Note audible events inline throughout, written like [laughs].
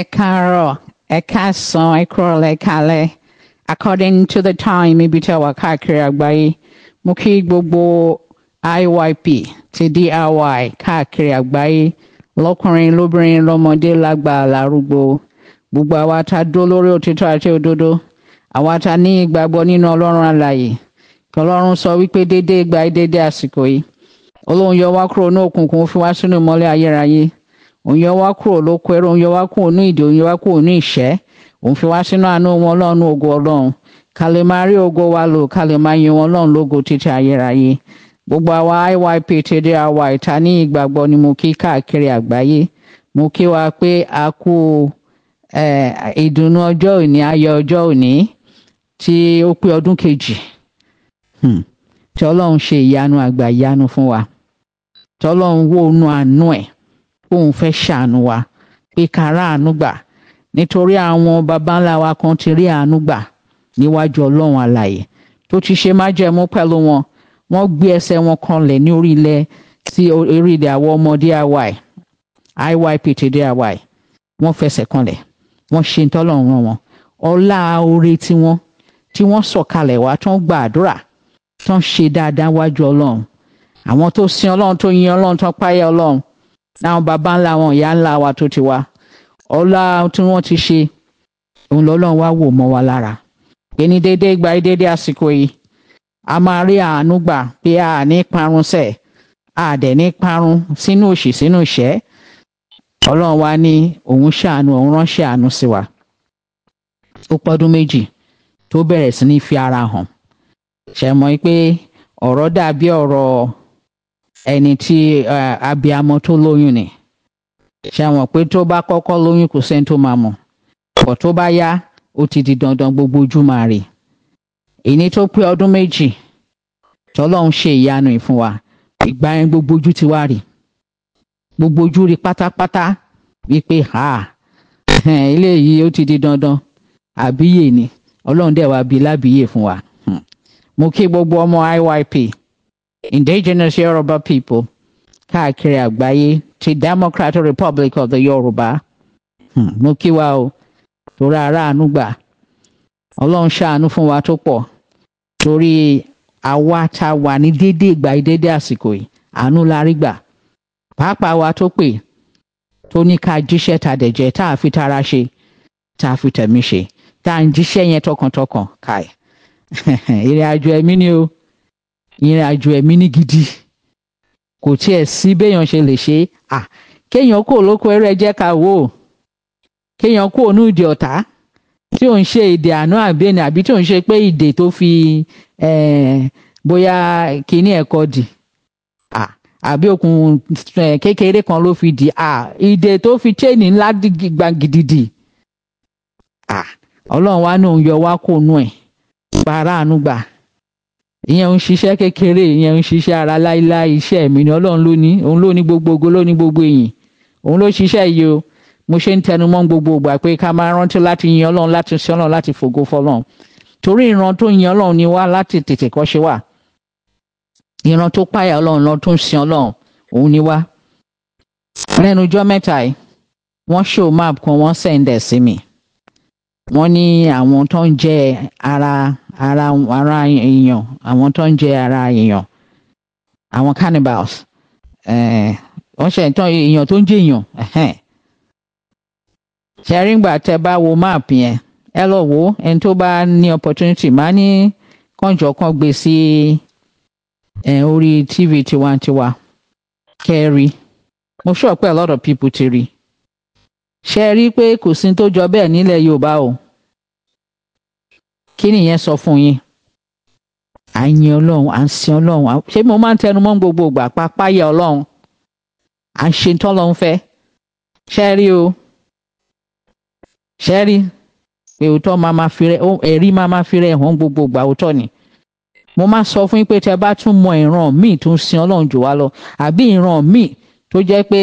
ẹ káàárọ̀ ẹ káàsán ẹ kúrọ̀lẹ́ according to the time ibi tẹ́ wà káàkiri mo kí gbogbo IYP ti DIY káàkiri àgbáyé lọ́kùnrin lóbìnrin lọ́mọdé lágbà lárúgbó gbogbo àwa ta dó lórí òtítọ́ àti òdodo àwa ta ní ìgbàgbọ́ nínú Ọlọ́run alààyè Ọlọ́run sọ wípé déédéé gba déédéé àsìkò yìí Ọlọ́run yọ wá kúrò ní òkùnkùn ó fi sínú ìmọ́lẹ̀ ayérayé òun yọ wá kúrò lóko ẹrú òun yọ wá kúrò ní ìdè òun yọ wá kúrò ní ìṣẹ́ òun fi wá sínú àánú wọn ọlọ́run ògo ọlọ́run ká máa rí ògo wa lò ká lè máa yin wọn ọlọ́run lógo títí ayérayé gbogbo àwa iyp tẹ̀lé àwa ìta ní ìgbàgbọ́ ni mo kí káàkiri àgbáyé mo kí wa pé a kú ìdùnnú ọjọ́ òní ayọ̀ ọjọ́ òní tí ó pé ọdún kejì hmm. tí ọlọ́run ṣe ìyanu àgbà ìyanu fún wa tí wó inú àánú ẹ̀ póun fẹ́ ṣàánú wa pé ká ráàánú gbà nítorí àwọn baba ńlá wa kan ti rí àánú gbà níwájú ọlọ́run alààyè tó ti ṣe májẹ̀mú pẹ̀lú wọn wọ́n gbé ẹsẹ̀ wọn kanlẹ̀ ní orí ilẹ̀ sí àwọn ọmọ DIY IYP ti DIY wọ́n fẹsẹ̀ kanlẹ̀ wọ́n ṣe ń tọ́lọ́run rán wọn ọlá oore tiwọn tí wọ́n sọ̀kalẹ̀ wá tán gba àdúrà tán ṣe dáadáa wájú ọlọ́run àwọn tó sin ọlọ́run tó yin ọlọ́run tán páyà ọlọ́run àwọn baba ńlá wọn ìyá ńlá wa tó ti wá ọlá tí wọ́n ti ṣe òun lọ́lọ́run wá wò mọ́ wa lára ẹni déédéé gba déédéé àsìkò yìí a máa rí àánú gbà pé a ní parun sẹ a dẹ̀ ní parun sínú òṣì sínú ìṣẹ́ ọlọ́run wa ní òun ṣàánú òun ránṣẹ́ àánú sí wa ó pọ́dún méjì tó bẹ̀rẹ̀ sí ní fi ara hàn ṣe pé ọ̀rọ̀ dàbí ọ̀rọ̀ ẹni tí abiamọ tó lóyún ni ṣe àwọn pé tó bá kọ́kọ́ lóyún kò sẹ́ni tó máa mọ̀ pọ̀ tó bá yá ó ti di dandan gbogbo ojú máa rè èyí tó pé ọdún méjì tọ́lọ́run ṣe ìyanu ìfún wa ìgbà yẹn gbogbo ojú ti wá rè gbogbo ojú rí pátápátá wípé ha eléyìí ó ti di dandan àbíyè ni ọlọ́run dẹ̀ wá bí lábíyè fún wa hmm. mo kí gbogbo ọmọ IYP indigenous Yoruba people káàkiri àgbáyé ti Democratic Republic of the Yoruba hmm, mo kí wa o torí aráàánú gbà ọlọ́run ṣàánú fún wa tó pọ̀ torí àwa tá wà ní déédéé ìgbà déédéé àsìkò yìí àánú la gbà pàápàá wa tó pè tó ní ká jíṣẹ́ ta dẹ̀ jẹ́ tá a fi tara ṣe tá a fi tẹ̀mí ṣe tá a ń jíṣẹ́ yẹn tọkàntọkàn káì [laughs] ìrìn àjò ẹ̀mí ni o ìrìn àjò ẹ̀mí ní gidi kò tiẹ̀ sí béèyàn ṣe lè ṣe à kéèyàn kò lóko ẹrú ẹ jẹ́ ká wò ó kéèyàn kò ní ìdè ọ̀tá tí ò ń ṣe ìdè àánú àbẹ́ni àbí tí ò ń ṣe pé ìdè tó fi bóyá kíní ẹ̀kọ́ dì àbí okùn kékeré kan ló fi dì ìdè tó fi chain ńlá gbàgìdì dì ọlọ́run wa náà ń yọ wá kó nú ẹ̀ bàárà àánú gbà ìyẹn ń ṣiṣẹ́ kékeré ìyẹn ń ṣiṣẹ́ ara láíláí iṣẹ́ mi ni ọlọ́run ló ní òun ló ní gbogbo ogo ló ní gbogbo ìyìn òun ló ṣiṣẹ́ yìí o mo ṣe ń tẹnu mọ́ gbogbo ìgbà pé ká máa rántí láti yin ọlọ́run láti sin ọlọ́run láti fògo fọlọ́run torí ìran tó yin ọlọ́run ni wá láti tètè kọ́ ṣe wà ìran tó páyà ọlọ́run lọ tó ń sin ọlọ́run òun ni wá. lẹ́nu ọjọ́ mẹ́ta wọ́n show map kan wọ́n send ẹ̀ sí mi wọ́n ní àwọn tó ń jẹ́ ara ara ara èèyàn àwọn tó ń jẹ ara èèyàn àwọn cannibals eh, wọ́n ṣe ìtàn èèyàn tó ń jẹ èèyàn ṣẹ́rìngbà tẹ bá wo máàpù yẹn ẹ lọ wo ẹni tó bá ní opportunity máa ní kànjọ kan gbé sí eh, orí tv tiwantiwa kẹrí mo sọ pé a lot of people ti rí ṣe rí i pé kò sí tó jọ bẹ́ẹ̀ nílẹ̀ yorùbá o kí nìyẹn sọ fún yín à ń yin ọlọ́run à ń sin ọlọ́run ṣé mo máa ń tẹnu mọ́ gbogbo ìgbà pápá yẹ ọlọ́run à ń ṣe tọ́lọ́run fẹ́ ṣe o ṣe pé òótọ́ máa ma fi rẹ ẹ̀rí máa ma fi rẹ hàn gbogbo ìgbà òótọ́ ni mo máa sọ fún yín pé tẹ bá tún mọ ìran míì tó ń sin ọlọ́run jù wá lọ àbí ìran míì tó jẹ́ pé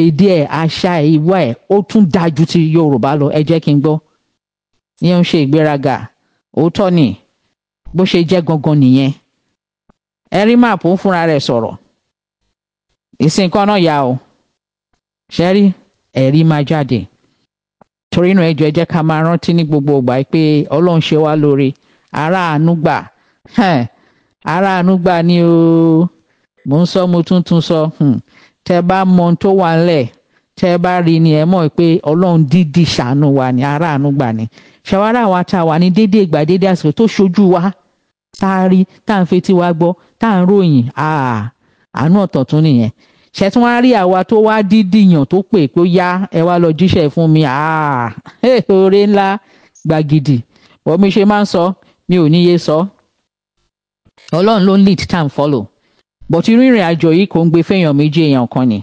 èdè ẹ̀ àṣà ìwà ẹ̀ ó tún dájú ti yorùbá lọ ẹ jẹ́ kí n gbọ́ ní ń ṣe ìgbéraga òótọ́ ni bó ṣe jẹ́ gangan nìyẹn Erimat ń fúnra rẹ̀ sọ̀rọ̀ ìsìn kan náà yà o ṣẹ́rí ẹ̀rí máa jáde torí inú ẹjọ́ ẹ jẹ́ ká máa rántí ní gbogbo ìgbà pé ọlọ́run ṣe wá lóore aráàánú gbà aráàánú gbà ni o mò ń sọ mo tún tún sọ hmm. tẹ bá mọ tó wà ńlẹ̀ tẹ bá rí ni ẹ mọ̀ pé ọlọ́run dídì ṣàánú wa ni aráàánú gbà ni ṣàwárà wa tá a wà ní déédéé ìgbà déédéé àsìkò tó ṣojú wa tá a rí tá à ń fetí wa gbọ́ tá à ń ròyìn àánú ọ̀tọ̀ tún nìyẹn ṣẹtún wá rí àwa tó wá dídìyàn tó pè pé ó yá ẹ wá lọ jíṣẹ́ fún mi [laughs] eh, oore ńlá gbàgìdì bọ́mi ṣe máa ń sọ mi ò níye sọ ọlọ́run ló ń lead tá à ń follow but irú ìrìn àjò yìí kò ń gbé fẹ́yàn méjì èèyàn kan ni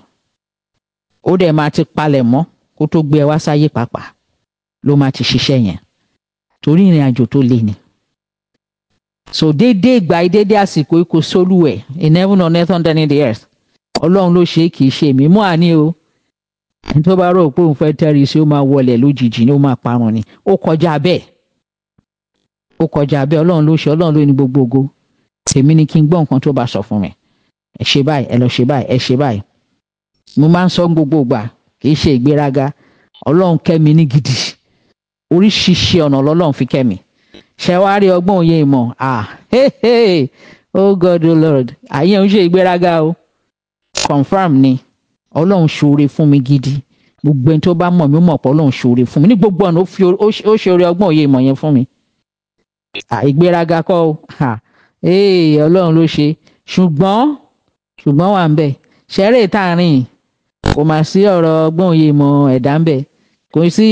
ó dẹ̀ máa ti palẹ̀ mọ́ kó tó gbé ẹ wá sáyé pàápàá ló máa ti ṣiṣẹ́ yẹn torí ìrìn àjò tó le ni so déédéé ìgbà yìí déédéé àsìkò yìí kò sólùwẹ in heaven on earth under the earth Ọlọ́run ló ṣe é kì í ṣe èmi mú àní o tó bá rò pé òun fẹ́ tẹ́rí sí ó máa wọlé lójijì ni ó máa parun ni ó kọjá bẹ́ẹ̀ ó kọjá bẹ́ẹ̀ Ọlọ́run ló ṣe Ọlọ́run ló ní gbogbo tèmi ni kí n gbọ́ nǹkan tó bá sọ fún mi ẹ ṣe báyìí ẹ lọ ṣe báyìí ẹ ṣe báyìí mo máa ń sọ gbogbo ìgbà kì í ṣe ìgbéraga Ọlọ́run kẹ́ ní gidi oríṣiríṣi ọ̀nà lọ́lọ́run fi kẹ́mi ṣẹ̀wárí ọgbọ́n òye ìmọ̀ ah hey, hey, oh God oh Lord àyẹ̀ ń ṣe ìgbéraga o Confirm ni ọlọ́run ṣoore fún mi gidi gbogbo ẹni tó bá mọ̀ mí mọ̀ pé ọlọ́run ṣoore fún mi ní gbogbo ọ̀nà ó ṣoore ọgbọ́n òye ìmọ̀ yẹn fún mi ìgbéraga kọ́ o ọlọ́run ló ṣe ṣùgbọ́n ṣùgbọ́n wà ń bẹ̀ ṣẹ́rẹ́ ìtàrin kò mà sí ọ̀rọ̀ ọgbọ́n òye ìmọ̀ ẹ̀dá ń bẹ̀ kò sí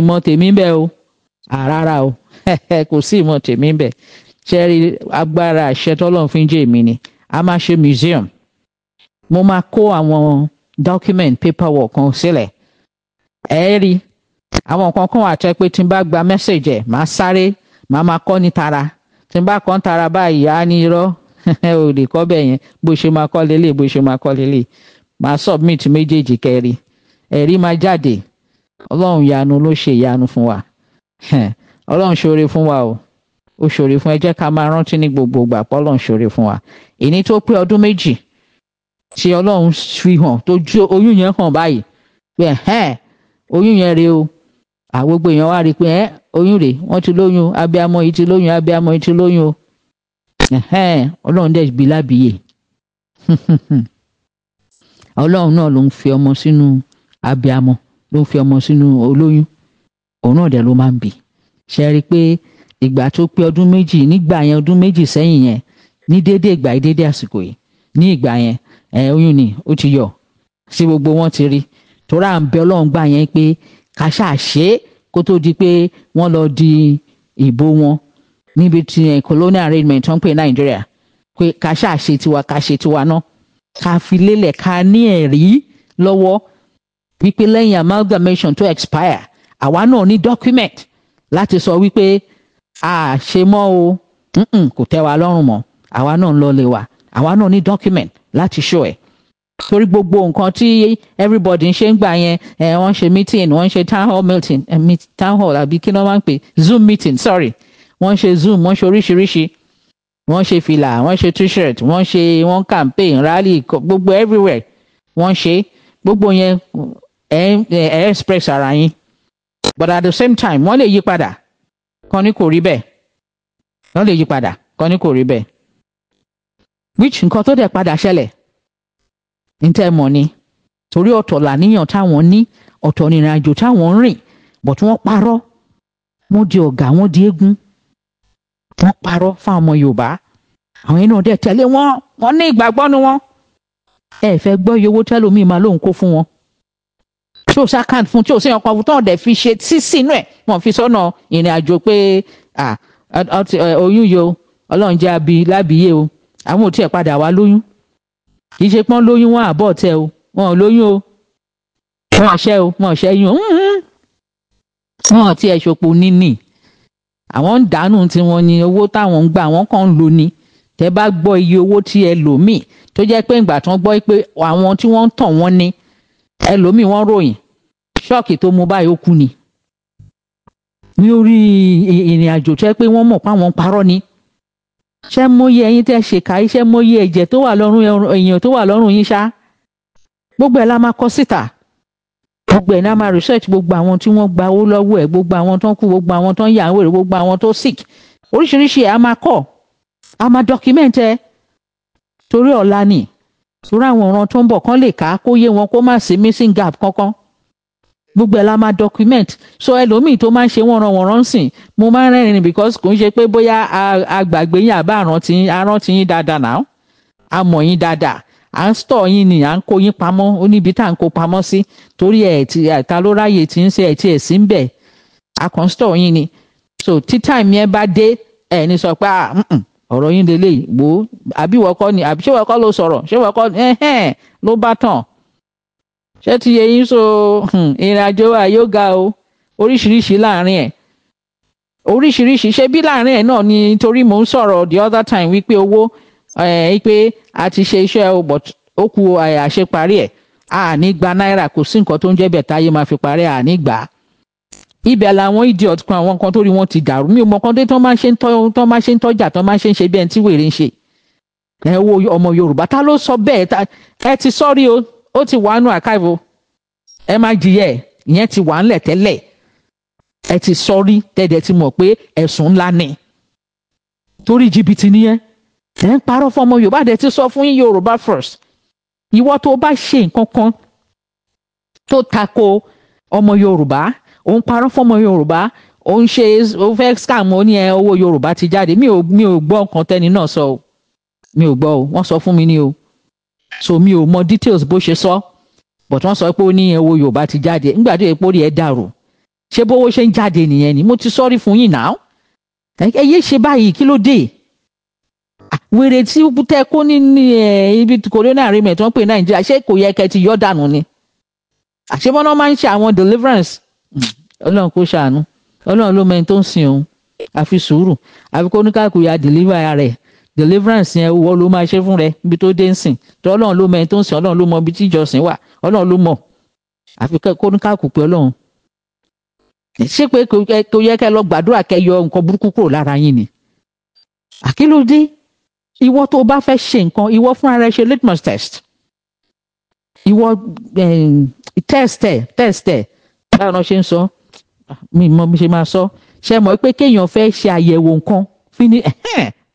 ìmọ̀ tèmi ń bẹ o àràrà o [laughs] kò sí ìmọ̀ tèmi ń ṣẹ́rí agbára àṣẹ tọ́lọ́run fi ń jẹ́ èmi ni a máa ṣe museum mo máa kó àwọn document paperwork kan sílẹ̀ ẹ rí àwọn nǹkan kan wà tẹ́ pé tí n bá gba message ẹ̀ máa sáré máa máa kọ́ ní tara tí n bá kọ́ ní tara báyìí á ní irọ́ [laughs] ò lè kọ́ bẹ́ẹ̀ yẹn bó ṣe máa kọ́ lélẹ̀ bó ṣe máa kọ́ lélẹ̀ máa submit méjèèjì kẹrin ẹ̀rí máa jáde ọlọ́run yanu ló ṣe ìyanu fún wa ọlọ́run ṣoore fún wa o ó ṣoore fún ẹ jẹ́ ká máa rántí ní gbogbo ìgbà pé ọlọ́run ṣoore fún wa èyí tó pé ọdún méjì tí ọlọ́run fi hàn tó jó oyún yẹn hàn báyìí pé ẹ̀hẹ́n oyún yẹn rèé o àgbogbo èèyàn wá rí i pé ẹ oyún rèé wọ́n ti lóyún abiyamọ yìí ti lóyún abiyamọ yìí ti lóyún o ẹ̀hẹ́n ọlọ́run dẹ̀ bí lábìyè [laughs] ọlọ́run náà ló ń fi ọmọ sínú abiyamọ ló ń fi ọmọ sínú olóyún òun náà dẹ̀ ló máa ń bì ṣe rí i pé ìgbà tó pé ọdún méjì nígbà yẹn ọdún méjì sẹ́yìn yẹn ní déédéé ìgbà yìí déédéé àsìkò yìí ní ìgbà yẹn ẹ oyún ni ó ti yọ sí gbogbo wọn ti rí torí à ń bẹ Ọlọ́run gbà yẹn pé ká ṣáà kó tó di pé wọ́n lọ di ìbò wọn níbi tí colonial arrangement tó ń pè Nàìjíríà pé ká ṣáà ṣe tiwa ká ṣe tiwa náà ká fi lélẹ̀ ká ní ẹ̀rí lọ́wọ́ wípé lẹ́yìn amalgamation tó expire àwa náà ní document láti sọ wípé a ṣe mọ́ o kò tẹ́ wa lọ́rùn mọ́ àwa náà ń lọ lè wa àwa náà ní document láti show ẹ̀ torí gbogbo nǹkan tí everybody ń ṣe ń gbà yẹn ẹ wọ́n ṣe meeting wọ́n ṣe town hall meeting town hall àbí kí ló máa ń pè zoom meeting sorry wọ́n ṣe zoom wọ́n ṣe oríṣiríṣi wọ́n ṣe fìlà wọ́n ṣe t-shirt wọ́n ṣe wọ́n campaign rally gbogbo everywhere wọ́n ṣe gbogbo yẹn ẹ ẹ express ara yín but at the same time wọ́n lè yí padà kan ní kò rí bẹ́ẹ̀ wọ́n lè yí padà kan ní kò rí bẹ́ẹ̀ which nǹkan tó dẹ̀ padà ṣẹlẹ̀ níta mọ̀ ni torí ọ̀tọ̀ làníyàn táwọn ní ọ̀tọ̀ nìrìn àjò táwọn ń rìn but wọ́n parọ́ wọ́n di ọ̀gá wọ́n di eégún wọ́n parọ́ fáwọn ọmọ Yorùbá àwọn yẹn náà dẹ̀ tẹ̀lé wọn wọ́n ní ìgbàgbọ́ nu wọn ẹ fẹ́ gbọ́ iye owó tẹ́lómi máa lóun kó fún wọn tí ò sá kàn fún tí ò sẹ́yìn ọkọ̀ tó ọ̀dẹ̀ fi ṣe sí sínú ẹ̀ wọ́n fi sọ́nà ìrìn àjò pé oyún yo ọlọ́run jẹ́ abi lábìyé o àwọn ò tiẹ̀ padà wá lóyún kì í ṣe pọ́n lóyún wọn àbọ̀ tẹ o wọn ò lóyún o wọn ò ṣẹ́ o wọn ò ṣẹ́yún o wọn ò tiẹ̀ ṣòpò níní àwọn ń dànù tiwọn ni owó táwọn ń gbà wọn kàn ń lò ní tẹ bá gbọ́ iye owó tí ẹ lò míì tó jẹ́ pé ìgbà tán gbọ́ pé àwọn tí wọ́n ń tàn wọ́n ni ẹlòmíì wọ́n ròyìn ṣọ́ọ̀kì tó mú báyìí ó kú ni ní orí ìrìn àjò tó yẹ pé wọ́n mọ̀ pé àwọn ń parọ́ ni ṣé mọyì ẹ̀yin tẹ́ ṣe kàí ṣé mọyì ẹ̀jẹ̀ tó wà lọ́rùn èèyàn tó wà lọ́rùn yín ṣá gbogbo ẹ̀ la máa kọ síta gbogbo ẹ̀ náà máa research gbogbo àwọn tí wọ́n gba owó lọ́wọ́ ẹ̀ gbogbo àwọn tó ń kú gbogbo àwọn tó ń yà wèrè gbogbo àwọn tó sick oríṣiríṣi ẹ̀ a máa kọ́ a máa document ẹ̀ torí ọ̀la ni torí àwọn ọ̀ràn tó ń bọ̀ kán lè kà kó yé wọn kó má sí missing gap kankan gbogbo ẹ̀ la máa document so ẹlòmíì tó máa ń ṣe wọ́n ran wọ́n ránsìn mo máa ń rẹ́rìn because kò ń ṣe pé bóyá agbàgbé yín àbá àrántí yín àrántí yín dáadáa náà a mọ̀ yín dáadáa à ń stọ̀ yín ni à ń kó yín pamọ́ ó níbi tá à ń kó pamọ́ sí torí ẹ̀ ti ta ló ráyè ti ń ṣe ẹ̀ tí ẹ̀ sí ń bẹ̀ a kàn stọ̀ yín ni so tí time yẹn bá dé ẹ̀ ní sọ pé ah, ọ̀rọ̀ yín lélẹ́yìí wò ó àbí wọ́kọ́ ni àbí ṣé wọ́kọ́ ló sọ̀rọ̀ ṣé wọ́kọ́ ló bá tàn ṣé ti yẹ yín so hmm, ìrìn àjò wa yóò ga o oríṣiríṣi láàrin ẹ̀ oríṣiríṣi ṣé bí láàrin ẹ̀ náà ni torí mò ń sọ̀rọ̀ the other time wípé owó eh, wípé a ti ṣe iṣẹ́ o but ó kù eh, àṣeparí ẹ̀ àní gba náírà kò sí nǹkan tó ń jẹ́ bẹ́ẹ̀ táyé máa fi parí àní gbà á ibẹ̀ làwọn idiot kan àwọn kan tó rí wọn ti dàrú mi ò mọ kan dé tán máa ṣe ń tọ́ tán máa ṣe ń tọ́jà tán máa ṣe ń ṣe bí ẹni wèrè ń ṣe ẹ wo ọmọ Yorùbá ta ló sọ bẹ́ẹ̀ ẹ ti sọ́rí o ó ti wà nù archive o ẹ má jìyà ẹ ìyẹn ti wà ńlẹ̀ tẹ́lẹ̀ ẹ ti sọ rí tẹ́lẹ̀ ti mọ̀ pé ẹ̀sùn ńlá ni torí jìbìtì nìyẹn ẹ̀ ń parọ́ fún ọmọ Yorùbá dẹ̀ ti sọ fún Yorùbá first ìwọ tó bá ṣe nǹkan kan tó tako ọmọ Yorùbá ò ń parọ́ fún ọmọ Yorùbá ò ń ṣe ó fẹ́ scam ó ní ẹ owó Yorùbá ti jáde mi ò mi ò gbọ́ nǹkan tẹ́ni náà sọ o mi ò gbọ́ o wọ́n sọ fún mi ní o so mi ò mọ details bó ṣe sọ but wọ́n sọ pé ó ní owó Yorùbá ti jáde nígbà tó yẹ pé ó rí ẹ dàrú ṣé bówó ṣe ń jáde nìyẹn ni mo ti sọrí fún yín náà ẹ yé ṣe báyìí kí ló dé wèrè tí tẹ kó ní ibi corona agreement wọ́n pè Nàìjíríà ṣé kò yẹ kẹ́ ti yọ dànù ni àṣebọ́nà máa ń ṣe àwọn deliverance hmm, ọlọ́run kò ṣàánú ọlọ́run ló mẹ́ni tó ń sin òun àfi sùúrù àfi kó oníkàkùn ya deliver rẹ̀ deliverance yẹn wọ́n ló máa ṣe fún rẹ ibi tó dé ń sìn tó ọlọ́run ló mọ ẹni tó ń sìn ọlọ́run ló mọ ibi tí ìjọsìn wà ọlọ́run ló mọ àfi kó ní káàkù pé ọlọ́run ṣé pé kò yẹ kẹ́ lọ gbàdúrà kẹ́ yọ nǹkan burúkú kúrò lára yín ni àkílódé ìwọ tó bá fẹ́ ṣe nǹkan ìwọ fúnra rẹ ṣe litmus test ìwọ test ẹ test ẹ báwọn náà ṣe ń sọ mi mọ bí ṣe máa sọ ṣe mọ̀ pé kéèyàn fẹ́ ṣe àyẹ̀wò nǹkan fi ni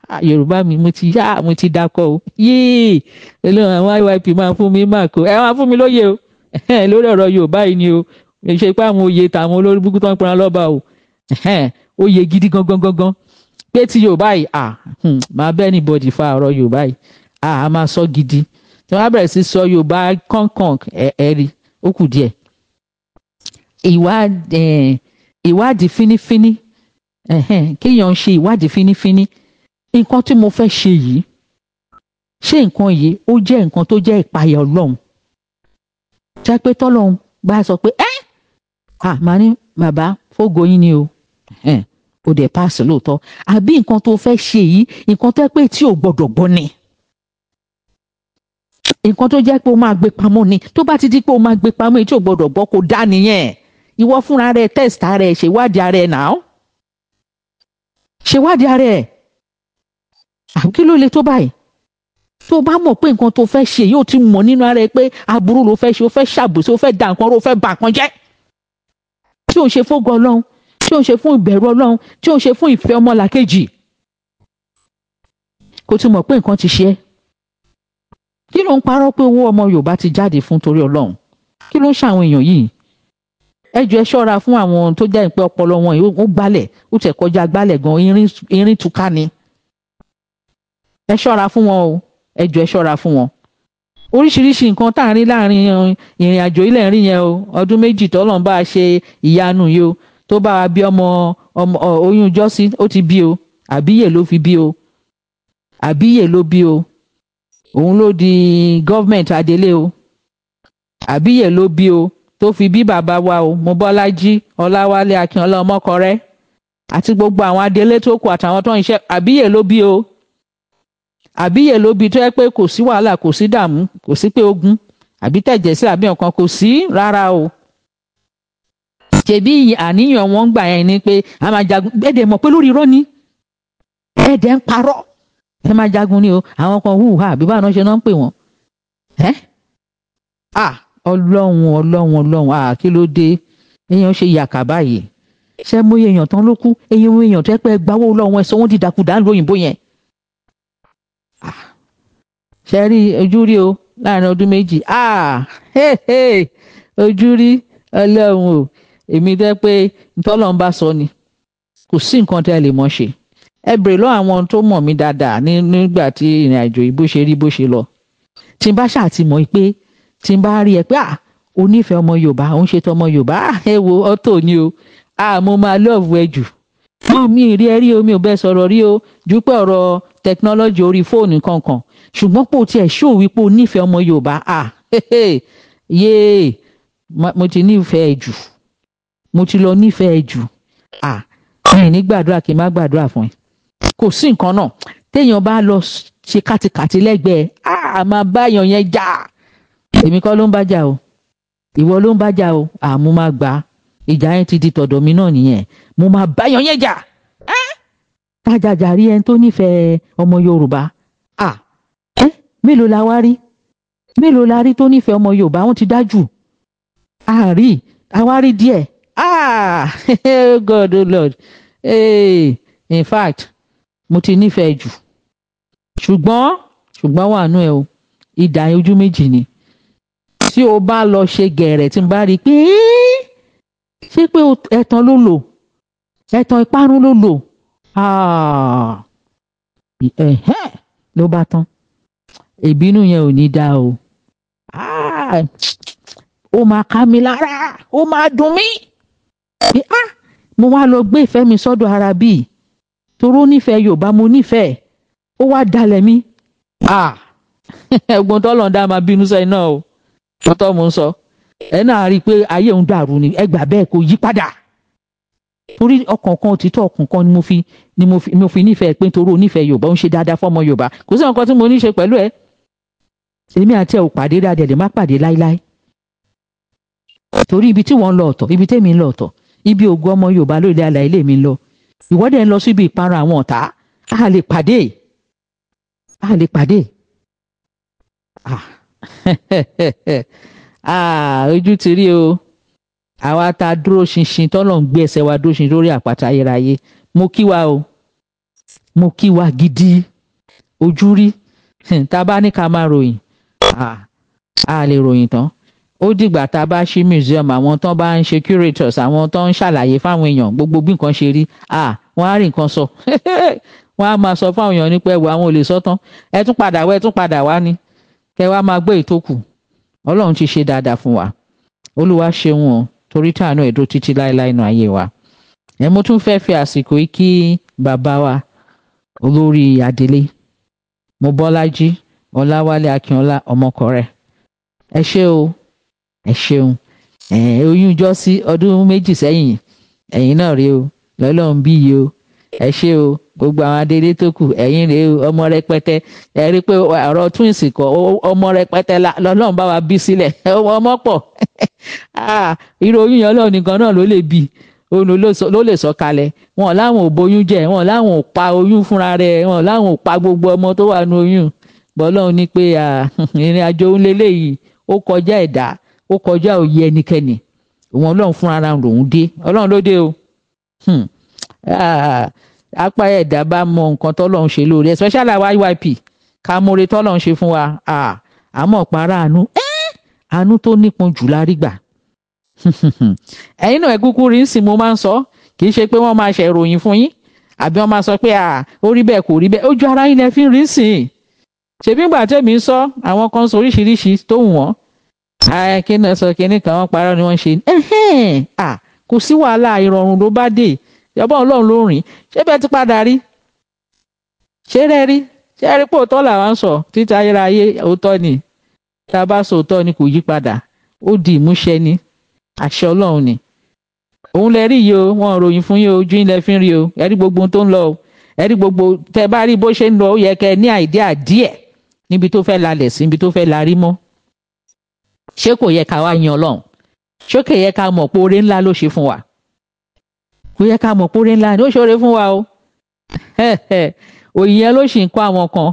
Ah, yorùbá mi mo ti yá mo ti dakọ o yéè olóhùn àwọn iyp máa fún mi máàkó ẹ máa fún mi lóye o [laughs] lórí ọ̀rọ̀ yorùbá yìí ni o ṣe pé àwọn oyè tàwọn olórí burúkú tó ń pera lọ́ba o [laughs] oyè gidi gangan gangan pé ti yorùbá yìí à ah, hmm, máa bẹ́ẹ̀ ní bọ́dì fa ọ̀rọ̀ yorùbá yìí à ah, á máa sọ gidi tí wọ́n á bẹ̀rẹ̀ sí sọ yorùbá kọ̀ǹkọ̀ǹ ẹ̀ẹ́rì ó kù díẹ̀ eh, ìwádìí fínífíní kéèyàn ń ṣe ìwádìí fínífíní nǹkan tí mo fẹ́ ṣe yìí ṣé nǹkan yìí ó jẹ́ nǹkan tó jẹ́ ìpayà ọlọ́run jẹ́ pé tọ́lọ́run bá sọ pé ẹ́ ah màá ní bàbá fógo yín ni o ó dẹ̀ páàsì lóòótọ́ àbí nǹkan tó fẹ́ ṣe yìí nǹkan tẹ́ pé tí ò gbọ́dọ̀ gbọ́ ni nǹkan tó jẹ́ pé o máa gbé pamọ́ ni tó bá ti di pé o máa gbé pamọ́ èyí tí ò gbọ́dọ̀ gbọ́ kò dá nìyẹn ìwọ fúnra rẹ test ara ṣèwádìí ara ẹ náà ṣèwádìí ara ẹ àbí kí ló le tó báyìí tó bá mọ̀ pé nǹkan tó fẹ́ ṣe yóò ti mọ̀ nínú ara ẹ pé aburú ló fẹ́ ṣe ó fẹ́ ṣàbòsí ó fẹ́ da nǹkan ró ó fẹ́ ba nǹkan jẹ́ tí ò ń ṣe fún ògo ọlọ́run tí ò ń ṣe fún ìbẹ̀rù ọlọ́run tí ò ń ṣe fún ìfẹ́ ọmọlàkejì kò ti mọ̀ pé nǹkan ti ṣe é kí ló ń parọ́ pé owó ọmọ yorùbá ti jáde fún torí ọlọ́run kí ló ń ṣàwọn èèyàn yìí ẹ jọ ẹ ṣọ́ra fún àwọn tó jẹ́ pé ọpọlọ wọn ó gbalẹ̀ ó tẹ̀ kọjá gbalẹ̀ gan irin tuka ni ẹ ṣọ́ra fún wọn o ẹ jọ̀ọ́ ẹ ṣọ́ra fún wọn oríṣiríṣi nǹkan tá à ń rí láàrin ìrìn àjò ilẹ̀ ń rí yẹn o ọdún méjì tọ́lọ́n bá a ṣe ìyanu yìí o tó bá a bí ọmọ oyún jọ́sí ó ti bí o àbíyè ló fi bí o àbíyè ló bí o òun ló di gọ́fìmẹ̀ntì adelé o àbíyè ló bí o tó fi bí bàbá wa o mobọ́lájí ọláwálé akínọlá ọmọkọrẹ́ àti gbogbo àwọn adelé tó kù àtàwọn tó ń ṣe àbíyè ló bí o àbí yẹ ló bi tó yẹ pé kò sí wàhálà kò sí dààmú kò sí pé ogun àbí tẹ̀jẹ̀ sí àbí nǹkan kò sí rárá o ṣebí àníyàn wọn gbà yẹn ni pé a máa jagun ẹ̀dẹ̀ mọ̀ pé lórí irọ́ ni ẹ̀dẹ̀ ń parọ́ ẹ máa jagun ni o àwọn kan hùwà àbí báwọn ṣe náà ń pè wọ́n ẹ́ à ọlọ́run ọlọ́run ọlọ́run à kí ló dé èèyàn ṣe yàkà báyìí ṣé mo yẹ èèyàn tán ló kú èèyàn èèyàn tó yẹ pé gbawó lọ́wọ́ ẹ̀ sọ wọ́n dìdàkudà lóyìnbó yẹn ṣe rí ojú rí o láàrin ọdún méjì ah, ojú rí ọlọ́run o èmi dẹ́ pé ntọ́lọ́run bá sọ ni kò sí nǹkan tẹ́ ẹ lè mọ̀ ṣe ẹ bèrè lọ́wọ́ àwọn tó mọ̀ mí dáadáa nígbà tí ìrìn àjò yìí bó ṣe rí bó ṣe lọ tí n bá ṣàtìmọ̀ pé tí n bá rí ẹ pé ah, onífẹ̀ẹ́ ọmọ yorùbá òun ṣètò ọmọ yorùbá ah, ẹ wo ọ̀tọ̀ ni o mo máa lọ́ọ̀bù ẹ jù mi rí ẹ rí o ò bẹ́ẹ̀ sọ̀rọ̀ rí o jù ọ̀rọ̀ technology orí fóònù kankan ṣùgbọ́n pò tiẹ̀ ṣó wípé o nífẹ̀ẹ́ ọmọ yorùbá à yéè mo ti nífẹ̀ẹ́ jù mo ti lọ nífẹ̀ẹ́ jù à mi ní gbàdúrà kí n má gbàdúrà fún ẹ kò sí nǹkan náà téèyàn bá lọ ṣe kátikàti lẹ́gbẹ̀ẹ́ à máa báyàn yẹn jà èmi kọ́ ló ń bá jà o ìwọ ló ń bá jà o àmú máa gbà ìjà yẹn ti di tọ̀dọ̀ mi náà nìyẹn mo máa báyàn yẹn jà àjàjà rí ẹni tó nífẹ̀ẹ́ ọmọ yorùbá à ẹ mélòó la wá rí mélòó la rí tó nífẹ̀ẹ́ ọmọ yorùbá wọ́n ti dájú àárí àwárí díẹ̀ ah [laughs] god oh lord hey, in fact mo ti nífẹ̀ẹ́ jù ṣùgbọ́n ṣùgbọ́n wà nú ẹ o ìdá ojú méjì ni tí o bá lọ ṣe gẹ̀rẹ̀ tí n bá rí i pé ṣé pé ẹ̀tàn ló lò ẹ̀tàn ìparun ló lò Ah. ẹ̀hẹ́n ló bá tán ìbínú yẹn ò ní dáa o ah. ó máa ká mi lára ó máa dùn mí ah. mo wá lọ gbé ìfẹ́ mi sọ́dọ̀ ara bíi toró nífẹ̀ẹ́ yorùbá mo nífẹ̀ẹ́ ó wá dalẹ̀ mi [laughs] ẹ̀gbọ́n tọ́lọ̀ ń dá máa bínú sẹ́yìn náà o tọ́tọ́ mo ń sọ ẹ̀ náà rí i pé ayé òun dàrú ni ẹ gbà bẹ́ẹ̀ kó yí padà orí ọkàn kan òtítọ́ ọkàn kan ni mo fi ni mo fi mo fi nífẹ̀ẹ́ pé nítorí onífẹ̀ẹ́ yorùbá ń ṣe dáadáa fọ́mọ yorùbá kò sí nǹkan tí mo ní ṣe pẹ̀lú ẹ̀ èmi àti ẹ̀ ò pàdé dáadáa lè má pàdé láíláí torí ibi tí wọ́n ń lọ ọ̀tọ̀ ibi tẹ́mi ń lọ ọ̀tọ̀ ibi ògùn ọmọ yorùbá lórí àlàyé lèmi ń lọ ìwọ́dẹ̀ ń lọ síbi ìparun àwọn ọ̀tá a lè pàdé a lè pàdé ah, [laughs] ah ojú ti rí o àwa tá a dúró ṣinṣin tọ́lọ̀ ń gbé ẹsẹ̀ wa dúró ṣinṣin lórí àpáta ayérayé mo kí wa o mo kí wa gidi ojú rí tá a bá ní ká máa ròyìn a lè ròyìn tán ó dìgbà tá a bá ṣí museum àwọn tán bá ń ṣe curators àwọn tán ń ṣàlàyé fáwọn èèyàn gbogbo bí nǹkan ṣe rí wọ́n á rí nǹkan sọ [laughs] wọ́n á máa sọ fáwọn èèyàn nípa ẹwà àwọn ò tán ẹ tún padà wá ẹ tún padà wá ni kẹ wá máa gbé ìtókù Ọlọ́run ti ṣe dáadáa fún wa Olúwa ṣeun o torí tàánú ẹ̀ dúró títí láéláé nù ayé wa ẹ mo tún fẹ́ẹ́ fi àsìkò yìí kí bàbá wa olórí adelé mobọ́lájí ọláwálé akínọlá ọmọkọrẹ ẹ ṣé o ẹ ṣeun ẹ oyún jọ sí ọdún méjì sẹ́yìn ẹ̀yin náà rí o lọ́lọ́run bí yìí o ẹ ṣe o gbogbo àwọn adélé tó kù ẹ̀yin rèé o ọmọ rẹpẹtẹ ẹ rí i pé ọ̀rọ̀ twins kọ ọmọ rẹpẹtẹ lọ́lọ́run bá wa bí sílẹ̀ [laughs] ọmọ pọ̀ [laughs] ah, irú oyún yẹn Ọlọ́run nìkan náà ló lè bí òun ló lè sọ kalẹ̀ wọn láwọn ò bóyún jẹ wọn láwọn ò pa oyún fúnra rẹ̀ wọn láwọn ò pa gbogbo ọmọ tó wà nínú oyún bọ́lọ́run ní pé [laughs] ìrìn àjò òun lélẹ́yìí ó kọjá ẹ̀dá ó kọjá òye ẹnikẹ́ni òun Ọlọ́run fúnra ra òun dé Ọlọ́run ló dé o. Hmm. Ah, apá ẹ̀dá bá mọ nǹkan tọ́lọ́run ṣe lórí especially àwa YYP ká mọ̀re tọ́lọ́run ṣe fún wa àmọ́ ah, para àánú àánú tó nípọn jù la rí gbà [laughs] ẹ̀yin náà ẹ kúkú rí nsìn mo máa ń sọ kì í ṣe pé wọ́n máa ṣe ìròyìn fún yín àbí wọ́n máa sọ pé ah, ó rí bẹ́ẹ̀ kò rí bẹ́ẹ̀ ojú ara yín lẹ fi ń rí sìn ṣèbí ìgbà tẹ̀mí ń sọ àwọn kan sọ oríṣiríṣi tó wù wọ́n kíni sọ kíni kan wọ́n parọ́ ni wọ́n ṣe kò sí wàhálà ìrọ̀rùn ló bá dé ìjọba ọlọ́run ló rìn ṣé bẹ́ẹ̀ ti padà rí ṣé rẹ rí ṣé rí pé òótọ́ làwọn ń sọ títí ayérayé òótọ́ ni tá a bá sọ òótọ́ ni kò yí padà ó di ìmúṣẹ ni àṣẹ ọlọ́run ni òun lẹ rí yìí o wọn ròyìn fún yìí o ojú yín lẹ fi ń rí o ẹ rí gbogbo ohun tó ń lọ o ẹ rí gbogbo tẹ bá rí bó ṣe ń lọ ó yẹ kẹ ní àìdíà díẹ̀ níbi tó fẹ́ lalẹ̀ sí níbi tó fẹ́ larí mọ́ ṣé kò yẹ ká wá yan ọlọ́run ṣé yẹ ká mọ̀ pé oore ńlá ló ṣe fún wa ó yẹ ká mọ̀ pórí ńlá ni ó ṣoore fún wa o [laughs] òyìn yẹn ló sì ń kọ́ àwọn kan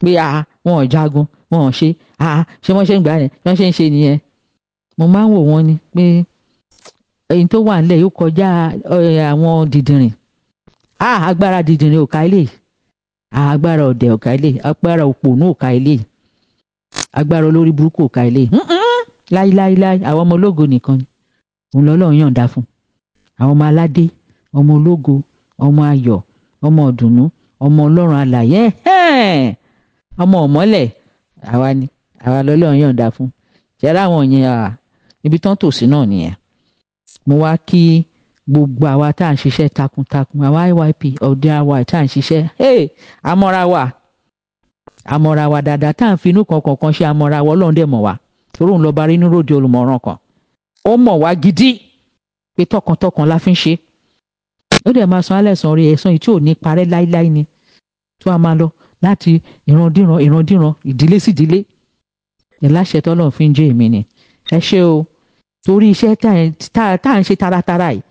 pé à wọn ò jagun wọn ò ṣe à ṣé wọ́n ṣe ń gbà yẹn ṣé wọ́n ṣe ń ṣe nìyẹn mo máa ń wò wọ́n ni pé èyí tó wà nílẹ̀ yóò kọjá àwọn dìdìrìn à agbára dìdìrìn ò ká ilé agbára ọ̀dẹ̀ ò ká ilé agbára òpònú ò ká ilé agbára olórí burúkú ò ilé láíláíláí àwọn ọmọ ológo nìkan ni òun lọ́lọ́run yọ̀ǹda fún àwọn ọmọ aládé ọmọ ológo ọmọ ayọ̀ ọmọ ọ̀dùnnú ọmọ ọlọ́run alàyè ọmọ ọ̀mọ́lẹ̀ àwa ni àwa lọ́lọ́run yọ̀ǹda fún jẹ́rọ àwọn yẹn à ibi tán tòsí náà nìyẹn mo wá kí gbogbo àwa tá à ń ṣiṣẹ́ takuntakun àwa iyp ọ̀dẹ àwa tá à ń ṣiṣẹ́ amọ́ra wa amọ́ra wa dáadáa tá à ń finú kankan kan ṣe amọ́ra wa ọlọ́run dẹ̀ mọ̀ wá torí òun lọ́ọ́ bá rí níròdì olùmọ̀ràn kan ó mọ̀ wá gidi pé tọkàntọkàn la fi ń ṣe ó dẹ̀ máa san alẹ́ san orí ẹ̀san yìí tí ò ní parẹ́ láíláí ni tó a máa lọ láti ìrandíran ìrandíran ìdílé sí ìdílé ìláṣẹ tọ́lọ̀ fi ń jẹ́ èmi ni ẹ ṣe o torí iṣẹ́ tá à ń ṣe taratara yìí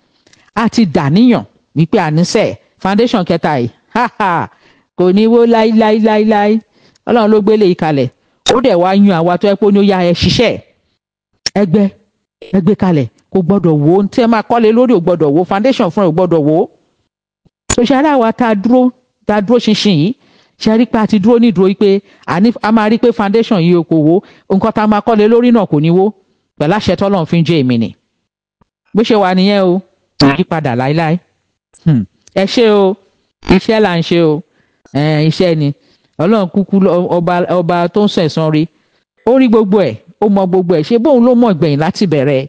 a ti dàníyàn wípé àníṣe foundation kẹta yìí kò ní wó láíláíláíláí ọlọ́run ló gbélé ìkalẹ̀ ó dẹ̀ wá yan àwa tó yẹ pé ó ní ó yá ẹ ṣiṣẹ́ ẹgbẹ́ ẹgbẹ́ kalẹ̀ kò gbọ́dọ̀ wò ó tí ẹ máa kọ́lé lórí ò gbọ́dọ̀ wò foundation fúnra ò gbọ́dọ̀ wò ó. ṣòṣe ara wa tá a dúró tá a dúró ṣinṣin yìí ṣe rí pé a ti dúró nídúró yìí pé a máa rí pé foundation yìí kò wò nǹkan tá a máa kọ́lé lórí náà kò ní wò pẹ̀lú àṣẹ tọ́lọ́run fi ń jẹ́ èmi nì bó ṣe wà nìyẹn o kò yí padà láéláé hmm. ẹ ṣe o iṣẹ́ là ń ṣe o iṣẹ́ ni ọlọ́run kúkú ọba tó ń sọ ẹ̀san rí ó rí gbogbo ẹ̀ ó mọ gbogbo ẹ̀ ṣe bóun ló mọ ìgbẹ̀yìn láti bẹ̀rẹ̀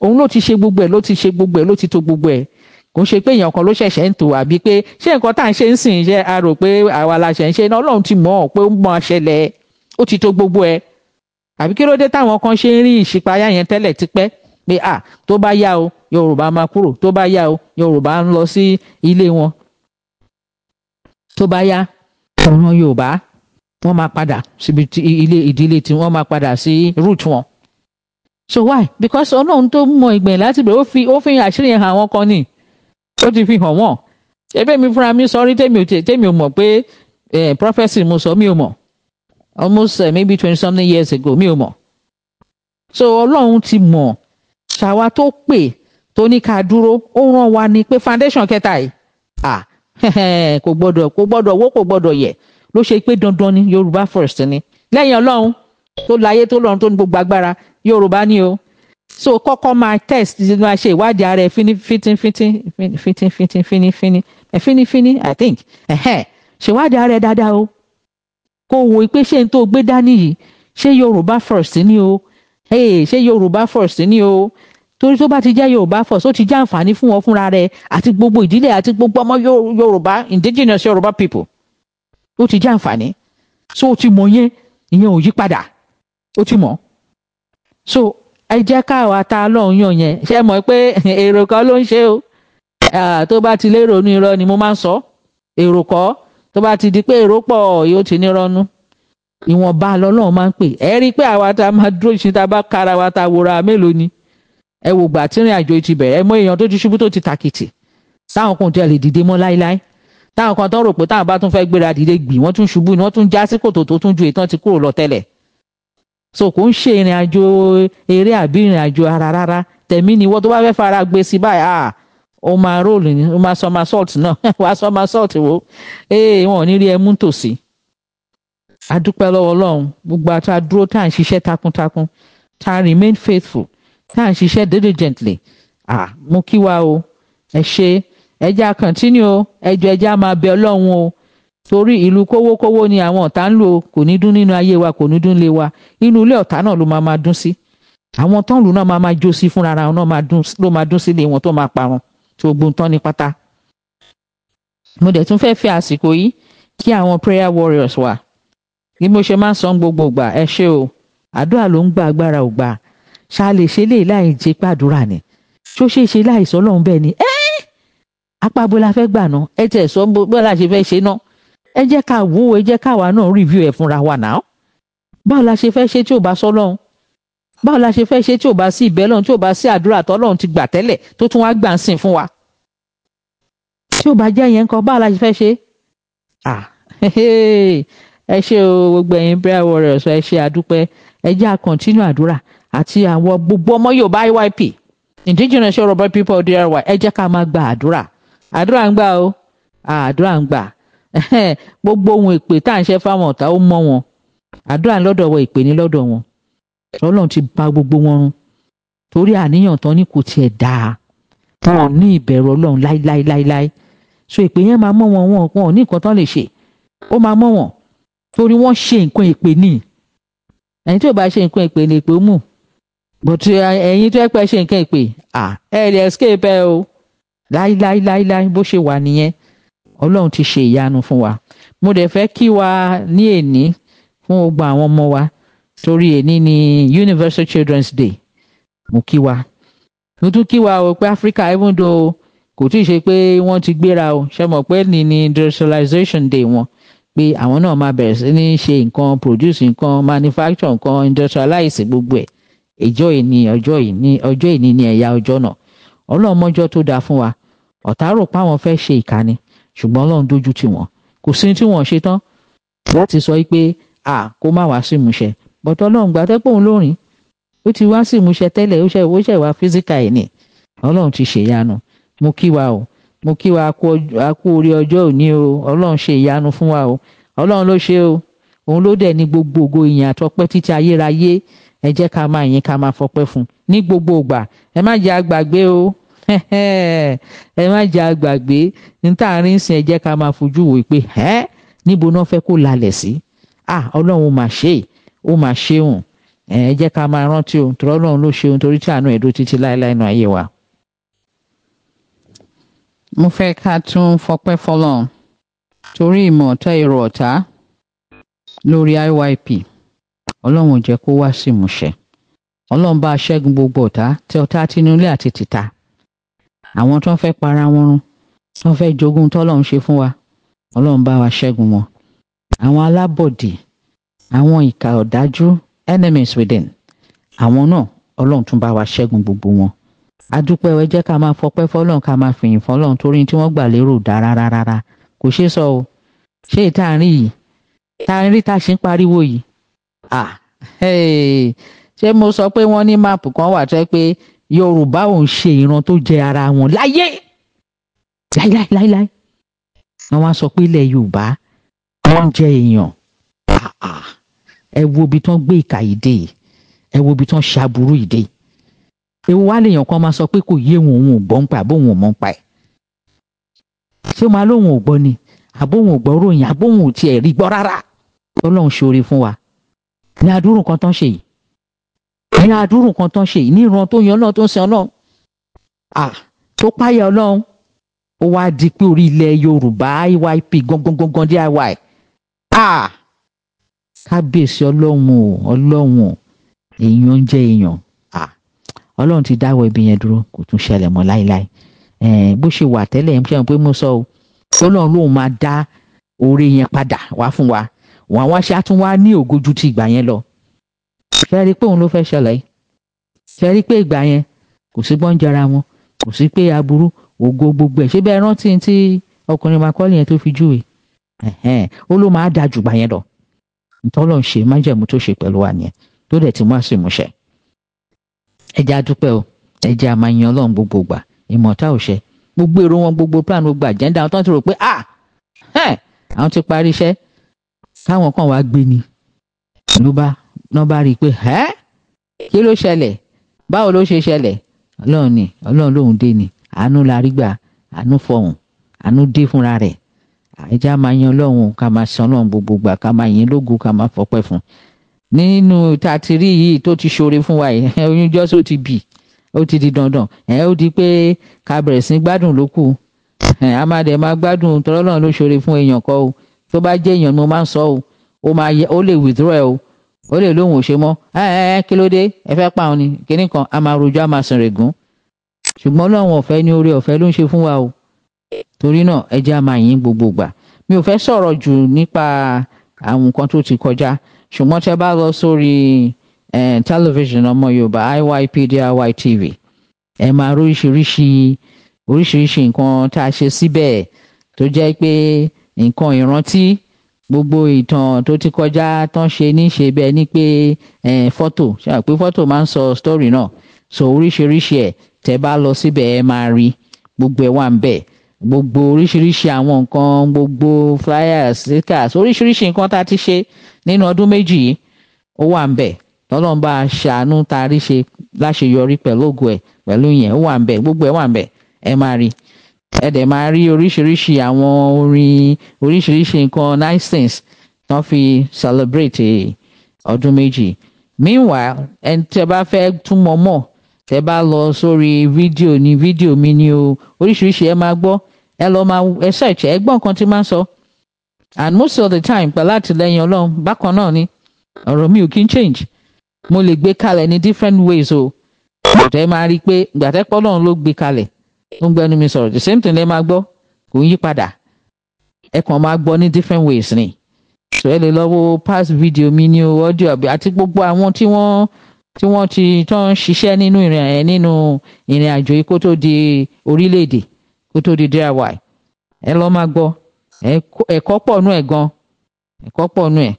òun ló ti ṣe gbogbo ẹ̀ ló ti ṣe gbogbo ẹ̀ ló ti tò gbogbo ẹ̀ kò ń ṣe pé èèyàn kan ló ṣẹ̀ṣẹ̀ ń tò àbí pé ṣé nǹkan tá à ń ṣe ń sìn ṣe a rò pé àwa la ṣẹ̀ ń ṣe náà ọlọ́run ti mọ̀ ọ́ pé ó máa ṣẹlẹ̀ ó ti tò gbogbo ẹ̀ àbí kí ló dé táwọn kan ṣe ń rí ìṣípayá yẹn tẹ́lẹ̀ tipẹ́ pé à tó bá yá o yorùbá máa kúrò tó bá yá o yorùbá ń lọ sí ilé wọn tó bá yá ọ̀ràn yorùbá wọ́n máa padà síbi ilé ìdílé tí wọ́n máa padà sí root wọn so why because ọlọ́run tó mọ ìgbẹ̀yìn láti bẹ̀rẹ̀ ó fi ó fi àṣírí yẹn hàn àwọn kan ni ó ti fi hàn wọ́n ẹgbẹ́ mi fúnra mi sọ rí tèmi ò tèmi ò mọ̀ pé prophecy mo sọ mi ò mọ̀ almost uh, maybe twenty something years ago mi ò mọ̀ so ọlọ́run ti mọ̀ ṣàwa tó pè tó ní ká dúró ó ràn wá ní pé foundation kẹta yìí ah [laughs] kò gbọ́dọ̀ kò gbọ́dọ̀ wó kò gbọ́dọ̀ yẹ̀ ló ṣe pé dandan ni Yorùbá first ni lẹ́yìn ọlọ́run tó láyé tó lọ́run tó ní gbogbo agbára yorùbá ni o so kọ́kọ́ máa test máa ṣe ìwádìí ara ẹ̀ fínífínífíní fínífínífíní fínífíní i think ṣèwádìí ara ẹ̀ dáadáa o kó wo pé ṣé n tó gbé dání yìí ṣé yorùbá first ni o ṣé yorùbá first ni o torí tó bá ti jẹ́ yorùbá first ó ti jẹ́ àǹfààní fún wọn fúnra rẹ̀ àti gbogbo ìdílé àti gbogbo ọmọ yorùbá indigenous yorùbá people ó ti jẹ́ àǹfààní so ó ti mọ̀ yẹn ìyẹn ò yí padà ó ti mọ̀ so ẹ jẹ́ káwa tá a lọ́hùn yàn yẹn ṣe mọ̀ pé [laughs] èrò kan ló ń ṣe o tó bá ti lérò ní irọ́ ni mo máa ń sọ èrò kọ́ tó bá ti di pé èrò pọ̀ yóò ti ní rọ́nú ìwọ̀nba lọ́lọ́run máa ń pè ẹ rí i pé àwa tá a máa dúró ìṣin tá a bá kára wa tá wòra mélòó ni ẹ wò gbà tí ìrìn àjò ti bẹ̀rẹ̀ ẹ mọ èèyàn tó ti ṣubú tó ti tàkìtì táwọn kan tẹ lè dìde mọ́ láíláí táwọn kan tán rò pé táwọn bá tún fẹ́ gbéra dìde gbì wọ́n tún ṣubú ni wọ́n tún já sí kòtò tó tún ju ìtàn ti kúrò lọ tẹ́lẹ̀ so kò ń ṣe ìrìn àjò eré àbí ìrìn àjò ara rárá tẹ̀mí ni wọ́n tó bá fẹ́ fara gbé sí báyìí ah o máa róòlù ni o máa sọmọ salt náà [laughs] wàá sọmọ salt wo ee wọn ò ní rí ẹ mú tòsí. adúpẹ́ lọ́wọ́ ọlọ́run gbogbo àti adúró tá à ń ṣiṣẹ́ takuntakun tá a remain faithful tá à ń ṣiṣẹ́ diligently ah mo kí wa o ẹ ṣe ẹ jẹ́ a continue o ẹ jọ ẹ jẹ́ a máa bẹ ọlọ́run o torí ìlú kówókówó ni àwọn ọ̀tá ń lò kò ní dún nínú ayé wa kò ní dún lé wa inú ilé ọ̀tá náà ló máa máa dún sí àwọn tán lù náà máa máa jó sí fúnra wọn ló máa dún sílé wọn tó máa parun tí gbogbo nǹkan ní pátá. mo dẹ̀ tún fẹ́ fi àsìkò yìí kí àwọn prayer warriors wà bí mo ṣe máa ń san gbogbo ìgbà ẹ ṣé o àdúrà ló ń gba agbára ò gbà ṣá lè ṣe lè láì jẹ pàdúrà ni ṣó ṣe ṣe láì sọ lọ́hùn bẹ́ẹ̀ ni ẹ́ apá bo la fẹ́ gbà ná ẹ tẹ̀ sọ bó la ṣe fẹ́ ṣe náà ẹ jẹ́ ká wò ó ẹ jẹ́ káwa náà review ẹ̀ fúnra wa náà báwo la ṣe fẹ́ ṣe tí ò bá sọ́lọ́run báwo la ṣe fẹ́ ṣe tí ò bá sí ìbẹ́ lọ́run tí ò bá sí àdúrà tọ́lọ́run ti gbà tẹ́lẹ̀ tó tún wá gbà ń sìn fún wa tí ò bá jẹ́ yẹn kan báwo la ṣe fẹ́ ṣe [laughs] ẹ ṣe o gbogbo ẹ̀yin prayer warriors ẹ ṣe àdúpẹ́ ẹ jẹ́ à continue àdúrà àti àwọn gbogbo ọmọ Yorùbá IYP indigenous Yoruba people DRY ẹ jẹ́ ká máa gba àdúrà àdúrà ń gbà o àdúrà ń gbà [laughs] gbogbo ohun èpè tá à ń ṣe fáwọn ọ̀tá ó mọ́ wọn àdúrà lọ́dọ̀ wọn èpè ní lọ́dọ̀ wọn ọlọ́run ti bà gbogbo wọn run torí àníyàn tán ní kò tiẹ̀ dáa wọn ò ní ìbẹ̀rù ọlọ́run láíláíláíláí so èpè yẹn máa mọ́ wọn wọn ò ní nǹkan tán lè ṣe ó máa mọ́ wọn torí wọ́n ṣe nǹkan èpè ní ẹni tí ò bá ṣe nǹkan èpè lè pè ó mù bọ̀tù eh, ẹ̀yin tó ẹ pẹ́ ṣe nǹkan èpè ẹ lè escape ẹ o láíláíláíláí bó ṣe wà nìyẹn ọlọ́run ti ṣe ìyanu fún wa mo dẹ̀ fẹ́ kí wa ní èní fún gbogbo àwọn ọmọ wa torí èní ni Universal Children's Day mo kí wa mo tún kí wa o pé Africa even though kò tí ì ṣe pé wọ́n ti gbéra o ṣe mọ̀ pé ní ní industrialization day wọn pé àwọn náà máa bẹ̀rẹ̀ sí ní ṣe nǹkan produce nǹkan manufacture nǹkan industrialize gbogbo ẹ̀ ìjọ́ ìní ọjọ́ ìní ọjọ́ ìní ni ẹ̀yà ọjọ́ náà ọlọ́mọjọ́ tó dáa fún wa ọ̀tá rò pé àwọn fẹ́ ṣe ìkànnì ṣùgbọ́n ọlọ́run dójú tì wọ́n kò sí tí wọ́n ṣe tán láti sọ pé à kó má wá sí ìmúṣẹ bọ́tọ̀ ọlọ́run gbàtẹ́ pòun lórin ó ti wá sí ìmúṣẹ tẹ́lẹ̀ ó ṣe ìwọ́ṣẹ̀ wá físíkà ẹ̀ ni ọlọ́run ti ṣèyanu mo kí wa o mo kí wa a kú orí ọjọ́ òní o ọlọ́run ṣe ìyanu fún wa o ọlọ́run ló ṣe o òun ló dẹ̀ ní gbogbo ògo ìyìn àtọpẹ́ títí ayérayé ẹ jẹ́ ká máa yìn ká máa fọpẹ́ fún ní gbogbo ìgbà ẹ má jẹ́ àgbàgbé o. ẹ má jẹ́ àgbàgbé ní tààrin sìn ẹ ká máa fojú wò pé ẹ́ níbo náà fẹ́ kó lálẹ̀ sí ọlọ́run mà ṣe ó mà ṣeun ẹ jẹ́ ká máa rántí ohun tọ́rọ́ ọlọ́run ló ṣeun torí tí àánú ẹ̀dó títí láéláé IYP ọlọ́run ò jẹ́ kó wá sí ìmúṣẹ ọlọ́run bá ṣẹ́gun àwọn tó ń fẹ́ para wọn run tó ń fẹ́ jogún tọ́lọ́run ṣe fún wa ọlọ́run bá wa ṣẹ́gun wọn àwọn alábọ̀dì àwọn ìkà ọ̀dájú enemies within àwọn náà ọlọ́run tún bá wa ṣẹ́gun gbogbo wọn adúpẹ́ ẹ jẹ́ ká máa fọpẹ́ fọlọ́run ká máa fìyìn fọlọ́run torí tí wọ́n gbà lérò dá rárá rárá kò ṣeé sọ o ṣé ìta àárín yìí ta rí ta ṣe ń pariwo yìí ah ṣé mo sọ pé wọ́n ní máàpù kan wà tẹ́ pé yorùbá ò ń ṣe ìran tó jẹ ara wọn láyé láíláíláíláí wọn wá sọ pé ilẹ̀ yorùbá wọn ń jẹ èèyàn ẹ wo ibi tán gbé ìkà ìdè ẹ wo ibi tán ṣàbùrú ìdè ewu wá lèèyàn kan máa sọ pé kò yé òun òun ò gbọ́ ń pa àbóhùn ò mọ̀ ń pa ẹ̀ ṣé ó máa lóun ò gbọ́ ni àbóhùn ò gbọ́ ròyìn àbóhùn ò tiẹ̀ rí gbọ́ rárá ọlọ́run ṣoore fún wa ní àdúrùn kan tán ṣe yìí ní adúrùn kan tó ń ṣe ní ìran tó yan ọlọ́run tó ń sin ọlọ́run à tó páyà ọlọ́run ó wá di pé orí ilẹ̀ yorùbá iyp gangan diy à kábíyèsí ọlọ́run o ọlọ́run o èèyàn ń jẹ́ èèyàn à ọlọ́run ti dáwọ́ ibi yẹn dúró kò tún ṣẹlẹ̀ mọ́ láéláé bó ṣe wà tẹ́lẹ̀ ń ṣẹ́yìn pé mo sọ o ọlọ́run lòun máa dá oore yẹn padà wá fún wa wọn àwa ṣe tún wá ní ògo ti ìgbà yẹn lọ ṣe rí i pé òun ló fẹ́ ṣẹlẹ̀ yìí ṣe rí i pé ìgbà yẹn kò sí gbọ́njara wọn kò sí pé aburú ògo gbogbo ẹ̀ ṣé bẹ́ẹ̀ rántí tí ọkùnrin Macaulay yẹn tó fi júwe ó ló máa da jù gbà yẹn lọ ntọ́lọ̀ ń ṣe májẹ̀mú tó ṣe pẹ̀lú wa nìyẹn tó dẹ̀ ti mú àṣìmúṣẹ ẹ jẹ́ a o ẹ jẹ́ a Ọlọ́run gbogbo gbà ìmọ̀ta ò gbogbo èrò wọn gbogbo plan gbogbo agenda àwọn tó ń ti rò pé ah àwọn ti parí iṣẹ́ káwọn kan wá gbé ni ló bá náà bá rí i pé ẹ́ kí ló ṣẹlẹ̀ báwo ló ṣe ṣẹlẹ̀ ọlọ́run ni ọlọ́run lòun dé ni àánú la rí gbà àánú fọhùn àánú dé fúnra rẹ̀ ẹja máa yan ọlọ́run ká máa san ọlọ́run gbogbo gbà ká máa yìn lógo ká máa fọpẹ́ fún nínú tàtírí yìí tó ti ṣoore fún wa yìí [laughs] oyún jọ́sọ́ ti bì ó ti di dandan ẹ ó di pé ká bẹ̀rẹ̀ sí gbádùn ló kù a máa dẹ̀ máa gbádùn tọ́lọ́run ló ṣoore fún èèyàn kọ́ o tó bá jẹ́ èèyàn mo máa ń sọ o ó lè withdraw ẹ o ó lè lóhùn ò ṣe mọ́ ẹ ẹ kí ló dé ẹ fẹ́ pa òun ni kíní kan a máa rojọ́ a máa sùn rè gún ṣùgbọ́n ọlọ́run ọ̀fẹ́ ní oore ọ̀fẹ́ ló ń ṣe fún wa o torí náà ẹ jẹ́ a máa yìn gbogbo gbà mi ò fẹ́ sọ̀rọ̀ jù nípa àwọn nǹkan tó ti kọjá ṣùgbọ́n tẹ́ bá lọ sórí television ọmọ yorùbá IYPDIY TV ẹ máa oríṣiríṣi oríṣiríṣi nǹkan tá a ṣe síbẹ̀ tó jẹ́ pé nǹkan ìrántí gbogbo ìtàn tó ti kọjá tán ṣe níṣe bẹ́ẹ̀ ni pé fọ́tò pé fọ́tò máa ń sọ story náà so oríṣiríṣi ẹ̀ tẹ́ bá lọ síbẹ̀ ẹ máa rí gbogbo ẹ̀ wà ń bẹ̀ gbogbo oríṣiríṣi àwọn nǹkan gbogbo flyers stickers oríṣiríṣi nǹkan tá a ti ṣe nínú ọdún méjì yìí ó wà ń bẹ̀ lọ́lọ́run bá a ṣàánú tá a rí ṣe láṣeyọrí pẹ̀lú ògo ẹ̀ pẹ̀lú yẹn ó wà ń bẹ̀ gbogbo ẹ̀ wà ń bẹ̀ ẹ máa rí i ẹ dẹ̀ máa rí oríṣiríṣi àwọn orin oríṣiríṣi nǹkan nice things tán fi celebrate ọdún méjì meanwhile ẹni tẹ́ bá fẹ́ túmọ̀ mọ̀ tẹ́ bá lọ sórí fídíò ní fídíò mi ni o oríṣiríṣi ẹ máa gbọ́ ẹ lọ máa ẹ search ẹ gbọ́ nǹkan tí máa sọ and most of the time pẹ̀lú àtìlẹyìn ọlọ́run bákan náà ni ọ̀rọ̀ mi ò kí ń change mo lè gbé kalẹ̀ ní different ways o ọ̀dẹ́ máa rí i pé gbàtẹ́pọ̀ náà ló gbé kalẹ̀ ó ń gbẹnu mi sọ̀rọ̀ the same thing lè máa gbọ́ kò ń yí padà ẹ kàn máa gbọ́ ní different ways ni so ẹ lè lọ wo past video mi ní o audio àbí àti gbogbo àwọn tí wọ́n tí wọ́n ti tán ṣiṣẹ́ nínú ìrìn ẹ̀ nínú ìrìn àjò yìí kó tó di orílẹ̀-èdè kó tó di DIY ẹ lọ́ máa gbọ́ ẹ̀kọ́ pọ̀ nú ẹ̀ gan ẹ̀kọ́ pọ̀ nú ẹ̀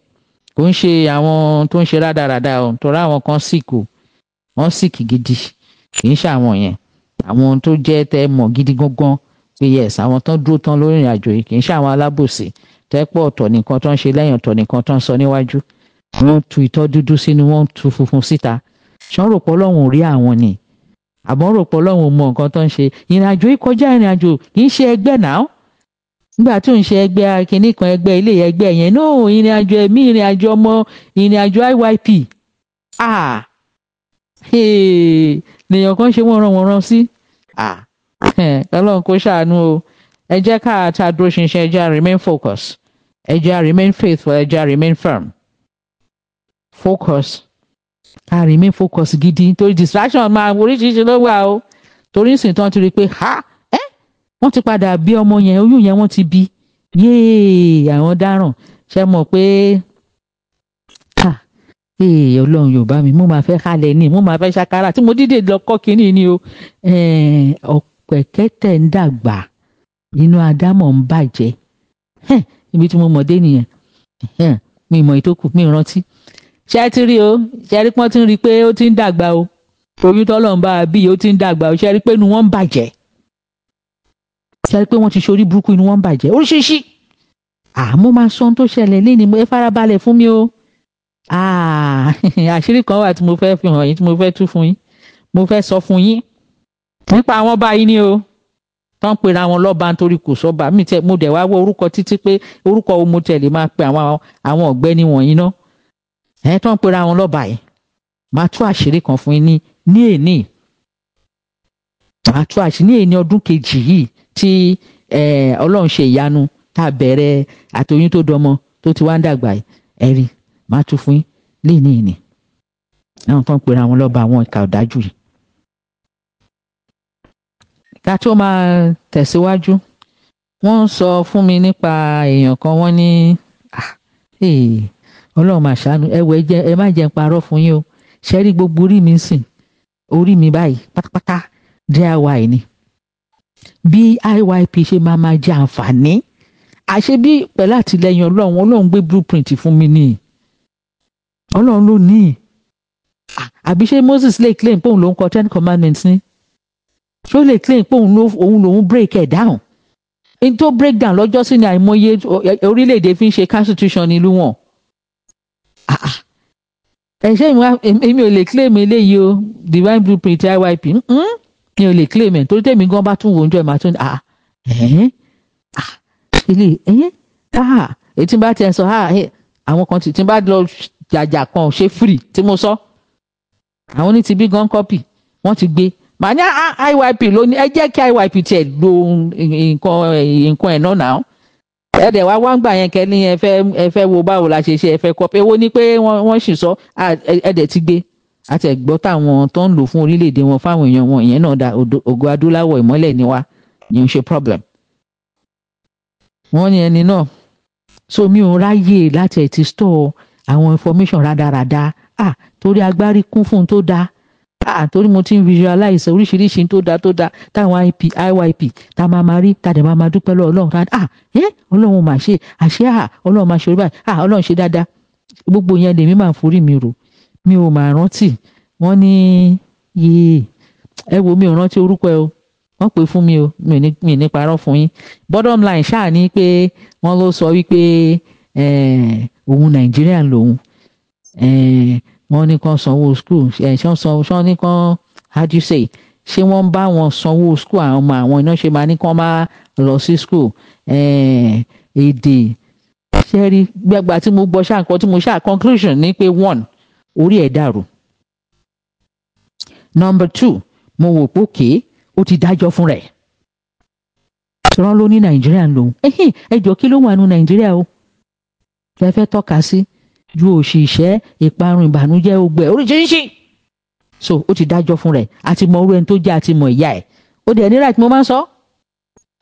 kò ń ṣe àwọn tó ń ṣe rádaràda ọ̀ tọ́ra àwọn kan sìkò wọ́n sìkì gidi kì í ṣe àwọn yẹn àwọn tó jẹ́ tẹ́ mọ̀ gidi gangan pé yes àwọn tán dúró tán lórí ìrìn àjò yìí kì í ṣe àwọn alábòsí tẹ́pọ̀ ọ̀tọ̀ nìkan tán ṣe lẹ́yìn ọ̀tọ̀ nìkan tán sọ níwájú wọ́n tu ìtọ́ dúdú sínú wọ́n tu funfun síta ṣán rò pé ọlọ́run ò rí àwọn ni àmọ́ rò pé ọlọ́run ò mọ nǹkan tán ṣe ìrìn àjò yìí kọjá ìrìn àjò kì í ṣe ẹgbẹ́ náà nígbà tí ò ń ṣe ẹgbẹ́ akínní kan ẹgbẹ́ ilé ẹgbẹ́ yẹn náà ìrìn àjò ẹ̀mí ìrìn àjò ọmọ ìrìn àjò IYP ah lèèyàn kan ṣe wọnranwọnran sí Ọlọ́run kò ṣàánú o ẹ jẹ́ ká ta dúró ṣinṣin ẹ jẹ́ à remain focus ẹ remain faithful ẹ remain firm focus ká remain focus gidi torí distraction máa oríṣiríṣi ló wà o torí ìsìn tán ti rí i pé ha ẹ wọ́n ti padà bí ọmọ yẹn oyún yẹn wọ́n ti bí yéè àwọn dáràn ṣe mọ̀ pé ee Ọlọ́run Yorùbá mi mo máa fẹ́ kálẹ̀ ni mo máa fẹ́ ṣàkárà tí mo dídè lọ kọ́ kínní ni o ọ̀pẹ̀kẹ́tẹ̀ ń dàgbà inú adámọ̀ ń bàjẹ́ ibi tí mo mọ̀ dé nìyẹn mi mọ̀ ìtókù mi rántí ṣé ti rí o ṣé rí pọ́n ti ń rí i pé ó ti ń dàgbà o oyún tọ́lọ̀ ń bá a bí ó ti ń dàgbà o ṣé rí pé inú wọn ń bàjẹ́ ṣé rí pé wọ́n ti ṣorí burúkú inú wọn ń bàjẹ́ oríṣiríṣi àmọ́ máa sọ ohun tó ṣẹlẹ̀ lẹ́ni ẹ farabalẹ̀ fún mi o. Ah, [laughs] àṣírí kan wà tí mo fẹ́ fi hàn yín tí mo fẹ́ tú fún yín mo fẹ́ sọ fún yín nípa àwọn báyìí ni o tó ń pera wọn lọ́ba nítorí kò sọ́ba mi tẹ mo dẹ̀ wá wọ orúkọ títí pé orúkọ wo mo tẹ̀lé máa pe àwọn àwọn ọ̀gbẹ́ni wọ̀nyí ná ẹ tó ń pera wọn lọ́ba yìí máa tú àṣírí kan fún yín ní ní èní máa tú àṣírí ní èní ọdún kejì yìí tí ọlọ́run ṣe ìyanu tá a bẹ̀rẹ̀ àtòyún tó dọmọ tó ti wá ń dàgbà yìí ẹ̀rín máa tún fún yín léèní ìní àwọn tó ń pera wọn lọ́ba àwọn ìka ọ̀dájú yìí. ká tó máa tẹ̀síwájú wọ́n ń sọ fún mi nípa èèyàn kan wọ́n ní ọlọ́run máa ṣàánú ẹ̀wọ̀ ẹ má jẹ́ parọ́ fún yín o ṣe rí gbogbo orí mi sìn orí mi báyìí pátápátá DIY ni bí IYP ṣe máa máa jẹ àǹfààní àṣebí pẹ̀lú àtìlẹyìn ọlọ́run ọlọ́run gbé blueprint fún mi nìyí ọlọ́run ló ní i àbí ṣé moses lè claim pé òun lòún kọ ten commandments ni ṣó lè claim pé òun lòún break ẹ̀ down in tó break down lọ́jọ́ sí ni àìmọye orílẹ̀-èdè fi ń ṣe constitution nílùú wọn ẹ̀ṣẹ́ èmi ò lè claim eléyìí o divine blueprint iyp mi ò lè claim ẹ̀ torí tèmi gan bá tún wò ó ń jọ ìmọ̀ àtúndì ah ẹ̀hìn ah ilé ẹ̀hìn ah èyí tí n bá tiẹ̀ sọ ah àwọn kan tí n bá lọ jàjà kan ò ṣe free tí mo sọ àwọn ní ti bí gan kọ́pì wọ́n ti gbé màá ní ah, ah, IYP ló ní ẹ jẹ́ kí IYP tiẹ̀ lo nǹkan nǹkan ẹ̀ náà nà án ẹ dẹ̀ wá wá ń gbà yẹn kẹ́ ní ẹ fẹ́ ẹ fẹ́ wo báwo la ṣe ṣe ẹ fẹ́ kọ́pì èwo ni pé wọ́n sì sọ ẹ dẹ̀ ti gbé àtẹ̀gbọ́ táwọn tó ń lò fún orílẹ̀-èdè wọn fáwọn èèyàn wọn ìyẹn náà da ògo adúláwọ̀ ìmọ́lẹ̀ ni wá ni ń ṣe problem. wọ́n ní ẹni náà so mi ò ráyè láti ẹ̀ ti store àwọn information rádaràda ah torí agbárí kún fún un tó dáa ah torí mo ti ń visualize oríṣiríṣi tó dáa tó dáa táwọn ip iyp tá a máa máa rí tá a dẹ̀ máa máa dúpẹ́ lọ́wọ́ ọlọ́run ká ah ẹ́ ọlọ́run mà ṣe àṣẹ ah ọlọ́run máa ṣe orí báyìí ah ọlọ́run ṣe dáadáa gbogbo yẹn lèmi máa forí mi rò mi ò máa rántí wọ́n ní yéé ẹ wo mi ò rántí orúkọ ẹ o wọ́n pè fún mi o mi ò ní parọ́ fún yín bottom line ṣáà ni pé wọ́n ló sọ wípé Eh, òun nàìjíríà lòun eh, wọ́n ní kán sanwó school eh, ṣán sanwó ṣán ní kán how do you say ṣé wọ́n ń bá wọn sanwó school àwọn ọmọ àwọn iná ṣe máa ní kán máa lọ sí school èdè ṣe rí gbàgbà tí mo gbọ́ ṣáà nǹkan tí mo ṣáà conclusion ni pé one orí ẹ̀ dàrú number two mo wò pé òkè ó ti dájọ́ fún rẹ̀ sọ̀rọ̀ ló ní nàìjíríà ń lòun ẹjọ́ kí ló wà nù nàìjíríà o lẹ fẹ́ tọ́ka sí ju òṣì ìṣẹ́ ìparun ìbànújẹ́ ogbẹ oríṣiríṣi so ó ti dájọ́ fún rẹ̀ àti mọ orú ẹni tó jẹ́ àti mọ ìyá ẹ̀ ó dẹ̀ ní right mo máa ń sọ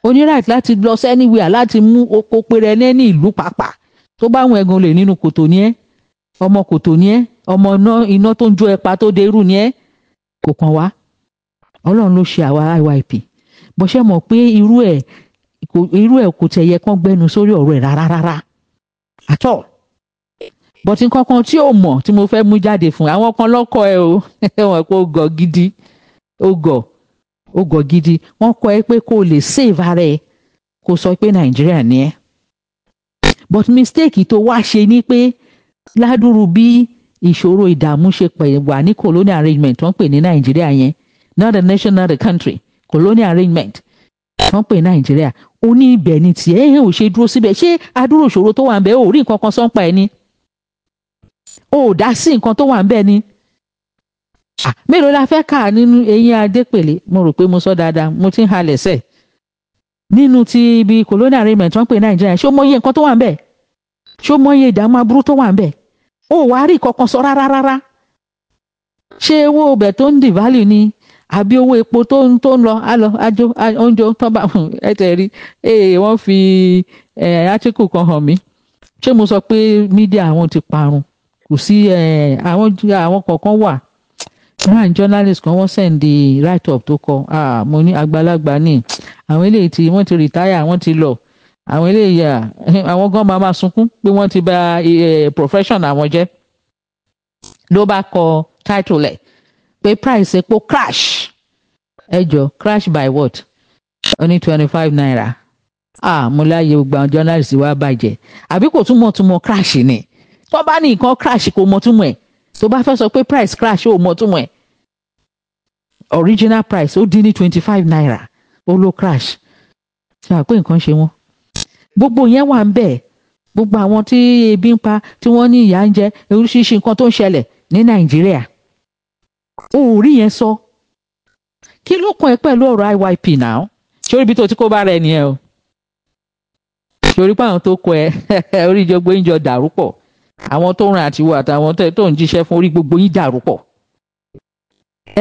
ó ní right láti lọ sẹ́niwìà láti mú oko péré ní ní ìlú pàápàá tó bá wọn ẹ̀gàn lè nínú kòtò ní ẹ́ ọmọ kòtò ní ẹ́ ọmọ iná tó ń jó ẹpa tó de irú ní ẹ́ kò kàn wá ọlọ́run ló ṣe àwa IYP bó mọ̀ pé irú ẹ̀ kò tẹ̀ kán gbẹnu sórí ọ̀rọ̀ ẹ̀ rárá rárá At àtọ̀ bọ̀tí kankan tí ò mọ̀ tí mo fẹ́ mú jáde fún àwọn kan lọ́kọ̀ ẹ o ẹ̀wọ̀n pé ó gọ̀ gidi ó gọ̀ ó gọ̀ gidi wọ́n kọ́ ẹ pé kó o lè save ara ẹ kó o sọ pé nàìjíríà ni ẹ but mistake tó wá ṣe ni pé ládùúrú bí ìṣòro ìdààmú ṣe pẹ̀ wà ní colonial arrangement wọ́n pè ní nàìjíríà yẹn not a nation not a country colonial arrangement wọ́n pè nàìjíríà ó ní ibẹ̀ ni tiẹ̀ ẹ̀ ò ṣe dúró síbẹ̀ ṣé adúrò ìṣòro tó wà ń bẹ̀ ò rí nǹkan kan sọ́npa ẹ̀ ni ò dá sí nǹkan tó wà ń bẹ̀ ni mélòó la fẹ́ kà nínú eyín adépèlé mo rò pé mo sọ dáadáa mo ti ń halẹ̀ sẹ̀ nínú ti ibi colonial arrangement wọ́n pè nàìjíríà ṣó mọyé nǹkan tó wà ń bẹ̀ ṣó mọyé ìdààmú aburú tó wà ń bẹ̀ ò wá rí kankan sọ rárá rárá ṣé owó ọbẹ̀ tó ń devalue ni àbí owó epo tó ń tó ń lọ á lọ ájó oúnjẹ tó bá ẹ tẹ̀ rí ee wọ́n fi átíkù kan hàn mí ṣé mo sọ pé mídíà àwọn ti parun kò sí àwọn àwọn kọ̀ọ̀kan wà náà journalist kan wọ́n send the write up tó kọ mo ní àgbàlagbà ni àwọn eléyìí tí wọ́n ti retire wọ́n ti lọ àwọn eléyìí àwọn gan máa máa sunkún pé wọ́n ti bà profession àwọn jẹ́ ló bá kọ title ẹ̀ pé price epo crash ẹ jọ crash by what Only twenty five naira ah mo láàyè gbogbo àwọn journalist wa bàjẹ́ àbí kò túmọ̀ túmọ̀ crash ni tó bá ní nǹkan crash kò mọ túmọ̀ ẹ̀ tó bá fẹ́ sọ pé price crash ó mọ túmọ̀ ẹ̀ original price ó dín ní twenty five naira ó ló crash ṣe àpé nǹkan ṣe wọ́n gbogbo yẹn wà ń bẹ̀ gbogbo àwọn tí ebi ń pa tí wọ́n ní ìyà ń jẹ oríṣiríṣi nǹkan tó ń ṣẹlẹ̀ ní nàìjíríà o ò rí yẹn sọ kí ló kàn ẹ́ pẹ̀lú ọ̀rọ̀ iyp náà sórí ibi tó ti kó bá rẹ nìyẹn o sórí páwọn tó kọ ẹ [laughs] orí ìjọgbó yín jọ dàrú pọ̀ àwọn tó ń rìn àtiwọ àtàwọn tó ń jíṣẹ́ fún orí gbogbo yín dàrú pọ̀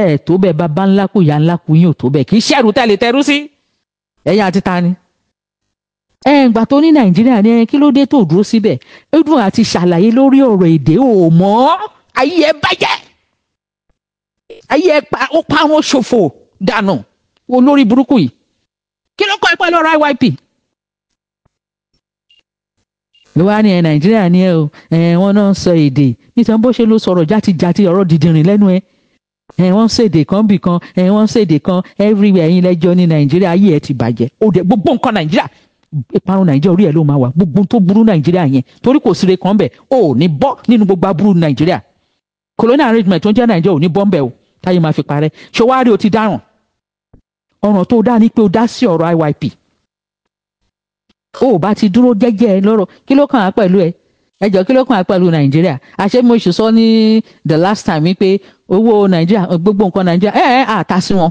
ẹ tó bẹ́ẹ̀ bàbá ńlá kò yá ńlá kò yín ò tó bẹ́ẹ̀ kì í ṣẹrù tẹlẹ tẹrú sí ẹ̀yin àti ta ni ẹ ǹgbà tó ní nàìjíríà ni kí ló dé tó dúró síbẹ̀ ó dùn àti ṣàlàyé lórí ọ̀rọ̀ èdè ò mọ́ ayé ẹ bàjẹ́ ayé ẹ pa ó parun ṣòfò dànù olórí burúkú yìí kí ló kọ́ ẹ pẹ̀lú ọ̀rọ̀ iyp ló wá ní ẹ nàìjíríà ní ẹ o ẹ wọn náà ń sọ èdè nítorí bó ṣe ló sọ̀rọ̀ játijáti ọ̀rọ̀ dìdìrìn lẹ́nu ẹ ẹ wọn ń sọ èdè kan bì kan ẹ wọn ń sọ èdè kan everywhere yín lẹ́jọ́ ní nàìjíríà ayé ẹ ti bàjẹ́ ó dẹ gbogbo nǹkan nàìjíríà ìparun nàìjíríà orí ẹ ló máa wà gbogbo tó burú nàìjíríà yẹn torí kò síre kan bẹ ò ní bọ́ nínú gbogbo aburú nàìjíríà colonial arrangement tó ń jẹ́ nàìjíríà ò ní bọ́m̀bẹ̀ o táyé máa fi parẹ́ ṣé wàá rí o ti dáràn ọ̀ràn tó dá ni pé o dá sí ọ̀rọ̀ IYP o ò bá ti dúró jẹ́jẹ́ ẹ lọ́rọ̀ kí ló kàn á pẹ̀lú ẹ ẹ jọ kí ló kàn á pẹ̀lú nàìjíríà àṣẹ mo ṣe sọ ní the last time pé owó nàìjíríà gbogbo nǹkan nàìjíríà ẹ ẹ àta sí wọn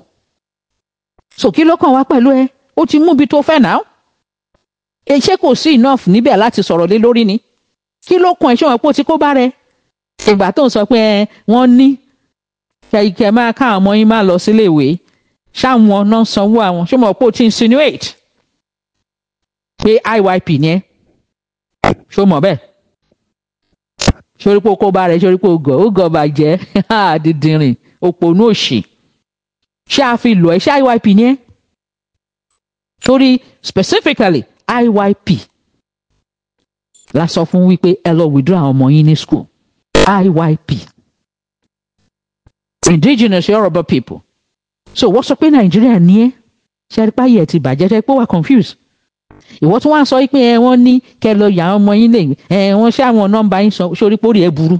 so kí ló kàn wá pẹ̀lú ẹ ó ti mú ibi tó fẹ́ náà ṣé kò sí enough níbẹ̀ láti sọ̀rọ̀ lé lórí ni kí ló kàn ẹ ṣé wọn pé ti kó bá rẹ ìgbà tó ń sọ pé wọ́n ní kẹ̀kẹ́ máa ká àwọn ọmọ yín máa lọ sílé ìwé ṣáwọn náà sanwó àwọn ṣé mo pò tí insinuate pé IYP ni ẹ ṣó mọ̀ bẹ́ẹ̀ ṣorípò kó bá rẹ̀ ṣorípò gọ̀ ó gọ̀ bàjẹ́ [laughs] dídìrín òpònú òṣì ṣé a fi lọ ẹ ṣé IYP ni ẹ specifically IYP la sọ fún wípé ẹ lọ withdraw àwọn ọmọ yín ní school IYP. Indigenous Yoruba people. So wọ́n sọ pé Nàìjíríà ní ẹ́ ṣe àdìpá yẹ̀ ti bàjẹ́ ṣe pé wà confused. Ìwọ́n tún wá ń sọ pé ẹ wọ́n ní kẹ lọ yà ọmọ yín lè ẹ wọ́n ṣé àwọn nọ́mbà yín sórí pé ó rí ẹ burú.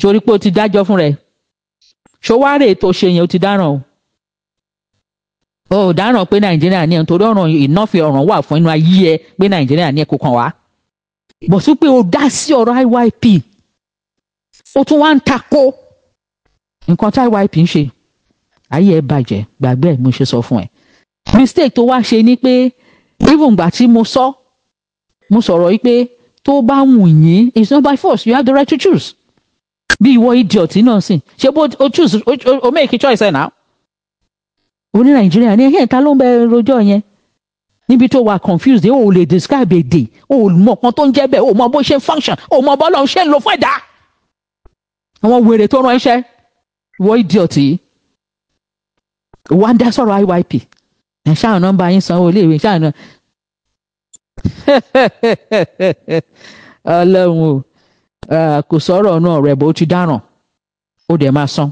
Sórí pé o ti dájọ́ fún rẹ̀. Ṣọwárè tó ṣe yẹn o ti dáràn o. O dáràn pé Nàìjíríà ní ẹ̀ nítorí ọ̀ràn ìnáfẹ́ ọ̀ràn wà fún inú ayé ẹ pé Nàìjíríà ní ẹ̀ kó kàn wá. Bọ̀ sí pé o dá sí ọ̀rọ̀ IYP ó tún wá ń takò nǹkan tá yp ń ṣe ayé ẹ bàjẹ́ gbàgbé mo ṣe sọ fún ẹ mistake tó wá ṣe ni pé even gbà tí mo sọ mo sọ̀rọ̀ yìí pé tó bá wù yín it's not by force you have the right to choose bí ìwọ idiot náà sìn ṣé bó o choose o, o, o make a choice ẹ̀ náà o ní nàìjíríà ní ẹ̀hìn ta ló ń bẹ rojọ́ yẹn níbi tó wà confused o ò lè describe èdè ò mọ̀ kan tó ń jẹ́ bẹ́ẹ̀ ò mọ̀ bó ṣe function o ò mọ̀ bọ́lọ̀ ṣe ń lo fún ẹ̀dá àwọn wèrè tó rán iṣẹ́ wọ ìdíọ̀tì yìí wọ́n á dá sọ̀rọ̀ IYP ẹ̀ ṣáà nọ́mbà yín sanwó iléèwé ṣáà nà [laughs] ọlọ́run o kò sọ̀rọ̀ náà rẹ̀ bó ti dáràn ó dẹ̀ máa san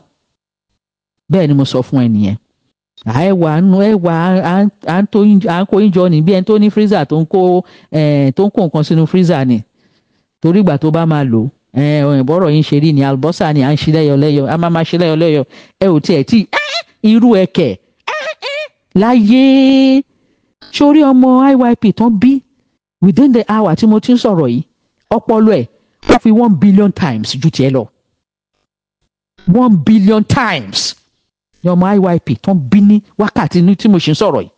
bẹ́ẹ̀ ni mo sọ fún ẹ nìyẹn ẹ wà nù ẹ wà à ń kó yín jọ ní bí ẹni tó ní freezer tó ń kó nǹkan sínú freezer ni torí ìgbà tó bá máa lò ó òyìnbó eh, ọ̀rọ̀ yìí ń ṣe rí ni àlùbọ́sà ni à ń ṣe lẹ́yọlẹ́yọ a máa máa ṣe lẹ́yọlẹ́yọ ẹ ò tiẹ̀ tí irú ẹ̀kẹ́ láyé sórí ọmọ iyp tán bí within the hour tí mo ti ń sọ̀rọ̀ yìí ọpọlọ ẹ̀ wọ́n fi one billion times ju tiẹ̀ lọ one billion times ni ọmọ iyp tán bí ní wákàtí tí mo ṣe ń sọ̀rọ̀ yìí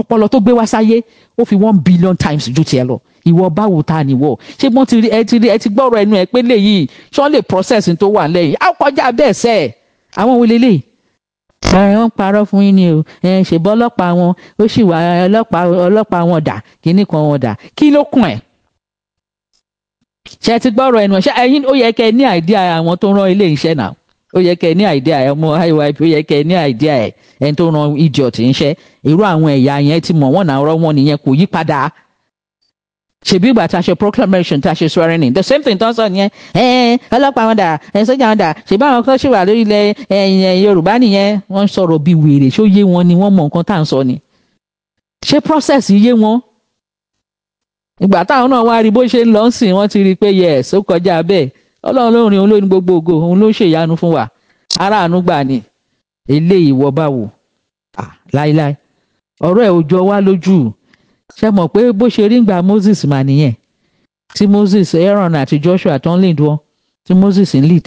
ọpọlọ tó gbé wá sáyé ó fi one billion times ju tiẹ̀ lọ ìwọ báwo ta ni wọ ṣé wọ́n ti rí ẹ ti ẹ ti gbọ́rọ̀ ẹnu ẹ pé léyìí ṣé wọ́n lè process tó wà lẹ́yìn á kọjá bẹ́ẹ̀ sẹ́ àwọn wo lélẹ́yìí ẹ ń parọ́ fún yín ni o ẹ ṣèbọ́ ọlọ́pàá wọn ó sì wà ọlọ́pàá ọlọ́pàá wọn dà kínní kan wọn dà kí ló kùn ẹ̀. ṣé ẹ ti gbọ́rọ̀ ẹnu ẹ̀ ṣé ẹ̀yin ó yẹ kẹ́ ní àìdíà àwọn tó rán ilé iṣẹ́ náà ó yẹ kẹ́ ní idea ẹ ọmọ IYP ó yẹ kẹ́ ní idea ẹ ẹni tó ran idiot ńṣẹ́ irú àwọn ẹ̀yà yẹn ti mọ̀ wọ́n náà rọ́ wọn nìyẹn kò yí padà ṣèbí ìgbà tá a ṣe proclamation tá a ṣe swearing in the same thing tó ń sọ nìyẹn ẹ ọlọ́pàá wọn dà ẹ sọ́jà wọn dà ṣèbí àwọn kan ṣì wà lórí ilẹ̀ ẹ̀yìn Yorùbá nìyẹn wọ́n ń sọ̀rọ̀ bíi wèrè ṣó yé wọn ni wọ́n mọ nǹkan tá à ń sọ ni ṣé process yé wọn ìgbà táwọn náà wá rí bó ṣe ń lọ sí wọn ti rí i pé yes ó kọjá bẹ́ẹ̀ ọlọ́run ló rìn òun ló ní gbogbo ògo òun ló ṣèyanu fún wa aráàánú gbà ni eléyìí wọ bá wò à láíláí ọ̀rọ̀ ẹ̀ ò wá lójú ṣe mọ̀ pé bó ṣe rí gba Moses mà nìyẹn tí Moses Aaron àti Joshua tó ń lead wọn tí Moses ń lead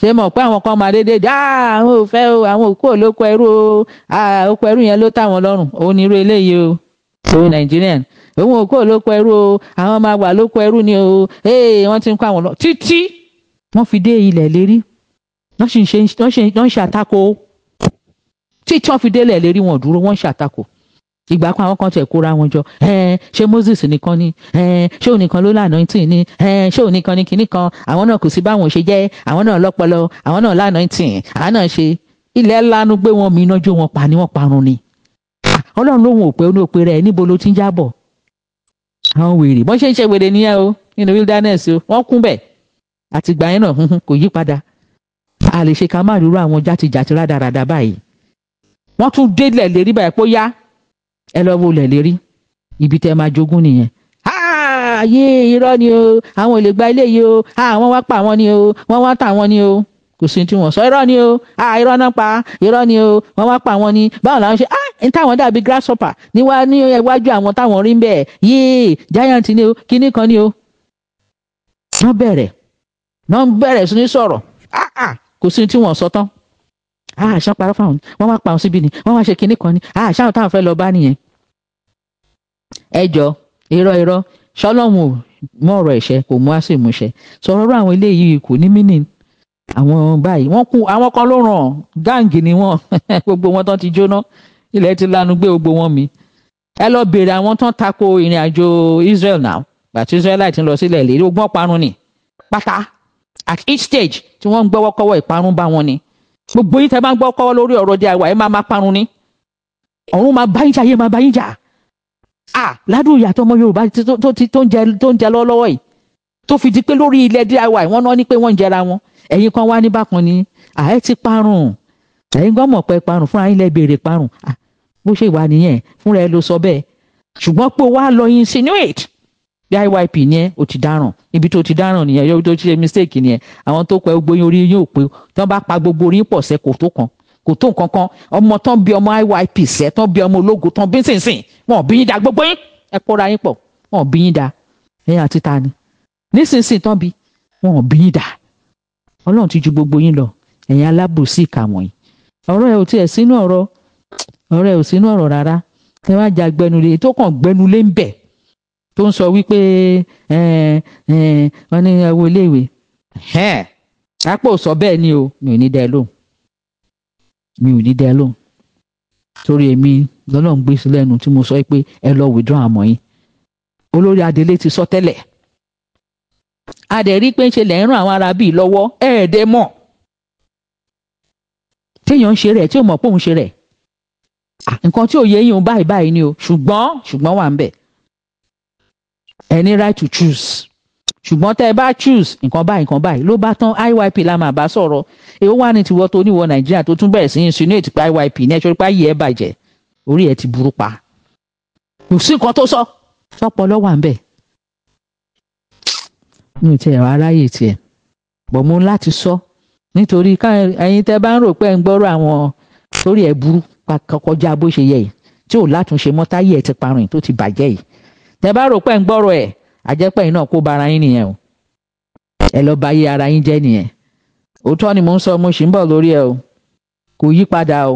ṣe mọ̀ pé àwọn kan máa dédé dá àwọn ò fẹ́ o àwọn òkú ò lóko ẹrú o òkú ẹrú yẹn ló táwọn lọ́rùn òun ni irú eléyìí o òun Nigerian òun ò kó lóko ẹrú o àwọn máa wà lóko ẹrú ni o ee wọ́n ti ń kó àwọn lọ títí wọ́n fi dé ilẹ̀ lérí wọ́n sì ń ṣe wọ́n ṣe àtakò títí wọ́n fi dé ilẹ̀ lérí wọn dúró wọ́n ń ṣàtakò ìgbà kan àwọn kan tẹ̀ kóra wọn jọ ṣé Moses nìkan ni ṣé òun nìkan ló lànà ìtì ni ṣé òun nìkan ni kinní kan àwọn náà kò sí báwọn ṣe jẹ́ àwọn náà lọ́pọlọ àwọn náà lànà ìtì àwọn náà ṣe ilẹ̀ lanu gbé wọn mìíràn jó wọn pa ni wọ́n parun ni ọlọ́run lóhun ò pé ó ní òpè rẹ̀ níbo ló ti ń jábọ̀ àwọn wèrè bọ́n ṣe ń ṣe wèrè nìyẹn o nínú wilderness o wọ́n kún bẹ̀ àtìgbà yẹn náà kò yí padà a lè ṣe ká má rírú àwọn játijàti rádaràda báyìí wọ́n tún délẹ̀ lérí báyìí pé ó yá ẹ lọ wo lẹ̀ lérí ibi tẹ́ máa jogún nìyẹn ààyè irọ́ ni o àwọn ò lè gba ilé yìí o àwọn wá pa àwọn ni o wọ́n wá tà àwọn ni o kò sí tí wọ́n sọ irọ́ ni o ah irọ́ náà pa irọ́ ni o wọ́n wá pa àwọn ni báwo làwọn ṣe ah n táwọn dàbí grasshopper níwá ní iwájú àwọn táwọn rí ń bẹ̀ yéé giant ni o kinní kan ni o. wọ́n bẹ̀rẹ̀ wọ́n bẹ̀rẹ̀ sí ní sọ̀rọ̀ ah ah kò sí tí wọ́n sọ tán ah àṣà parọ́ fáwọn wọ́n wá pa àwọn síbi ni wọ́n wá ṣe kinní kan ni ah àṣà táwọn fẹ́ lọ bá nìyẹn. ẹ jọ irọ́ irọ́ ṣọlọ́run mọ̀ ọ̀rọ̀ ẹ̀ṣẹ̀ kò mú àṣìmúṣẹ sọ̀rọ̀ àwọn eléyìí kò ní mínìí àwọn báyìí wọ́n kú àwọn kan ló ràn gáǹgì ni wọ́n [laughs] gbogbo wọn tán ti jóná ilẹ̀ ti lanu gbé gbogbo wọn mi ẹ lọ béèrè àwọn tán tako ìrìn àjò Israel now bàtí Israelite ń lọ sílẹ̀ lè rí ogbọ́n parun ni pátá at each stage tí wọ́n ń gbọ́wọ́ kọ́wọ́ ìparun bá wọn ni gbogbo yìí tẹ́ bá ń gbọ́ kọ́wọ́ lórí ọ̀rọ̀ di àwa ẹ máa máa parun ni ọ̀run máa bá yín jà yé máa bá yín jà à ládùn ìyàtọ̀ ọmọ Yorùbá tó ń jẹ lọ́wọ́lọ́wọ́ yìí tó fi di pé lórí ilẹ̀ di àwa wọ́n náà ní pé wọ́n ń jẹra wọn ẹ̀yin kan wá ní bákan ni àyè ti parun ẹ̀yin gan mọ̀ pé parun fúnra yín lẹ béèrè parun bó ṣe wà nìyẹn fúnra ẹ ló sọ bẹ́ẹ̀ ṣùgbọ́n pé wàá lọ insinuate bí iyp ni o ti dáràn ibi tó ti dáràn nìyẹn ibi tó ti ṣe mistake nìyẹn àwọn tó pẹ gbogbo yín orí yóò pé tí wọ́n bá pa gbogbo orí pọ̀ sẹ́ kò tó kan kò tó nǹkan kan ọmọ tán bí ọmọ iyp sẹ́ tán bí ọmọ ológo tán bí sínsìn wọn bí yín da gbogbo yín ẹ kóra yín pọ̀ wọn bí yín da ẹ̀yin àti ta ni nísinsìnyí tán bí wọn bí yín da ọlọ́run ti ju gbogbo yín lọ ẹ̀yin alábòsí ìkà wọ̀nyí ọ̀rọ̀ ẹ̀ ò tiẹ̀ sínú ọ̀rọ̀ ọ̀rọ̀ ẹ̀ ò sínú ọ̀rọ̀ rárá ẹ wá jà gbẹnulé tó kàn gbẹnulé ń bẹ̀ tó ń sọ wípé wọn ní ẹwọ iléèwé apò sọ bẹ́ẹ̀ ni o mi ò ní dẹ lóhùn mi ò ní dẹ lóhùn torí èmi lọ́nà ń gbé sí lẹ́nu tí mo sọ pé ẹ lọ withdraw àmọ́ yín olórí adelé ti sọ tẹ́lẹ̀ a dẹ̀ rí pé ń ṣe lẹ̀ ń ràn àwọn ará bíi lọ́wọ́ ẹ̀ẹ́dẹ́ mọ̀ téèyàn ń ṣe rẹ̀ tí ò mọ̀ pé òun ṣe rẹ̀ nǹkan tí ò yẹ yín o báyìí báyìí ni o ṣùgbọ́n ṣùgbọ́n wà ń bẹ̀ ẹ ní right to choose ṣùgbọ́n tẹ́ ẹ bá choose nǹkan báyìí nǹkan báyìí ló bá tán IYP la máa bá sọ̀rọ̀ èwo wá ní tiwọ́ tó níwọ̀ Nàìjíríà tó tún bẹ̀rẹ̀ sí insinuate pa IYP ní ẹ̀ṣọ́ pa yìí ẹ̀ bàjẹ́ orí ẹ̀ ti burú pa kò sí nǹkan tó sọ sọpọlọ wà ń bẹ̀ mi ò tiẹ̀ wá ráyè tiẹ̀ bọ̀ mo láti sọ nítorí ẹ̀yin tẹ́ bá ń rò pé ń gbọ́rọ̀ àwọn torí ẹ̀ burú kọjá bó ṣe yẹ yìí tí ò látúnṣe mọ́ táyé ẹ̀ ti parun yìí tó ti bàjẹ́ yìí tẹ́ bá rò pé ń gbọ́rọ̀ ẹ̀ àjẹpẹ́ yìí náà kó bara yín nìyẹn o ẹ lọ́ọ́ ba ayé ara yín jẹ́ nìyẹn òótọ́ ni mò ń sọ mo sì ń bọ̀ lórí ẹ o kò yí padà o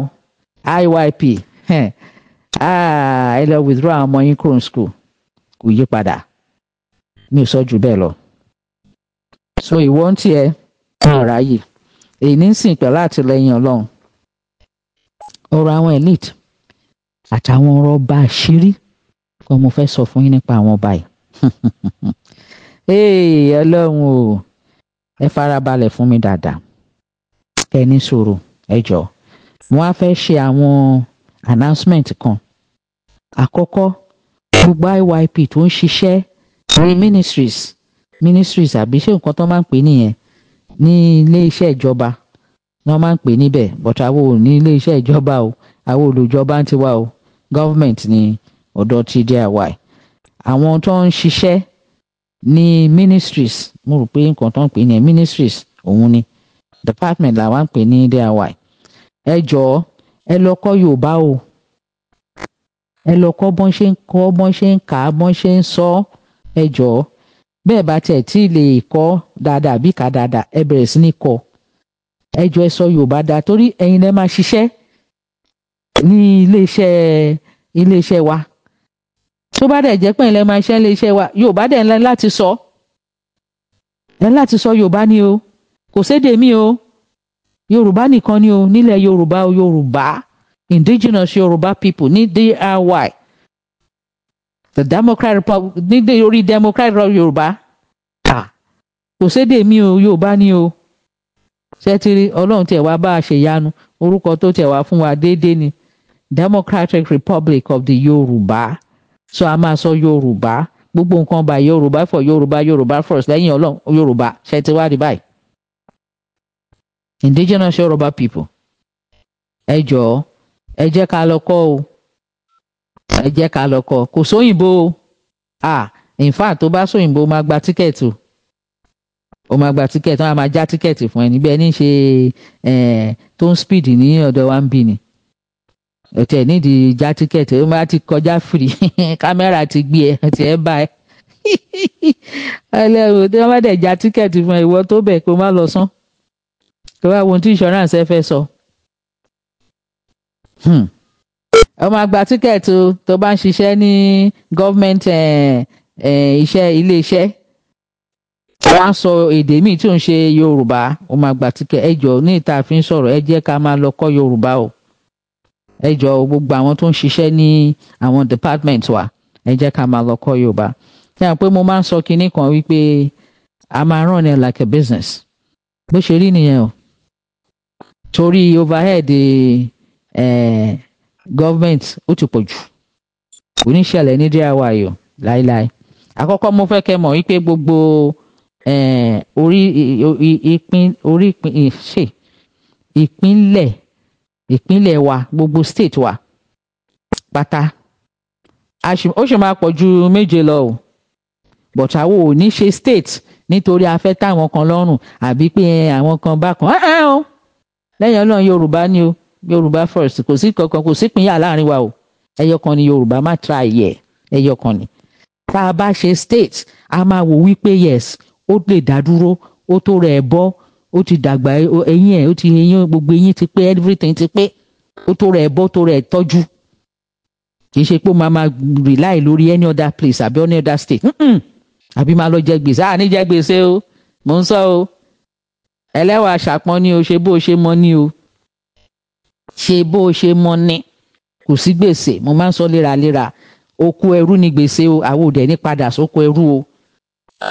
IYP ẹ ah, lọ withdraw àwọn ọmọ yín kúrò ní school kò yí padà mi ò sọ jù bẹ́ẹ̀ lọ so ìwọ ń tiẹ̀ kàn ráyè èyí ní sìn pẹ̀lú àtìlẹyìn ọlọ́run ọ̀rọ̀ àwọn elite àtàwọn ọ̀rọ̀ ọba àṣírí kọ́ mo fẹ́ sọ fún yín nípa àwọn ọba yìí [laughs] ee ọlọ́run o ẹ farabalẹ̀ fún mi dáadáa ẹ ní sùúrù ẹ jọ̀ọ́ wọ́n á fẹ́ ṣe àwọn announcement kan àkọ́kọ́ gbogbo IYP tó ń ṣiṣẹ́ ní ministries ministries àbí ṣé nǹkan tó máa ń pè nìyẹn ní ilé iṣẹ́ ìjọba ni wọ́n máa ń pè níbẹ̀ but àwọn ò ní ilé iṣẹ́ ìjọba o àwọn olùjọba ń tiwa o government ni ọ̀dọ̀ ti diy àwọn tó ń ṣiṣẹ́ ní ministries mo rò pé nǹkan tó ń pè nìyẹn ministries òun ni department làwọn ń pè ní diy ẹ jọ̀ọ́ ẹ lọ kọ́ Yorùbá o ẹ lọ kọ́ bọ́n ṣe ń kọ́ bọ́n ṣe ń kà bọ́n ṣe ń sọ ẹ jọ̀ọ́ bẹ́ẹ̀ bá tiẹ̀ tí lè kọ́ dáadáa bí ká dáadáa ẹ bẹ̀rẹ̀ sí ní kọ́ ẹ jọ ẹ sọ Yorùbá dáa torí ẹ̀yin lẹ máa ṣiṣẹ́ ní iléeṣẹ́ iléeṣẹ́ wa tó bá dẹ̀ jẹ́ pé ẹ̀yin máa ṣiṣẹ́ iléeṣẹ́ wa Yorùbá dẹ̀ ńlá láti sọ ẹ láti sọ Yorùbá ni o kò séde mi o Yorùbá nìkan ni o nílẹ̀ Yorùbá o Yorùbá indigenous Yorùbá people ní DIY the democrat republic nídé orí democrat yorùbá kò sédè mí o yorùbá ni o ṣẹ́tìrì ọlọ́run tiẹ̀ wá bá a ṣèyanu orúkọ tó tiẹ̀ wá fún wa déédéé ni democratic republic of the yorùbá so a máa sọ yorùbá gbogbo nǹkan bá yorùbá for yorùbá yorùbá first lẹ́yìn ọlọ́run yorùbá ṣẹ́tìwádìí báyìí indigenous Yoruba people ẹ jọ̀ọ́ ẹ jẹ́ ká lọ kọ́ o ẹ jẹ́ ká lọ kọ́ kò sóyìnbó o ah in fact tó bá sóyìnbó o máa gba tíkẹ́ẹ̀tì o o máa gba tíkẹ́ẹ̀tì wọn a máa já tíkẹ́ẹ̀tì fún ẹ níbẹ̀ ní ṣe tó ń speed ní ọ̀dọ̀ wa ń bì ní ọ̀tẹ̀ nídìí já tíkẹ́ẹ̀tì o máa ti kọjá fìrí [laughs] kámẹ́rà ti gbé ẹ ti ẹ bá ẹ [laughs] o tí wọ́n bá dẹ̀ já tíkẹ́ẹ̀tì fún ẹ ìwọ tó bẹ̀ kó má lọ sán kó wá wo ohun tí insurance ẹ fẹ́ sọ. Hmm ó máa gba tíkẹ́ẹ̀tì o tó bá ń ṣiṣẹ́ ní gọ́ọ̀mẹ̀ntì eh, eh, iṣẹ́ iléeṣẹ́ wọ́n á sọ èdè míì tí ò ń ṣe yorùbá ó máa gba tíkẹ́ẹ̀tì ẹ ní ìta àfi ń sọ̀rọ̀ ẹ jẹ́ ká máa lọ kọ́ yorùbá o ẹ gbogbo àwọn tó ń ṣiṣẹ́ ní àwọn department wa ẹ jẹ́ ká máa lọ kọ́ yorùbá ṣe àpé mo máa ń sọ kinní kan wípé a máa ràn ní like a business bó ṣe rí nìyẹn o torí overhead. Eh, government ó ti pọ̀ jù kò ní ṣẹlẹ̀ ní díẹ̀ wá yìí o láíláí àkọ́kọ́ mo fẹ́ kẹ́ mọ̀ wípé gbogbo eh, orí ìpín orí ìpín ṣe ìpínlẹ̀ ìpínlẹ̀ wa gbogbo state wa pátá ó ṣe máa pọ̀ ju méje lọ o but àwo ò ní ṣe state nítorí afẹ́ táwọn kan lọ́rùn àbí pé àwọn kan bá kan lẹ́yìn ọlọ́run yorùbá ni o yorùbá first kò sí kankan kò sípínyà láàrin wa o ẹyọkan ni yorùbá má try yẹ ẹyọkan ni tá a bá ṣe state a máa wò wípé yes ó lè dá dúró ó tó rẹ̀ bọ́ ó ti dàgbà eyín ẹ̀ ó ti eyín gbogbo eyín ti pé everything ti pé ó tó rẹ̀ bọ́ tó rẹ̀ tọ́jú kì í ṣe pé ó máa rely lórí any other place àbí any other state àbí máa lọ jẹ gbèsè àní jẹ gbèsè o mò ń sọ o ẹlẹ́wàá ṣàpọ́n ni o ṣe bó o ṣe mọ ni o ṣe bó ṣe mọ ni kò sí gbèsè mo máa ń sọ léraléra oko ẹrú ni gbèsè o àwọn òdẹ ní padà sóko ẹrú o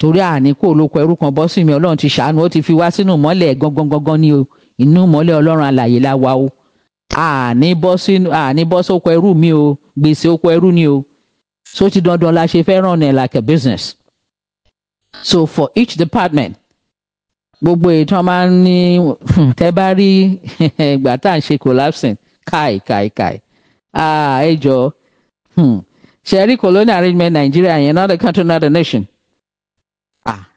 torí àní kò lóko ẹrú kan bọ́ sí mi ọlọ́run ti ṣàánú ó ti fi wá sínú mọ́lẹ̀ gangan gangan ni o inú mọ́lẹ̀ ọlọ́run alàyè la wà o àní bọ́ sínú àní bọ́ sóko ẹrú mi o gbèsè oko ẹrú ni o so ti dandan la ṣe fẹ́ràn ẹ̀ like a business so for each department gbogbo èyí tí wọn máa ń ní hmm, tẹ bá rí [laughs] ìgbà tá à ń ṣe collapsing káì káì káì ẹ jọ hmm. ṣe colonial arrangement Nigeria yẹn not a country not a nation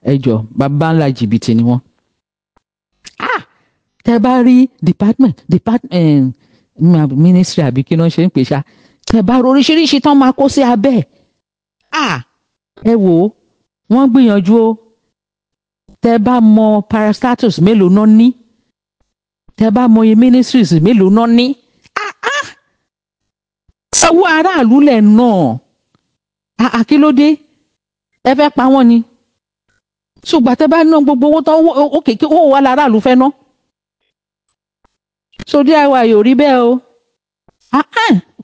ẹ jọ bàbá ńlá jìbìtì ni wọn tẹ bá rí department department eh, mm, ministry àbí kí ni wọn ṣe ń pè ṣá tẹ bá oríṣiríṣi tán máa kó sí abẹ ẹ wò wọn gbìyànjú o tẹ́ bá mọ parastatus mélòó náà ní tẹ́ bá mọ iye ministries mélòó náà ní owó ah, ah! aráàlú lẹ̀ náà àkílódé ah, ẹ fẹ́ pa wọ́n ni ṣùgbọ́n tẹ́ bá ná gbogbo owó tán òkè kí owó wà láràlú fẹ́ ná so DIY ò rí bẹ́ẹ̀ o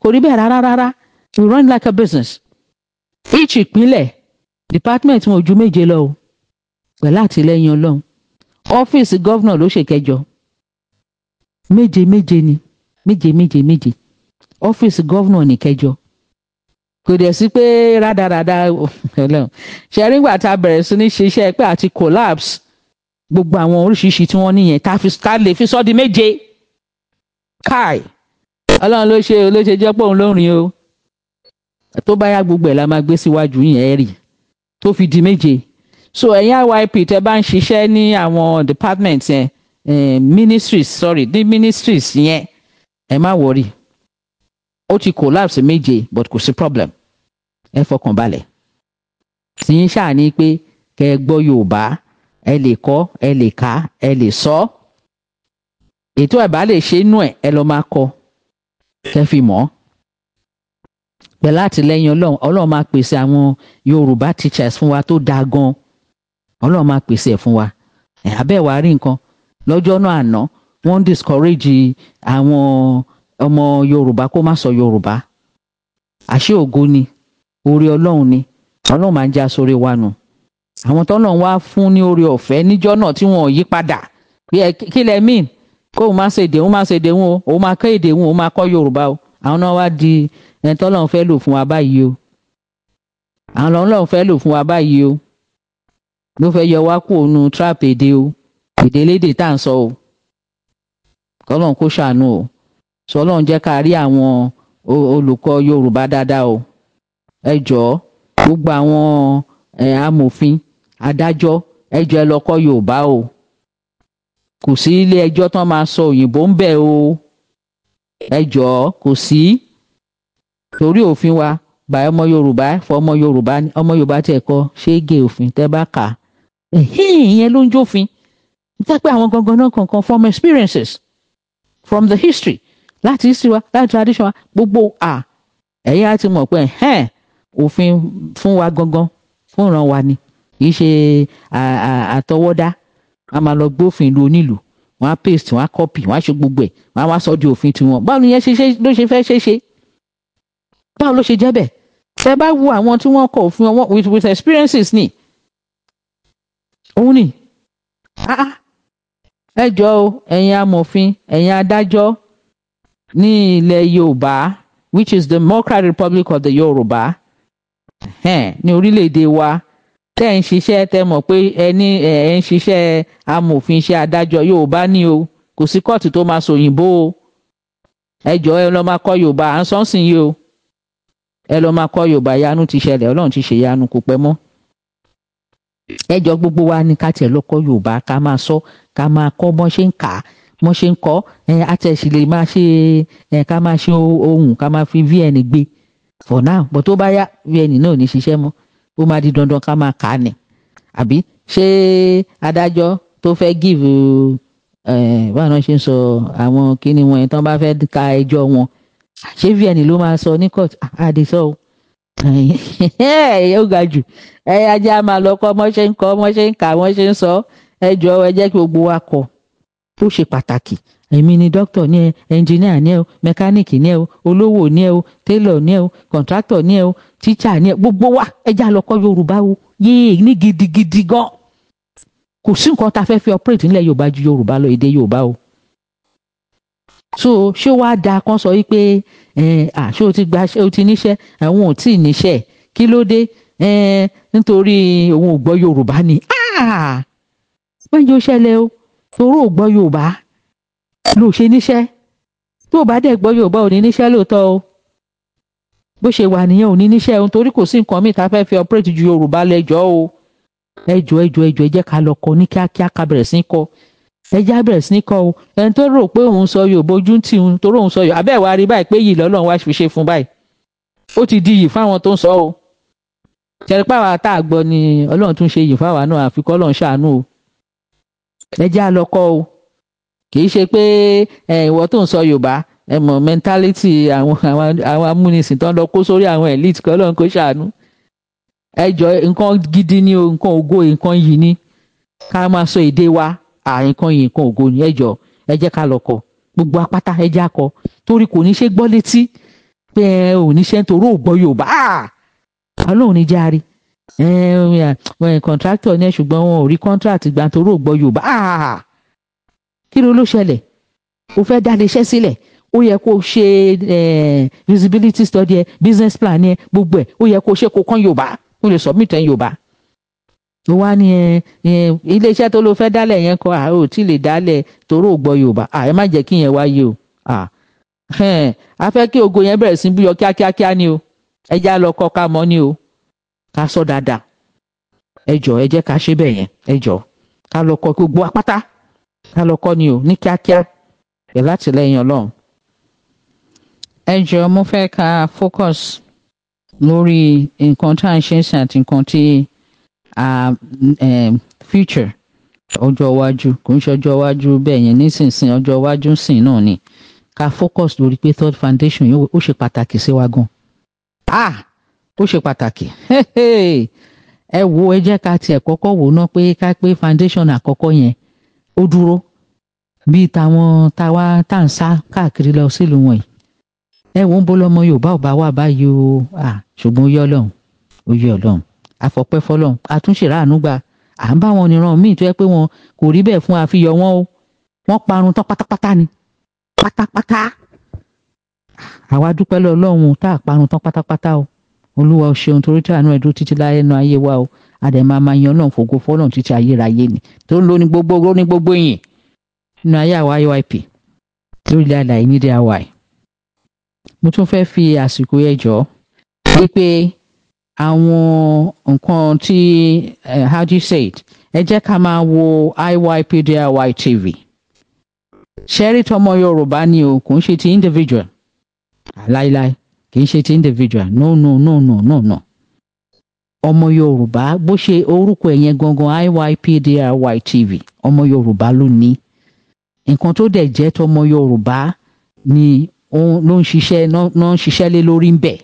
kò rí bẹ́ẹ̀ rárá rárá we run like a business each ìpínlẹ̀ department wọn ò ju méje lọ o pẹ̀lú àtìlẹ́yìn ọlọ́run ọ́fíìsì gọ́vnà ló ṣèkẹjọ méje méje ni méje méje méje ọ́fíìsì gọ́vnà nìkẹjọ kò dẹ̀ sí pé rádaràda ṣẹ̀ríngbà tá a bẹ̀rẹ̀ sí ní ṣiṣẹ́ pé àti collapse gbogbo àwọn oríṣiríṣi tí wọ́n níyẹn ká lè fi sọ́ di méje káì ọlọ́run ló ṣe ló ṣe jẹ́ pé òun ló rìn o tó bá yá gbogbo ẹ̀ la máa gbé síwájú yẹn rí tó fi di méje so ẹ̀yin YYP tẹ́ bá ń ṣiṣẹ́ ní àwọn department yẹn eh, ministries sorry ní ministries yẹn ẹ má wọrí ó ti collapse méje but kò sí problem ẹ fọkàn balẹ̀ tí ń ṣáà ní pé kẹ́ ẹ gbọ́ Yorùbá ẹ lè kọ́ ẹ lè kà ẹ lè sọ ètò ẹ̀ lè ṣe inú ẹ̀ ẹ lọ máa kọ kẹ́ fi mọ̀ pẹ̀lú àtìlẹ́yìn ọlọ́run ọlọ́run máa pèsè àwọn Yorùbá teachers fún wa tó dáa gan-an ọlọ́run máa pèsè ẹ̀ fún wa abẹ́ wa rí nǹkan lọ́jọ́ náà àná wọ́n ń discourage àwọn ọmọ yorùbá kó má sọ yorùbá àṣé ògo ni orí ọlọ́run ni ọlọ́run máa ń já sórí wa nù àwọn tọ́nà wa fún ní orí ọ̀fẹ́ níjọ́ náà tí wọ́n yí padà kí lẹ mean kó o máa ṣe èdè máa ṣe èdè òun máa kọ́ èdè o máa kọ́ yorùbá o àwọn náà wá di ẹni tọ́lọ́run fẹ́ lò fún wa báyìí o àwọn náà fẹ́ lò fún wa báyìí o ló fẹ́ yọ wá kú ònu trap èdè o èdè elédè tá à ń sọ o kọ́lọ́n kó ṣàánú o sọlọ́n jẹ́ ká rí àwọn olùkọ́ Yorùbá dáadáa o ẹ jọ̀ọ́ gbogbo àwọn amòfin adájọ́ ẹ jọ̀ọ́ ẹ lọ kọ́ Yorùbá o kò sí ilé ẹjọ́ tán máa sọ òyìnbó ń bẹ̀ o ẹ jọ̀ọ́ kò sí torí òfin wa bàá ọmọ Yorùbá fọ ọmọ Yorùbá ọmọ Yorùbá tiẹ̀ kọ́ ṣége òfin tẹ́ bá kà á ìyẹn ló ń jófin jẹ́ pé àwọn gangan náà kankan from experiences from the history láti history wa láti tradition wa gbogbo à ẹ̀yin á ti mọ̀ pé ẹ̀hẹ́n òfin fún wa gangan fún ìran wa ni kì í ṣe àtọwọ́dá a máa lọ gbófin ìlú onílùú wọn á paste wọn á copy wọn á ṣe gbogbo ẹ̀ wọn á wá sọ di òfin tiwọn báwo ni yẹn ṣe ló ṣe fẹ́ ṣe ṣe báwo ló ṣe jẹ́ bẹ́ẹ̀ tẹ́ bá wo àwọn tí wọ́n kọ òfin wọn with with experiences ni òun ah, ẹ jọ̀ọ́ o ẹ̀yin amòfin ẹ̀yin adájọ́ ní ilẹ̀ yorùbá which is the democratic republic of the yorùbá ní orílẹ̀-èdè wa tẹ́ ń ṣiṣẹ́ tẹ́ mọ̀ pé ẹni ẹ̀ ń ṣiṣẹ́ amòfin ṣe adájọ́ yorùbá ni o kò sí kóòtù tó máa sòyìnbó o ẹ jọ̀ọ́ ẹ lọ máa kọ́ yorùbá à ń sọ́nsìn yìí o ẹ lọ máa kọ́ yorùbá yanu ti ṣẹlẹ̀ ọlọ́run ti ṣèyanu kò pẹ́ mọ́ ẹjọ́ gbogbo wa ni ká tiẹ̀ lọ́kọ́ yorùbá ká máa sọ ká máa kọ́ bọ́n ṣe ń kà á bọ́n ṣe ń kọ́ àtẹ̀sí lè máa ṣe ká máa ṣe ohun ká máa fi vn gbé for now bọ̀ tó bá yá vn náà ò ní ṣiṣẹ́ mọ́ ó máa di dandan ká máa kà á nì àbí ṣé adájọ́ tó fẹ́ give báwọn náà ṣe ń sọ àwọn kíni wọn yẹn tán bá fẹ́ ka ẹjọ́ wọn ṣé vn ló máa sọ ní court àdìsọ́ o ó ga jù ẹ a máa lọ kọ́ wọ́n ṣe ń kọ́ wọ́n ṣe ń kà wọ́n ṣe ń sọ ẹ jọ ẹ jẹ́ kí gbogbo wa kọ́ ó ṣe pàtàkì èmi ni dókítà ní ẹ ẹnjìníà ní ẹ o mẹkáníìkì ní ẹ o olówó ní ẹ o télọ̀ ní ẹ o kọ̀ǹtrátọ̀ ní ẹ o tíṣà ní ẹ gbogbo wa ẹ já lọ kọ́ yorùbá o yéé ní gidigidi gan kò sí nǹkan tá a fẹ́ fi ọpẹ́rẹ́tì nílẹ̀ yorùbá ju yorùbá lọ èdè yorùbá o so ṣé wàá da kan sọ wípé ṣé o ti gba ṣé o ti níṣẹ́ àwọn ò tí ì níṣẹ́ kí ló dé nítorí òun ò gbọ́ yorùbá ni ah! mẹ́jọ ṣẹlẹ̀ o toró ò gbọ́ yorùbá ló ṣe níṣẹ́ tó bá dẹ̀ gbọ́ yorùbá ò ní níṣẹ́ lóòótọ́ o bó ṣe wà nìyẹn ò ní níṣẹ́ òun torí kò sí nǹkan míì tá a fẹ́ fi operate ju yorùbá lẹ́jọ́ o ẹjọ́ ẹjọ́ ẹjọ́ ẹ jẹ́ ká lọ kọ ní kíákíá ká bẹ̀rẹ̀ sí í kọ ẹ já bẹ̀rẹ̀ sí ní kọ́ o ẹni tó rò pé òun sọ Yorùbá ojú ń tì òun tó ròun sọ Yorùbá abẹ́ ìwà rí báyìí pé yìí lọ́lọ́run wá fi ṣe fún báyìí ó ti di yìí fáwọn tó ń sọ o ṣẹlẹ̀ pàwọn tá a gbọ́ ni Ọlọ́run tún ṣe yìí fáwọn náà àfikọ́ Ọlọ́run ṣàánú o ẹ já lọ kọ́ o kì í ṣe pé ìwọ tó ń sọ Yorùbá ẹ mọ̀ mẹ́ńtálítì àwọn àwọn amúnisìn tó ń lọ kó sórí àwọn elite kọ́ Ọlọ́run kó ṣàánú ẹ jọ nǹkan gidi ni o nǹkan ògo nǹkan yìí ni ká máa sọ èdè wa àyìnkan yìnkan ògo ni ẹ jọ ẹ jẹ́ ká lọ kọ gbogbo apáta ẹ jẹ́ akọ torí kò ní ṣe gbọ́ létí pé ẹ ò ní ṣe ń toró ògbọ́ Yorùbá ah! Ọlọ́run ní járe kọ̀ǹtráktọ̀ ní ẹ ṣùgbọ́n wọn ò rí kọ́ńtráàtì gbà toró ògbọ́ Yorùbá ah! kí ló ló ṣẹlẹ̀ o fẹ́ dá iléeṣẹ́ sílẹ̀ ó yẹ kó ṣe visibility study ẹ business plan ẹ gbogbo ẹ ó yẹ kó ṣe kó kán Yorùbá ó lè submit ẹ Yorùbá ó wá ní iléeṣẹ́ tó ló fẹ́ dálẹ̀ yẹn kọ́ àá ò tí lè dálẹ̀ toró ògbọ́ yorùbá à ẹ má jẹ́ kí yẹn wáyé o a fẹ́ kí ògo yẹn bẹ̀rẹ̀ sí búyọ kíákíákíá ni o ẹ já lọ kọ́ ká mọ̀ ni o ká sọ dáadáa ẹ jọ ẹ jẹ́ ká ṣe bẹ́ẹ̀ yẹn ẹ jọ ká lọ kọ́ gbogbo apáta ká lọ kọ́ ni o ní kíákíá ẹ láti lẹ́yìn ọlọ́run. ẹ jọ mo fẹ́ ká focus lórí nǹkan tá à ń ṣe àti nǹkan tí future ọjọ́ iwájú kò ń ṣe ọjọ́ iwájú bẹ́ẹ̀ yẹn nísinsìnyí ọjọ́ iwájú sìn náà ni ká focus lórí pé third foundation yóò ó ṣe pàtàkì sí wa gan ah ó ṣe pàtàkì ẹ wo ẹ jẹ́ ká tiẹ̀ kọ́kọ́ wò ná pé ká pé foundation àkọ́kọ́ yẹn ó dúró bíi táwọn táwa tá à ń sá káàkiri lọ sílùú wọn yìí ẹ wo ń bó lọmọ Yorùbá ò bá wà báyìí o ah! ṣùgbọ́n ó yọ Ọlọ́run ó yọ Ọlọ́run àfọpẹ́ fọlọ́n àtúnṣe ráàánú gbà à ń bá wọn níran míì tó yẹ pé wọn kò rí bẹ́ẹ̀ fún àfihàn wọn o wọ́n parun tán pátápátá ni pátápátá àwa dúpẹ́ lọ́lọ́run tá a parun tán pátápátá o olúwa o ṣeun torí tí àánú ẹ̀dùn títí láyé nu ayé wa o àdèmọ amáyan náà fògo fọlọ́n títí ayérayé ni tó ń lo ní gbogbo ló ní gbogbo yìnyín nínú ayé àwa UIP lórílẹ̀ àlàyé nídìí àwa yìí mo tún fẹ́ fi àsìkò yẹn wípé àwọn nǹkan tí how do you say it ẹ jẹ́ ká máa wo IYPDIY TV ṣẹ́rí tọmọ Yorùbá ni o kò ń ṣe ti individual ah, láíláí kì í ṣe ti individual no no no no no no ọmọ Yorùbá bó ṣe orúkọ ẹ̀yẹn gangan IYPDIY TV ọmọ Yorùbá ló ní nǹkan tó dẹ̀ jẹ́ tọmọ Yorùbá ni ló ń ṣiṣẹ́ ló ń ṣiṣẹ́ lé lórí ń bẹ̀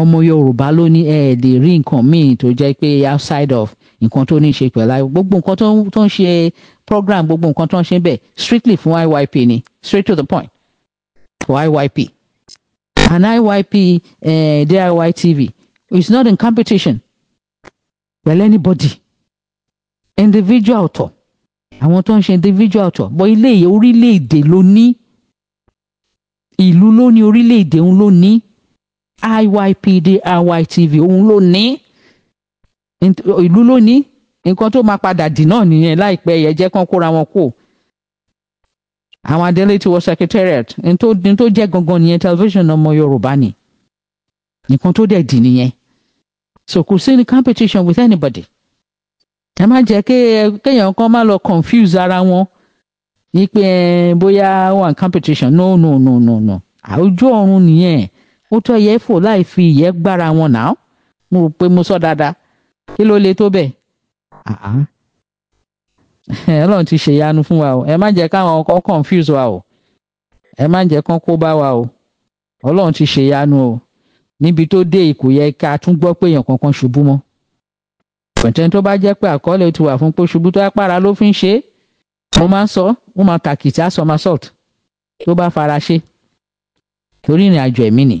ọmọ yorùbá ló ní ẹ lè rí nǹkan míì tó jẹ́ pé outside of nǹkan tó ní í ṣe pẹ̀lú gbogbo nǹkan tó ń ṣe program gbogbo nǹkan tó ń ṣe bẹ́ẹ̀ strictly fún yyp ni straight to the point for yyp and yyp uh, eh, diy tv is not in competition with anybody individual ọ̀tọ̀ àwọn tó ń ṣe individual ọ̀tọ̀ bọ́ ilé orílẹ̀-èdè ló ní ìlú ló ní orílẹ̀-èdè òun ló ní. IYPD TV òun ló ní ìlú ló ní nǹkan tó máa padà dì náà nìyẹn láìpẹ́ yẹn jẹ́ kán kóra wọn kó àwọn adélé ti wọ secretariat ní tó jẹ́ gangan nìyẹn television ọmọ Yorùbá ni nǹkan tó dẹ̀ dì nìyẹn so kò sí ní competition with anybody ẹ má jẹ́ kéèyàn kan má lọ confuse ara wọn ní pé bóyá one competition no no no no no àwùjọ ọ̀run nìyẹn mú tọyẹ fò láì fi ìyẹ́ gbára wọn nà án mo rò pé mo sọ dáadáa kí ló le tó bẹ́ẹ̀ [laughs] Ọlọ́run ti ṣèyanu fún wa o ẹ má jẹ́ káwọn ọkọ confuse wa o ẹ má jẹ́ kán kó bá wa o Ọlọ́run ti ṣèyanu o níbi tó dé kò yẹ ká tún gbọ́ pé èèyàn kankan ṣubú mọ́ pẹ̀tẹ́ni tó bá jẹ́ pé àkọọ́lẹ̀ ti wà fún pé ṣubú tó apára ló fi ń ṣe é mo máa ń sọ mo máa tàkìtì asọmasọt tó bá fara ṣe torí ìrìn àjò ẹ̀mí nìí.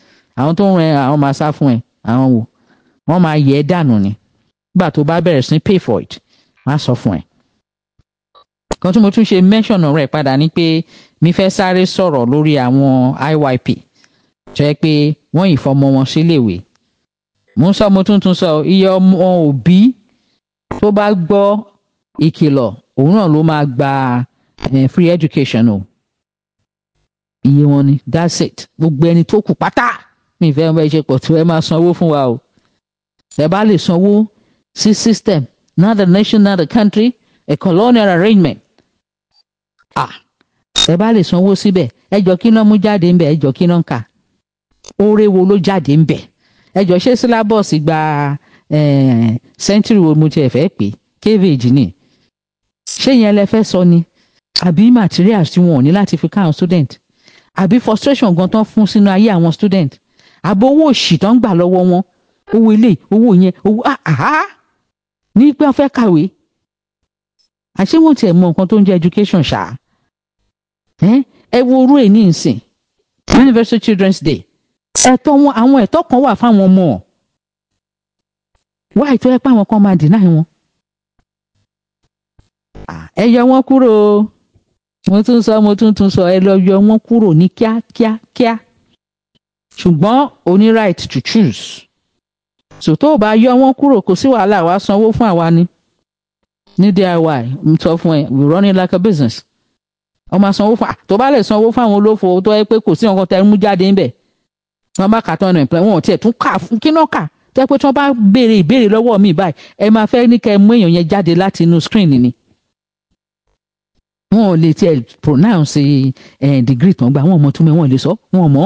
àwọn tó ń rẹ àwọn máa sá fún ẹ àwọn wò wọ́n máa yẹ ẹ́ dànù ni nígbà tó bá bẹ̀rẹ̀ sí pay for it wọ́n á sọ fún ẹ. kan tí mo tún ṣe mention rẹ̀ padà ni pé mi fẹ́ sáré sọ̀rọ̀ lórí àwọn IYP tó yẹ pé wọ́n yìí fọmọ wọn síléèwé mo ń sọ mo tún tún sọ iye ọmọ òbí tó bá gbọ́ ìkìlọ̀ òun ló máa gba free education o iye wọn ni that's it gbogbo ẹni tó kù pátá mi ìfẹ́ ọmọ ẹ ṣe pọ̀ tó ẹ máa sanwó fún wa o ẹ bá lè sanwó sí system not the nation not the country a colonial arrangement ah ẹ bá lè sanwó síbẹ̀ ẹ jọ kí náà mú jáde ńbẹ̀ ẹ jọ kí náà kà oore wo ló jáde ńbẹ̀ ẹ jọ ṣé sílábọ̀sì gba sẹ́ńtírì wo mo tiẹ̀ fẹ́ pè kéèvèjì ni ṣé yẹn lẹ fẹ́ sọ ni àbí materials tí wọn ò ní láti fi káwọn student àbí frustration gan tán fún sínú ayé àwọn student àbò owó òṣì tó ń gbà lọ́wọ́ wọn owó ilé owó yẹn owó àhá ah, ah, ah. ní pé wọ́n fẹ́ kàwé àṣé wọn tiẹ̀ mọ nǹkan tó ń jẹ́ education ṣá ẹ wo orú ẹ̀ ní ìsìn Universal Children's Day ẹ̀tọ́ wọn àwọn ẹ̀tọ́ kan wà fáwọn ọmọ wá ètò ẹ pé kan máa deny wọn ẹ yọ wọn kúrò mo tún sọ mo tún tún sọ ẹ lọ yọ wọn kúrò ní kíákíá kíá. kíá, kíá ṣùgbọ́n o ní right to choose so tó o bá yọ wọn kúrò kò sí wàhálà wàá sanwó fún àwa ni ní diy n sọ fún ẹ we running like a business wọn máa sanwó fún tó bá lè sanwó fún àwọn olófo tó yẹ pé kò sí nǹkan tẹ mú jáde ńbẹ wọn bá kà tán ẹnìpẹ wọn ò tiẹ̀ tún kà fún kíná kà tẹ pé tí wọn bá béèrè ìbéèrè lọ́wọ́ mi báyìí ẹ máa fẹ́ ní kẹ́ mú èèyàn yẹn jáde láti inú screen ni wọn ò lè tiẹ̀ pronounce ẹ eh, degree tán gba wọn ò mọ túmọ̀ wọn ò lè sọ wọn ò mọ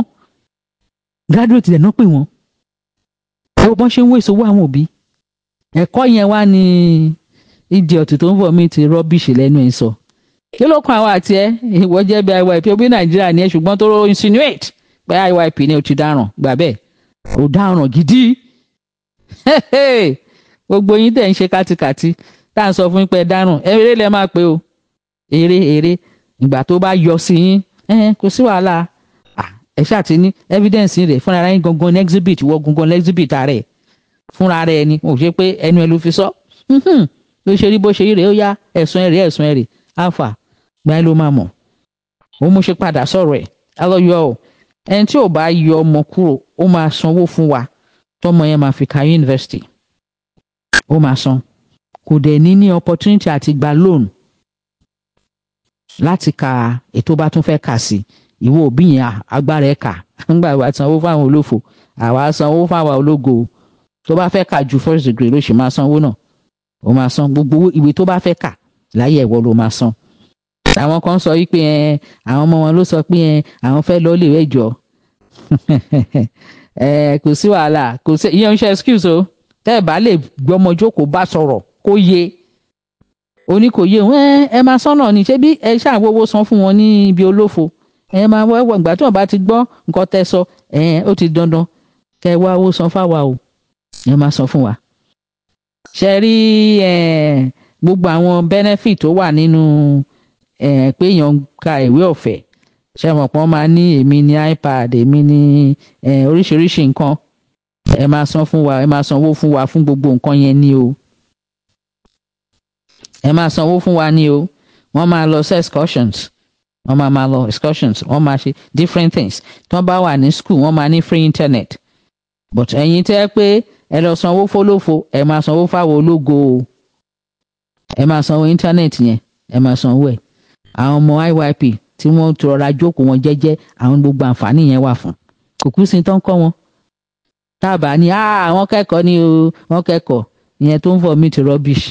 graduate dẹ̀ náà pè wọ́n ẹ wo bọ́n ṣe ń wé ìṣòwò àwọn òbí ẹ̀kọ́ yẹn wá ní ìdí ọ̀tún tó ń bọ̀ mí ti rọ́bìṣì lẹ́nu ẹ̀ sọ kí ló kan àwọn àti ẹ ìwọ jẹ́ bí IYP obi Nàìjíríà ni ẹ ṣùgbọ́n tó insinuate pé IYP ni o ti dáràn gbà bẹ́ẹ̀ o dáràn gidi gbogbo yín tẹ̀ ń ṣe kátikàti tá à ń sọ fún yín pé ẹ dáràn eré lẹ máa pé o eré eré ìgbà tó bá yọ sí yín kò sí wàhálà ẹ ṣáà ti ní evidence rẹ̀ fúnra ara yín gangan ní exhibit wọ gangan ní exhibit rẹ̀ fúnra rẹ̀ ni wọn ò ṣe pé ẹnu ẹ ló fi sọ ló ṣe rí bó ṣe rí rèé ó yá ẹ̀sùn ẹ̀rí ẹ̀sùn ẹ̀rí alfa gbáyé ló máa mọ̀ ó mú ṣe padà sọ̀rọ̀ ẹ̀ alọ́yọ̀ o ẹni tí ò bá yọ ọmọ kúrò ó máa sanwó fún wa tọmọ yẹn máa fi ka yunifásitì ó máa san kò dẹ̀ ní ní opportunity àti gba loan láti ka ètò bá tún fẹ́ kà sí i ìwọ òbí yẹn agbára ẹ̀ kà [laughs] nígbà wàá sanwó fáwọn olófò àwa sanwó fáwọn ológo tó bá fẹ́ kà ju first degree ló ṣì máa sanwó náà ó máa san gbogbo ìwé tó bá fẹ́ kà láyé ẹ̀wọ́ ló máa san àwọn kan sọ wípé ẹ àwọn ọmọ wọn ló sọ pé ẹ àwọn fẹ́ lọ lè wẹjọ [laughs] kò sí wàhálà kò sí ìyẹn ń ṣe excuse o tẹ́ ẹ bá lè gbọ́mọ jókòó bá sọ̀rọ̀ kó yé oní kò yé ẹ ẹ máa sọnà ni ṣé bí ẹ ṣàwọwọ san fún wọn ní ibi olófo ẹ máa wọ ẹwọ ìgbà tí wọn bá ti gbọ́ nǹkan tẹ́ sọ ẹ ó ti dandan kẹ wá owó san fáwa o ẹ máa san fún wa. ṣe rí gbogbo àwọn benefit tó wà nínú pé èèyàn ń ka ìwé ọ̀fẹ́ ṣe mọ̀ pé wọ́n máa ní èmi ní ipad èmi ní oríṣiríṣi nǹkan ẹ máa san fún wa ẹ máa sanwó fún wa fún gbogbo nǹkan yẹn ni o ẹ máa sanwó fún wa ni o wọ́n máa lọ sí excursions wọ́n máa máa lọ excursions wọ́n máa ṣe different things tí wọ́n bá wà ní school wọ́n máa ní free internet but ẹ̀yin tẹ́ pé ẹ lọ sanwó fólófo ẹ máa sanwó fáwọn ológo o ẹ máa sanwó internet yẹn ẹ máa sanwó ẹ̀ àwọn ọmọ iyp tí wọ́n tọrọra jókòó wọn jẹ́jẹ́ àwọn gbogbo àǹfààní yẹn wà fún kò kú sí tán kọ́ wọn tábà ni ah, àwọn kẹ́kọ̀ọ́ ni o wọ́n kẹ́kọ̀ọ́ ìyẹn tó ń fọ mí ti rubbish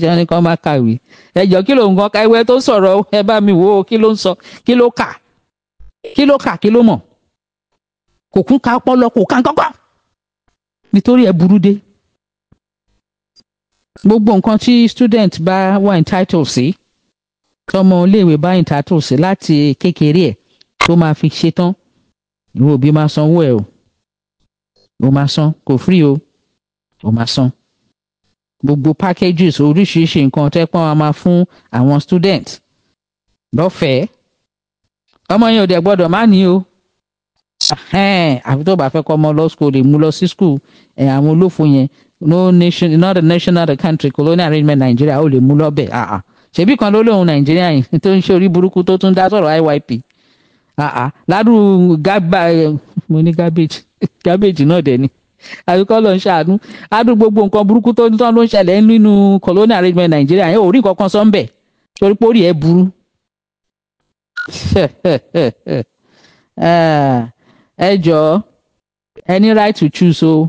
ṣe ni kàn máa kàwé ẹjọ kí ló ń kan káwé tó sọ̀rọ̀ ẹ bá mi wò ó kí ló ń sọ kí ló kà kí ló kà kí ló mọ̀ kò kún ká ọpọlọ kò kàn kankan nítorí ẹ burú dé gbogbo nǹkan tí student bá wà entitled sí tọmọ iléèwé bá entitled sí láti kékeré ẹ̀ tó máa fi ṣetán ìwọ òbí máa sanwó ẹ̀ o ò máa san kò free o ò máa san gbogbo packages oríṣiríṣi nǹkan tẹ́ pọ́n wa máa fún àwọn student lọ́fẹ̀ẹ́ ọmọ yẹn ò dẹ̀ gbọ́dọ̀ má ní o àfi tó bá fẹ́ kọ́ ọmọ lọ school lè mú lọ sí school ẹ̀ àwọn olófo yẹn no nation not a nation not country colonial arrangement Nigeria ó lè mú lọ́bẹ̀ àà ṣebí kan ló lóun Nàìjíríà yìí tó ń ṣe orí burúkú tó tún dá sọ̀rọ̀ IYP àà ládùú gábà eh, mo ní gábéjì [laughs] gábéjì náà dẹ̀ ni àbí kọ́ ló ń ṣàánú adùn gbogbo nǹkan burúkú tó ń tán ló ń ṣẹlẹ̀ nínú colonial arrangement nàìjíríà yẹn ò rí nǹkan kan sọ ń bẹ̀ torí pé ó rí ẹ burú. [laughs] Eh, ẹ jọ ẹ ní right to choose o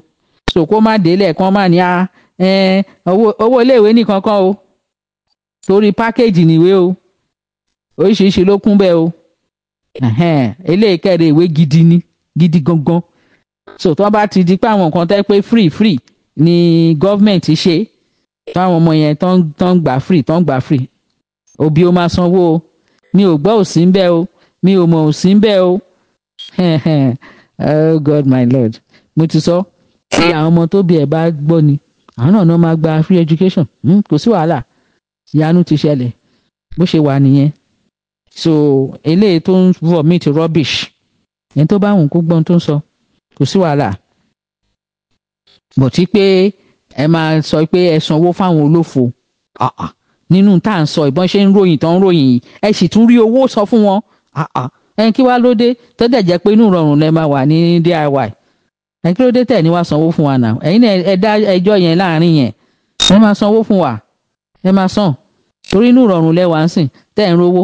so kó má délẹ̀ kán má ní ah, eh, owó iléèwé nìkan kan o torí pákéjì nìwé o oríṣiríṣi ló kún bẹ́ẹ̀ o eléyìí kẹ́rẹ̀ ìwé gidi ni gidi gangan so tí wọ́n bá ti di pé àwọn nǹkan tẹ́ pé free free ni gọ́ọ̀mẹ̀ntì ṣe tí àwọn ọmọ yẹn tó ń gbà free tó ń gbà free òbí o máa sanwó o mi ò gbọ́ òsì ń bẹ́ o mi ò mọ̀ òsì ń bẹ́ o [laughs] oh God my Lord mo ti sọ tí àwọn ọmọ tó bí ẹ bá gbọ́ ni àwọn náà náà máa gba free education hmm, kò sí wàhálà ìyanu ti ṣẹlẹ̀ bó ṣe wà nìyẹn so eléyìí tó ń vomit rubbish ẹni tó bá wùn kó gbọ́n tó ń sọ. So kò sí wàhálà bọ̀tí pé ẹ máa sọ pé ẹ sanwó fáwọn olófo nínú tá à ń sọ ìbọn ṣe ń ròyìn tán ń ròyìn yìí ẹ sì tún rí owó sọ fún wọn ẹn kí wàá lóde tó dẹ̀ jẹ́ pé inú ìrọ̀rùn lẹ máa wà ní diy ẹn kí lóde tẹ̀ ní wàá sanwó fún wa náà ni ẹ dá ẹjọ́ yẹn láàrin yẹn ẹ máa sanwó fún wa ẹ máa san torí inú ìrọ̀rùn lẹ wà ń sìn tẹ̀ ń rówó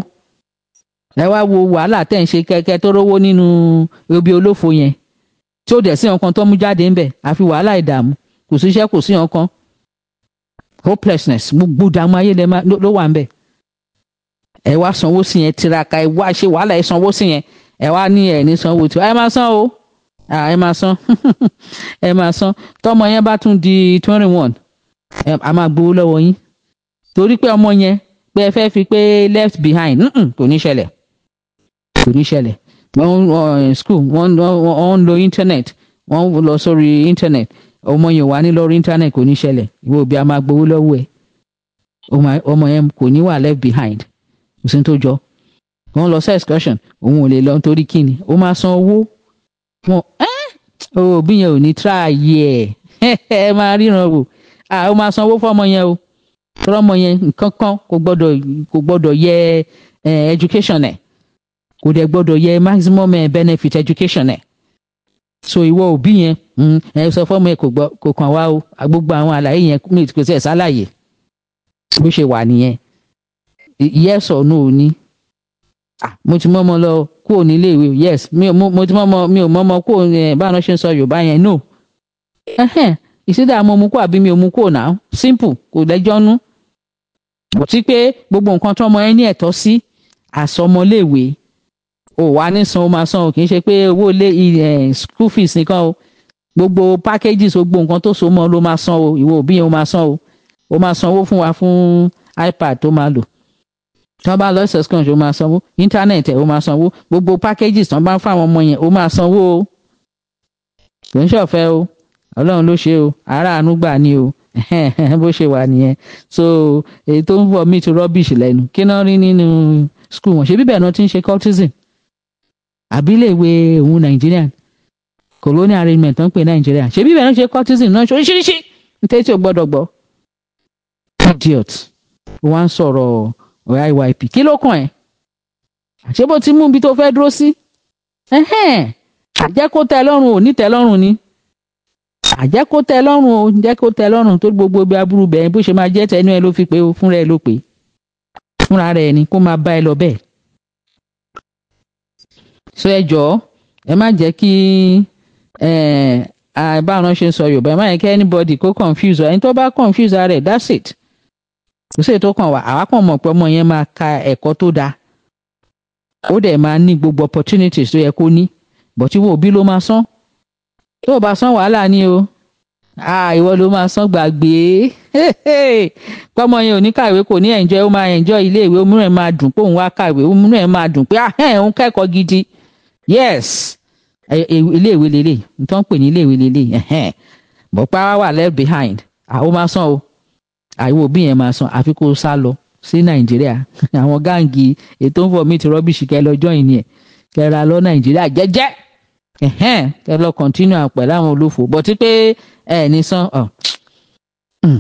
ẹ wá wo wàhálà tẹ̀ ń ṣe kẹ́kẹ́ tó rówó nínú ibi olófo yẹn tí ó dẹ̀ sí ọkàn tó mú jáde ńbẹ̀ àfi wàhálà ìdààmú kò sí iṣẹ́ kò sí ọkàn hopelessness gbogbo ìdààmú ayé ló wà ńbẹ̀ ẹ wá sanwó sí yẹn tiraka ẹ wá ṣe wàhálà ẹ sanwó sí yẹn ẹ wá ní ẹ ní sanwó tí ẹ máa san o ẹ máa san [laughs] ẹ máa san tọmọ yẹn bá tún di twenty one a máa gbowó lọ́wọ́ yín torí pé ọmọ yẹn pé ẹ fẹ́ fi pé left behind kò ní ṣẹlẹ̀ kò ní ṣẹlẹ̀ wọ́n ń eh, school wọ́n ń lo internet wọ́n ń lọ sórí internet ọmọ yẹn wà ní lórí internet kò ní ṣẹlẹ̀ ìwé òbí a máa gbowó lọ́wọ́ ẹ̀ ọmọ yẹn kò ní wà left behind kò sí tó jọ wọ́n lọ sí excursion òun ò lè lọ nítorí kíni ó máa san owó wọn òbí yẹn ò ní try ẹ [laughs] ẹ máa ríran wò ó máa san owó fọmọ yẹn o fọmọ yẹn nǹkan kò gbọ́dọ̀ yẹ eh, education ẹ̀ kò dẹ̀ gbọ́dọ̀ yẹ maximum eh, benefit education ẹ̀ so ìwọ òbí yẹn mm, ẹ sọ fọ́ọ̀mù ẹ kò kàn wá o gbogbo àwọn àlàyé yẹn kò sí ẹ̀ sálàyé bó ṣe wà nìyẹn yes or no ni ah mo ti mọ́mọ́ lọ kúrò nílé ìwé yes mi ò mo ti mọ́mọ́ mi ò mọ́mọ́ kúrò eh, báwọn ṣe ń sọ yorùbá yẹn no ìsídà mo mú kó àbí mi ò mú kó náà simple kò lẹ́jọ́ nú àti pé gbogbo nǹkan tó ọmọ ẹ ní ẹ̀tọ́ sí àsọmọléèwé ò wá ní san ó máa san ò kì í ṣe pé owó ilé eh, school fees nìkan o gbogbo packages gbogbo nǹkan tó so mọ́ ló máa san o ìwọ òbí yẹn ó máa san o ó máa sanwó fún wa fún ipad tó máa lò tọ́ bá lọ subscription ó máa sanwó internet ẹ̀ ó máa sanwó gbogbo packages tán bá ń fáwọn ọmọ yẹn ó máa sanwó o kò ń ṣọ̀fẹ́ o ọlọ́run ló ṣe o aráàánú gbà ni o [laughs] bó ṣe wà nìyẹn so èyí tó ń bọ̀ mí ti rubbish lẹ́nu kí náà rí nínú school wọn ṣe bíbẹ̀ náà ti ń ṣe cultism àbí iléèwé òun nàìjíríà colonial arrangement tó ń pè nàìjíríà ṣé bíbẹ̀ náà ṣe cultism náà ṣe oríṣiríṣi nítorí tí o gbọ́dọ̀ gbọ́. idiot wá ń sọ̀rọ̀ ọ̀rá iyp kí ló kàn ẹ́ àṣé bó ti mú ibi tó fẹ́ dúró sí àjẹ́ kó tẹ lọ́rùn ò ní tẹ lọ́rùn ni àjẹ́ kó tẹ lọ́rùn o jẹ́ kó tẹ lọ́rùn tó gbogbo bí aburú bẹ́ẹ̀ bó ṣe máa jẹ́ tẹnu ẹ ló fi pé o fúnra ẹ ló pé fúnra rẹ ni kó máa bá ẹ lọ bẹ́ẹ̀ so ẹ jọ̀ọ́ ẹ má jẹ́ kí àbáwọn ṣe ń sọ yorùbá ẹ má yẹ kí anybody kó confuse ẹni tó bá confuse ara ẹ̀ that's it kò sí ètò kan wà àwa kàn mọ̀ pé ọmọ yẹn máa ka ẹ̀kọ́ tó dáa ó dẹ̀ máa ní gbogbo opportunities tó yẹ kó ní bọ̀tí wo òbí ló máa san tó o bá san wàhálà ni o ìwọ ló máa san gbàgbé [laughs] pọ́mọ yẹn ò ní kàwé kò ní enjoy ó máa enjoy ilé ìwé òmùnú ẹ̀ máa dùn pé òun wá kàwé òmùnú máa dùn pé ah, òun kẹ́kọ̀ọ́ gidi yes iléèwé lélẹ̀ nítorí wọ́n pè ní iléèwé lélẹ̀ bọ́ pàrọ̀ wà left behind àwọn máa san o àìwò bí yẹn máa san àfi kó sá lọ sí nàìjíríà [laughs] àwọn gáàngì ètò ń fọ mí ti rọ́bìṣì kẹ lọ jọ́ìn ni ẹ̀ kẹ ra lọ nàìjíríà jẹ́jẹ́ kẹ lọ kọ́ntínú àpẹ̀ láwọn olófò bọ́ tí pé ẹ ní san mm,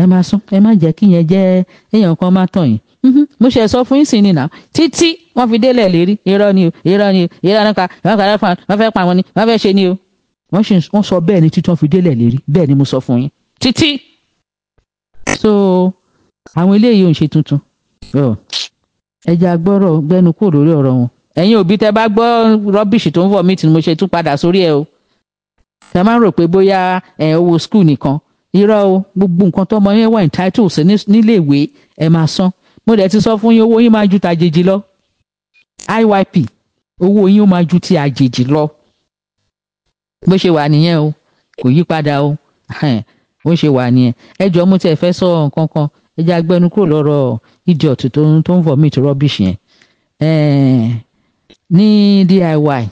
ẹ máa san ẹ má jẹ́ kí yẹn jẹ́ èèyàn kan má tàn yín Mm-hmm. mo ṣe sọ fún yín sí ni nà títí wọ́n fi délẹ̀ lérí irọ́ ni o irọ́ ni o irọ́ nípa wọ́n kàrẹ́ fún wọn fẹ́ pa wọn ni wọ́n fẹ́ ṣe ni o wọ́n sì wọ́n sọ bẹ́ẹ̀ ni títí wọ́n fi délẹ̀ lérí bẹ́ẹ̀ ni mo sọ fún yín títí. so àwọn eléyìí ò ń ṣe tuntun ẹja gbọ́rọ̀ gbẹnu kúrò lórí ọ̀rọ̀ wọn ẹ̀yin òbí tẹ́ bá gbọ́ rọ́bìṣì tó ń wọ̀ mí tí mo ṣe tún padà sórí ẹ o tẹ́ máa ń rò pé bóyá ẹ̀ owó skul nìkan irọ́ o gbogbo nǹkan tọ́mọ yẹn wà entitled sí níléèwé ẹ máa san mo dẹ̀ ti sọ fún yín owó yín máa ju tàjèjì lọ IYP owó yín ó máa ju ti àjèjì lọ bó ṣe wà nìyẹn o kò yí padà o bó ṣe wà nìyẹn ẹ jọ mo tiẹ̀ fẹ́ sọ nǹkan kan ẹ jẹ́ agbẹnu kúrò lọ́rọ̀ idiot tó ń tó ń vomit rubbish yẹn ní DIY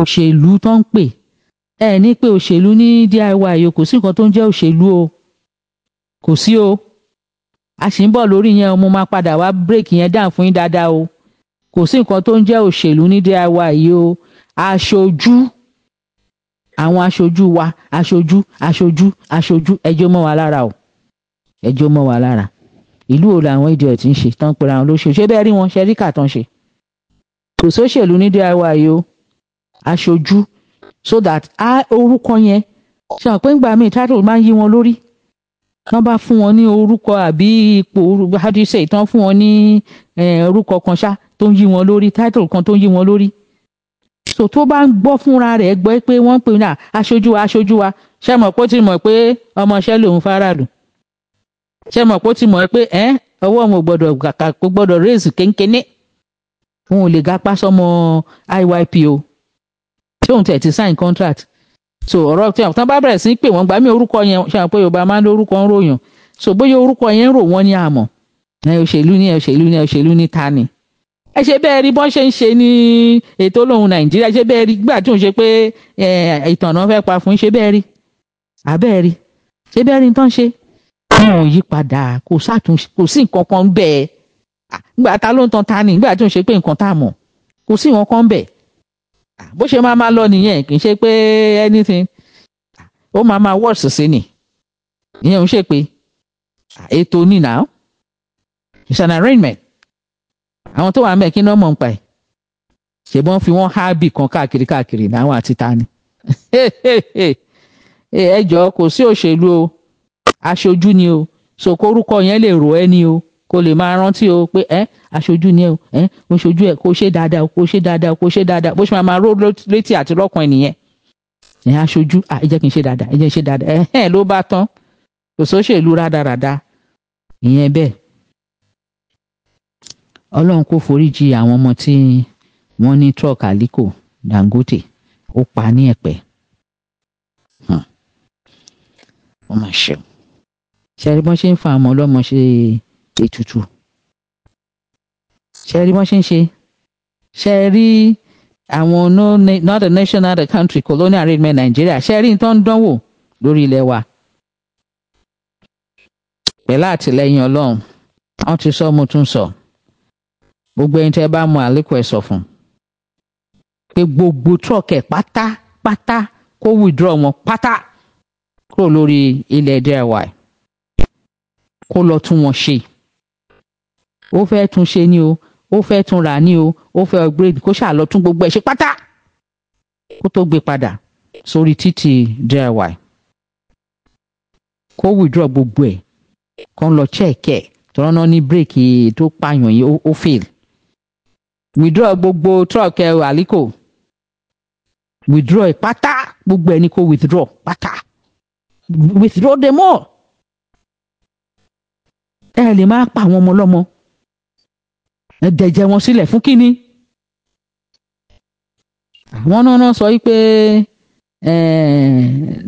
òṣèlú tó ń pè ẹ ní pé òṣèlú ní DIY o kò sí nǹkan tó ń jẹ́ òṣèlú o kò sí o a sì ń bọ̀ lórí yẹn o mo máa padà wá break yẹn down fún yín dáadáa o kò sí nǹkan tó ń jẹ́ òṣèlú ní DIY yìí o aṣojú àwọn aṣojú wa aṣojú aṣojú aṣojú ẹjọ́ mọ́ wa lára o ẹjọ́ mọ́ wa lára ìlú wo làwọn idiot ń ṣe tán pera wọn lóṣèlú ṣé bẹ́ẹ̀ rí wọn ṣe rí kàtàn ṣe kò sóṣèlú ní DIY yìí o aṣojú so that a orúkọ yẹn ṣe àpéǹgbà míì title máa ń yí wọn lórí tán bá fún wọn ní orúkọ àbí ipò hadisẹ tán fún wọn ní orúkọ kan ṣá tó ń yí wọn lórí title kan tó ń yí wọn lórí so tó bá ń gbọ́ fúnra rẹ̀ gbọ́ pé wọ́n ń pè ní aṣojú wa aṣojú wa ṣe mọ̀ pé ó ti mọ̀ pé ọmọọṣẹ́ lòun faraàlú ṣe mọ̀ pé ó ti mọ̀ pé ẹ́ ọwọ́ wọn gbọ́dọ̀ kàkà kó gbọ́dọ̀ rèézù kéńkéné òun ò lè gapá sọmọ IYPO tí òun tẹ̀ ti sign contract so ọ̀rọ̀ tí àwọn bá bẹ̀rẹ̀ sí pé wọ́n gbà mí orúkọ yẹn ṣe àwọn pé yorùbá máa ń lórúkọ ń ròyàn so bóyá orúkọ yẹn ń rò wọ́n ní àmọ́ ẹ òṣèlú ní ẹ òṣèlú ní ẹ òṣèlú ní ta ni. ẹ ṣe bẹ́ẹ̀ rí bọ́n ṣe ń ṣe ní ètò olóhùn nàìjíríà ṣe bẹ́ẹ̀ rí gbà tí òun ṣe pé ìtànà fẹ́ pa fún ṣe bẹ́ẹ̀ rí àbẹ́ẹ̀ rí ṣe bẹ́ẹ̀ rí tán ṣe. wọn ò yí padà kò sí nǹkan kan bẹ́ẹ̀ gbà ta ló ń tan ta ni gbà tí òun ṣe pé nǹkan tá a mọ̀ kò sí nǹkan kan bẹ́ẹ̀ Ah, bó ṣe máa máa lọ nìyẹn kì í ṣe pé anything ah, ó máa máa worse sí ni ìyẹn ò ń ṣe pé ah, ètò ní now it's an arrangement àwọn tó wà ń bẹ kí náà mọ̀ ń pa ẹ̀ ṣe bọ́n fi wọ́n hábì kan káàkiri káàkiri náwọn àti ta ni [laughs] eh, ẹ jọ kò sí òṣèlú o aṣojú ni o sòkórúkọ yẹn lè rò ẹ́ ni o kó lè máa rántí o pé ẹ aṣojú ni ẹ o ẹ mo ṣojú ẹ kó ṣe dáadáa o kó ṣe dáadáa o kó ṣe dáadáa bó ṣe máa máa ró létí àti lọ́kàn ẹ nìyẹn ẹ aṣojú à ẹ jẹ́ kí n ṣe dáadáa ẹ jẹ́ ṣe dáadáa ẹ hẹ́n ló bá tán kò sóṣèlú rádaràda ìyẹn bẹ́ẹ̀ ọlọ́run kò foríjì àwọn ọmọ tí wọ́n ní truck Aliko Dangote ó pa ní ẹ̀pẹ́ wọ́n máa ṣe ṣe àríwọ́n ṣe ń fa àwọn ọlọ́mọ ṣe ètùtù ṣe rí wọn ṣe ń ṣe ṣe rí àwọn not nation, national the country colonial arrangement Nigeria ṣe rí tó ń dánwò lórí ilẹ̀ wa pẹ̀lú àtìlẹ́yìn Ọlọ́run wọ́n ti sọ mo tún sọ gbogbo ẹni tẹ́ bá mọ àlékò ẹ̀ sọ fún pé gbogbo truck ẹ̀ pátápátá kó withdraw wọn pátá kúrò lórí ilẹ̀ díẹ̀ wáyé kó lọ tún wọn ṣe ó fẹ́ tún ṣe ni o ó fẹ́ tún rà ni o ó fẹ́ upgrade kó ṣáà lọ tún gbogbo ẹ̀ ṣe pátá kó tó gbé padà sórí títì DIY kó withdraw gbogbo ẹ̀ kó ń lọ check ẹ̀ tọ́rọ́ náà ní bírèkì tó pààyàn yìí ó fail withdraw gbogbo truck ẹ̀ àlíkò withdraw ẹ̀ pátá gbogbo ẹ̀ ni kó withdraw pátá withdraw them all ẹ lè máa pa àwọn ọmọ ọlọ́mọ ẹ dẹ̀jẹ̀ wọn sílẹ̀ fún kínní. àwọn náà náà sọ pé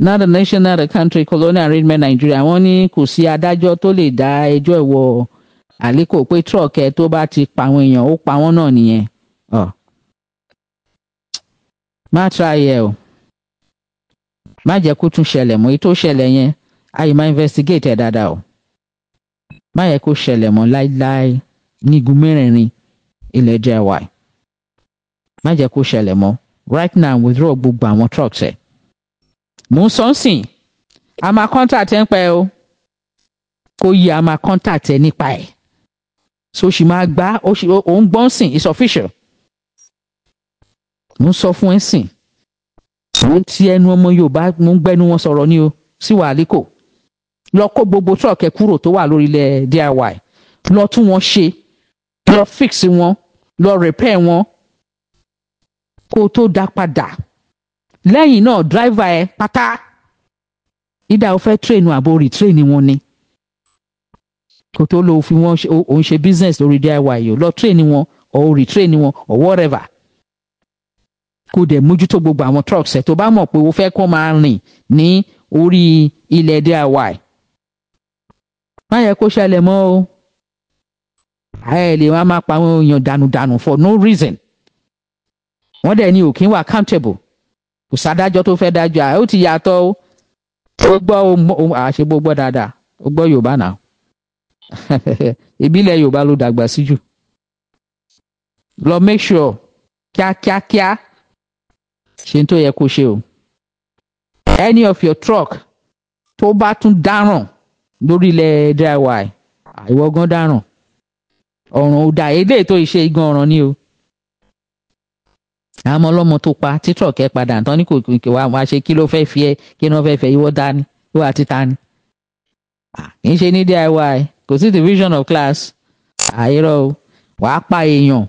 not a nation not a country colonial arrangement Nigeria wọ́n ní kò sí adájọ́ tó lè dá ẹjọ́ ìwọ àlékò pé truck ẹ tó bá ti pa àwọn èèyàn ó pa wọ́n náà nìyẹn má try ẹ o má jẹ́ kó tún ṣẹlẹ̀ mọ́ èyí tó ṣẹlẹ̀ yẹn àyè má investigate ẹ dáadáa o má yẹ kó ṣẹlẹ̀ mọ́ láíláí nígun mẹ́rẹ̀ẹ̀rin ilẹ̀ jẹ́ wà má jẹ́ kó ṣẹlẹ̀ mọ́ right now withdraw gbogbo àwọn trucks ẹ̀ mò ń sọ́nsìn a máa contact ẹ̀ ń pẹ́ o kó yẹ a máa contact ẹ̀ nípa ẹ̀ so ṣì máa gbá òun gbọ́n sìn is official mo ń sọ fún ẹ sìn mo ń ti ẹnu ọmọ Yorùbá mo ń gbẹnu wọn sọ̀rọ̀ ni o sí wàá lẹ́kọ̀ọ́ lọ kó gbogbo truck kúrò tó wà lórí ilẹ̀ DIY lọ tún wọn ṣe lọ fix wọn lọ repair wọn kó o tó dá padà lẹ́yìn náà driver ẹ pátá ìdá o fẹ́ train àbò rí train wọn ni kò tó lọ fi wọn òun ṣe business lórí DIY yìí lọ train wọn or train wọn or whatever kó dẹ̀ mójútó gbogbo àwọn trucks ẹ̀ tó bá mọ̀ pé o fẹ́ kó máa rìn ní orí ilẹ̀ DIY má yẹ kó ṣẹlẹ̀ mọ́ o ẹ lè wá máa pa àwọn èèyàn dànùdànù for no reason wọ́n dẹ̀ ní òkín wà accountable kò sádájọ́ tó fẹ́ dájọ́ ẹ ó ti yàtọ̀ ó ó gbọ́ ó àṣebó gbọ́ dáadáa ó gbọ́ Yorùbá náà ìbílẹ̀ [laughs] Yorùbá ló dàgbà sí jù lọ make sure kíákíákíá ṣe tó yẹ kó ṣe o any of your truck tó bá tún dáràn lórí ilẹ̀ dry wire àìwọ́gán dáràn ọ̀ràn ò dà eléyìí tó ṣe igun ọ̀ràn ni o àmọ́ ọlọ́mọ tó pa títọ̀ kẹ́ padà tán ní kò kò wá wá ṣe kí ló fẹ́ fi ẹ́ kí ló fẹ́ fẹ́ ìwọ dání ìwọ àti tani kì í ṣe ní DIY kò sí division of class àìrọ o wàá pa èèyàn ó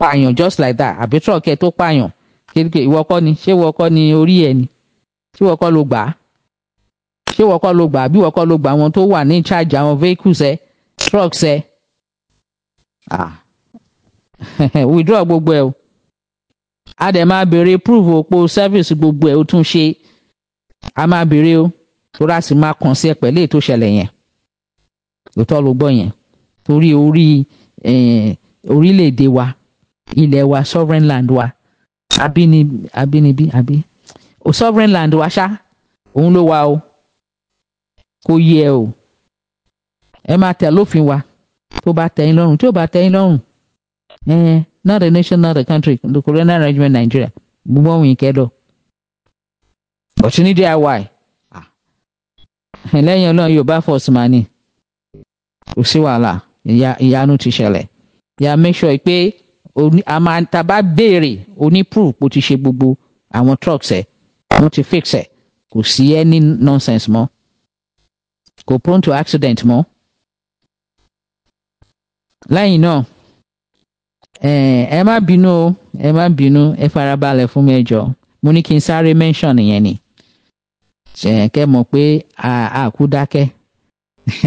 pààyàn just like that àbí tírọ̀kẹ́ tó pààyàn ìwọ kọ́ ni ṣé ìwọ kọ́ ni orí ẹ̀ ni ṣé ìwọ kọ́ ló gbà á ṣé ìwọ kọ́ ló gbà á bí ìwọ kọ́ ló gbà àwọn tó wà ní charge àwọn vehicles ẹ trucks ẹ Ah. [laughs] withdraw gbogbo ẹ o a dẹ̀ máa béèrè proof òpó service gbogbo ẹ o tún ṣe a máa béèrè o torí a sì máa kàn sí ẹ pẹ̀lú ètò ìṣẹ̀lẹ̀ yẹn òótọ́ ló gbọ́ yẹn torí orí orílẹ̀-èdè wa ilẹ̀ wa sovereign land wa abínibí abínibí àbí sovereign land wa ṣá òun ló wa o kò yẹ o ẹ máa tẹ̀ lófin wa tó bá tẹ́ yín lọ́rùn tí ò bá tẹ́ lọ́rùn eh, not the nation not the country the colonial arrangement Nigeria gbogbo ohun ìkẹ́ lọ. ọ̀tún ní díẹ̀ wáì lẹ́yìn ọlọ́run Yorùbá force máa ní kò sí wàhálà ìyanu ti ṣẹlẹ̀ yà make sure pé a máa ta bá béèrè oníproof kò ti ṣe gbogbo àwọn trucks ẹ̀ wọ́n ti fix ẹ̀ kò sí any nonsense mọ́ kò prone to accident mọ́ lẹ́yìn náà ẹ má bínú o ẹ má bínú ẹ farabalẹ̀ fún mi ẹ jọ̀ọ́ mo ní kí n sáré mention yẹn ni kẹ́ mọ̀ pé àkúdákẹ́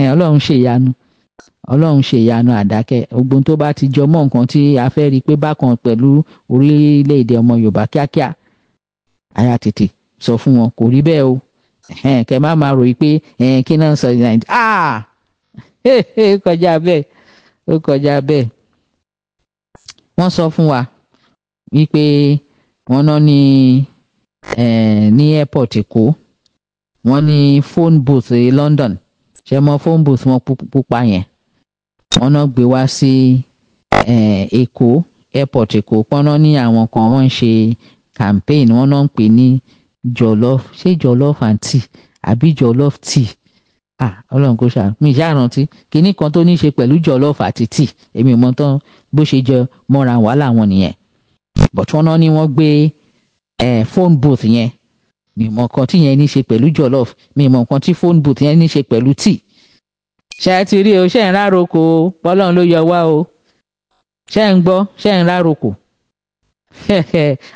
[laughs] ọlọ́run ṣèyanu ọlọ́run ṣèyanu àdákẹ́ ogun tó bá ti jọmọ́ nǹkan tí a fẹ́ rí i pé bákan pẹ̀lú orílẹ̀-èdè ọmọ yorùbá kíákíá ara tètè sọ fún wọn kò rí bẹ́ẹ̀ o kẹ́ má máa ròyìn pé kí náà sọ nàìjíríà ah! [laughs] kọjá bẹ́ẹ̀ ó kọjá bẹ́ẹ̀ wọ́n sọ fún wa wípé wọ́n náà ní ní airport Èkó wọ́n ní phone booth London ṣe mọ phone booth wọn pupa yẹn wọ́n náà gbé wá sí Èkó airport Èkó pọ́nà ní àwọn kan wọ́n ń ṣe campaign wọ́n náà ń pè ní jollof ṣé jollof and tea àbí jollof tea ah ọlọ́run kò ṣàánú mi ìṣá rántí kinní kan tó ní í ṣe pẹ̀lú jọlọ́ọ̀fù àti tíì èmi ò mọ tán bó ṣe jẹ mọ́ra wàhálà wọn nìyẹn but wọn náà ni wọ́n gbé phone booth yẹn mi mọ nǹkan tí yẹn ní í ṣe pẹ̀lú jọlọ́ọ̀fù mi mọ nǹkan tí phone booth yẹn ní í ṣe pẹ̀lú tíì ṣe é ti rí o ṣe ń rárokò o bọ́lọ́run ló yọ wá o ṣe ń gbọ́ ṣe ń rárokò [laughs]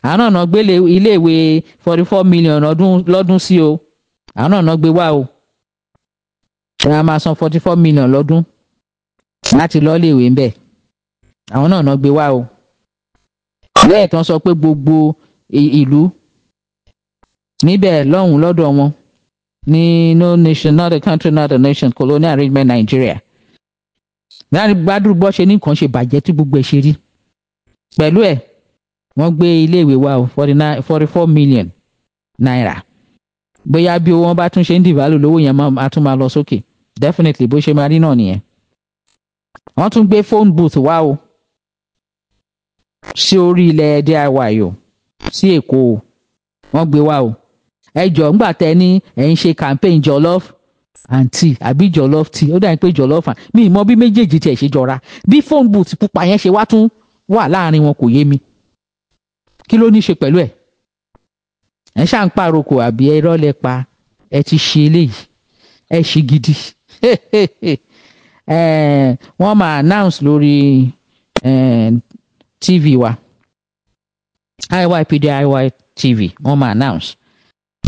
àánà náà gbélé iléèwé forty four million lọ́dún sí o àánà náà gbé wá o ẹ máa san forty four million lọ́dún láti lọ́ọ́ lè wé ń bẹ̀ àwọn náà náà gbé wá o bẹ́ẹ̀ tán sọ pé gbogbo ìlú níbẹ̀ lọ́hùn lọ́dọ̀ wọn ní no nation not a country not a nation colonial arrangement Nigeria láàrin gbádùn bọ́ ṣe nìkan ṣe bàjẹ́ tí gbogbo ẹ̀ ṣe rí pẹ̀lú ẹ̀ wọ́n gbé iléèwé wa o forty four million naira bóyá bí owó wọn bá tún ṣe ń dìbàlù lówó yẹn máa tún máa lọ sókè. So definitely bó ṣe máa rí náà nìyẹn wọ́n tún gbé phone booth wá o sí orí ilẹ̀ diy o sí èkó o wọ́n gbé wá o ẹ jọ ńgbà tẹ ní ẹ ń ṣe campaign jollof and àbí jollof tea ó dà pé jollof and mi mọ bí méjèèjì tiẹ̀ ṣe jọra bí phone booth pupa yẹn ṣe wá tún wà láàrin wọn kò yé mi kí ló ní í ṣe pẹ̀lú ẹ̀ ẹ̀ ṣáà ń pàrokò àbí ẹ̀rọ lẹ ẹ ti ṣe eléyìí ẹ ṣe gidi [laughs] Eh, wọ́n máa announce lórí eh, tv wa iypd iytv wọ́n máa announce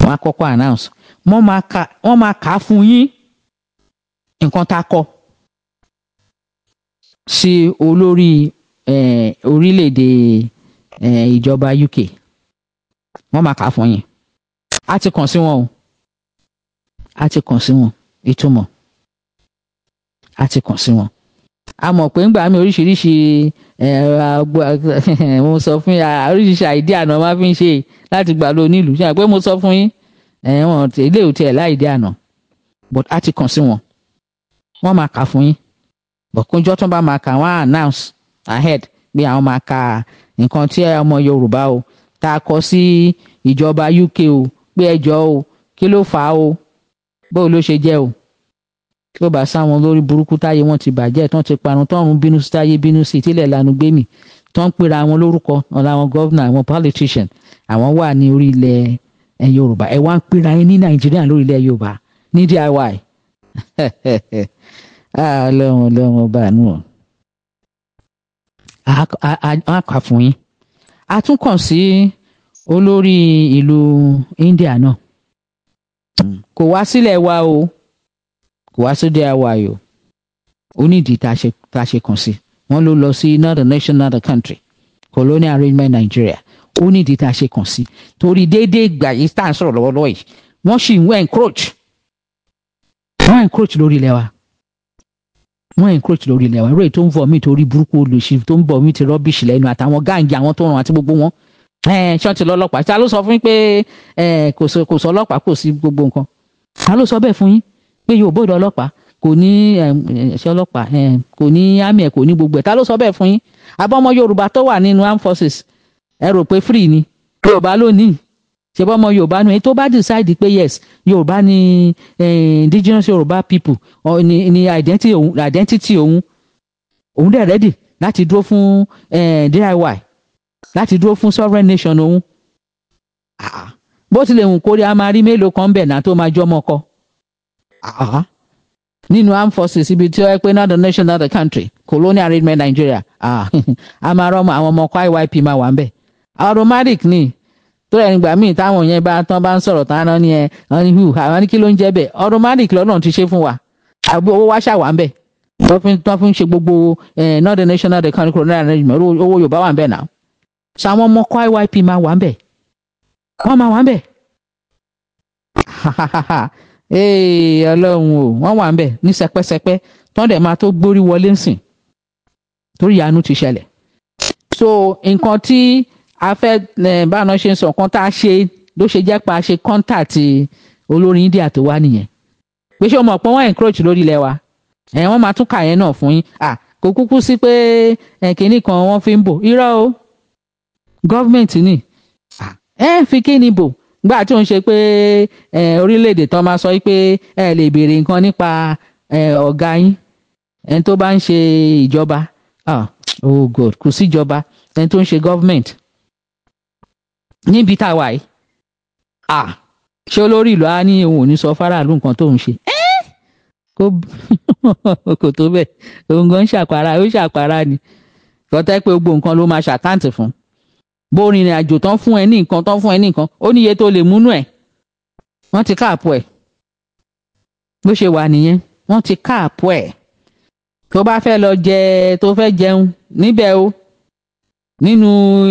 wọ́n á kọ́kọ́ announce wọ́n máa kà wọ́n máa kà á fún yín nǹkan tá a kọ sí olórí eh, orílẹ̀-èdè ìjọba uk wọ́n máa kà á fún yín a ti kàn sí wọn o a ti kàn sí wọn ìtumọ̀ a ti kàn sí wọn a mọ̀ pé ńgbà mi oríṣiríṣi [laughs] mo sọ fún yà oríṣiríṣi àìdí àná máa fi ń ṣe láti gbà lọ nílùú ṣe àpé mo sọ fún yín wọn ilé òtí ẹ̀ láìdí àná but a ti kàn sí wọn wọ́n máa kà fún yín but kúnjọ́ tó bá máa kà wọ́n á announce ahead bí àwọn máa ka nǹkan tí ọmọ Yorùbá o tá a kọ sí ìjọba UK o pé ẹjọ́ o kí ló fà á o bó ló ṣe jẹ́ o kí ó bá sáwọn olórí burúkú táyé wọn ti bàjẹ́ tán ti parun tọ́run bínú sí táyé bínú sí tílẹ̀ lanu gbémì tán ń pera àwọn lórúkọ ọ̀la àwọn gọ́vnà àwọn politician àwọn wà ní orí ilẹ̀ eh, yorùbá ẹ wá ń pera yín ní nàìjíríà lórí yorùbá ní diy [laughs] ah, ọlọ́run ọlọ́run ọba àánú ọ̀ àkà fún yín a tún kàn sí olórí ìlú india náà kò wá sílẹ̀ wa o kò wá sí DIY o ó ní ìdí tá a ṣe kàn sí wọ́n ló lọ sí not nation not a country colonial arrangement Nigeria ó ní ìdí tá a ṣe kàn sí torí déédéé ìgbà yìí tá à ń sọ̀rọ̀ yìí wọ́n sì ń wọ́n encroach wọ́n encroach lórí ilẹ̀ wa wọ́n encroach lórí ilẹ̀ wa eré tó ń fọ mí torí burúkú olùsí tó ń bọ̀ mí ti rọ́bìṣì lẹ́nu àtàwọn gáàngì àwọn tó ràn àti gbogbo wọn ṣọ́ọ̀tì lọ́lọ́pàá ta ló sọ fún yín pé kò sọ ọlọ́pàá kò sí gbogbo nǹkan ta ló sọ bẹ́ẹ̀ fún yín pé yóò bóde ọlọ́pàá kò ní ṣe ọlọ́pàá kò ní àmì ẹ̀ kò ní gbogbo ẹ̀ ta ló sọ bẹ́ẹ̀ fún yín abọ́mọ yorùbá tó wà nínú armed forces ẹ rò pé free ni yorùbá lónìí ṣebọ́ ọmọ yorùbá ni tó bá decide pé yes yorùbá ni indigenous yorùbá people ni ni identity òun identity òun òun dẹ̀ ready láti dúró fún DIY láti dúró fún sovereign nation òun bó tilẹ̀ hùn kórè a máa rí mélòó kan bẹ̀ náà tó máa jọmọ kọ́ nínú armed ibi tí ó pé not nation country colonial arrangement Nigeria ah, [laughs] a máa àwọn ọmọkọ IYP máa wà ń bẹ automatic ni tó rẹ̀ nígbà míì táwọn yẹn bá tán bá ń sọ̀rọ̀ tán náà ni wọn ni àwọn ní kí ló ń jẹ́ automatic ti ṣe fún wa owó wa fi ń gbogbo nation ọlọ́run o wọ́n wà ń bẹ̀ ní sẹpẹ́sẹpẹ́ tán dẹ̀ máa tó gbórí wọlé ńsìn torí ìyanu ti ṣẹlẹ̀ so nǹkan tí a fẹ́ báwọn ṣe ń sọ nǹkan tá a ṣe ló ṣe jẹ́ pa ṣe kọ́ńtàtì olórin india tó wá nìyẹn pé ṣé o mọ̀ pé wọ́n encroach lórí ilẹ̀ wa ẹ̀ wọ́n máa tún kà yẹn náà fún yín kò kúkú sí pé kínní kan wọ́n fi ń bò irọ́ o gọ́ọ̀mẹ̀ntì ni ẹ̀ fi kí ni bò gbà tí òun ṣe pé orílẹ̀-èdè tó máa sọ pé ẹ lè béèrè nǹkan nípa ọ̀gá yín ẹni tó bá ń ṣe ìjọba oh god kò síjọba ẹni tó ń ṣe government níbi tá a wà yìí ṣé olórí ìlú á ní òun ò ní sọ fáráàlú nǹkan tó ń ṣe [laughs] kò tó bẹ́ẹ̀ òun gan ṣàpárá ó ṣàpárá ni kọ́tẹ́ pé gbogbo nǹkan ló máa ṣàkáǹtì fún un bó rìnrìn àjò tán fún ẹ ní nǹkan tán fún ẹ ní nǹkan ó ní iye tó lè múnú ẹ wọ́n ti káàpù ẹ bó ṣe wà nìyẹn wọ́n ti káàpù ẹ tó bá fẹ́ lọ jẹ tó fẹ́ jẹun níbẹ̀ o nínú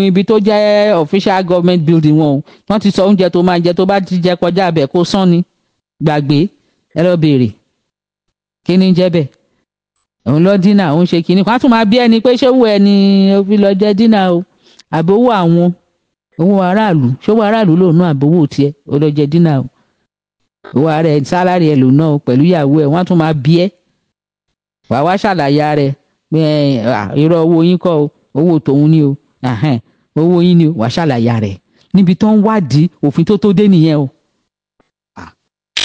ibi tó jẹ́ official government building wọn o wọ́n ti sọ oúnjẹ tó máa jẹ tó bá ti jẹ kọjá abẹ kó sán ni gbàgbé ẹ lọ béèrè kí ni jẹ bẹ́ẹ̀ òun lọ dínà òun ṣe kínní kan á tún máa bí ẹni pé ṣé wù ẹni ó fi lọ jẹ dínà o àbówó àwọn owó aráàlú ṣówó aráàlú lòun náà àbówó tiẹ ọlọjẹ dínà o owó ara ẹ sálárì ẹ lòun náà pẹ̀lú ìyàwó ẹ wọ́n á tún máa bí ẹ wàá wá ṣàlàyé rẹ pé irọ́ owó yín kọ́ owó tòun ni o owó yín ni wàá ṣàlàyé rẹ níbi tó ń wádìí òfin tó tó dé nìyẹn o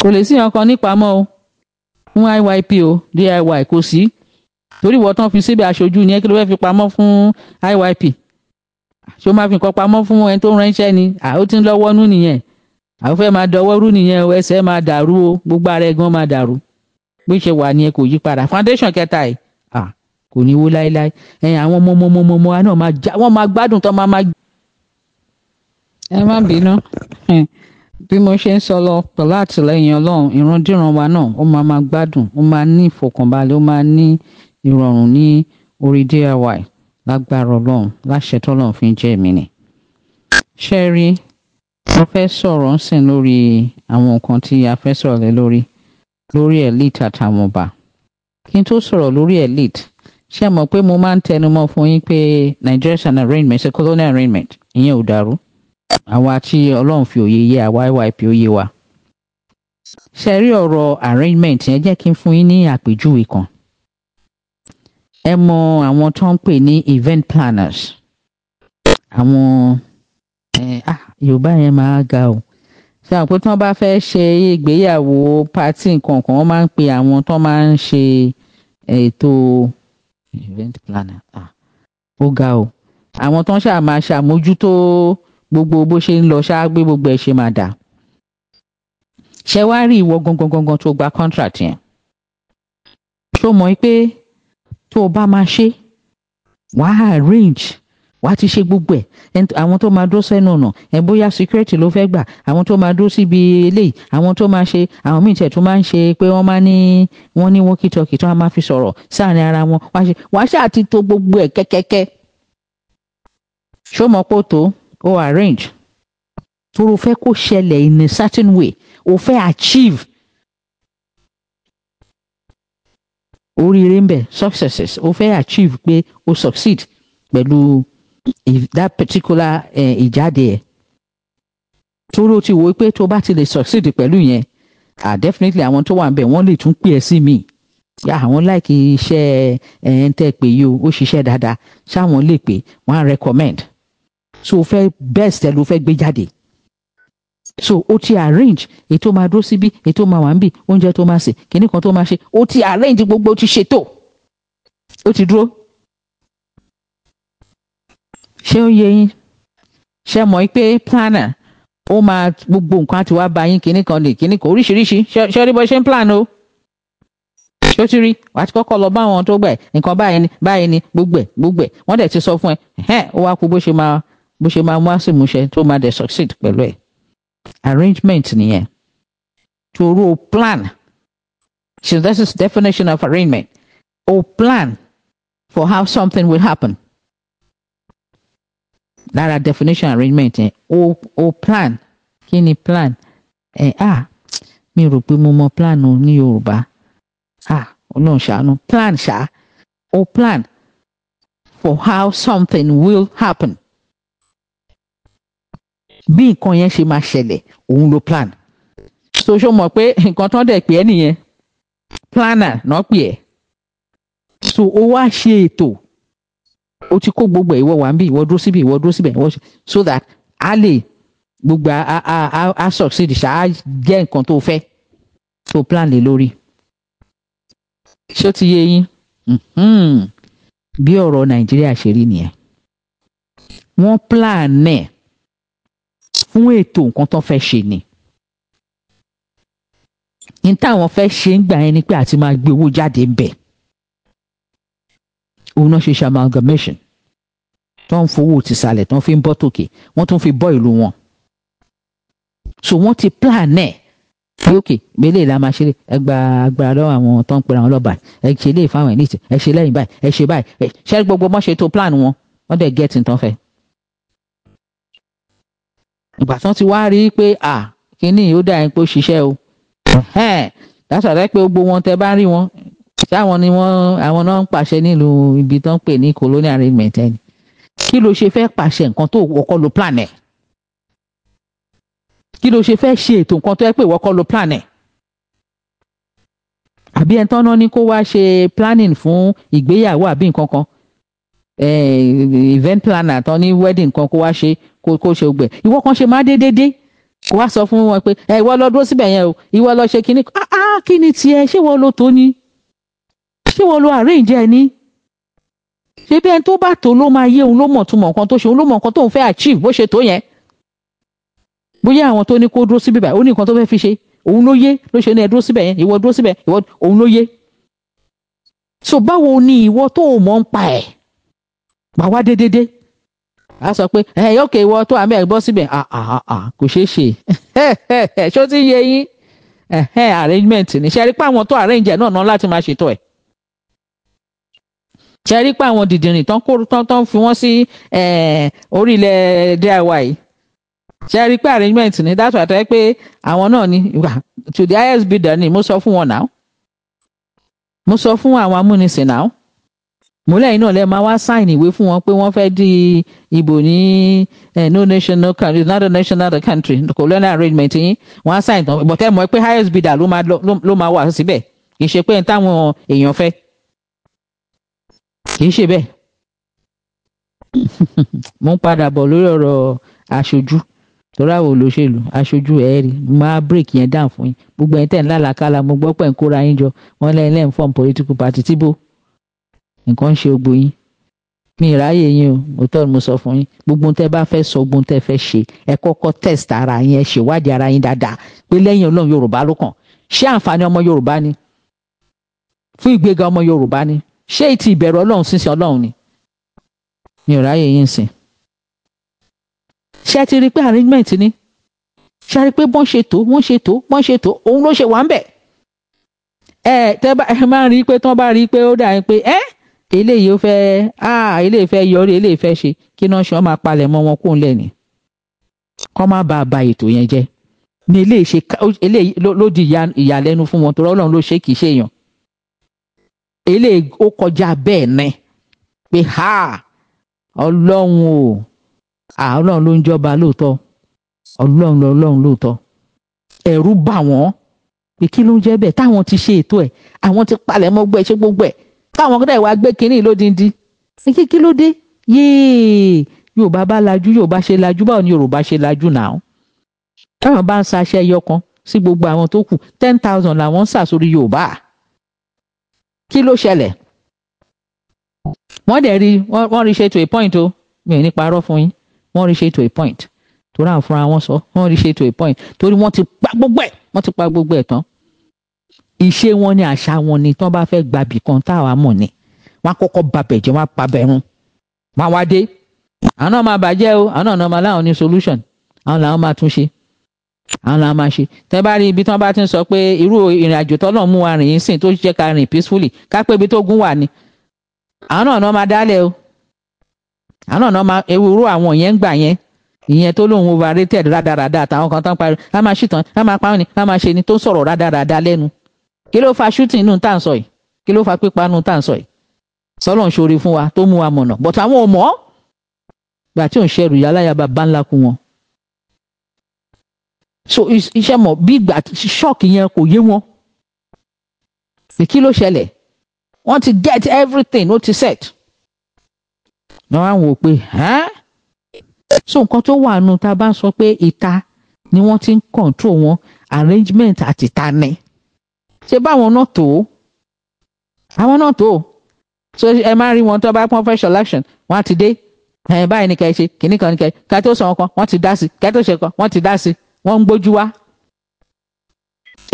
kò lè sí ọkàn nípamọ́ o fún IYP o DIY kò sí torí ìwọ tán fi síbẹ̀ aṣojú yẹn kí ló fẹ́ fi pamọ́ fún IYP ṣó máa fi nǹkan pamọ́ fún ẹni tó ránṣẹ́ ni ó ti ń lọ́wọ́ nú nìyẹn àwọn fẹ́ máa dọwọ́ rú nìyẹn o ẹsẹ̀ máa dàrú o gbogbo ara ẹ̀gbọ́n máa dàrú bí ṣe wà nìyẹn kò yí padà foundation kẹta ẹ̀ kò ní wó láéláé ẹ̀yìn àwọn ọmọ ọmọ ọmọ ọmọ wa náà máa já wọ́n máa gbádùn tán máa máa. ẹ má bínú bí mo ṣe ń sọ lọ pẹ̀lú àtìlẹyìn ọlọ́run ìrandíran wa náà ó máa máa gbádùn ó máa ní ìfọkànbalẹ̀ ó máa ní ìrọ̀rùn ní orí DIY lágbára ọlọ́run láṣẹ tọ́lọ́run fi ń jẹ́ èmi nì. ṣé ẹ rí mo fẹ́ sọ̀rọ̀ ń sìn lórí àwọn nǹkan tí a fẹ́ sọ̀rọ̀ lé lórí lórí elite àtàwọn ọba kí n tó sọ̀rọ̀ lórí elite ṣé ẹ mọ̀ pé mo máa ń tẹnumọ́ fún yín pé Nigeria is an arrangement ṣe colonial arrangement ìyẹn ò dàrú àwa tí ọlọ́run fi òye yé àwa YYP òye wa ṣe rí ọ̀rọ̀ arrangement yẹn jẹ́ kí n fún yín ní àpèjúwe kan ẹ mọ àwọn tó ń pè ní event planners àwọn ah, yorùbá yẹn máa ga o ṣe àwọn pé tí wọ́n bá fẹ́ ṣe ìgbéyàwó pàtì nǹkan kan wọ́n máa ń pe àwọn tó máa ń ṣe ètò event planner ah, ó ga o àwọn tó ń ṣáà máa ṣàmójútó gbogbo bó ṣe ń lọ ṣáà gbé gbogbo ẹ̀ ṣe máa dà ṣe wá rí ìwọ gangan gangan tó gba contract yẹn ṣó mọ̀ pé tó o bá máa ṣe wà á arrange wà á ti ṣe gbogbo ẹ̀ àwọn tó máa dúró sẹ́nu ọ̀nà ẹ̀ bóyá security ló fẹ́ gbà àwọn tó máa dúró síbi eléyìí àwọn tó máa ṣe àwọn míì tẹ̀ tó máa ń ṣe pé wọ́n máa ní wọ́n ní walkie talkie tó máa fi sọ̀rọ̀ sáàrin ara wọn wà á ṣe wà á ṣáà ti to gbogbo ẹ̀ kẹ́kẹ́kẹ́ ṣó mọ̀ pé tó o arrange tó o fẹ́ kó ṣẹlẹ̀ in a certain way o fẹ́ achieve oríire ń bẹ successes o fẹ́ achieve pé o succeed pẹ̀lú if that particular eh, ìjáde ẹ̀ torí o ti wo pé tó bá ti lè succeed pẹ̀lú yẹn ah definitely àwọn tó wà ń bẹ wọ́n lè tún pè ẹ́ sí mi yà àwọn láìkí iṣẹ́ ẹ̀ eh, ń tẹ́ pé yìí o ó ṣiṣẹ́ dáadáa ṣáwọn lè pè wọ́n á recommend so o fẹ́ best ẹ ló fẹ́ gbé jáde so o ti arrange ètò máa dúró síbí ètò máa wà níbí oúnjẹ tó máa sè kíní kan tó máa ṣe o ti arrange gbogbo o ti ṣètò o ti dúró ṣé ó yẹ yín ṣe mọ̀ pé planner ó máa gbogbo nǹkan àti wá bá yín kíní kan lè kíní kan oríṣiríṣi ṣe rí bó ṣe ń plan o ṣé o ti rí wàá ti kọ́kọ́ lọ bá àwọn tó gbà ẹ̀ nǹkan báyìí ni báyìí ni gbogbo ẹ̀ gbogbo ẹ̀ wọ́n dẹ̀ ti sọ fún ẹ ẹ̀ ó wá kú bó ṣe máa bó ṣe máa mú àsìmúṣẹ tó máa dẹ̀ succeed pẹ̀lú ẹ̀. Arrangement niye, eh, To rule plan. So that's his definition of arrangement. O plan for how something will happen. That a definition arrangement yẹn. O o plan. kini plan? Eh ah mi rupi mumo plan o ní Yorùbá. Ah Ọlọ́run no Plan sha. O plan for how something will happen. bí nǹkan yẹn ṣe máa ṣẹlẹ̀ òun ló plan so ṣó mọ̀ pé nǹkan tán dẹ̀ pé ẹ́ nìyẹn planner náà pè ẹ́ so ó wá ṣe ètò o ti kó gbogbo ìwọ wà ń bí ìwọ dúró síbi ìwọ dúró síbẹ̀ ìwọ so that a lè gbogbo a a a a succeed ṣá a jẹ́ nǹkan tó fẹ́ so plan lè lórí ṣó ti yé yín mm-hmm. bí ọ̀rọ̀ nàìjíríà ṣe rí nìyẹn wọ́n plan náà fún ètò nǹkan tó fẹ́ ṣe ni ní táwọn fẹ́ ṣe ń gbà yẹn ni pé àti máa gbé owó jáde ń bẹ̀ òun náà ṣe ṣe amalgamation tó ń fowó tìsàlẹ̀ tó ń fi bọ́ tòkè wọ́n tún fi bọ́ ìlú wọn so wọ́n ti plan ẹ̀ pé òkè mélèé la máa ṣe ẹgbà agbára lọ́wọ́ àwọn tó ń pera wọn lọ́ba ẹ ṣe lè fáwọn ẹ̀ níìsín ẹ ṣe lẹ́yìn báyìí ẹ ṣe báyìí ṣẹ́rí gbogbo mọ́ ṣe tó plan wọn wọ́n dẹ̀ get nǹkan fẹ́ẹ́ ìgbà tán ti wá rí i pé à kínní ó dà yín pé ó ṣiṣẹ́ o dáṣà rẹ pé gbogbo wọn tẹ bá rí wọn táwọn ni wọn àwọn náà ń pàṣẹ nílùú ibi tán ń pè ní colonial arrangement ẹni kí ló ṣe fẹ́ pàṣẹ nǹkan tó wọ́kọ́ lo plan ẹ̀ kí ló ṣe fẹ́ ṣe ètò nǹkan tó yẹ pé wọ́kọ́ lo plan ẹ̀ àbí ẹ̀ tán náà ni kó wá ṣe planning fún ìgbéyàwó àbí nǹkan kan Eh, event planner tán ní wedding kan kó wá ṣe kó kó ṣe gbẹ ìwọ kan ṣe má déédéé dé kó wá sọ fún wọn pé ẹ eh, ìwọ lọ dúró síbẹ̀ yẹn o ìwọ lọ ṣe kínní ah ah kí ni tiẹ̀ ṣé wọ́n lo tó ni ṣé wọ́n lo arrange ẹ ni ṣé bí ẹni tó bá tó ló máa yé òun ló mọ̀ tó nǹkan tó ṣe òun ló mọ̀ nǹkan tóun fẹ́ achieve bó ṣe tó yẹn bóyá àwọn tó ní kó dúró síbẹ̀ báyìí ó ní nǹkan tó fẹ́ fi ṣe òun ló yé ló ṣe ní ẹ dúró síbẹ̀ yẹn ìwọ dúró síbẹ̀ ìwọ òun ló yé so báwo ni ìwọ tó o mọ̀ ń pa ẹ̀ wàá wá dé a sọ pé ẹ yóò ké wọ tó àmì ẹ bọ́ síbẹ̀ kò ṣeé ṣe [laughs] ṣó ti yé yín arrangement ni ṣe rí pé àwọn tó arrange ẹ náà ná láti máa ṣètò ẹ ṣe rí pé àwọn dìdìrìn tán kó tán fi wọ́n sí orílẹ̀ diy ṣe rí pé arrangement ni dáàtọ̀ àtọ́ pé àwọn náà ni to the highest bidder ni mo sọ fún wọn náà mo sọ fún àwọn amúnisìn náà mọlẹ́yìn náà lẹ máa wá sáìn ìwé fún wọn pé wọ́n fẹ́ di ìbò ní no nation no country not a nation not a country colonial arrangement yín wọ́n á sáìn tán bọ̀tẹ́ mọ̀ pé highest bidder ló máa wà síbẹ̀ kì í ṣe pé n táwọn èèyàn fẹ́ kì í ṣe bẹ́ẹ̀ [laughs] mo ń padà bọ̀ lórí ọ̀rọ̀ aṣojú tọ́ra wo lóṣèlú aṣojú ẹ̀ rí máa break yẹn down fún yín gbogbo ẹ̀ tẹ̀ ń lálàkàlà mo gbọ́ pẹ̀ ń kóra yín jọ wọ́n lẹ́yìn lẹ́yìn form political party tíbo nǹkan ń ṣe gbogbo yín mi ìráyè yín o mo tọ́ mo sọ fún yín gbogbo tẹ́ bá fẹ́ sọ gbogbo tẹ́ fẹ́ ṣe ẹ kọ́kọ́ test ara yín ẹ ṣèwádìí ara yín dáadáa pé lẹ́yìn ọlọ́run yorùbá ló kàn ṣé àǹfààní ọmọ yorùbá ni fún ìgbéga ọmọ yorùbá ni ṣé ìtì ìbẹ̀rù ọlọ́run sísìn ọlọ́run ni mi ò ráyè yín sìn. ṣé ẹ ti rí i pé arrangement ni ṣe rí i pé bọ́n ṣe tó wọ́n ṣe tó bọ́n ṣe tó òun ló ṣe wà ń bẹ̀. ẹ tẹ bá ẹ máa rí i pé tí bá rí i pé ó dà yín pé ẹ́ eléyìí ó fẹ́ ah eléyìí fẹ́ yọrí eléyìí fẹ́ ṣe kí náà ṣan máa palẹ̀ mọ́ wọn kó ń lẹ́ni kọ́ má a ba ètò yẹn jẹ́ ni eléyìí ṣe eléyìí ló di ìyàlẹ́nu fún wọn torí ọlọ́run ló ṣe kì í ṣe èèyàn eléyìí ó kọjá bẹ́ẹ̀ ni pé ha ọlọ́run o ọlọ́run ló ń jọba lóòótọ́ ọlọ́run lọ́lọ́run lóòótọ́ ẹ̀rù bà wọ́n pé kí ló ń jẹ́ bẹ́ẹ̀ táwọn ti ṣe ètò ẹ̀ àwọn ti palẹ̀ mọ́ gbẹ́ ṣé gbogbo ẹ̀ káwọn kọ́dà ìwà gbé kínní lódindi kí kí ló dé yéè yorùbá bá lajú yorùbá ṣe lajú báwo ni yorùbá ṣe lajú náà táwọn bá ń sa aṣẹ ẹyọ sí gbogbo àwọn tó kù ten thousand làwọn ń sà sórí yorùbá kí ló ṣẹlẹ̀ wọ́n dẹ̀ rí wọ́n rí ṣe to a point o mi ò ní parọ́ fún yín wọ́n rí ṣe to a point torí àwọn fúnra wọn sọ wọ́n rí ṣe to a point torí wọ́n ti pa gbogbo ẹ̀ wọ́n ti pa gbogbo ẹ̀ tán ìṣe wọn ni àṣà wọn ni tán bá fẹ́ gbàbì kan táwa mọ̀ ni wọn kọ́kọ́ babẹ̀ jẹ́ wọn pabẹ̀ run wọn wá dé àwọn náà máa bàjẹ́ o àwọn náà máa láwọn ní solution àwọn làwọn máa tún ṣe àwọn làwọn máa ṣe tẹ́ bá rí ibi tí wọ́n bá ti ń sọ pé irú ìrìn àjò tọ́lọ̀ mú wa rìn yín sìn tó jẹ́ ká rìn peacefully ká pé ibi tó gún wà ni àwọn náà náà máa dálẹ̀ o àwọn náà máa ewúro àwọn yẹn ń gbà yẹn ìyẹn tó lóun overrated rádaràda àtàwọn kan tán parí a máa ṣìtàn a máa pa wọn ni a máa ṣe ni tó ń sọ̀rọ̀ rádaràda lẹ́nu kí ló fa shooting inú tá à ń sọ yìí kí ló fa pípanu tá à ń sọ yìí sọlọ́n ṣoore fún wa tó mú wa mọ̀nà bọ̀tà àwọn ò mọ̀ gbà tí ò ń ṣẹrù yàrá yàrá bá ńlá kú wọn. so iṣẹ́ mọ̀ bí gbà shock yẹn kò yé wọn pé kí ló ṣẹlẹ̀ wọ́n ti get everything ó ti set. wọ́n á wò pé so nǹkan tó wà nù tá a bá ń sọ pé ìta ni wọ́n ti ń control wọn arrangement àti ìta ni ṣe báwọn náà tó àwọn náà tó so ẹ máa rí wọn tó bá pọn fresh election wọn á ti dé ẹ̀yìn báyìí ni kẹ́ ẹ ṣe kìnnì kan ni kẹ́ ẹ ká tó sọ wọn kan wọ́n ti dá sí ká tó ṣe kan wọ́n ti dá sí wọ́n ń gbójú wá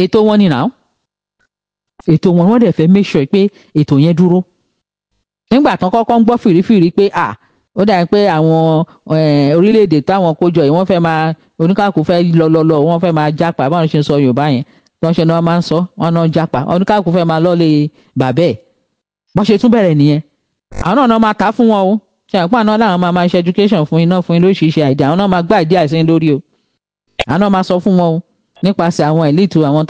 ètò wọn ni nàá ètò wọn wọ́n dẹ̀ fẹ́ make sure pé ètò yẹn dúró nígbà tán kọ́kọ́ ń gbọ́ fìrífìrí pé à ó dàbí pé àwọn eh, orílẹ̀-èdè táwọn kó jọ yìí wọ́n fẹ́ máa oníkàkú fẹ́ lọ́lọ́lọ́ wọ́n fẹ́ máa jápa báwọn ṣe ń sọ Yorùbá yẹn wọ́n ṣe ni wọ́n máa ń sọ wọ́n náà japa oníkàkú fẹ́ máa lọ́ọ́ lè bàbẹ́ ẹ̀ bọ́n ṣe tún bẹ̀rẹ̀ nìyẹn àwọn náà náà máa ta fún wọn o ṣe àpò àná làwọn máa máa ṣe education fún iná fún lóṣìṣẹ́ àìdá àwọn náà máa gbà díẹ̀ sí lórí o àwọn náà máa sọ fún wọn o nípasẹ̀ àwọn ìlítò àwọn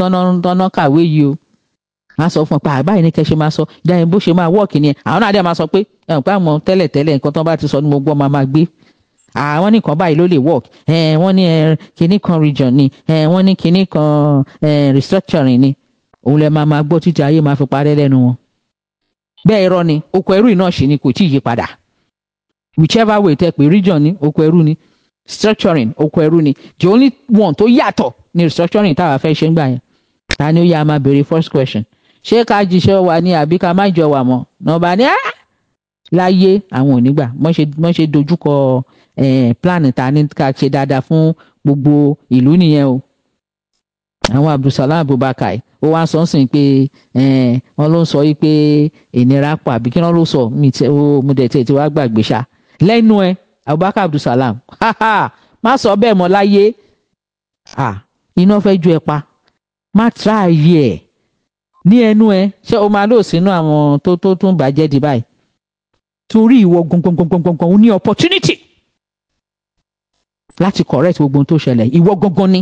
tọ́nà kàwé yìí o máa sọ fún ọ pé àbáyé ni kẹ ṣe máa sọ dáhìn bó ṣe máa wọ́ọ̀kì nìyẹn àwọn náà dẹ̀ máa sọ pé ẹ̀ ń pẹ́ àwọn tẹ́lẹ̀ tẹ́lẹ̀ nǹkan tó bá ti sọ ni mo gbọ́ máa máa gbé àwọn nìkan báyìí ló lè work wọ́n ní kinní kan region ni wọ́n ní kinní kan restructuring ni òun lè máa máa gbọ́ títí ayé máa fi parẹ́ lẹ́nu wọn. bẹ́ẹ̀ irọ́ ni oko ẹrú iná ṣì ni kò tí ì yí padà whichever way tẹ pé region ni oko ẹrú ni structuring oko ẹrú ni the only one tó yàtọ̀ ni restructuring táwa fẹ́ ṣe ń gbà yẹn ta ni ó yá máa béèrè first question ṣé ká jíṣẹ́ wa ni àbí ká má jọ wà mọ́ nọ́ọ̀bà ni láyé àwọn ò ní gbà mọ́ ṣe dojúkọ Eh, plan ta ní ká ṣe dáadáa fún gbogbo ìlú nìyẹn o àwọn abdulsalam abubakar ó wá sọ sìn pé eh, wọn ló ń sọ yìí pé ìnira pa àbí kí wọn ló sọ mi tẹ ó mo dẹ̀ tẹ̀ tí wàá gbàgbé ṣá lẹ́nu ẹ abubakar abdulsalam má sọ bẹ́ẹ̀ mọ́ láyé iná fẹ́ ju ẹ pa má tíráàyè ẹ̀ ní ẹnu ẹ ṣé o máa lò sínú àwọn tó tó tó ń bàjẹ́ di báyìí torí ìwọ gbọngbọngbọngbọngbọn o ní opportunity láti correct gbogbo ohun tó ṣẹlẹ̀ ìwọ gangan ni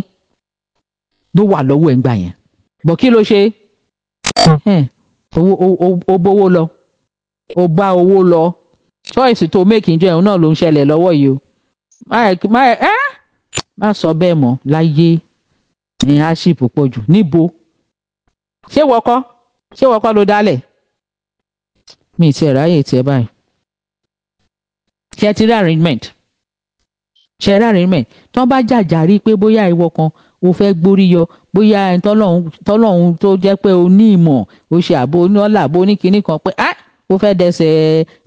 ló wà lọ́wọ́ ẹ̀ ń gbà yẹn bọ̀ kí ló ṣe hm. ó bówó lọ ó bá owó lọ choice tó make ìjọ ẹ̀hún náà ló ń ṣẹlẹ̀ lọ́wọ́ yìí o má sọ bẹ́ẹ̀ mọ́ láyé ní hardship pọ̀ jù níbo ṣé wọ́kọ́ ṣé wọ́kọ́ ló dálẹ̀ mi ì tiẹ̀ ráyè tiẹ̀ báyìí ṣé ti rí arrangement ṣe ráàrin mẹ́ tán bá jàjàrí pé bóyá ìwọ kan o fẹ́ gbórí yọ bóyá tọ́lọ́hún tó jẹ́ pé o ní ìmọ̀ o ṣe àbò oníọ́là àbò oníkíní kan pé o fẹ́ dẹsẹ̀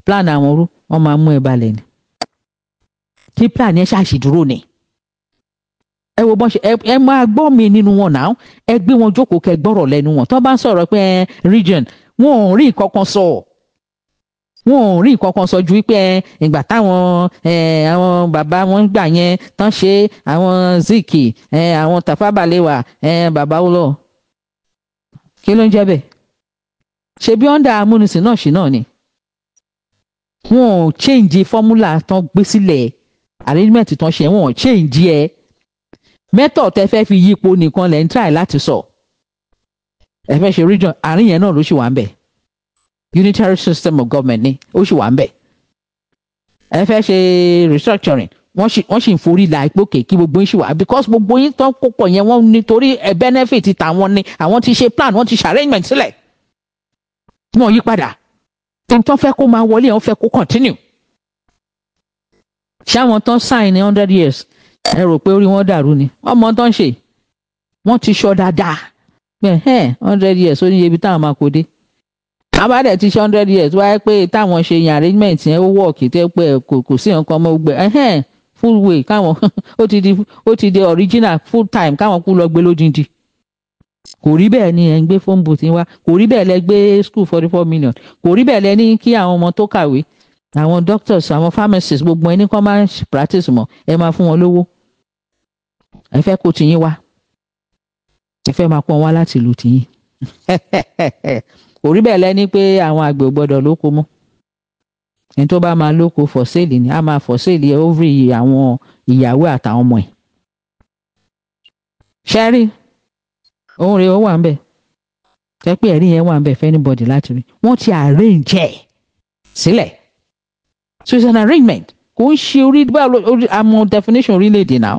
plan àwọn rú wọ́n máa mú ẹ balẹ̀ ni kí plan yẹn ṣàṣìdúró ni ẹ wo bọ́n ṣe ẹ máa gbọ́ mi nínú wọn náà ẹ gbé wọn jókòó kẹ́ gbọ́rọ̀ lẹ́nu wọn tó bá ń sọ̀rọ̀ pé region wọn ò rí nǹkan kan sọ̀ọ́ wọn ò rí nǹkan kan sọ ju wípé ìgbà táwọn àwọn bàbá wọn ń gbà yẹn tán ṣe àwọn Zik àwọn Tafa Balewa bàbá olọ kí ló ń jẹ́ bẹ́ẹ̀ ṣe bí ọ́ndà amúnisìn náà ṣì náà ni wọn ò change fọ́múlà tán gbé sílẹ̀ arrangement tán ṣe wọn ò change ẹ̀ mẹ́tọ̀ tẹ fẹ́ fi yípo nìkan lẹ́ ń try láti sọ ẹ fẹ́ ṣe region àárín yẹn náà ló ṣì wà ń bẹ̀ unitary system of government ni ó sì wà ń bẹ̀ ẹ fẹ́ ṣe restructuring wọ́n sì wọ́n sì ń forí la ìpòkè kí gbogbo yín sì wà because gbogbo yín tán kópọ̀ yẹn wọ́n nítorí ẹ benefit tàwọn ni àwọn ti ṣe plan wọ́n ti ṣe arrangement sílẹ̀ wọ́n yí padà tòótọ́ fẹ́ kó máa wọlé àwọn fẹ́ kó continue ṣé àwọn tán sign ní hundred years ẹ rò pé orí wọn dàrú ni wọ́n mọ tán ṣe wọ́n ti sọ dáadáa hundred years ó ní ibi táwọn máa kó dé àbá dẹ̀ ti ṣe hundred years wáyé pé táwọn ṣe yan arrangement yẹn ó wọ̀ọ̀kì tẹ́ pé kò kò sí nǹkan mọ́ gbẹ ẹ̀hẹ́n full way káwọn [laughs] ó ti di ó ti di original full time káwọn kú lọ gbé lódindi kò rí bẹ́ẹ̀ ni ẹ̀ ń gbé phone booth wá kò rí bẹ́ẹ̀ lẹ gbé school forty four million kò rí bẹ́ẹ̀ lẹ ní kí àwọn ọmọ tó kàwé àwọn doctors àwọn pharmacists gbogbo ẹni kan máa ń practice mọ́ ẹ máa fún wọn lówó ẹ fẹ́ kó tiyín wá ẹ fẹ́ máa pọ́n wá láti ìlú tiyín [laughs] òrí bẹ́ẹ̀ lẹ́ni pé àwọn àgbẹ̀ ò gbọ́dọ̀ lóko mọ́ ẹni tó bá máa lóko for sale ni a máa for sale ovary àwọn ìyàwó àtàwọn ọmọ ẹ̀ ṣẹ́rí òun rèé ó wà ń bẹ̀ jẹ́ pé ẹ̀rí yẹn wà ń bẹ̀ for anybody láti rí wọ́n ti arrange ẹ̀ sílẹ̀ so it's an arrangement kò ń ṣe orí àmọ́ definition orílẹ̀-èdè náà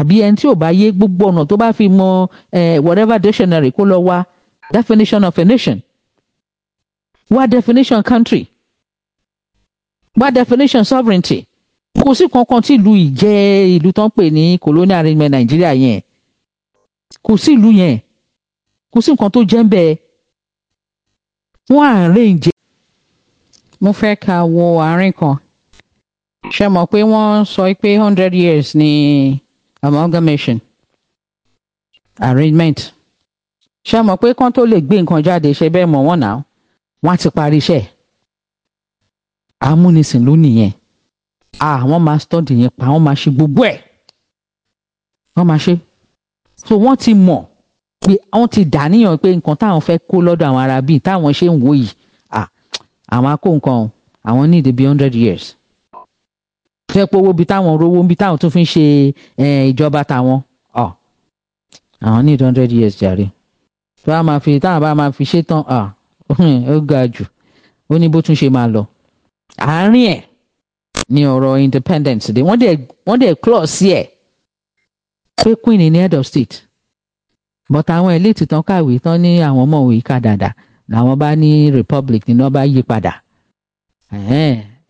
àbí ẹni tí ò bá yé gbogbo ọ̀nà tó bá fi mọ eh, whatever dictionary kó lọ wá definition of a nation? What definition country? What definition sovereignty? Kò sí kankan tí ìlú ìjẹ́ ìlú tó ń pè ní colonial arrangement Nàìjíríà yẹn. Kò sí ìlú yẹn. Kò sí nǹkan tó jẹ́ ń bẹ́ẹ̀. Wọ́n arrange. Mo fẹ́ ka wo àárín kan. Ṣé mọ̀ pé wọ́n sọ pé hundred years ni amalgamation arrangement ṣé mọ̀ pé kán tó lè gbé nǹkan jáde ṣe bẹ́ẹ̀ mọ̀ wọ́n náà wọ́n á ti parí iṣẹ́ amúnisìn ló nìyẹn àwọn máa stọ́ọ̀dì yẹn pa wọ́n máa ṣe gbogbo ẹ̀ wọ́n máa ṣe so wọ́n ti mọ̀ pé wọ́n ti dàníyàn pé nǹkan táwọn fẹ́ kó lọ́dọ̀ àwọn ará bíi táwọn ṣe ń wò yìí àwọn akó nǹkan o àwọn ní ìdè bíi hundred years fẹ́ pé owó bíi táwọn rówó bíi táwọn tún fi ń ṣe eh, ìjọba táwọn àwọn ní hundred years jàre tó bá máa fi táwọn bá máa fi ṣe tán ó ga jù ó ní bó tún ṣe máa lọ àárín ẹ̀ ní ọ̀rọ̀ independence dé wọ́n dẹ̀ wọ́n dẹ̀ clause sí ẹ̀ pé queen ní head of state but àwọn elite tán kàwé tán ní àwọn ọmọwé ká dáadáa làwọn bá ní republic ni wọ́n bá yí padà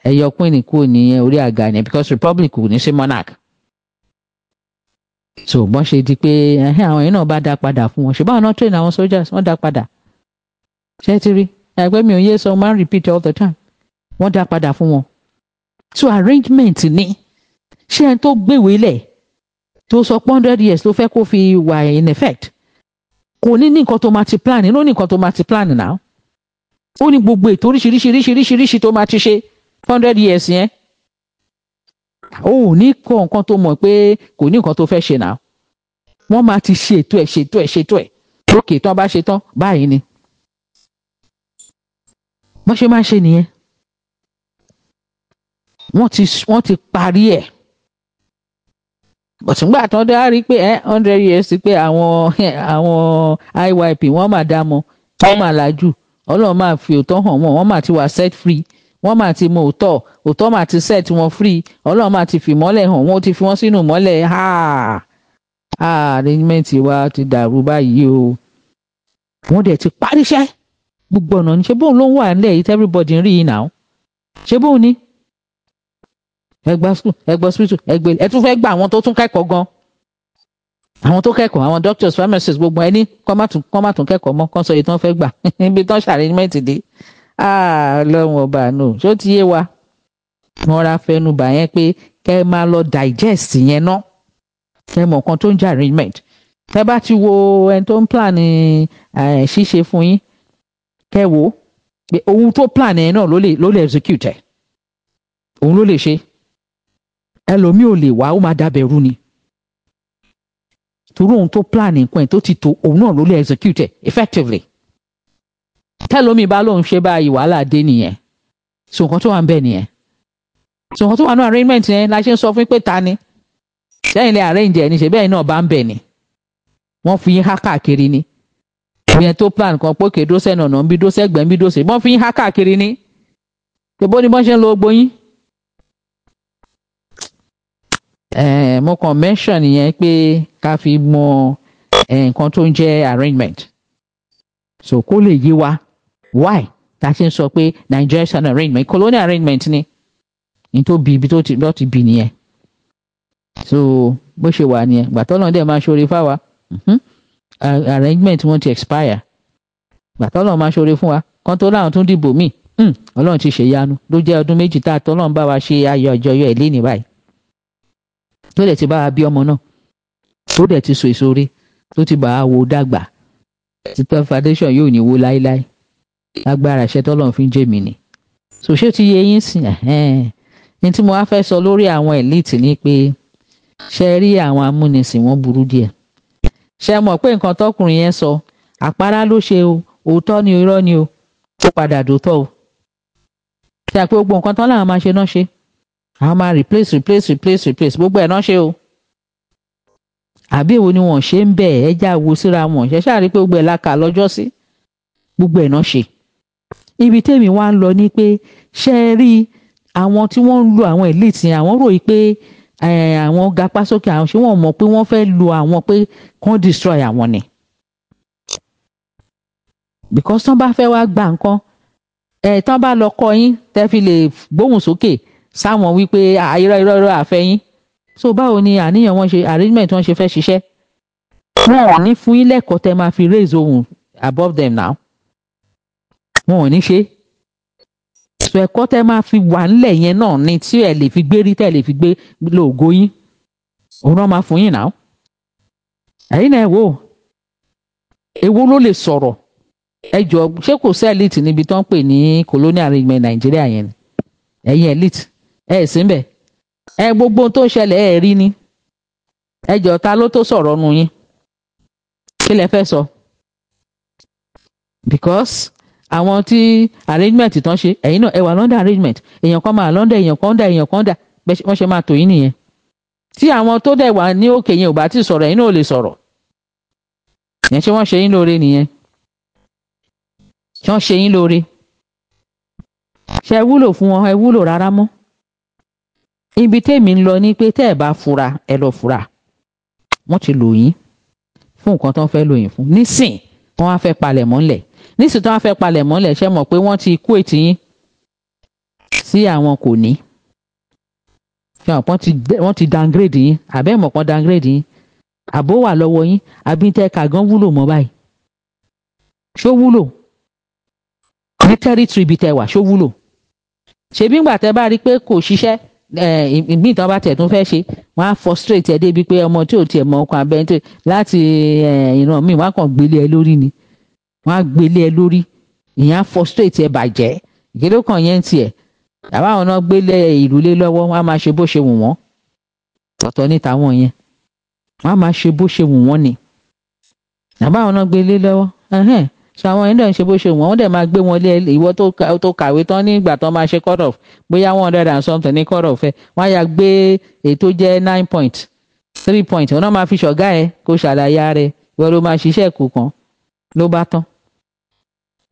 ẹ yọ queen kúrò ní orí àga ni because republic kò ní ṣe monarch so bọ́n ṣe di pé ẹ̀hẹ́ àwọn yìí náà bá dá padà fún wọn ṣùgbọ́n àwọn train àwọn soldiers wọ́n dá padà ṣé ti rí ẹgbẹ́ mi ò yé sọ máa ń repeat all the time wọ́n dá padà fún wọn so arrangement ni ṣé ẹni tó gbéwèé lẹ̀ tó sọ pé hundred years ló fẹ́ kó fi wà in effect kò ní ní nǹkan tó máa ti plan ní ó ní nǹkan tó máa ti plan náà ó ní gbogbo ètò oríṣiríṣi oríṣiríṣi tó máa ti ṣe hundred years yẹn ò ní kọ nǹkan tó mọ̀ pé kò ní nǹkan tó fẹ́ ṣe náà wọ́n máa ti ṣètò ẹ̀ ṣètò ẹ̀ ṣètò ẹ̀ lókè tán bá ṣe tán báyìí ni wọ́n ṣe máa ṣe nìyẹn wọ́n ti wọ́n ti parí ẹ̀ bọ̀túngbà tán dá rí pé hundred years pé àwọn [laughs] àwọn IYP wọ́n máa dá mọ́ wọ́n máa làjú ọlọ́run máa fi òótọ́ hàn wọ́n wọ́n máa ti wà set free wọ́n máa ti mọ òótọ́ òótọ́ máa ti set wọn free ọlọ́run máa ti fìmọ́lẹ̀ hàn wọ́n ti fi wọ́n sínú mọ́lẹ̀ ha ha arrangement wa ti dàrú báyìí o wọ́n dẹ̀ ti parí iṣẹ́ gbogbo ọ̀nà ní ṣe bóun ló ń wà nílẹ̀ yìí everybody ń rí yìí náà ṣe bóun ni ẹgbà school ẹgbà hospital ẹgbẹ ẹ tún fẹ́ gba àwọn tó tún kẹ́kọ̀ọ́ gan àwọn tó kẹ́kọ̀ọ́ àwọn doctors pharmacists gbogbo ẹni kọ́ má tún kẹ́kọ̀ọ́ mọ́ kọ́ sọ èyí tí wọ́n fẹ́ gbà [laughs] ibi tán ṣàrẹ́ńmẹ́ǹtì dé Ah, ọlọ́run ọba nù ṣó ti yé wa wọn ra fẹnu bà yẹn pé kẹ ẹ máa lọ digest yẹn ná kẹ mọ nǹkan tó ń jẹ arrangement tẹ bá ti wo ẹni tó ń plan eh, ṣíṣe fún yín kẹ wò ó pé ohun tó plan yẹn náà ló lè execute ẹ òun ló lè ṣe ẹlòmíì ò lè wá ó máa dábẹ̀rù ni torí ohun tó plan nǹkan ẹ̀ tó ti tó òun náà ló lè execute ẹ effectively tẹ́lómi bá lóun ṣe báyìí wàhálà dé nìyẹn so nǹkan tó wà ń bẹ̀ nìyẹn so nǹkan tó wà ní arrangement yẹn la ṣe ń sọ fún pé ta ni sẹ́yìn lè arrange ẹ̀ ní ṣe náà bá ń bẹ̀ ni wọ́n fi yín há káàkiri ni ìyẹn tó plan kan pé òkè dóṣẹ́ nànà ń bí dóṣẹ́ gbẹ̀ ń bí dóṣẹ́ wọ́n fi yín há káàkiri ni ṣèbó ni wọ́n ṣe ń lo gbóyín. Eh, mo kàn mention yẹn pé ká fi mọ nǹkan tó ń jẹ́ arrangement so kó lè yé wa why ta ṣe ń sọ pé Nigerian side arrangement colonial arrangement ni ní tó bí ibi tó ti lọ́ọ́ ti nìyẹn so bó ṣe wà nìyẹn gbàtọ́lọ́n dẹ̀ máa ṣoore fáwa hmm? arrangement wọn ti expire gbàtọ́lọ́n máa ṣoore fún wa kan tó láwọn tún dìbò míì hmm? ọlọ́run ti ṣèyanu ló jẹ́ ọdún méjì tá a tọ́ bá wa ṣe ayọ̀ àjọyọ̀ ẹ̀ léni báyìí tó dẹ̀ ti bá wa bí ọmọ náà tó dẹ̀ ti so èso rí tó ti bá wa wo dàgbà ti foundation yóò ní wo láéláé agbára ìṣẹ́ tọ́lọ́run fi ń jẹ́ mi ni so ṣé ti yẹ yín sìn ní tí mo wá fẹ́ sọ lórí àwọn elite ni pé ṣe rí àwọn amúnisìn wọn burú díẹ̀ ṣe mọ̀ pé nǹkan tọkùnrin yẹn sọ àpárá ló ṣe o òótọ́ ni irọ́ ni o ó padà dòótọ́ o ṣe àpé gbogbo nǹkan tán láwọn máa ṣe náà ṣe àwọn máa replace replace replace replace gbogbo ẹ̀ náà ṣe o àbí èwo ni wọ́n ṣe ń bẹ̀ ẹ́ já wo síra wọn ṣẹ̀ṣẹ̀ àrí pé gbogbo ẹ̀ la kà lọ́jọ́ sí gbogbo ẹ̀ náà ṣe ibi tèmi wá ń lọ ni pé ṣe é rí àwọn tí wọ́n ń lo àwọn elite yẹn àwọn rò yìí pé àwọn gapá sókè àwọn ṣé wọ́n mọ̀ pé wọ́n fẹ́ lo àwọn pé kàn destroy àwọn ni because tán bá fẹ́ wá gba nǹkan ẹ̀ tán bá lọ kọ yín tẹ́ fi lè gbóhùn sókè sáwọn wípé irọ́ irọ́ irọ́ àfẹ́ so báwo ni àníyàn wọn ṣe arrangement wọn ṣe fẹ́ ṣiṣẹ́ wọn ò ní fún yín lẹ́kọ̀ọ́ tẹ́ máa fi raise ohun above them now wọn ò ní ṣe ẹ̀kọ́ tẹ́ máa fi wà ńlẹ̀ yẹn náà ni tí ẹ lè fi gbé rí tẹ́ lè fi gbé lóògó yín òun náà máa fún yín náà ẹ̀yin náà wò èwo ló lè sọ̀rọ̀ ẹ jọ ṣé kò sí elite níbi tó ń pè ní colonial arrangement nàìjíríà yẹn ni ẹ̀yin elite ẹ ẹ sí ń bẹ ẹ gbogbo tó ń ṣẹlẹ̀ ẹ rí ni ẹ ta ló tó sọ̀rọ̀ nu yín kí lẹ fẹ́ sọ because àwọn tí arrangement tán ṣe ẹ̀yin náà ẹ wà London arrangement èèyàn kan máa London èèyàn kan dà èèyàn kan dà wọ́n ṣe máa tò yín nìyẹn tí àwọn tó dẹ̀ wà ní òkè yẹn ò bá ti sọ̀rọ̀ ẹ̀yin náà ò lè sọ̀rọ̀ yẹn ṣé wọ́n ṣe yín lóore nìyẹn ṣé wọ́n ṣe yín lóore ṣé ẹ wúlò fún wọn ẹ wúlò rárá mọ́ ibi tèmi ń lọ ni pé tẹ́ ẹ bá fura ẹ lọ fura wọ́n ti lò yín fún nǹkan tó ń fẹ́ lò yín fún nísìn wọ́n wá fẹ́ palẹ̀ mọ́lẹ̀ nísìtò wọn fẹ́ palẹ̀ mọ́lẹ̀ ṣe mọ̀ pé wọ́n ti kó ètí yín sí àwọn kò ní fi hàn wọ́n ti downgrade yín àbẹ́ mọ̀ kan downgrade yín àbó wà lọ́wọ́ yín àbí tẹ́ ká gan wúlò mọ́ báyìí ṣó wúlò ní territory ibi tẹ́ wà ṣó wúlò ṣebí ńgbà tẹ́ bá rí i pé kò ṣiṣẹ́ eh, ìgbín ìtàn bá tẹ̀ tún fẹ́ ṣe wọ́n á frustrate ẹ débi pé ọmọ tí ò tiẹ̀ mọ ọkọ̀ abẹ́ńtẹ̀ láti eh, ìran míì wọ́n á kàn gbélé ẹ lórí ni wọ́n á gbélé ẹ lórí ìyẹn á frustrate ẹ bàjẹ́ ìgbélókàn yẹn ń tiẹ̀ bàbá àwọn náà gbélé ìlú lé lọ́wọ́ wọ́n á máa ṣe bó ṣe wù wọ́n ọ̀tọ̀ ní tàwọn yẹn wọ́n á máa ṣe bó ṣe wù wọ́n ni bàbá àwọn náà gbélé lọ́wọ́ so àwọn yẹn dẹ̀ ń ṣe bó ṣe wù wọ́n wọ́n dẹ̀ máa gbé wọn lé ìwọ tó kàwé tán nígbà tán máa ṣe cut off bóyá one hundred and something ní cut off ẹ wọ́n á yà gbé ètò jẹ́ nine point three point wọn náà máa fi ṣọ̀gá ẹ kó ṣàlàyé rẹ ìwọ ló máa ṣiṣẹ́ kù kan ló bá tán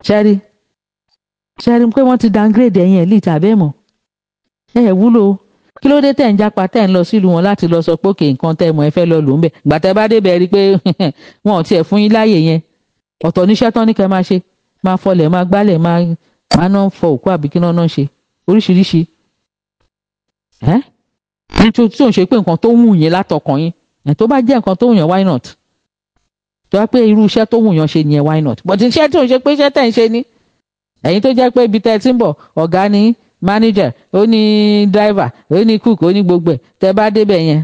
ṣẹ́rí ṣẹ́rí pé wọ́n ti downgrade ẹ̀yìn elite àbẹ́mọ̀ ẹ ẹ̀ wúlò kí ló dé tẹ̀ ń japa tẹ̀ ń lọ sílùú wọn láti lọ sọ pé òkè nǹkan tẹ̀ mọ́ ẹ fẹ́ lọ lò ń bẹ̀ gbàtẹ́ bá débẹ̀ rí i pé [laughs] wọn ò tiẹ̀ fún yín láàyè yẹn ọ̀tọ̀ níṣẹ́ tán ní kẹ́ máa ṣe máa fọlẹ̀ máa gbálẹ̀ máa máa náà fọ òkú àbí kí náà náà ṣe oríṣiríṣi ẹ́ tí ò ṣe pé nǹkan tó wù yín látọkàn yín tó bá jẹ́ nǹkan tó wù yín why not tó wá pé irú iṣẹ́ tó wù yàn ṣe nìyẹn why not but iṣẹ́ tó ń ṣe pé iṣẹ́ tẹ̀ ń ṣe ni ẹ̀yin tó jẹ́ pé ibi tẹ́ ti ń bọ̀ ọ̀gá ni manager ó ní driver ó ní cook ó ní gbogbo ẹ̀ tẹ́ bá débẹ̀ yẹn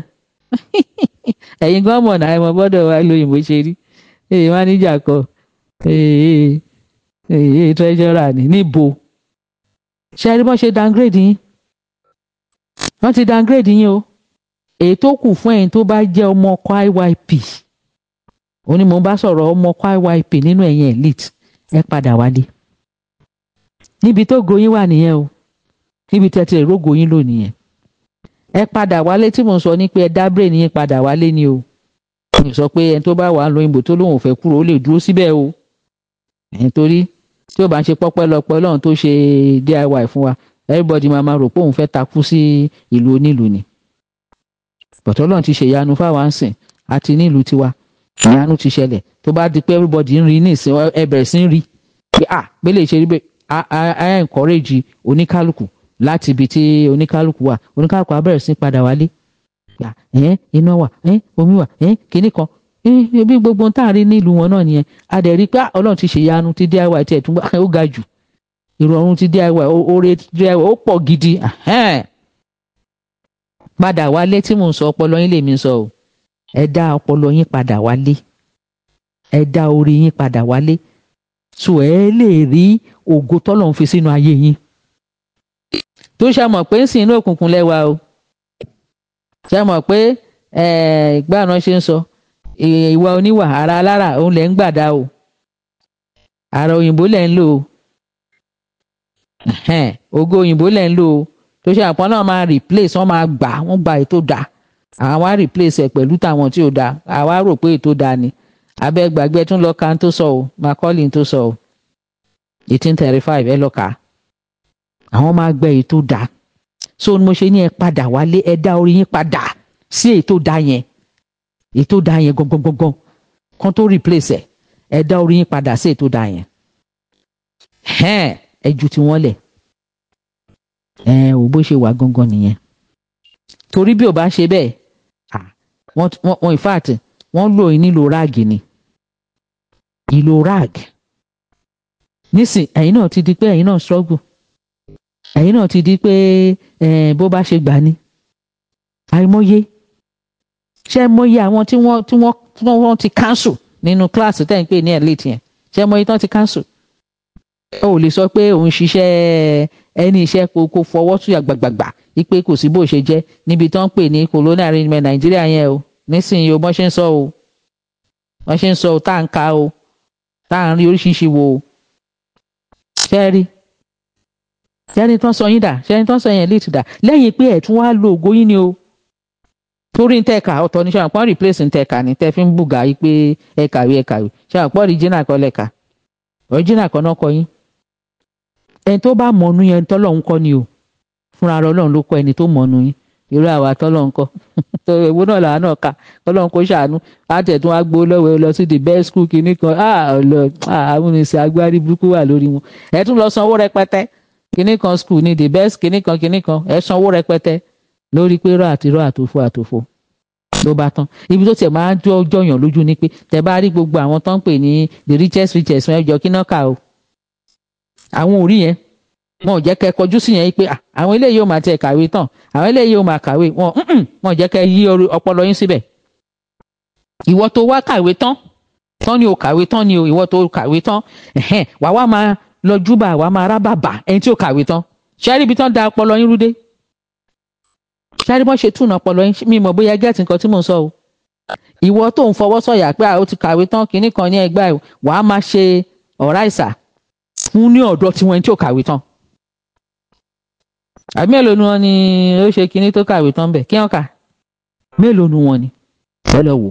[laughs] ẹ̀yin gan mọ̀ náà ẹ̀mọ gbọ́dọ̀ wá lóyìnbó ṣe rí èyí manager kọ èyí èyí treasurer ni níbo ṣe rí bọ́n ṣe downgrade yín wọ́n ti downgrade yín o èyí tó kù fún ẹ̀yin tó bá jẹ́ ọmọ ọkọ̀ IYP ó ní mò ń bá sọ̀rọ̀ ọmọ YYP nínú ẹ̀yìn elite ẹ padà wálé níbi tó goyin wà nìyẹn o níbi tẹ́ ti rè ró goyin lò nìyẹn ẹ padà wálé tí mò sọ ní pé ẹ dá brain padà wálé ni o mi sọ pé ẹni tó bá wà á lọ ìbò tó lóun ò fẹ́ kúrò ó lè dúró síbẹ̀ o ẹ̀yìn torí tí ó bá ń ṣe pọ́pẹ́ lọpẹ́ lọ́run tó ṣe DIY fún wa everybody máa máa rò pé òun fẹ́ takú sí ìlú onílù ni bọ̀tọ́ lọ́run ti ṣèyanu fáwọn àǹsìn àti nílùú tiwa ìyanu ti ṣẹlẹ̀ tó bá di pé everybody ń rí nísìn ẹ bẹ̀rẹ̀ sí ń rí pé à pé lè ṣe rí bẹ́ẹ̀ a encourage oníkálukú láti ibi tí oníkálukú wà oníkálukú á bẹ̀rẹ̀ sí padà wálé gbà ẹ́ iná wà ẹ́ omi wà ẹ́ kinní kan bí gbogbo tá a rí nílùú wọn náà nìyẹn a dẹ̀ rí pé ọlọ́run ti ṣe ìyanu ti diy tí ẹ̀ tún [laughs] ó ga jù ìrọ̀rùn ti diy oore ti diy ó pọ̀ gidi padà wálé tí mò ń sọ ọpọlọ yín lèmi sọ o ẹ dá ọpọlọ yín padà wálé ẹ dá orí yín padà wálé so ẹ lè rí ògo tọ́lọ̀ ń fi sínú ayé yín tó ṣàmọ̀ pé ń sìn inú òkùnkùn lẹ́wà o ṣàmọ̀ pé gbàrán ṣe ń sọ ìwà oníwà ara alára òun lẹ̀ ń gbàdá o ara òyìnbó lẹ̀ ń lò o ògo òyìnbó lẹ̀ ń lò o tó ṣe àpọ́n náà máa replace wọ́n máa gbà wọ́n gba ètò dáa àwọn wá replace ẹ pẹ̀lú tàwọn tí ò dáa àwa rò pé ètò dáa ni abẹ́ gbàgbé tún lọ ka tó sọ o Macaulay tó sọ o eighteen thirty five ẹ lọ kà á àwọn máa gbẹ ètò dáa so mo ṣe ní ẹ padà wálé ẹ dá orí yín padà sí ètò dáa yẹn ètò dáa yẹn gangan kan tó replace ẹ ẹ dá orí yín padà sí ètò dáa yẹn hẹ́n ẹ ju ti wọ́n lẹ̀ ẹ ò bó ṣe wà gangan nìyẹn torí bí ò bá ṣe bẹ́ẹ̀ wọ́n in fact wọ́n lò ní ìlò rag ni ìlò rag nísìn ẹ̀yin náà ti di pé ẹ̀yin náà struggle ẹ̀yin náà ti di pé bó bá ṣe gbà ni àìmọye ṣé mọye àwọn tí wọ́n ti cancel nínú kíláàsì tẹ̀ ń pè ní elite yẹn ṣé mọye tán ti cancel ò lè sọ pé òun ṣiṣẹ́ ẹni iṣẹ́ kò fọwọ́ tún àgbàgbàgbà wípé kò sí bó ṣe jẹ́ níbi tán ń pè ní arrangement nàìjíríà yẹn o nísìnyí o bọ́n ń sọ o o tá à ka o tá à ń rí oríṣiríṣi wo o ṣẹ́ẹ́rí ṣẹ́ẹ́rí tán sọ yín dà tán sọ yẹn lo ògo ni o torí ntẹ̀ka ọ̀tọ̀ replace ntẹ̀ka tẹ́ fi ń bùgà pé ẹni tó bá mọ̀nú yẹn tọ́lọ́run kọ́ ni o fúnra rẹ ọlọ́run ló kọ́ ẹni tó mọ̀nú yín irú àwa tọ́lọ́run kọ́ [laughs] tó ewu náà làwa náà kà tọ́lọ́run kó ṣàánú láti ẹ̀tún wá lọ sí the best school kìíní kan lọ amúnisìn agbárí burúkú wà lórí wọn ẹ tún lọ sanwó rẹpẹtẹ kìíní kan school ni the best kìíní kan kìíní kan ẹ sanwó rẹpẹtẹ lórí pé rọ àti rọ àtòfò àtòfò ló bá tán ibi tó tiẹ̀ máa ń jọ́ jọ̀yàn lójú ni pé tẹ bá rí gbogbo àwọn tó ń pè ní the richest richest wọn ẹ jọ kí náà kà o àwọn òrí yẹn wọn ò jẹ́ kẹ́ kọjú sí yẹn pé ah, àwọn eléyìí ò máa tẹ kàwé tán àwọn eléyìí ò máa kàwé wọn wọn ò jẹ́ kẹ́ yí ọpọlọ yín síbẹ̀ ìwọ tó wá kàwé tán tán ni o kàwé tán ni o ìwọ tó kàwé tán wà wá máa lọ júbà wà máa rá bàbà ẹni tí ò kàwé tán ṣẹ́rí ibi tán da ọpọlọ yín rúdé ṣẹ́rí bọ́n ṣe túnà ọpọlọ yín mi mọ̀ bóyá gẹ́ẹ̀tì nǹkan tí mò ń sọ o ìwọ tó ń fọwọ́ sọ̀yà pé àwọn ah, ti kàwé tán kinní kan ní ẹgbẹ́ wàá máa ṣe ọ̀rá ìsà fún ní ọ̀dọ̀ tiwọn ẹni tí ò kàwé tán àbí mélòó ni wọn ni ó ṣe kinní tó kàwé tán bẹ kí wọn kà mélòó ni wọn ni ẹ lọ wò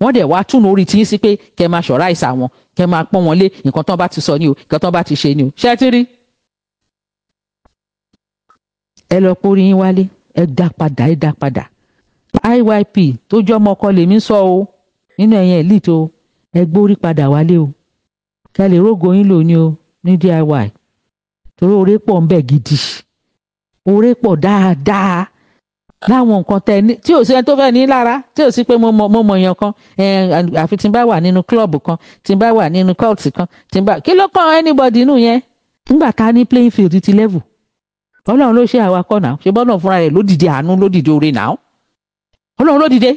wọn dẹ̀ wá túnú orí tiyín sí pé kẹ́ máa ṣọ̀rá ìsà wọn kẹ́ máa pọ́n wọn lé nǹkan tán bá ti sọ ni o nǹkan tán bá ti ṣe ni o ṣé ẹ ti rí ẹ lọ pórí yín wálé ẹ dá padà ẹ dá padà IYP tó jọ ọmọ ọkọ lèmi sọ o nínú ẹ̀yìn elite o ẹ gbórí padà wálé o kẹ́ lè rógo yín lò ní o ní DIY torí oore pọ̀ ń bẹ gidi oore pọ̀ dáadáa láwọn nǹkan tẹ ní tí ò sí ẹni tó fẹ́ ní lára tí ò sí pé mo mọ mo mọ èèyàn kan eh, àfi tí n bá wà nínú klọ́ọ̀bù kan tí n bá wà nínú kọ́ọ̀tì kan tí n bá kí ló kàn anybody nù yẹn nígbà tá a ní playing field ti level ọlọ́run ló ṣe àwa kọ́ náà ṣe bọ́ọ̀nà fúnra rẹ̀ lódìde àánú lódìde oore náà ọlọ́run lódìde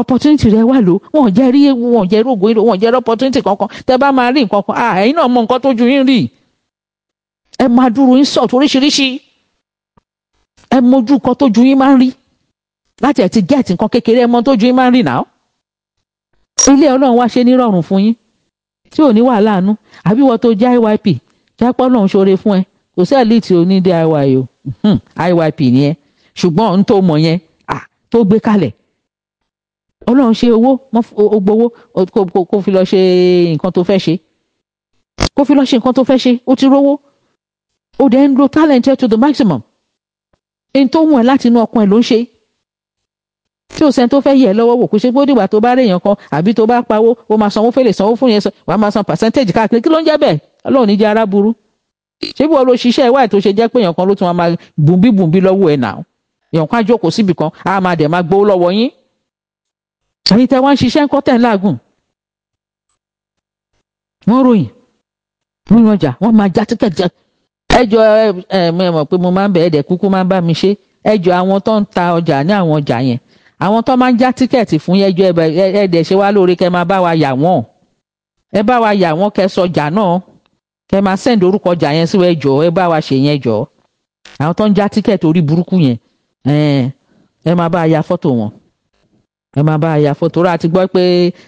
opportunity rẹ wà ló wọn ò rí ewu wọn ò jẹ́ rògbò wọn ò rí opportunity kankan tẹ́ bá máa rí nǹkan kan ah ẹ̀yin náà mọ nǹkan tó ju yín rí ẹ máa dúró insult oríṣiríṣi ẹ mojú nǹkan tó ju yín máa rí láti ẹ̀ ti get nǹkan kékeré ẹ mọ tó ju yín máa rí náà ilé ọlọ́run wá ṣe nírọ̀rùn fún yín tí ò ní wà láàánú àbí wọ́n tó já iyp jápọ̀ náà ṣoore fún ẹ kò sí elite oní diy o iyp hmm, nìyẹn ṣùgbọ́n n tó mọ̀ yẹn tó gbé kalẹ̀ ọlọ́run ṣe owó ó gbowó kó fi lọ ṣe nǹkan tó fẹ́ ṣe kó fi lọ ṣe nǹkan tó fẹ́ ṣe ó ti rówó ó dẹ̀ ń lo talent ẹ̀ to the maximum ẹni tó wù ẹ́ láti inú ọkàn ẹ̀ ló ń ṣe tí o sẹ́ni tó fẹ́ yẹ̀ lọ́wọ́ wò kó ṣe gbódìgbà tó bá rèèyàn kan àbí tó bá pawó ó máa sanwó fèlè sanwó fún yẹn wà á máa san percentage káàkiri kí ló ń jẹ́ bẹ́ẹ̀ ọlọ́run ní jẹ́ ara burú ṣé bí wọ́n lo ṣiṣẹ́ ìwà ètò ṣe jẹ́ pé èèyàn kan ló tún máa gbùnbí gbùnbí lọ́wọ́ ẹ̀ nà èèyàn kan jókòó síbì kan á máa dẹ̀ máa gbowó lọ́wọ́ yín ẹ̀yin tẹ́ wá ń ṣiṣẹ́ ń kọ́ tẹ̀ ń láàgùn wọ́n ròyìn wọ́n ràn wọ́n máa já tíkẹ́tì ẹjọ́ ẹ mọ̀ pé mo máa ń bẹ̀ẹ́ dẹ̀ kúkú máa ń bá mi ṣe ẹjọ́ àwọn tó ń ta ọjà ní àwọn ọjà yẹn àwọn tó máa ń já tíkẹ́ẹ̀tì fún yẹn ẹjọ́ ẹ̀ẹ́dẹ̀ ṣe wá lóore kẹ́ máa bá wa yà wọ́n ẹ bá wa yà wọ́n kẹ́ sọjà náà kẹ́ máa sẹ́ǹd orúkọ ọjà yẹn sí ẹjọ́ ẹ bá wa ṣe yẹn jọ àwọn tó ń já tíkẹ́ẹ̀tì orí burúkú yẹn ẹ máa bá a ya fọ́tò wọn ẹ máa bá ya fọ́tò rà ti gbọ́ pé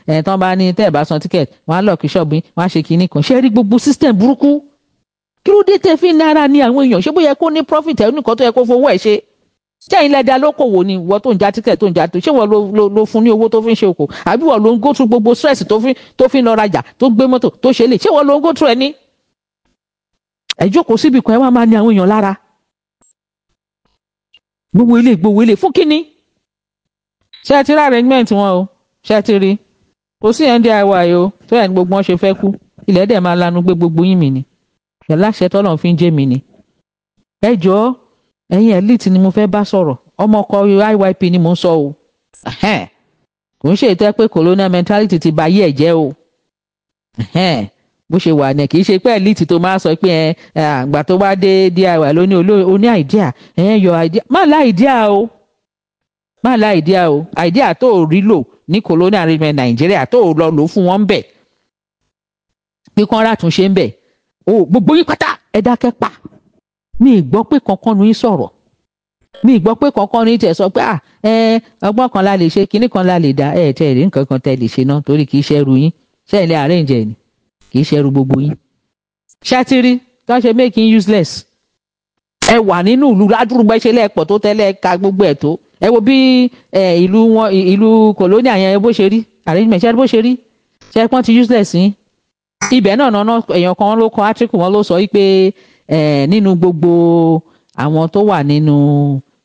ẹ̀ tán bá ní tẹ́ ẹ̀ bá san tíkẹ̀tì wọ́n á lọ kí ṣọ́ọ̀bù yín wọ́n á ṣe kínní kan ṣé rí gbogbo system burúkú kí ló dé tẹ́ fi náírà ní àwọn èèyàn ṣé bó kó ní profit ẹ̀ nìkan tó yẹ kó fowó ẹ̀ ṣe sẹ́yìn lẹ́dá lókòwò ni ìwọ tó ń já tíkẹ̀tì tó ń já tó ṣé wọ́n ló fún ní owó tó fi ń ṣe òkò àbí wọ́n ló ń go through gbogbo stress tó fi tó fi ń lọ rajà tó gbé mọ́tò tó ṣe lè ṣé wọ́n ló ń go through ẹ ní. ẹ jókòó síbi kan ẹ wá máa ní àwọn èèyàn lára gbowó ilé gbowó ilé fún kínní ṣé ẹ ti rí arrangement wọn o ṣé ẹ ti rí kò sí ndiy o tó yẹ ní gbogbo wọn ṣe fẹ́ kú ilẹ̀ dẹ̀ máa lanu gbé gbogbo yín mi ni ìyàláṣẹ tọ́lọ̀ fi ń jẹ́ mi ni. ẹ jọ̀ọ́ ẹ̀yin elite ni mo fẹ́ bá sọ̀rọ̀ ọmọ ọkọ IYP ni mo ń sọ o kò ń ṣe ìtẹ́ pé colonial mentality ti ba ayé ẹ̀ jẹ́ o bó ṣe wà ní kì í ṣe pé elite tó máa sọ pé àgbà tó bá dé DIY ló ní oní àìdíà ẹ̀yìn yọ àìdíà má láìdíà o má la idea o idea tó o rí lò ní colonial arrangement nàìjíríà tó o lọ lò fún wọn bẹ̀ pé kán ràtúnṣe ń bẹ̀ o gbogbo yín pátá ẹ dákẹ́ pa mi ì gbọ́ pé kankan nu yín sọ̀rọ̀ mi ì gbọ́ pé kankan nu yín tẹ̀ sọ pé à ah, ẹ ọgbọ́n kan la lè ṣe kinní kan la lè dá ẹ tẹ̀ rí nǹkan kan tẹ̀ lè ṣe náà torí kì í ṣẹ́rù yín ṣẹ́yìn lè arrange ẹ̀ ni kì í ṣẹ́rù gbogbo yín ṣátìrí tó ṣe making useless ẹ wà nínú ìlú ládùrúgbẹ́ṣẹ́lẹ̀ pọ̀ tó tẹ́lẹ̀ ka gbogbo ẹ̀ tó ẹ wo bí ìlú wọn ìlú kòlónì àyẹn bó ṣe rí arrangement ṣe bó ṣe rí ṣe pọ́n ti useless yín ibẹ̀ náà nọ́nà èèyàn kan ló kọ átíríkù wọn ló sọ wípé nínú gbogbo àwọn tó wà nínú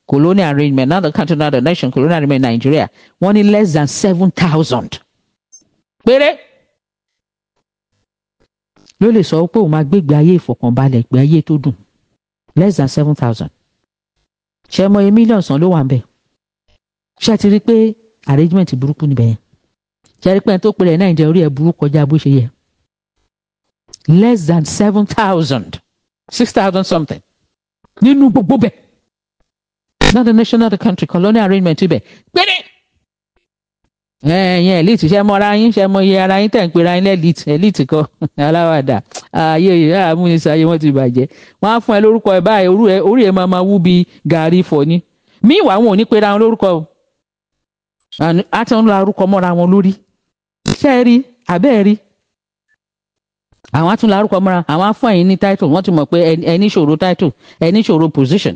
kòlónì arrangement Another country another nation Colonial arrangement in Nigeria wọ́n ní less than seven thousand péré ló lè sọ pé òun máa gbégbé ayé ìfọ̀kànbalẹ̀ ìgbé ayé tó dùn less than seven thousand ṣe mọ iye mílíọ̀nù sàn ló wà ń bẹ̀ ṣé ẹ ti rí i pé arrangement burúkú níbẹ̀ yẹn ṣe rí i pé ẹni tó pe rẹ̀ náà jẹ́ orí ẹ̀ burú kọjá bó ṣe yẹ less than seven thousand six thousand something nínú gbogbo bẹ̀ not the nation not the country colonial arrangement ibẹ̀ péré ẹ̀yin elite ṣe mọ ara yín ṣe mọ iye ara yín tẹ̀ ń pera yín lẹ́lite elite kọ́ [laughs] aláwàdà ààyè ìyá àmúnisẹ ayé wọn ti bàjẹ́ wọn á fún ẹ lórúkọ ẹ báyìí orí ẹ máa máa wú bíi gàárì fọ ni míì wà wọn ò ní pera wọn lórúkọ o àti wọn lọ arúkọ mọ́ra wọn lórí ṣé ẹ rí àbẹ́ ẹ rí àwọn á tún lọ arúkọ mọ́ra àwọn á fún ní title wọ́n ti mọ̀ pé ẹni ṣòro title ẹni ṣòro position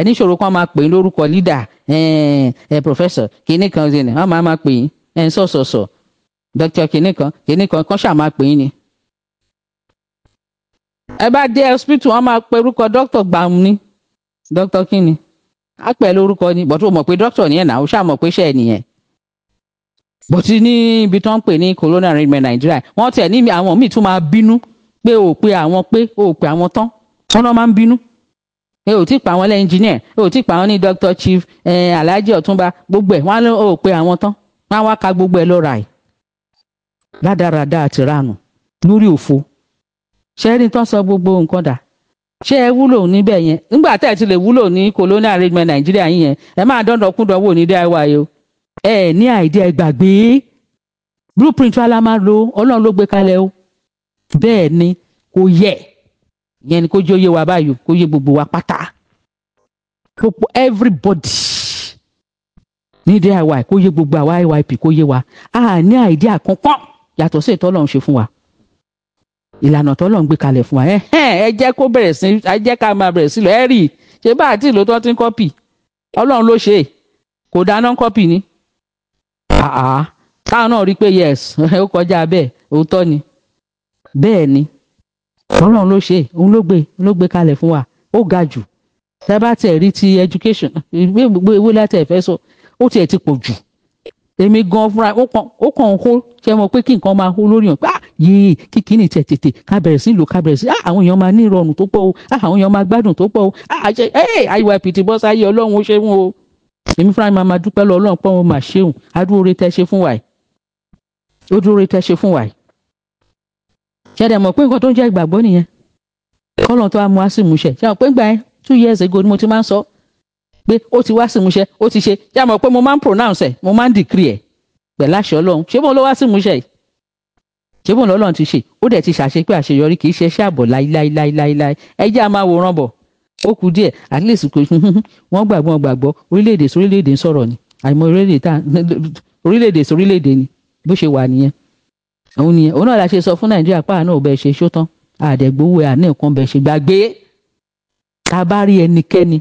ẹni ṣòro kan máa pè é lórúkọ leader ẹ eh, eh, professor kìíní kan ṣe ni wọ́n máa máa pè yín ẹ sọ̀sọ̀sọ̀ doctor kìíní kan kìíní kan kan ṣáà máa pè yín ni. ẹ bá dé hospital wọ́n máa pe orúkọ doctor gbàmù ni doctor kìíní apẹ lórúkọ ni bọ́tú o mọ̀ pé dókítà nìyẹn náà o ṣáà mọ̀ pé iṣẹ́ ẹ̀ nìyẹn bọ́tú ní ibi tó ń pè ní corona arrangement Nigeria wọ́n tẹ̀ ní àwọn míì tún máa bínú pé o pé àwọn pé o pé àwọn tán wọ́n náà máa ń bínú ẹ ò tí pa àwọn lẹ́ńjìníẹ̀ ẹ ò tí pa àwọn ní Dr. Chief ẹ Alhaji Ọ̀túnba gbogbo ẹ̀ wọ́n á ò pé àwọn tán wọ́n á wá ka gbogbo ẹ̀ lọ́ra ẹ̀ rádaràda àtìránù lórí òfo ṣẹ́ni tó sọ gbogbo nǹkan dà ṣé ẹ wúlò níbẹ̀ yẹn nígbà tẹ́ ẹ ti lè wúlò ní colonial arrangement nàìjíríà yín yẹn ẹ máa dọ́dọ̀ kún dọ́wọ́ ní diy o ẹ ní àìdí ẹ gbàgbé blueprint wa la máa lo ọlọ́run ló gbé kalẹ̀ o bẹ́ẹ̀ ni kò yẹ yẹn ni kò jẹ́ wa yẹ gbogbo diy kò gbogbo àwa a ní àìdí àkọ́kọ́ yàtọ̀ sí ìtọ́lọ́run ṣe fún wa. ìlànà tó lọ́n gbé kalẹ̀ fún wa ẹ ẹ jẹ́ kó bẹ̀rẹ̀ sí ẹ jẹ́ ká máa bẹ̀rẹ̀ sí lọ ẹ rí i ṣé bá àti ìlò tó ti ń kọ́pì ọlọ́run ló ṣe kò dáná kọ́pì ni táwọn náà rí i pé yes [laughs] ó kọjá bẹ́ẹ̀ òótọ́ ni bẹ́ẹ̀ ni ọlọ́run ló ṣe é òun ló gbé ló gbé kalẹ̀ fún wa ó ga jù tẹ́ bá tẹ̀ rí ti education ìwé ìwé láti ẹ̀fẹ́ sọ ó tiẹ̀ ti pọ̀ jù èmi gan fúnra ó kàn ó kàn ń hó ṣe mọ̀ pé kí nǹkan máa hó lórí yàn pé ah yìí kíkì ní tẹ̀ tètè ká bẹ̀rẹ̀ sí lò ká bẹ̀rẹ̀ sí ah àwọn èèyàn máa ní ìrọ̀rùn tó pọ̀ o ah àwọn èèyàn máa gbádùn tó pọ̀ o ah àṣẹ ẹ àyíwá ìpìtì bọ́ sáyé ọlọ́run ó ṣe wọn o èmi fúnra mi máa dúpẹ́ lọ ọlọ́run pọ́n mo mà ṣeun adúróore tẹ́ ṣe fún wa yìí adúróore tẹ́ ṣe fún wa yìí ṣẹ̀dẹ̀ mọ̀ pé nǹkan tó ń jẹ́ ìgbàgbọ́ nìyẹn kọ́lọ́n tó wá mu á sì mú ṣẹ̀ ṣe mọ̀ pé gbà yẹn two years ago ni mo ti máa ń sọ pé ó ti wá sí ìmúṣẹ ó ti ṣe já mọ̀ pé mo máa ń pronounce ẹ̀ mo máa ń decree ẹ̀ pẹ̀lú àṣẹ ọlọ́run ṣé bóun ló wá sí ìmúṣẹ yìí ṣé bóun lọ́lọ́run ti ṣe ó dẹ̀ ti ṣàṣepé àṣeyọrí kì í ṣe iṣẹ́ àbọ̀ láíláíláíláí ẹ jẹ́ a máa wòran bọ̀ ó kù díẹ̀ at least kò [laughs] wọ́n gbàgbọ́ gbàgbọ́ orílẹ̀-èdè sí orílẹ̀-èdè ń sọ̀rọ̀ ni àìmọ̀ [laughs] orílẹ̀-èdè sí orílẹ̀-èdè ni bó ṣe wà nìyẹn òun nìyẹn òun náà la ṣe sọ fún nàìjíríà pàà náà bẹ́ẹ̀ ṣe ṣó tán àdẹ̀gbówó àná nǹkan bẹ́ẹ̀ ṣe gbàgbé tá a bá rí ẹnikẹ́ni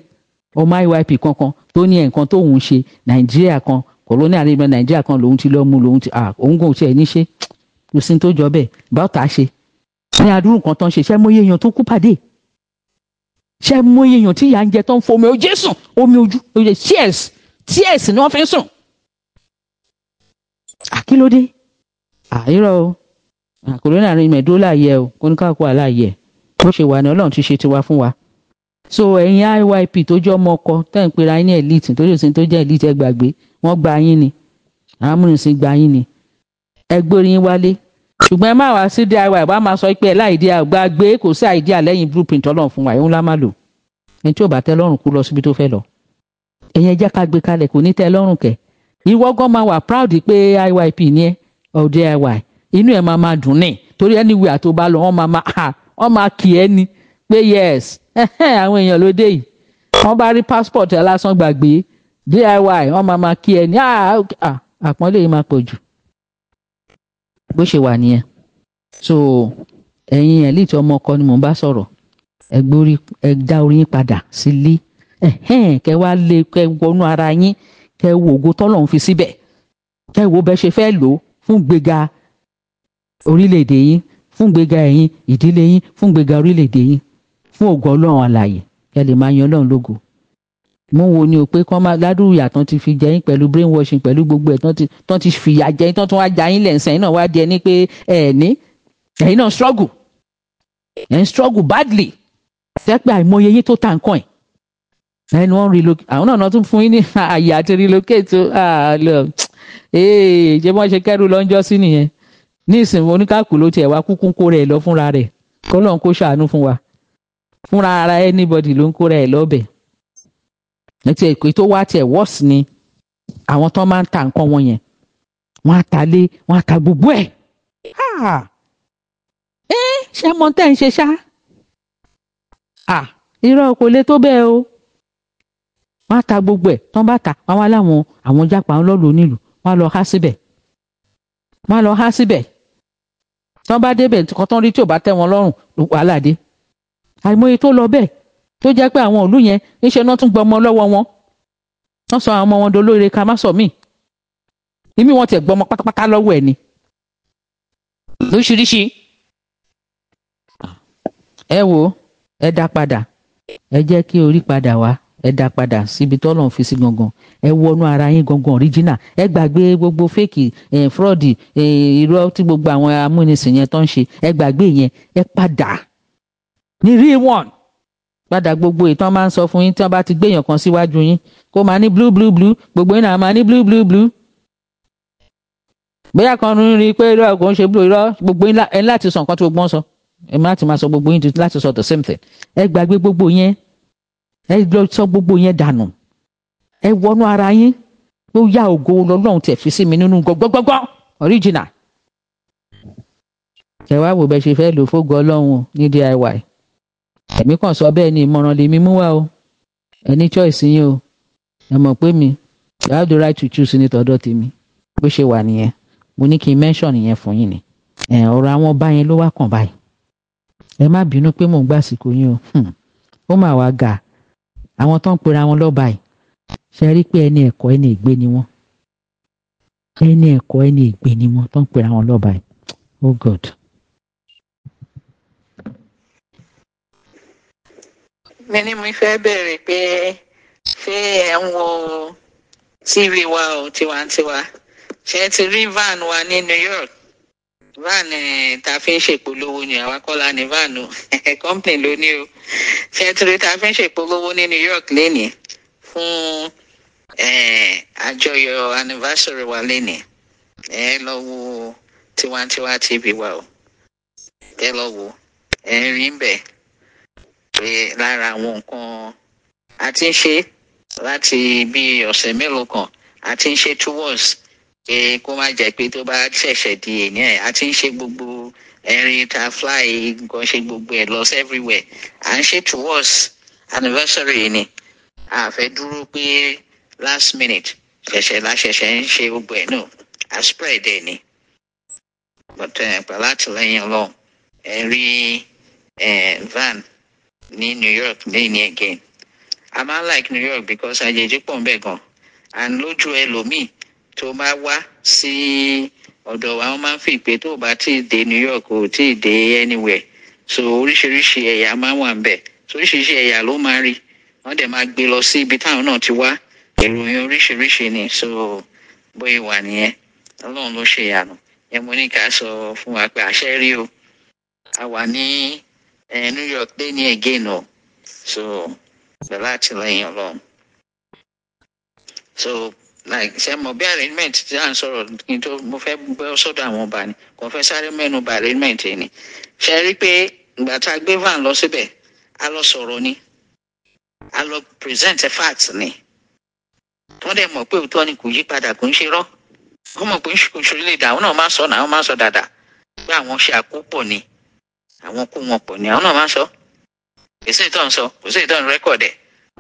ọmọ IYP kankan tó ní nǹkan tóun ṣe nàìjíríà kan colonial arrangement nàìjíríà kan lòun ti lọ mú lòun ti òun kò tiẹ̀ ní ṣe kò sí ní tó jọ bẹ́ẹ̀ báwọ̀tà ṣe ní adúrú nǹkan tán ṣe ṣe mọ́yé èèyàn tó kú pàdé ṣe mọ́yé èèyàn tí ìyà ń jẹ tó ń fomi ojú sùn omi ojú ojú tears tears ni wọ́n fi ń sùn. àkílódé àìrọ o colonial arrangement dúró láàyè o kóníkàkú àláyè bó ṣe wà ní ọlọ́run ti ṣe tiwa fún wa so ẹ̀yin IYP tó jọ ọmọ ọkọ tẹ̀ ń pera yín ní elite nítorí òsín tó jẹ́ elite ẹ gbàgbé wọ́n gba yín ni àwọn amúnisìn gba yín ni ẹ wálé ṣùgbọ́n ẹ má wá sí diy wá máa sọ pé ẹ láìdí àgbàgbé kò sí àìdí àlẹ́yìn blueprint ọlọ́run fún wa ẹ̀hún lá má lò ẹni tí ò bá tẹ́ lọ́rùn kú lọ síbi tó fẹ́ lọ ẹ̀yin ẹjẹ́ ká gbé kalẹ̀ kò ní tẹ́ lọ́rùn kẹ̀ ìwọ gan máa wà proud pé IYP ni ẹ ọ̀ diy inú ẹ̀ máa máa dùn ní torí anywhere tó bá lọ wọ́n máa máa ah, kì ẹ́ pé yes [laughs] àwọn èèyàn ló dé yìí wọ́n bá rí passport ẹ lásán gbàgbé diy wọ́n máa máa kí ẹ ní ah, ah, àpọ́nlé yìí máa pọ̀ jù bó ṣe wà nìyẹn so ẹ̀yin ẹ̀ lìtì ọmọ ọkọ ni mò ń bá sọ̀rọ̀ ẹ gbórí ẹ dá orí yín padà sílé kẹ wá lé kẹ wọnú ara yín kẹ wo ògo tọ́lọ̀ ń fi síbẹ̀ kẹ wo bẹ ṣe fẹ́ lò fún gbéga orílẹ̀ yín fún gbéga ẹ̀yin ìdílé yín fún gbéga orílẹ̀ yín fún ògùn ọlọ́run àlàyé ẹ lè máa yan ọlọ́run lógo mú wo ni o pé kán máa ládùúrú ìyà ti fi jẹ pẹ̀lú brain washing pẹ̀lú gbogbo ẹ̀ tán ti fìyà jẹ yín tán tún wá ja yín lẹ́sẹ̀ yín náà wá di ẹni pé ẹ̀ ní ẹ̀yin náà struggle ẹ̀ struggle badly sẹ́pẹ́ àìmọye yín tó ta nǹkan ẹ̀ ẹni wọn relocate àwọn náà tún fún yín ní àyè àti relocate ah, ṣé wọ́n ṣe kẹ́rù lọ́njọ́ sí nìyẹn ní ìsìn oníkàkù ló tiẹ̀ wá kúkú kó rẹ̀ lọ fúnra rẹ̀ kọ́lọ́n kó ṣàánú fún wa fúnra ara anybody ló ń kóra ẹ̀ lọ́bẹ̀ ètò èkó tó wá tiẹ̀ wọ́ọ̀sì ni àwọn tó máa ń ta nǹkan wọn yẹn wọ́n á ta lé wọ́n á ta gbogbo ẹ̀ ẹ ṣe mọ tẹ́ ń ṣe ṣá irọ́ kò lè tó bẹ́ẹ̀ o wọ́n á ta gbogbo ẹ̀ tán bá ta wọ́n wá láwọn àwọn jápa ọlọ́lùú nílùú wọ́n á lọ há síbẹ̀ wọ́n á lọ há síbẹ̀ tán bá débẹ̀ nǹkan tán rí tí ò bá tẹ́ wọn lọ́rùn wàhálà dé àìmọye tó lọ bẹ́ẹ̀ tó jẹ́ pé àwọn ìlú yẹn níṣẹ́ náà tún gba ọmọ lọ́wọ́ wọn wọ́n sọ àwọn ọmọ wọn dolóore ká má sọ míì ìmí wọn tiẹ̀ gbọmọ pátápátá lọ́wọ́ ẹ̀ ni lóṣìíríṣìí ẹ wo ẹ dá padà ẹ jẹ́ kí orí padà wá ẹ dá padà síbi tọ́lọ́run fi sí gangan ẹ wọnú ara yín gangan original ẹ gbàgbé gbogbo fèkì eh, fraud eh, irọ́ tí gbogbo àwọn amúnisìn yẹn tó ń ṣe ẹ gbàgbé yẹn ẹ padà ní real one padà gbogbo ìtàn máa ń sọ fún yín tí wọn bá ti gbéyàn kan síwájú yín kó máa ní blue blue blue gbogbo yín náà máa ní blue blue blue bóyá kan rí rí pé irọ́ kò ń ṣe blue irọ́ gbogbo yín ẹ láti sọ nǹkan tó gbọ́n sọ ẹ má ti máa sọ gbogbo yín láti sọ the same thing ẹ gbàgbé gbogbo yẹn ẹ lọ sọ gbogbo yẹn dànù ẹ wọnú ara yín ló yá ògo lọ́lọ́run tẹ̀ fi sí mi nínú gbọ́gbọ́gbọ́ original ẹ wá wò bẹ ṣe fẹ́ lò fógo ọlọ́run ní DIY èmi kàn sọ bẹ́ẹ̀ ni ìmọ̀ràn lèmi mú wá o ẹ ní choice yín o ẹ mọ̀ pé mi you have the right to choose ní tọ̀dọ̀ tèmi bó ṣe wà nìyẹn mo ní kí n mention yẹn fún yín ni ọ̀rọ̀ àwọn ọba yẹn ló wá kàn báyìí ẹ má bínú pé mò ń gbàsìkò yín o hmm. ó mà wá ga àwọn tó ń pera wọn lọ́ba yìí ṣe rí pé ẹni ẹ̀kọ́ ẹni ìgbé ni wọ́n ẹni ẹ̀kọ́ ẹni ìgbé ni wọ́n tó ń pera wọn lọ́ba yìí oh God mi ni mo fẹ́ bẹ̀rẹ̀ pé ṣé ẹ̀ ń wo tv wa ò tiwantiwa ṣe ti rí van wa ní New York van eh, ta fi ń ṣèpolówó ni àwa kọ́lá ni van o [laughs] company ló ní o ṣe ti rí ta fi ń ṣèpolówó ní New York lénìí fún eh, àjọyọ̀ anniversary wa lénìí ẹ lọ wo tiwantiwa tv wa o ẹ lọ wo ẹ rí ń bẹ́ẹ̀ pé lára àwọn nǹkan a ti ń ṣe láti bí ọ̀sẹ̀ mélòó kan a ti ń ṣe towards pé kó má jẹ́ pé tó bá ṣẹ̀ṣẹ̀ di èèyàn ẹ̀ a ti ń ṣe gbogbo ẹ̀rin ta fly nǹkan ṣe gbogbo ẹ̀ lọ everywhere à ń ṣe towards anniversary ni a fẹ́ dúró pé last minute ṣẹ̀ṣẹ̀ láṣẹ̀ṣẹ̀ ń ṣe gbogbo ẹ̀ náà a spread ẹ̀ ni but eh, pẹ̀lú àtìlẹ́yìn ọlọ́run ẹ̀ eh, van ní New York lẹ́yìn again I máa ń like New York because àjèjì pọ̀ ń bẹ̀ gan and lójú ẹlòmíì tó máa wá sí ọ̀dọ̀ wa wọ́n máa ń fi ìpè tó bá tí ì dé New York ò tí ì dé anywhere so oríṣiríṣi ẹ̀yà máa wà ń bẹ̀ so oríṣiríṣi ẹ̀yà ló máa rí wọ́n dẹ̀ máa gbé lọ sí ibi táwọn náà ti wá ìròyìn oríṣiríṣi ni so bóyá wà nìyẹn ọlọ́run ló ṣe ìyànà ẹ mo ní ká sọ fún wa pé àṣẹ rí o a wà ní. And eh, New York, they ain't gay no. So the Latin lọ alone. So like say mo bí arrangement ti à ń sọ̀rọ̀ kí n àwọn ọba ni ba ni ṣe rí pé a van lọ síbẹ̀ a lọ ni a ni wọ́n dẹ̀ mọ̀ pé òótọ́ ni kò ṣe rọ́ kò ṣe lè dà náà máa máa sọ dáadáa pé àwọn ṣe àkópọ̀ ni àwọn kó wọn pọ̀ ni àwọn náà máa ń sọ kò sí ìtọ́ ń sọ kò sí ìtọ́ ń rẹ́kọ̀dẹ̀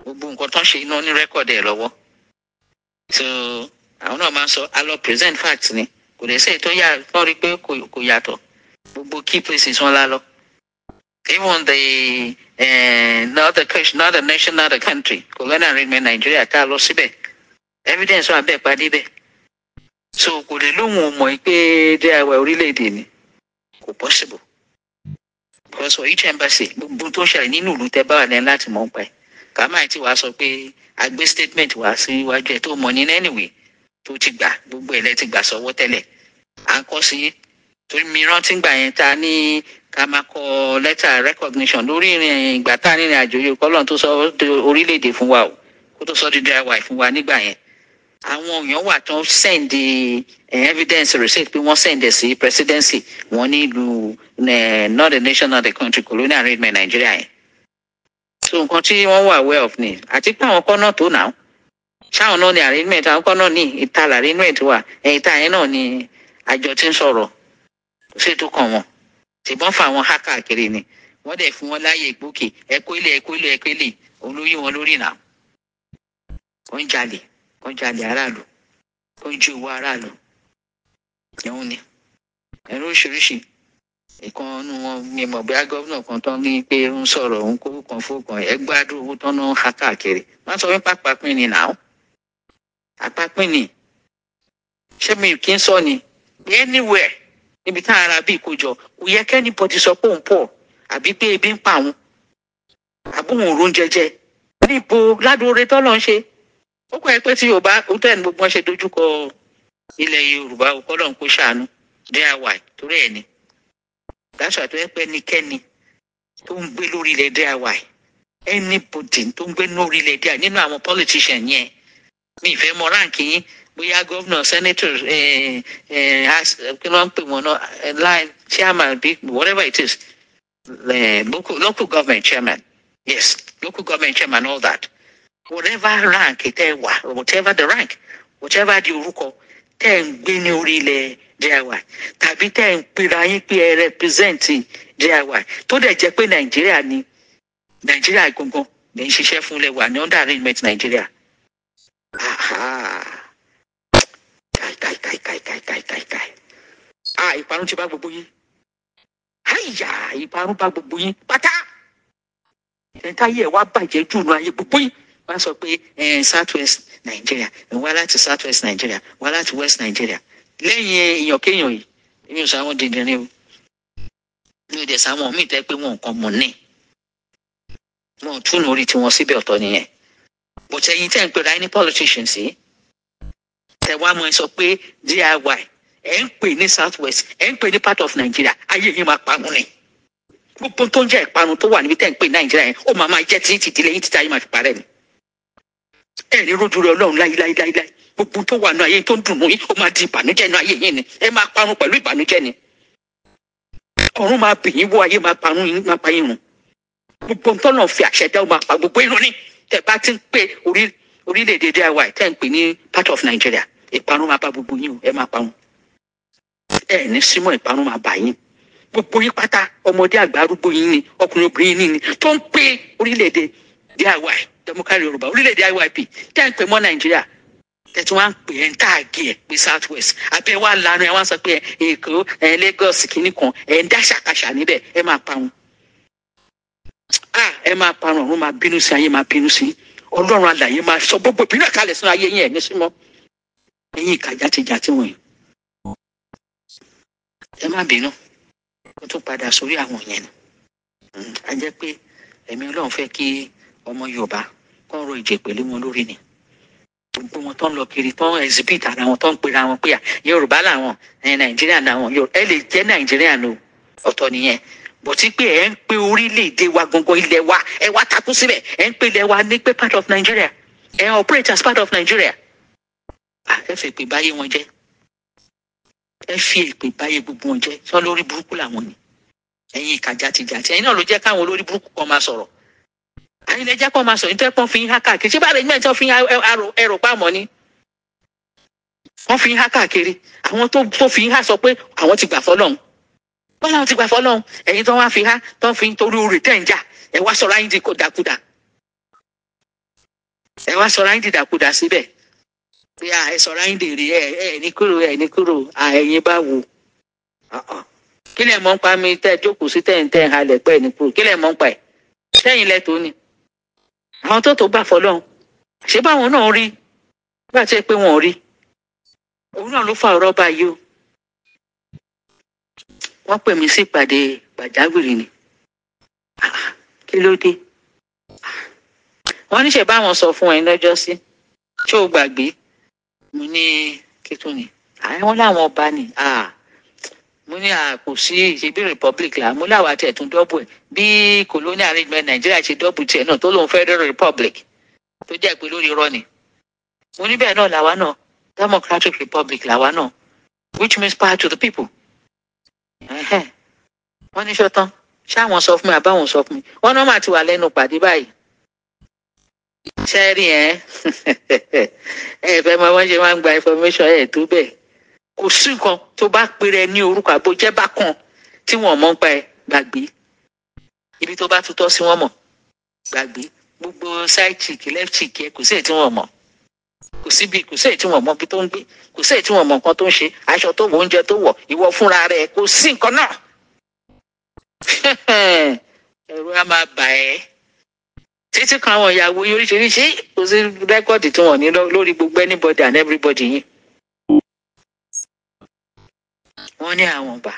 gbogbo nǹkan tó ń ṣe iná ní rẹ́kọ̀dẹ̀ lọ́wọ́ so àwọn náà máa ń sọ a lọ present fact ni kò dẹ̀ sí ìtọ́ yà wọ́n rí i pé kò yàtọ̀ gbogbo key places wọn la lọ even the uh, not country not nation not country colonial arrangement Nigeria ká lọ síbẹ̀ evidence wà bẹ́ẹ̀ padì bẹ́ẹ̀ so kò lè lóhùn mọ̀ pé díẹ̀ àwa orílẹ̀-èdè ni kò possible because for each embassy gbogbo tó ṣẹlẹ̀ nínú ìlú tẹ́ bá wà lẹ́nu láti mọ̀ pa ẹ̀ ká máa wàá sọ pé a gbé statement wá síwájú ẹ̀ tó mọ̀ ní anyway tó ti gbà gbogbo ẹ̀ lẹ́ ti gbà sọ́wọ́ tẹ́lẹ̀ à ń kọ́ sí torí mi rántí gbà yẹn ta ní ká máa kọ lẹ́tà recognition lórí ìrìn ìgbà tá a nírìn àjò yìí kọ́lọ́n tó sọ orílẹ̀-èdè fún wa o kó tó sọ di dry wife fún wa nígbà yẹn àwọn èèyàn wà tó ń Eh, evidence receipt pé wọ́n send sí presidency wọ́n ní ìlú eh, not the nation not the country colonial arrangement Nigeria yẹn. so nǹkan tí wọ́n wà aware of ni àti pé àwọn kan náà tó náà ṣáwọn náà ni arrangement àwọn kan náà ìtàlà arrangement wà ẹ̀yìn tá yẹn náà ni àjọ tí ń sọ̀rọ̀ kò sí ètò kan wọn ṣùgbọ́n fún àwọn hacker kiri ni wọ́n dẹ̀ fún wọn láàyè gbòkè ẹ̀kọ́ ilé ẹ̀kọ́ ilé ẹ̀kọ́ ilé òun wọn lórí náà kò ń jalè kò ń jalè aráàlú kò ń ju owó aráàlú ẹ̀hún ni ẹ̀rú oríṣiríṣi ìkan nu wọn ni mọ̀ bí gómìnà kan tán ní pé ń sọ̀rọ̀ ń kó kan fókan ẹ̀ gbádùn owó tán náà ń ha káàkiri wọ́n sọ wípé àpapín ni nàá àpapín ni ṣé mi kì í sọ ni anywhere níbi tá ara bí ìkójọ kò yẹ kẹ́ni bọ́dì sọ pé òun pọ̀ àbí pé ebi ń pa àwọn àbúrò òórùn jẹjẹ níbo ládùúrẹ́ tọ́lọ́ ń ṣe ó kọ́ ẹ pé tí yorùbá ó tẹ̀ ní gbogbo wọn ṣe dojúkọ ilẹ̀ yorùbá ọlọ́run kó ṣàánú díẹ̀ wà torí ẹ̀ ni dáṣà tó yẹ pé ẹnikẹ́ni tó ń gbé lórí ilẹ̀ díẹ̀ wà anybody tó ń gbé lórí ilẹ̀ díẹ̀ nínú àwọn politician yẹn mi ìfẹ́ mọ ráǹkì yín bóyá gómìnà senator eh, eh, kí ló ń pè wọn náà eh, chairman bí whatever it is uh, local, government chairman yes local government chairman all that whatever rank tẹ́ wà whatever the rank whatever the orúkọ tẹ́ ń gbé ní orí ilẹ̀ diy tàbí tẹ́ ń pera yín pé ẹ represent diy tó dẹ̀ jẹ́ pé nàìjíríà ni nàìjíríà gangan lè ń ṣiṣẹ́ fún ilẹ̀ wa ní under arrangement nàìjíríà. káìkáìkáìkáìkáìkáìkáì ah ìparun ti bá gbogbo yín àyà ìparun bá gbogbo yín pátá ẹ̀ńtáyé ẹ̀ wá bàjẹ́ jù nù ayé gbogbo yín wá sọ pé south west Nigeria, wá láti south west nàìjíríà wá láti west nàìjíríà lẹ́yìn èèyànkéèyàn yìí èmi ò sáwọn dìndínrín o mi ò dẹ̀ sáwọn míì tẹ́ pé wọn nǹkan mọ̀ ní wọn ò túnú orí tiwọn síbẹ̀ ọ̀tọ̀ nìyẹn bọ̀tẹ̀ yìí tẹ̀ ń pè ráyé ní politician sí tẹ̀ wá mọ̀ ẹ sọ pé diy ẹ̀ ń pè ní south west ẹ̀ ń pè ní part of Nigeria, ayé yìí máa parun ni gbogbo tó ń jẹ́ ìparun tó wà níbi tẹ̀ ń pè nàìjíríà yẹn ó máa máa jẹ́ títí ìdílé yìí títa yìí máa fi parẹ́ ni ẹ ní rojú rẹ Ọlọ́run láyé láyé láyé láyé gbogbo tó wà nù ayé tó ń dùn yín ó máa di ìbànújẹ́ nù ayé yín ni ẹ máa parun pẹ̀lú ìbànújẹ́ ni ọ̀run máa bì yín wọ ayé máa parun yín máa pa yín run gbogbo nǹkan náà fi àṣẹ dá ó máa pa gbogbo irun ni tẹ́ bá ti ń pè orí orílẹ̀-èdè dy tẹ́ ń pè ní part of Nigeria ìparun máa bá gbogbo yín o ẹ máa parun ẹ ní símọ́ ìparun máa bà yín gbogbo yín pátá ọmọdé àgbà arúgbó yín ni ọkùnrin obìnrin yín ni tó ń pè orílẹ̀-èdè dy democrat yorùbá orílẹ̀-èdè iyp tẹ́ ń pè mọ́ nàìjíríà tẹ̀tún wá ń pè ẹ́ ń tààgì ẹ̀ pé south west abẹ́ wa lanu ẹ̀ wá sọ pé èkó ẹ̀ lagos kìíní kan ẹ̀ ń dá ṣàkàṣà níbẹ̀ ẹ̀ máa parun ẹ máa parun ọ̀run máa bínú sí ayé máa bínú sí ọlọ́run àlàyé máa sọ gbogbo ìbílẹ̀ kalẹ̀ sínú ayé yẹn ní símọ́ ẹ̀yìn ìka játijàti wọ̀nyí ẹ má bínú ó tún padà sórí àwọn yẹn ni a jẹ́ pé ẹ̀mí ọlọ́run fẹ́ kí ọmọ yorùbá kọ́ ro ìjẹ̀pẹ̀ lé wọn lórí ni gbogbo wọn tó ń lọ kiri tó ń exhibit ara wọn tó ń pera wọn pé yorùbá làwọn nàìjíríà làwọn ẹ lè jẹ́ nàìjíríà nù ọ̀tọ̀ nìyẹn bọ̀tí pé ẹ ń pe orílẹ̀-èdè wa gangan ilẹ̀ wa ẹ wá takú síbẹ̀ ẹ ń pe ilẹ̀ wa ní pé part of Nigeria ẹ operate as part of Nigeria ẹ fẹ́ pè báyé wọn jẹ́ ẹ fi èpè báyé gbogbo wọn jẹ́ sọ lórí burúkú làwọn ni ẹ̀yin ìka jàtijàti ẹ̀yin náà ló jẹ́ káwọn olórí burúkú kan máa sọ̀rọ̀ ẹ̀yin ẹja kan máa sọ nítorí pé fi ń há káàkiri ṣé bá lè gbẹ̀ǹtì wọ́n fi ń ẹrù pamọ́ ni wọ́n fi ń há káàkiri àwọn tó fi ń há sọ pé àwọn ti gbà fọ́lọ́run wọn làwọn ti gbà fọ́lọ́run ẹ̀yin tó wá fi há tó fi ń torí orí tẹ̀ ẹ̀ wá sọ̀rọ̀ ayíǹde kò dàkúdà ẹ̀ wá sọ̀rọ̀ ayíǹde dàkúdà síbẹ̀ pé ẹ sọ̀rọ̀ ayíǹde rè ẹ ẹ ní kúrò ẹ ní kúrò ẹ̀yin bá wò kí lẹ̀ mọ́ pa mi tẹ́ jókòó sí tẹ̀ ń tẹ̀ halẹ̀ pẹ́ ní kúrò kí lẹ̀ mọ́ pa ẹ̀ tẹ́yìn lẹ́tọ̀ọ́ ni àwọn tó tó gbà fọlọ́run ṣé báwọn náà rí bá ti ẹ pé wọn ò rí òun náà ló fa ọ̀rọ̀ báyìí o wọ́n pè mí sí ìpàdé pàjáwìrì ni kí ló dé wọ́n níṣẹ́ báwọn sọ fún ẹ lọ́jọ́ sí ṣé o gbàgbé mo ní kí tún ni àwọn láwọn ọba ni. Ah mo ní à kò sí ìṣebí republic là mo láwa tẹ̀ tún dọ́bù ẹ̀ bí colonial arrangement nàìjíríà ṣe dọ́bù tiẹ̀ náà tó lòun federal republic tó jẹ́ pé lórí irọ́ ni mo ní bẹ́ẹ̀ náà làwa náà democratic republic làwa náà which means power to the people. wọ́n ní sọ́tán ṣáwọn sọ fún mi àbáwọn sọ fún mi wọ́n náà máa ti wà lẹ́nu pàdé báyìí. iṣẹ́ rí ẹ̀ [laughs] ẹ̀ fẹ́ mọ wọ́n ṣe máa ń gba information ẹ̀ tó bẹ́ẹ̀ kò sí nǹkan tó bá pèrè ní orúkọ àbójẹ́ bá kàn tí wọn mọ̀ pa ẹ̀ gbàgbé ibi tó bá tutọ́ sí wọn mọ̀ gbàgbé gbogbo side cheek left cheek ẹ kò sí èyí tí wọn mọ̀ kò síbi kò sí èyí tí wọn mọ̀ ibi tó ń gbé kò sí èyí tí wọn mọ̀ nǹkan tó ń ṣe aṣọ tó wọ oúnjẹ tó wọ ìwọ fúnra rẹ kò sí nǹkan náà [laughs] ẹ̀rù á máa bà ẹ́ títí kan àwọn ìyàwó oríṣiríṣi kò sí rẹ́kọ̀dì tí wọ́n ní lórí gbogbo anybody and everybody yìí wọ́n ní àwọn gbà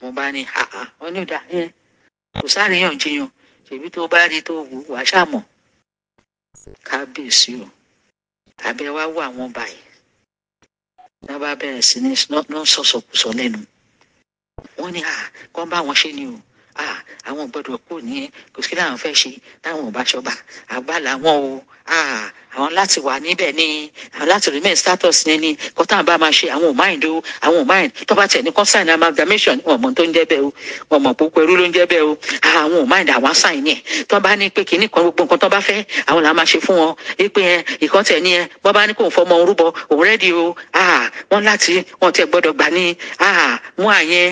mo bá ní àá wọ́n ní ìdá yẹn eh, kò sáréyàn jiyàn ṣèbí tó bá rí tó wù wá ṣàmọ̀ kábíyèsí o àbẹ wá wọ àwọn báyìí náà bá bẹ̀rẹ̀ sí ní sọ̀sọ̀kùsọ̀ lẹ́nu wọ́n ní à kọ́ bá wọn ṣe ni o àwọn gbọ́dọ̀ kú ní kò sí láwọn fẹ́ ṣe táwọn ò bá ṣọba àgbà làwọn o àwọn láti wà níbẹ̀ ni àwọn láti remain status ni ni kọ́ táwọn bá máa ṣe àwọn ò mind o àwọn ò mind tó tẹ̀ ní concern amalgamation wọn mọ̀ tó ń jẹ́ bẹ́ẹ̀ o wọn mọ̀ pé pẹ̀lú ló ń jẹ́ bẹ́ẹ̀ o àwọn ò mind àwọn sign ni ẹ̀ tó ní pé kínní kan gbogbo nǹkan tó fẹ́ àwọn làá máa ṣe fún wọn ẹ pé ẹ ni ẹ bọ́ bá ní kò ń fọmọ orúbọ òun rẹ́dí o wọn láti wọn tẹ gbọ́dọ̀ gbà ní mú àyẹn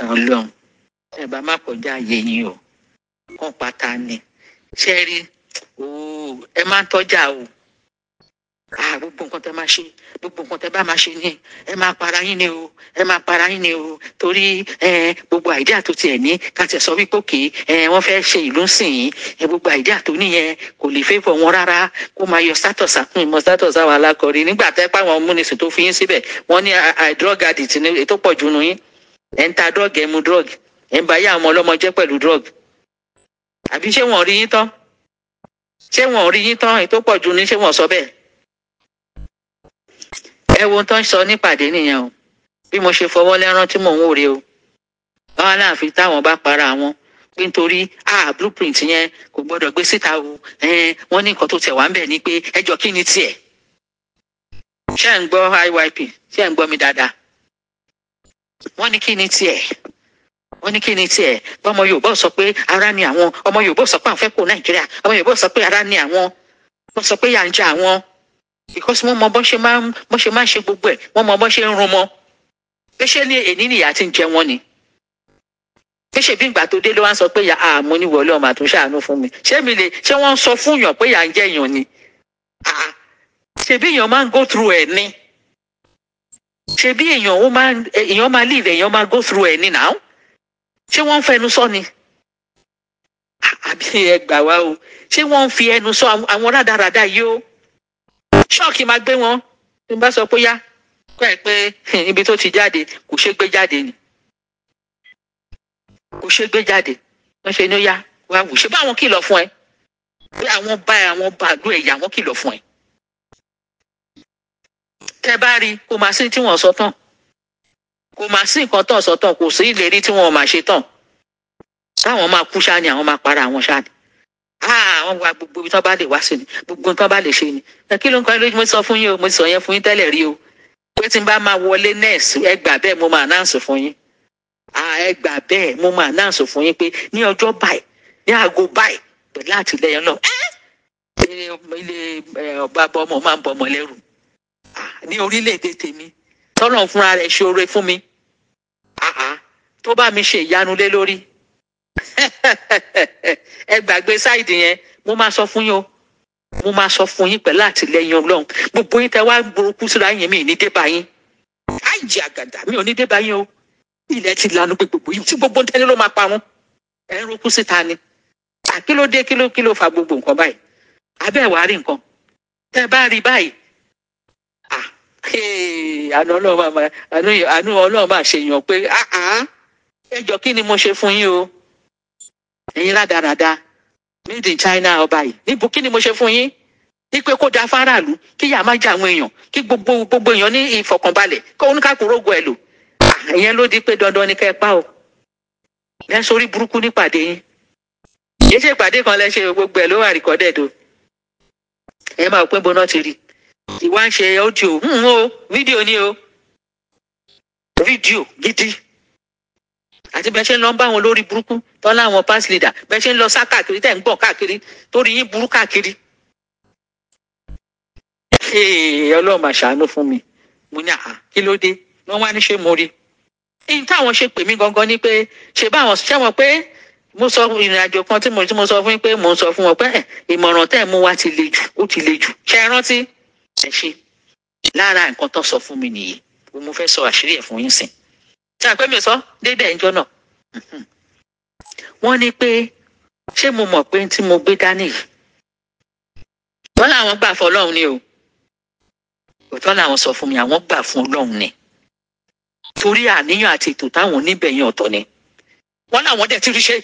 Ọlọ́run ẹ bá má kọjá àyè yín o kàn pátá ni ṣe rí ooo ẹ tọ́jà o ah gbogbo nǹkan tẹ máa ṣe gbogbo nǹkan tẹ bá máa ṣe ni ẹ máa para yín ni o ẹ máa para yín ni o torí ẹ gbogbo àìdíà tó tiẹ̀ ní ká tiẹ̀ sọ wípé òkè ẹ wọ́n fẹ́ ṣe ìlú sìn ẹ gbogbo àìdíà tó níyẹn kò lè fẹ́ fọ̀ wọn rárá kó máa yọ status àkùn ìmọ̀ status àwọn alákọ̀ọ́rí nígbà tẹ́ pàwọn múnisìn tó fi yín síbẹ̀ wọ́n ní drug addict tó pọ̀ jù nù yín ẹ ń ta drug ẹ mu drug ẹ ń bayé àwọn ọlọ́mọ jẹ́ pẹ̀lú drug àbí ṣé wọn rí yín tán ṣé wọn rí yín tán ètò pọ̀ jù ní ṣé wọn sọ bẹ́ẹ̀ ẹ wo tán sọ nípàdé nìyẹn o bí mo ṣe fọwọ́ lẹ́rán tí mò ń wòre o báwa náà fi táwọn bá para wọn pé nítorí ah blueprint yẹn kò gbọdọ̀ gbé síta o wọ́n ní nǹkan tó tẹ̀ wá ń bẹ̀ ni pé ẹjọ́ kí ni tiẹ̀ ṣé ń gbọ́ IYP ṣé ń gbọ́ mi dáadáa wọ́n ní kí ni tiẹ̀ wọ́n ní kí ni tiẹ̀ ọmọ yorùbá sọ pé ara ni àwọn ọmọ yorùbá sọ pé àwọn fẹ́ kó nàìjíríà ọmọ yorùbá sọ pé ara ni àwọn wọ́n sọ pé yà àwọn because wọ́n mọ bọ́n ṣe máa ń bọ́n ṣe máa ń ṣe gbogbo ẹ̀ wọ́n mọ bọ́n ṣe ń rún mọ́ pé ṣé ní èní nìyà ti ń jẹ wọ́n ni pé ṣe bí ìgbà tó dé ló wá sọ pé yà mo ní wọlé ọmọ àtúnṣe àánú fún mi ṣé mi lè ṣé wọ́n sọ fún yàn pé yà ń jẹ yàn ni ṣèbí yàn máa ń go through ẹ̀ ni ṣebí èèyàn ó máa èèyàn máa live èèyàn máa go through ẹ̀ ní now ṣé wọ́n ń fẹnu sọ ni àbí ẹ gbà wá o ṣé wọ́n ń fi ẹnu sọ àwọn rádaràda yìí o ṣọ́ọ̀kì máa gbé wọn tí n bá sọ pé yá kọ́ ẹ pé ibi tó ti jáde kò ṣe gbé jáde ni kò ṣe gbé jáde wọ́n ṣe ní ó yá wá wò ṣe bá àwọn kìlọ̀ fún ẹ pé àwọn bá àwọn bàálù ẹ̀yà wọ́n kìlọ̀ fún ẹ tẹ bá rí kò má sí tí wọn sọ tán kò má sí nǹkan tán sọ tán kò sí ìlérí tí wọn ò ṣe tán táwọn máa kú ṣáà ni àwọn máa para àwọn ṣáà ni àwọn wa gbogbo ibi tí bá lè wá sí ni gbogbo ibi bá lè ṣe ni kí ló ń kọ́ mo sọ fún yín o mo sọ yẹn fún yín tẹ́lẹ̀ rí o pé tí n bá máa wọlé nẹ́ẹ̀sì ẹ bẹ́ẹ̀ mo máa náà sọ fún yín ẹ bẹ́ẹ̀ mo máa náà sọ fún yín pé ní ọjọ́ báyìí ní aago báyìí pẹ̀lú àtìlẹyìn náà ilé ọba bọmọ máa ń bọmọ lẹ́rù ní orílẹ̀-èdè tèmi tọ́lọ̀ fúnra rẹ̀ ṣe oore fún mi tó bá mi ṣe ìyanu lé lórí [laughs] ẹ gbàgbé sáìdì yẹn mo máa sọ fún yín o mo máa sọ fún yín pẹ̀lú àtìlẹyìn ọlọ́run gbogbo yín tẹ wá burúkú síra yín mi ní débà yín àìjì àgàdà mi ò ní débà yín o ilẹ̀ ti lanu pé gbogbo yín tí gbogbo ń tẹ́lẹ̀ ló máa parun ẹ̀ ń rúkú síta ni àkílódé kílókíló fa gbogbo nǹkan báyìí abẹ́ ẹ̀ wá rí nǹkan tẹ́ bá rí báyìí àánú ọlọ́run máa àánú ọlọ́run máa ṣe yàn pé ah, ah, ẹ jọ kí ni mo ṣe fún yín o ẹ̀yin rádaràda made in China ọba yìí níbo kí ni mo ṣe fún yín ní pé kó da fáráàlú kí yàá má jẹ àwọn èèyàn kí gbogbo gbogbo èèyàn ní ìfọ̀kànbalẹ̀ kó oníkàkùn rógo ẹ lò ah, ìyẹn ló di pé dandan ni kẹ ẹ pa o ẹ ń sorí burúkú nípàdé yín yéé ṣe ìpàdé kan lẹ ṣe gbogbo ẹ ló wà rìkọdẹ tó ẹ máa pín bọ́nà ti rí ìwà ń ṣe ọ́díò ń hmm, o fídíò ni o fídíò gidi àti bẹ́ẹ̀ ṣe ń lọ bá wọn lórí burúkú tọ́lá àwọn past leader bẹ́ẹ̀ ṣe ń lọ sá káàkiri tẹ̀ ń gbọ̀n káàkiri torí yín burú káàkiri. ọlọ́run àṣàánú fún mi mo ní àhà kí ló dé wọ́n wá ní ṣé mo rí i táwọn ṣe pè mí gangan ni pé ṣe báwọn ṣe wọn pé mo sọ ìrìn kan tí mo sọ fún yín pé mo sọ fún wọn pé ìmọ̀ràn tẹ́ mú wá ti le jù ó ti le jù ṣe é rántí ẹ ṣe lára nǹkan tó sọ fún mi nìyí mo fẹ́ sọ àṣírí ẹ̀ fún yín sìn tí àpẹ́ mi sọ dédé ẹ̀ńjọ́ náà wọ́n ní pé ṣé mo mọ̀ pé tí mo gbé dání yìí wọ́n láwọn gbà fún ọlọ́run ni o òótọ́ làwọn sọ fún mi àwọn gbà fún ọlọ́run ni torí àníyàn àti ètò táwọn oníbẹ̀ yẹn ọ̀tọ̀ ni wọ́n láwọn dẹ̀ ti rí ṣe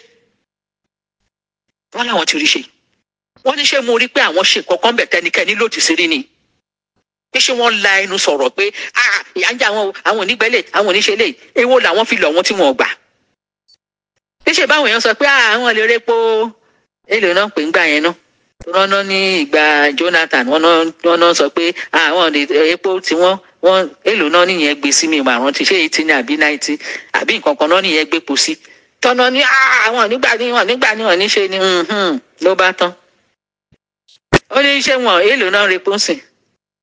wọ́n láwọn ti rí ṣe wọ́n ní ṣé mo rí pé àwọn ṣe kọ̀ọ̀kan bẹ̀ tẹnikẹ́ni lòdì sí rí ni kí ṣé wọ́n la ẹnu sọ̀rọ̀ pé ah, ah, ìyá ń jẹ àwọn àwọn onígbẹ́lẹ̀ àwọn oníṣẹ́lẹ̀ èwo làwọn fi lọ̀ wọ́n tí wọ́n gbà kí ṣe báwọn èèyàn sọ pé ah, àwọn lè repo èlò náà pè ń gbà yẹn náà wọ́n ná ní ìgbà Jonathan wọ́n ná sọ pé àwọn epo tí wọ́n wọ́n èlò náà nìyẹn gbé sí mi àrùn ti ṣe eighty ní àbí ninety àbí nǹkan kan náà nìyẹn gbé po sí tọ́nà ní àwọn nígbà ní wọn nígbà ní wọn níṣe ni hmm, hmm, ló bá tán ó ní iṣẹ́ wọn èlò náà repo sìn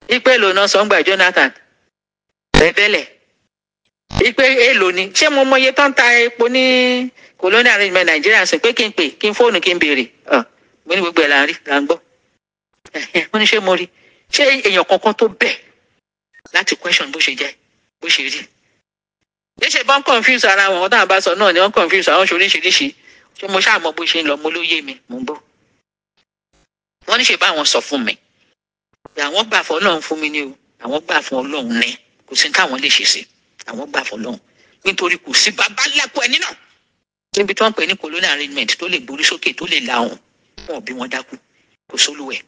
ipe èlò náà sọ ń gbà Jonathan tẹ́tẹ́lẹ̀ ipe èlò ni ṣé mo mọ iye tó ń ta epo ní colonial arrangement Nigeria sìn pé kí n pè kí n fóònù kí n béèrè mo ní gbogbo ẹ̀ là ń rí là ń gbọ́ mo ní ṣé mo rí ṣé èèyàn kankan tó bẹ̀ láti question bó ṣe jẹ́ bó ṣe rí léṣe bọ́n confuse ara wọn ọ̀dà àbáṣọ náà ni wọ́n confuse àwọn oríṣiríṣi ṣé mo ṣáà mọ bó ṣe ń lọ mo ló mi mò ń bọ̀ wọ́n ní ṣe bá wọn sọ fún mi àwọn gbà fún ọlọ́run fún mi ni o àwọn gbà fún ọlọ́run ni kò sí táwọn lè ṣe sí àwọn gbà fún ọlọ́run nítorí kò sí bàbá lápò ẹni náà níbi tí wọ́n pè ní colonial arrangement tó lè gborí sókè tó lè la òun wọn ò bí wọn dákú kò sólùwẹ̀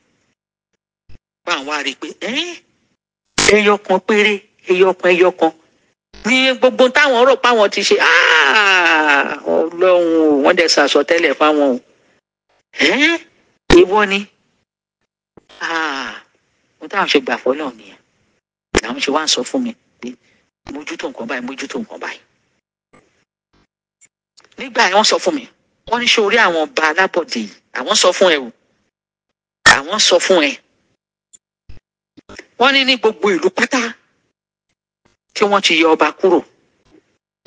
wọn àwọn á rí i pé ẹyọ kan péré ẹyọ kan ẹyọ kan ní gbogbo táwọn rò páwọn ti ṣe ọlọ́run o wọ́n dẹ̀ sàsọtẹ́lẹ̀ fáwọn o ìwọ ni. Ah mo táwọn ṣe gbà fọlọ́ọ̀ nìyẹn làwọn ṣe wá ń sọ fún mi pé mójútó nǹkan báyìí mójútó nǹkan báyìí nígbà yẹn wọ́n sọ fún mi wọ́n ní ṣe orí àwọn ọba alábọ̀dé yìí àwọn sọ fún ẹ o àwọn sọ fún ẹ wọ́n ní ní gbogbo ìlú pátá tí wọ́n ti yọ ọba kúrò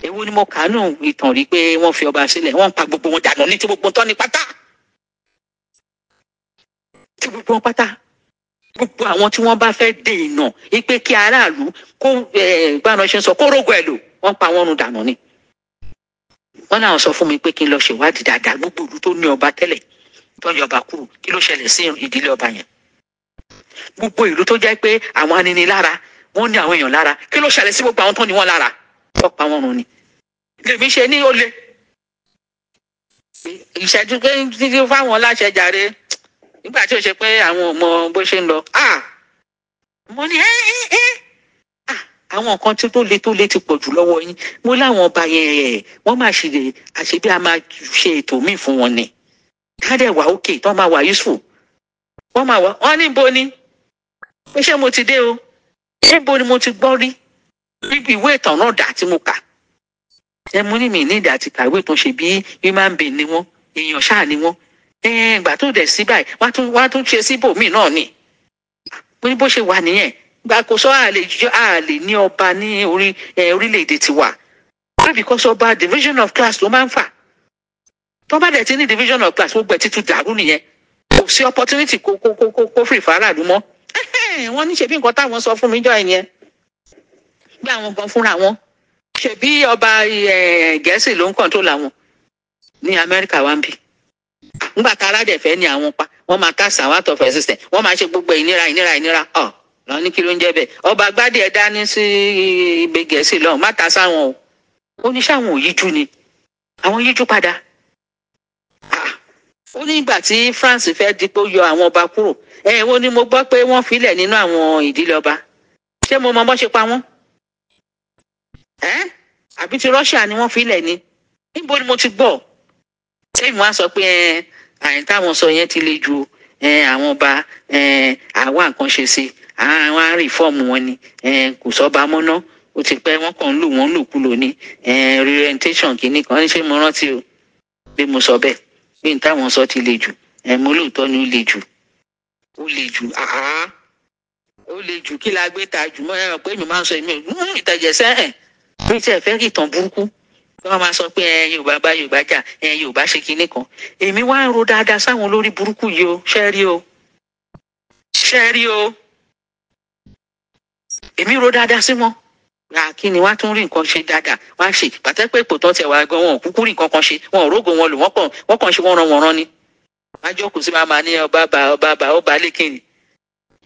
ewu ni mo kà á nù ìtàn rí pé wọ́n fi ọba sílẹ̀ wọ́n pa gbogbo wọn dànù ní ti gbogbo tán ní pátá ti gbogbo wọn pátá gbogbo àwọn tí wọ́n bá fẹ́ dènà ipe kí aráàlú kó gbàna ṣe ń sọ kó rógo ẹ̀ lò wọ́n pa wọ́n run dànù ni. wọ́n náà sọ fún mi pé kí n lọ ṣèwádìí dáadáa gbogbo ìlú tó ní ọba tẹ́lẹ̀ tó ń yọba kúrò kí ló ṣẹlẹ̀ sí ìdílé ọba yẹn. gbogbo ìlú tó jẹ́ pé àwọn aninilára wọ́n ní àwọn èèyàn lára kí ló ṣẹlẹ̀ sí gbogbo àwọn tó ní wọ́n lára wọ́n pa wọ́n run ni. lèmi ṣe ní ó le ìṣẹ́jú pé fáwọn láṣẹ jàre nígbà tí ò ṣe pé àwọn ò bó ṣe ń lọ mo ní ẹ ẹ ẹ àwọn kan tí tó le tó le ti pọ̀ jù lọ́wọ́ yín mo láwọn ọba yẹn wọ́n máa ṣe lè àṣebí a máa ṣe ètò míì fún wọn ni kádẹ̀ wà ókè tó máa wà useful wọ́n máa wà wọ́n níbo ni pé ṣé mo ti dé o níbo ni mo ti gbọ́ rí níbi ìwé ìtàn náà dà tí mo kà ẹ mú ní mi ní ìdá àti kàwé tó ṣe bí human being ni wọ́n èèyàn ṣáà ni wọ́n ìgbà tó dẹ̀ sí báyìí wá tún wá tún ṣe síbòmíì náà ni bó ṣe wà nìyẹn gba kò sọ àlè jọ àlè ní ọba ní orí orílẹ̀-èdè tiwa why because ọba division of class ló máa ń fà tó bá dẹ̀ ti ní division of class gbogbo ẹ̀ ti dàrú nìyẹn kò sí opportunity kó kó kó kó kó free fara àlú mọ́ wọ́n ní ṣebí nǹkan táwọn sọ fún mi jọ ìyẹn gbé àwọn gan fúnra wọn ṣebí ọba gẹ̀ẹ́sì ló ń control àwọn ní amẹ́ríkà wá ń bì ńgbà tá aládẹ̀ fẹ́ ni àwọn pa wọ́n máa tax àwọn out of existence wọ́n máa ṣe gbogbo ìnira ìnira ìnira ọ̀ lọ́n ní kí ló ń jẹ́ bẹ́ẹ̀ ọba gbádì ẹ̀ dání sí ibẹ̀ gẹ̀ẹ́sì lọ́hùn má ta sáwọn o ó ní sáwọn ni àwọn yíjú padà ó ní ìgbà tí France fẹ́ di pé ó yọ àwọn ọba kúrò ẹ wo ni mo gbọ́ pé wọ́n filẹ̀ nínú àwọn ìdílé ọba ṣé mo mọ bọ́ ṣe pa wọ́n ẹ́ àbí ti Russia ni wọ́n filẹ̀ ni níbo ni mo ti gbọ́ tẹ́mi wá sọ pé àyìn táwọn sọ yẹn ti le ju àwọn ọba àwa nǹkan ṣe sí àwọn àrífọ́ọ̀mù wọn ni kò sọ́ba mọ́ná ó ti pẹ́ wọ́n kàn lù wọ́n lòkulò ní reorientation kìíní kan ṣé mo rántí o bí mo sọ bẹ́ẹ̀ bí n táwọn sọ ti le jù mo lóòótọ́ ni ó le jù ó le jù àá ó le jù kí la gbé ta jù mọ́ ẹ̀rọ pé mi máa ń sọ èmi ò ń ìtẹ̀jẹ̀sẹ́ ẹ̀ bí tí ẹ fẹ́ kí ìtàn burúkú wọ́n máa sọ pé ẹ yorùbá bá yorùbá jà ẹ yorùbá ṣe kinní kan èmi wá ń ro dáadáa sáwọn olórí burúkú yìí o ṣe rí o ṣe rí o èmi ro dáadáa sí wọn kí ni wàá tún rí nǹkan ṣe dáadáa wàá ṣe pàtẹ́ pé ipò tán tẹ̀ wá gan wọn kúkú rí nǹkan kan ṣe wọn ò rógò wọn lò wọ́n kàn wọ́n kàn ṣe wọ́n ran wọ́n rán ni wàá jókòó sí máa ní ọba bá ọba bá ọba lẹ́kìnì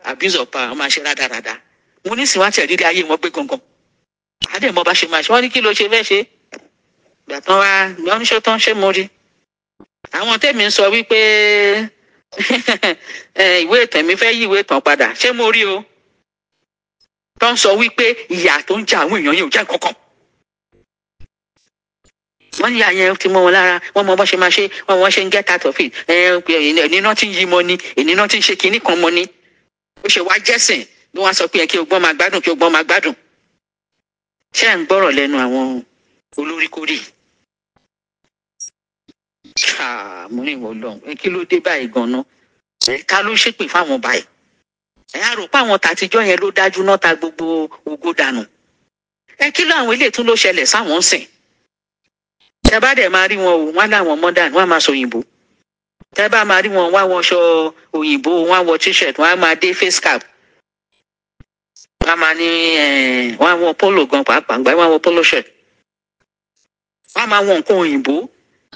abuse of power máa ṣe rádaràda mo ní sìn wá tẹ̀ rírí ayé wọn gbé gangan mo bá ṣe máa ṣe wọ́n ní kí ló ṣe fẹ́ ṣe é ìgbà tán wá ìgbà oníṣẹ́ tán ṣé mo rí àwọn tèmi ń sọ wípé [laughs] ìwé ìtàn mi fẹ́ yí ìwé ìtàn padà ṣé mo rí o tó ń sọ wípé ìyà tó ń jẹ àwọn èèyàn yẹn ò jẹ́ nǹkan kan wọ́n ní àyẹ̀ ti mọ́ wọn lára wọ́n mọ bọ́ ṣe máa ṣe wọ́n wọ́n ṣe ń get out of it ẹni náà ti ń yí mọ́ ni ẹni náà ti ń ṣe kinní kan mọ́ ni ó ṣe wá jẹ́sìn ni wọ́n sọ pé ẹ kí o gbọ́n máa gbádùn kí o gbọ́n máa gbádùn ṣé à ń gbọ́rọ̀ lẹ́nu àwọn olóríkórè yìí mo ní ìwọ lọ́hùn kí ló dé báyìí gan-an ká ló ṣépè fáwọn báyìí ẹ á rò pé àwọn tàtijọ́ yẹn ló dájú náà ta gbogbo ògo dànù ẹ kí ló àwọn eléyìí tún ló ṣẹlẹ̀ sáwọn sìn tẹ bá dẹ̀ máa rí wọn o wọn láwọn modern wọn á máa sòyìnbó tẹ bá máa rí wọn wọn á wọṣọ òyìnbó wọn wọ t-shirt wọn á máa dé face cap wọn á máa ní wọn wọ polo gan pàápàá wọn á wọ polo shirt wọn á máa wọ nǹkan òyìnbó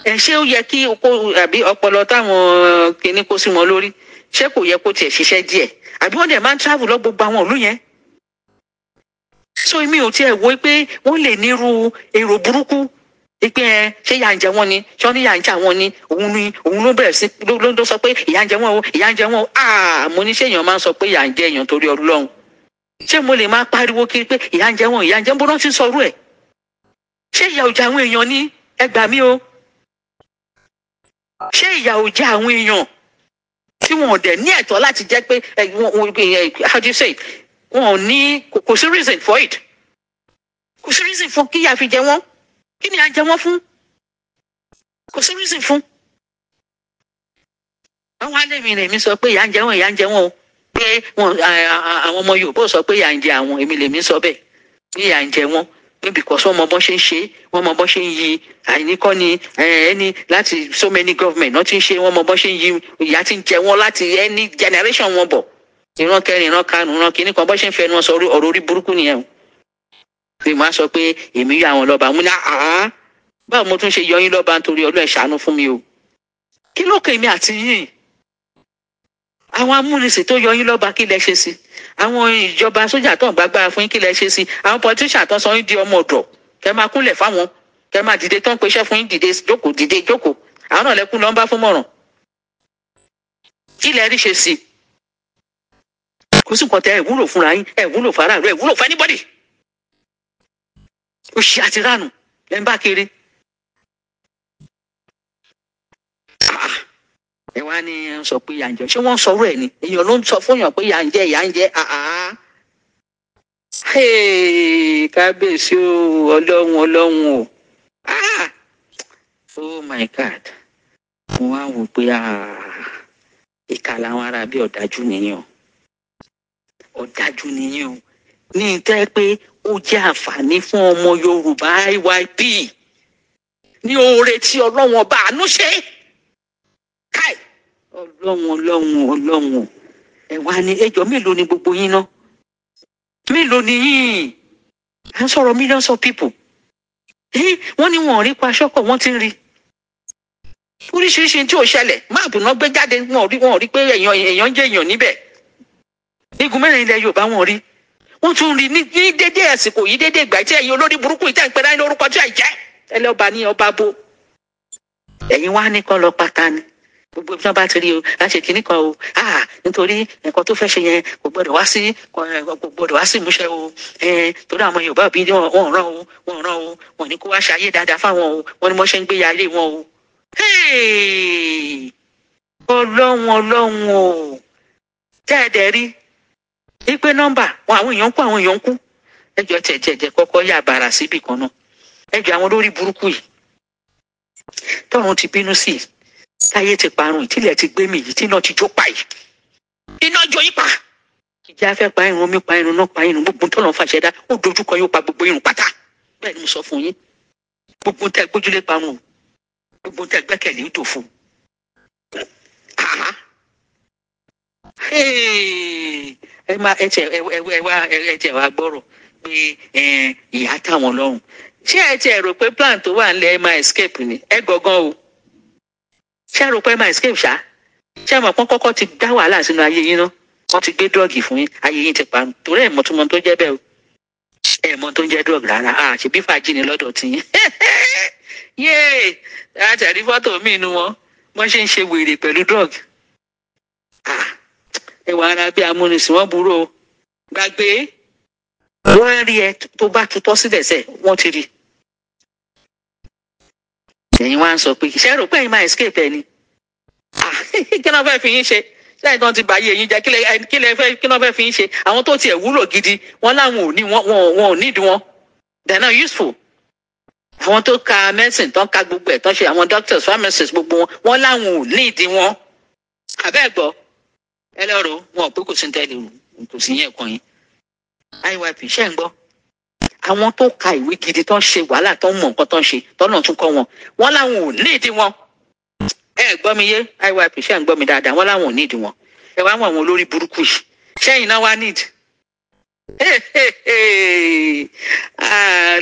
ẹ ṣé ó yẹ kí kó àbí ọpọlọ táwọn eh, kìnnì kó sí wọn lórí ṣé kò yẹ kó tiẹ̀ ṣiṣẹ́ díẹ̀ àbí wọ́n dẹ̀ máa ń travel lọ gbogbo àwọn ìlú yẹn so mi ò tiẹ̀ wo pé wọ́n lè nírú èrò burúkú pé ẹ eh, ṣé ìyà ń jẹ wọ́n ni ṣé wọ́n àwọn ni òun ni òun ló bẹ̀rẹ̀ sí ló ló sọ pé ìyà ń jẹ wọ́n o ìyà ń jẹ wọ́n o àà ah, mo ní ṣé èèyàn máa ń sọ pé ìyà èèyàn torí Ọlọ́run ṣé mo lè máa pariwo kiri pé ìyà ń jẹ ń jẹ wọ́n bó rántí sọrú ẹ ṣé ìyà ò àwọn èèyàn ni ẹ gbà mí o ṣé ìyà ò jẹ àwọn èèyàn tí wọn ò dẹ̀ ní ẹ̀tọ́ láti jẹ́ pé how do you say wọn ò ní kò sí reason for it kò sí reason fún kíyà fi jẹ wọn kí ni à ń jẹ wọn fún kò sí reason fún. àwọn alẹ́mi lèmi sọ pé ìyà ń jẹ wọn ìyà ń jẹ wọn o pé àwọn ọmọ Yorùbá sọ pé ìyà ń jẹ àwọn èmi lèmi sọ bẹ́ẹ̀ ìyà ń jẹ wọn because wọ́n mọ bọ́n ṣe ń ṣe wọ́n mọ bọ́n ṣe ń yí àìníkọ́ ni ẹni láti so many government wọ́n ti ń ṣe wọ́n mọ bọ́n ṣe ń yí ìyá ti ń jẹ wọ́n láti any generation wọn bọ̀ ìran kẹrin ìran karùn ìran kìíní kan bọ́n ṣe ń fẹnu wọn sọ ọ̀rọ̀ orí burúkú nìyẹn pé màá sọ pé èmi yọ àwọn lọ́ba mo ní àá báwo mo tún ṣe yọ yín lọ́ba nítorí ọlọ́ ẹ̀ ṣàánú fún mi o kí ló kàn mí àti yín àwọn amúnisìn tó yọ yín lọ́ba kí lẹ ṣe sí i àwọn ìjọba sójà tó ń gbàgbára fún yín kí lẹ ṣe sí àwọn politician tó sọ yín di ọmọ ọ̀dọ̀ kẹ máa kúnlẹ̀ fáwọn kẹ máa dìde tó ń peṣẹ́ fún yín dìde jókòó dìde jókòó àwọn náà lẹkùn lọ ń bá fún mọ̀ràn kí lẹ rí ṣe sí kò sí nǹkan tẹ ẹ wúlò fúnra yín ẹ wúlò fara rẹ ẹ wúlò fún anybody òṣì àti ránù lẹ ń bá kiri ẹ wá ní ń sọ pé ìyà ṣé wọ́n sọ̀rọ̀ ẹ̀ ni èèyàn ló ń sọ fún èèyàn pé ìyà ń kábíyèsí ọlọ́run ọlọ́run o ah! oh my god mo wá wò pé ah, ìkà làwọn ará bí ọ̀dájú nìyẹn o ọ̀dájú nìyẹn o ní ìtẹ́ pé ó jẹ́ àǹfààní fún ọmọ yorùbá iyp ní oore tí ọlọ́wọ́n bá àánú ṣe káì ọlọ́run ọlọ́run ọlọ́run ẹ wá ẹjọ́ mélòó ni gbogbo yín ná mélòó ni yín à ń sọ̀rọ̀ millions of people wọ́n ní wọn ò rí pa aṣọ́kọ̀ wọ́n ti ń rí oríṣiríṣi tí ò ṣẹlẹ̀ máàpù náà gbé jáde wọn ò rí wọn ò rí pé èèyàn èèyàn jẹ́ èèyàn níbẹ̀ igun mẹ́rin ilẹ̀ Yorùbá wọn rí wọ́n tún rí ní dédé àsìkò yìí dédé ìgbà tí ẹ̀yin olórí burúkú yìí tẹ̀ ń pẹ́ra ní orúkọ tí àìjẹ́ ẹlẹ́ ọba ní ọba bo ẹ̀yin wá ní kọ́ lọ pátá ni gbogbo ibi tí wọn bá ti rí o láti kíní kan o nítorí nǹkan tó fẹ́ ṣe yẹn kò gbọdọ̀ wá sí kò gbọdọ̀ wá sí ìmúṣẹ o torí àwọn Yorùbá òbí wọn ò ràn o wọn ràn o wọn ní kó wá ṣe ayé dáadáa fáwọn o wọn ni mo ṣe ń gbé ya ilé wọn o. ọlọ́run ọlọ́run o jẹ́ ẹ̀dẹ̀ rí i pé nọ́mbà wọn àwọn èèyàn ń kú àwọn èèyàn ń kú ẹjọ́ tẹ̀jẹ̀jẹ̀ kọ́kọ́ yà bàrà síbì kan náà ẹjọ́ àwọn olórí burúkú yìí tọ́run ti bínú sí i táyé ti parun ìtìlẹ̀ ti gbé mi yìí tí iná ti jó pa yìí iná jó yín pa ìjà fẹ́ pa irun mi pa irun náà pa irun gbogbo tọ́lọ́ fàṣẹ dá ó dojúkọ yóò pa gbogbo irun pátá bẹ́ẹ̀ ni mo sọ fún yín gbogbo tẹ gbójúlé parun gbogbo tẹ gbẹ́kẹ̀lé ń tò fún ẹ má ẹ tẹ ẹ wá ẹ tẹ wá gbọ́rọ̀ pé ìyá táwọn lọ́rùn ṣé ẹ tẹ rò pé plan tó wà ń lẹ ẹ máa escape ni ẹ gọgán o ṣé àròpọ̀ ẹ máa escape ṣá ṣé àwọn kan kọ́kọ́ ti dá wàhálà sínú ayé yín náà wọ́n ti gbé dọ́ọ̀gì fún yín ayé yín ti pa torí ẹ̀mọ́ tó mọ tó jẹ́ bẹ́ẹ̀ o ẹ̀mọ́ tó ń jẹ́ rárá a ṣe bí fàájì ni lọ́dọ̀ ti yín [laughs] yéè àtẹ̀rí fọ́tò mi nu wọn wọ́n ṣe ń ṣe wèrè pẹ̀lú dọ́ọ̀gì ẹwà ara bí amúnisìn wọn burú o gbàgbé wọ́n rí ẹ tó bá tutọ́ sílẹ̀ sẹ́ wọ́n ti rí i ẹ̀yin wá ń sọ pé ṣé rò pé ẹ̀yin máa escape ẹ̀ ah, [laughs] ni kí ló fẹ́ fi yín ṣe láì tán ti bàyè yín jẹ́ kí lè fẹ́ kí ló fẹ́ fi yín ṣe àwọn tó tiẹ̀ wúlò gidi wọ́n láwọn ò ní wọn wọn ò nídìí wọn they are not useful àwọn tó ka medicine tán ka gbogbo ẹ̀ tán ṣe àwọn doctors pharmacists gbogbo wọn wọ́n láwọn ò nídìí wọn àbẹ́ẹ̀gbọ́ ẹlẹ́rọ wọn ò pé kò sí ní tẹ́lẹ̀ kò sí yẹn kàn yín IYP ṣẹ́ ń gbọ́ àwọn tó ka ìwé gidi tó ń ṣe wàhálà tó ń mọ nǹkan tó ń ṣe tọ́nà tún kọ́ wọn wọn láwọn ò ní ìdí wọn ẹ gbọ́ mi yé iyp ṣe ń gbọ́ mi dáadáa wọn láwọn ò ní ìdí wọn ẹ wá mọ àwọn olórí burúkú yìí sẹ́yìn náà wá níìdì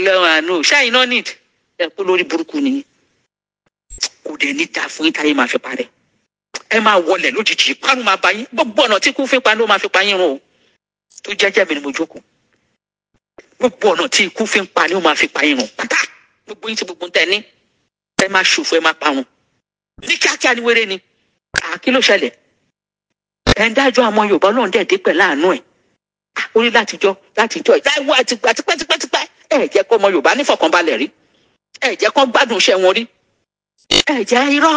lọ́wọ́ àánú sẹ́yìn náà níìdì ẹ kú lórí burúkú nìyí kò dẹ̀ ní ta fún ìtayé máa fi parẹ́ ẹ máa wọlé lójijì pánú máa bá yín gbogbo ọ̀nà tí kú fi pa ló máa fi pa yín rún o tó jẹ́jẹ́ mi ni mo jókòó gbogbo ọ̀nà tí ikú fi ń pa ni ó máa fi pa irun pátá gbogbo yín ti gbogbo ń tẹ ní ẹ máa ṣòfò ẹ máa parun ní kíákíá ni wéré ni àkí ló ṣẹlẹ̀ ẹ̀ ń dájọ́ àwọn Yorùbá Ọlọ́run dẹ̀ dé pẹ̀lú àánú ẹ̀ orí látijọ́ látijọ́ ìdáwọ́ àtìgbà tipẹ́tipẹ́tipẹ́ ẹ̀ jẹ́ kó ọmọ Yorùbá nífọ̀kànbalẹ̀ rí ẹ̀ jẹ́ kó gbádùn iṣẹ́ wọn rí ẹ̀ jẹ́ irọ́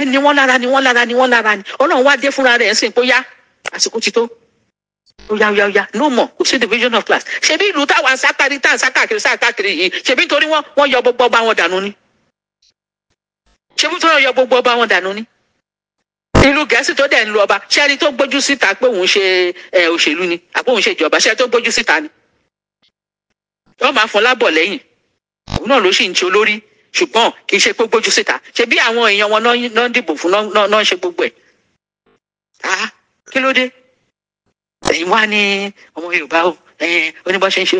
ẹ̀ ni wọ́n lára ni wọ́n lára ni wọ́n lára ni Ọlọ́run wá dé fúnra rẹ̀ ń sìn kó yá àsìkò ti tó oyaoyaoya no more kò sí division of class ṣebí ìlú táwa sákàrí tá à ń sákàkiri sákàkiri yìí ṣebí nítorí wọn wọn yọ gbogbo ọba wọn dànù ni ṣebí nítorí wọn yọ gbogbo ọba wọn dànù ni ìlú gẹ̀ẹ́sì tó dẹ̀ ń lu ọba ṣẹ́ni tó gbójú síta pé òun ṣe òṣèlú ni àpò òun ṣe ìjọba ṣẹ́ni tó gbójú síta ni wọ́n máa fún lábọ̀ lẹ́yìn òun náà ló sì ń ti olórí ṣùgbọ́n kì í ṣe pé gbójú síta ṣe bí àwọn èèyàn wọn náà ń dìbò fún náà ṣe gbogbo ẹ̀ kí ló dé ẹ̀yin wá ní ọmọ yorùbá o oníbọ̀ṣe ń ṣe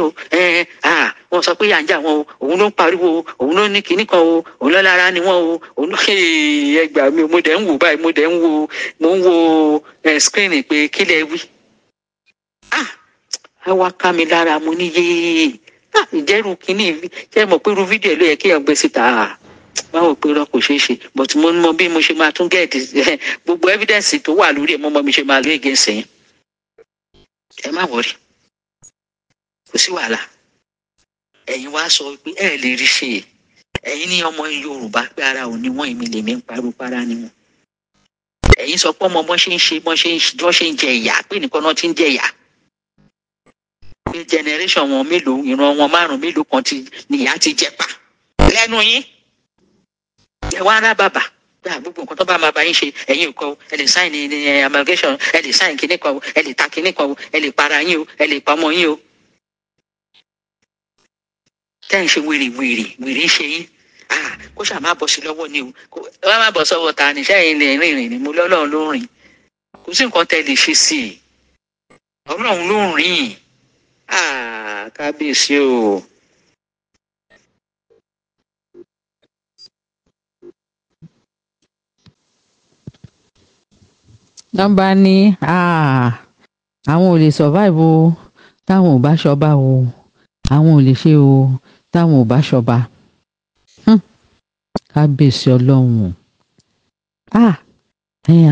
ah, wọ́n sọ pé à ń jà wọn o òun ló ń pariwo òun ló ní kinní kan o òun ló lára ni wọn o òun ló ẹ gbà mí mo dẹ̀ ń wò báyìí mo dẹ̀ ń wo mo ń wo screen pé kí lẹ wí. ẹ wá ká mi lára mo ní yéé ìjẹ́rù kínní ṣé mọ̀ pé irú fídíò ló yẹ kí ẹ̀ gbé síta báwo pé irọ́ kò ṣeé ṣe but mo mọ bí mo ṣe máa tún gẹ̀ẹ́dì [laughs] gbogbo evidence tó wà lórí ẹ̀ mo mọ mi ṣe máa lé against yẹn ẹ má wọrí kò sí wàhálà ẹ̀yin wá sọ pé ẹ lè rí ṣe ẹ̀yin ní ọmọ Yorùbá pé ara ò ní wọn èmi lèmi ń parọ́ para ni wọn ẹ̀yin sọ pé ọmọ bọ́n ṣe ń ṣe bọ́n ṣe ń ṣe bọ́n ṣe ń jẹ ìyà pé nìkan náà ti ń jẹ ìyà pé generation wọn mélòó ìran wọn márùn mélòó kan ti nìyà ti jẹ pa lẹ́nu yín ẹ wá rá bàbà pé àgbogbo nǹkan tó bá máa bá yín ṣe ẹ̀yin nǹkan o ẹ lè sign eh, amalgamation ẹ lè sign kinní kan o ẹ lè ta kinní kan o ẹ lè para yín o ẹ lè pa ọmọ yín o. tẹ́ ẹ̀ ń ṣe wèrè wèrè wèrè ṣe yín kó ṣáà má bọ̀ sí lọ́wọ́ ni o wá má bọ̀ sọ́wọ́ ta ni sẹ́yìn lè rìn ni mo lọ́lọ́run ló rìn kò sí nǹkan tẹ́ lè ṣe sí i ọlọ́run ló rìn kábíyèsí o. wọn bá ní àwọn ò lè survive o táwọn ò bá ṣọba o àwọn ò lè ṣe o táwọn ò bá ṣọba kábíyèsí ọlọ́run ah,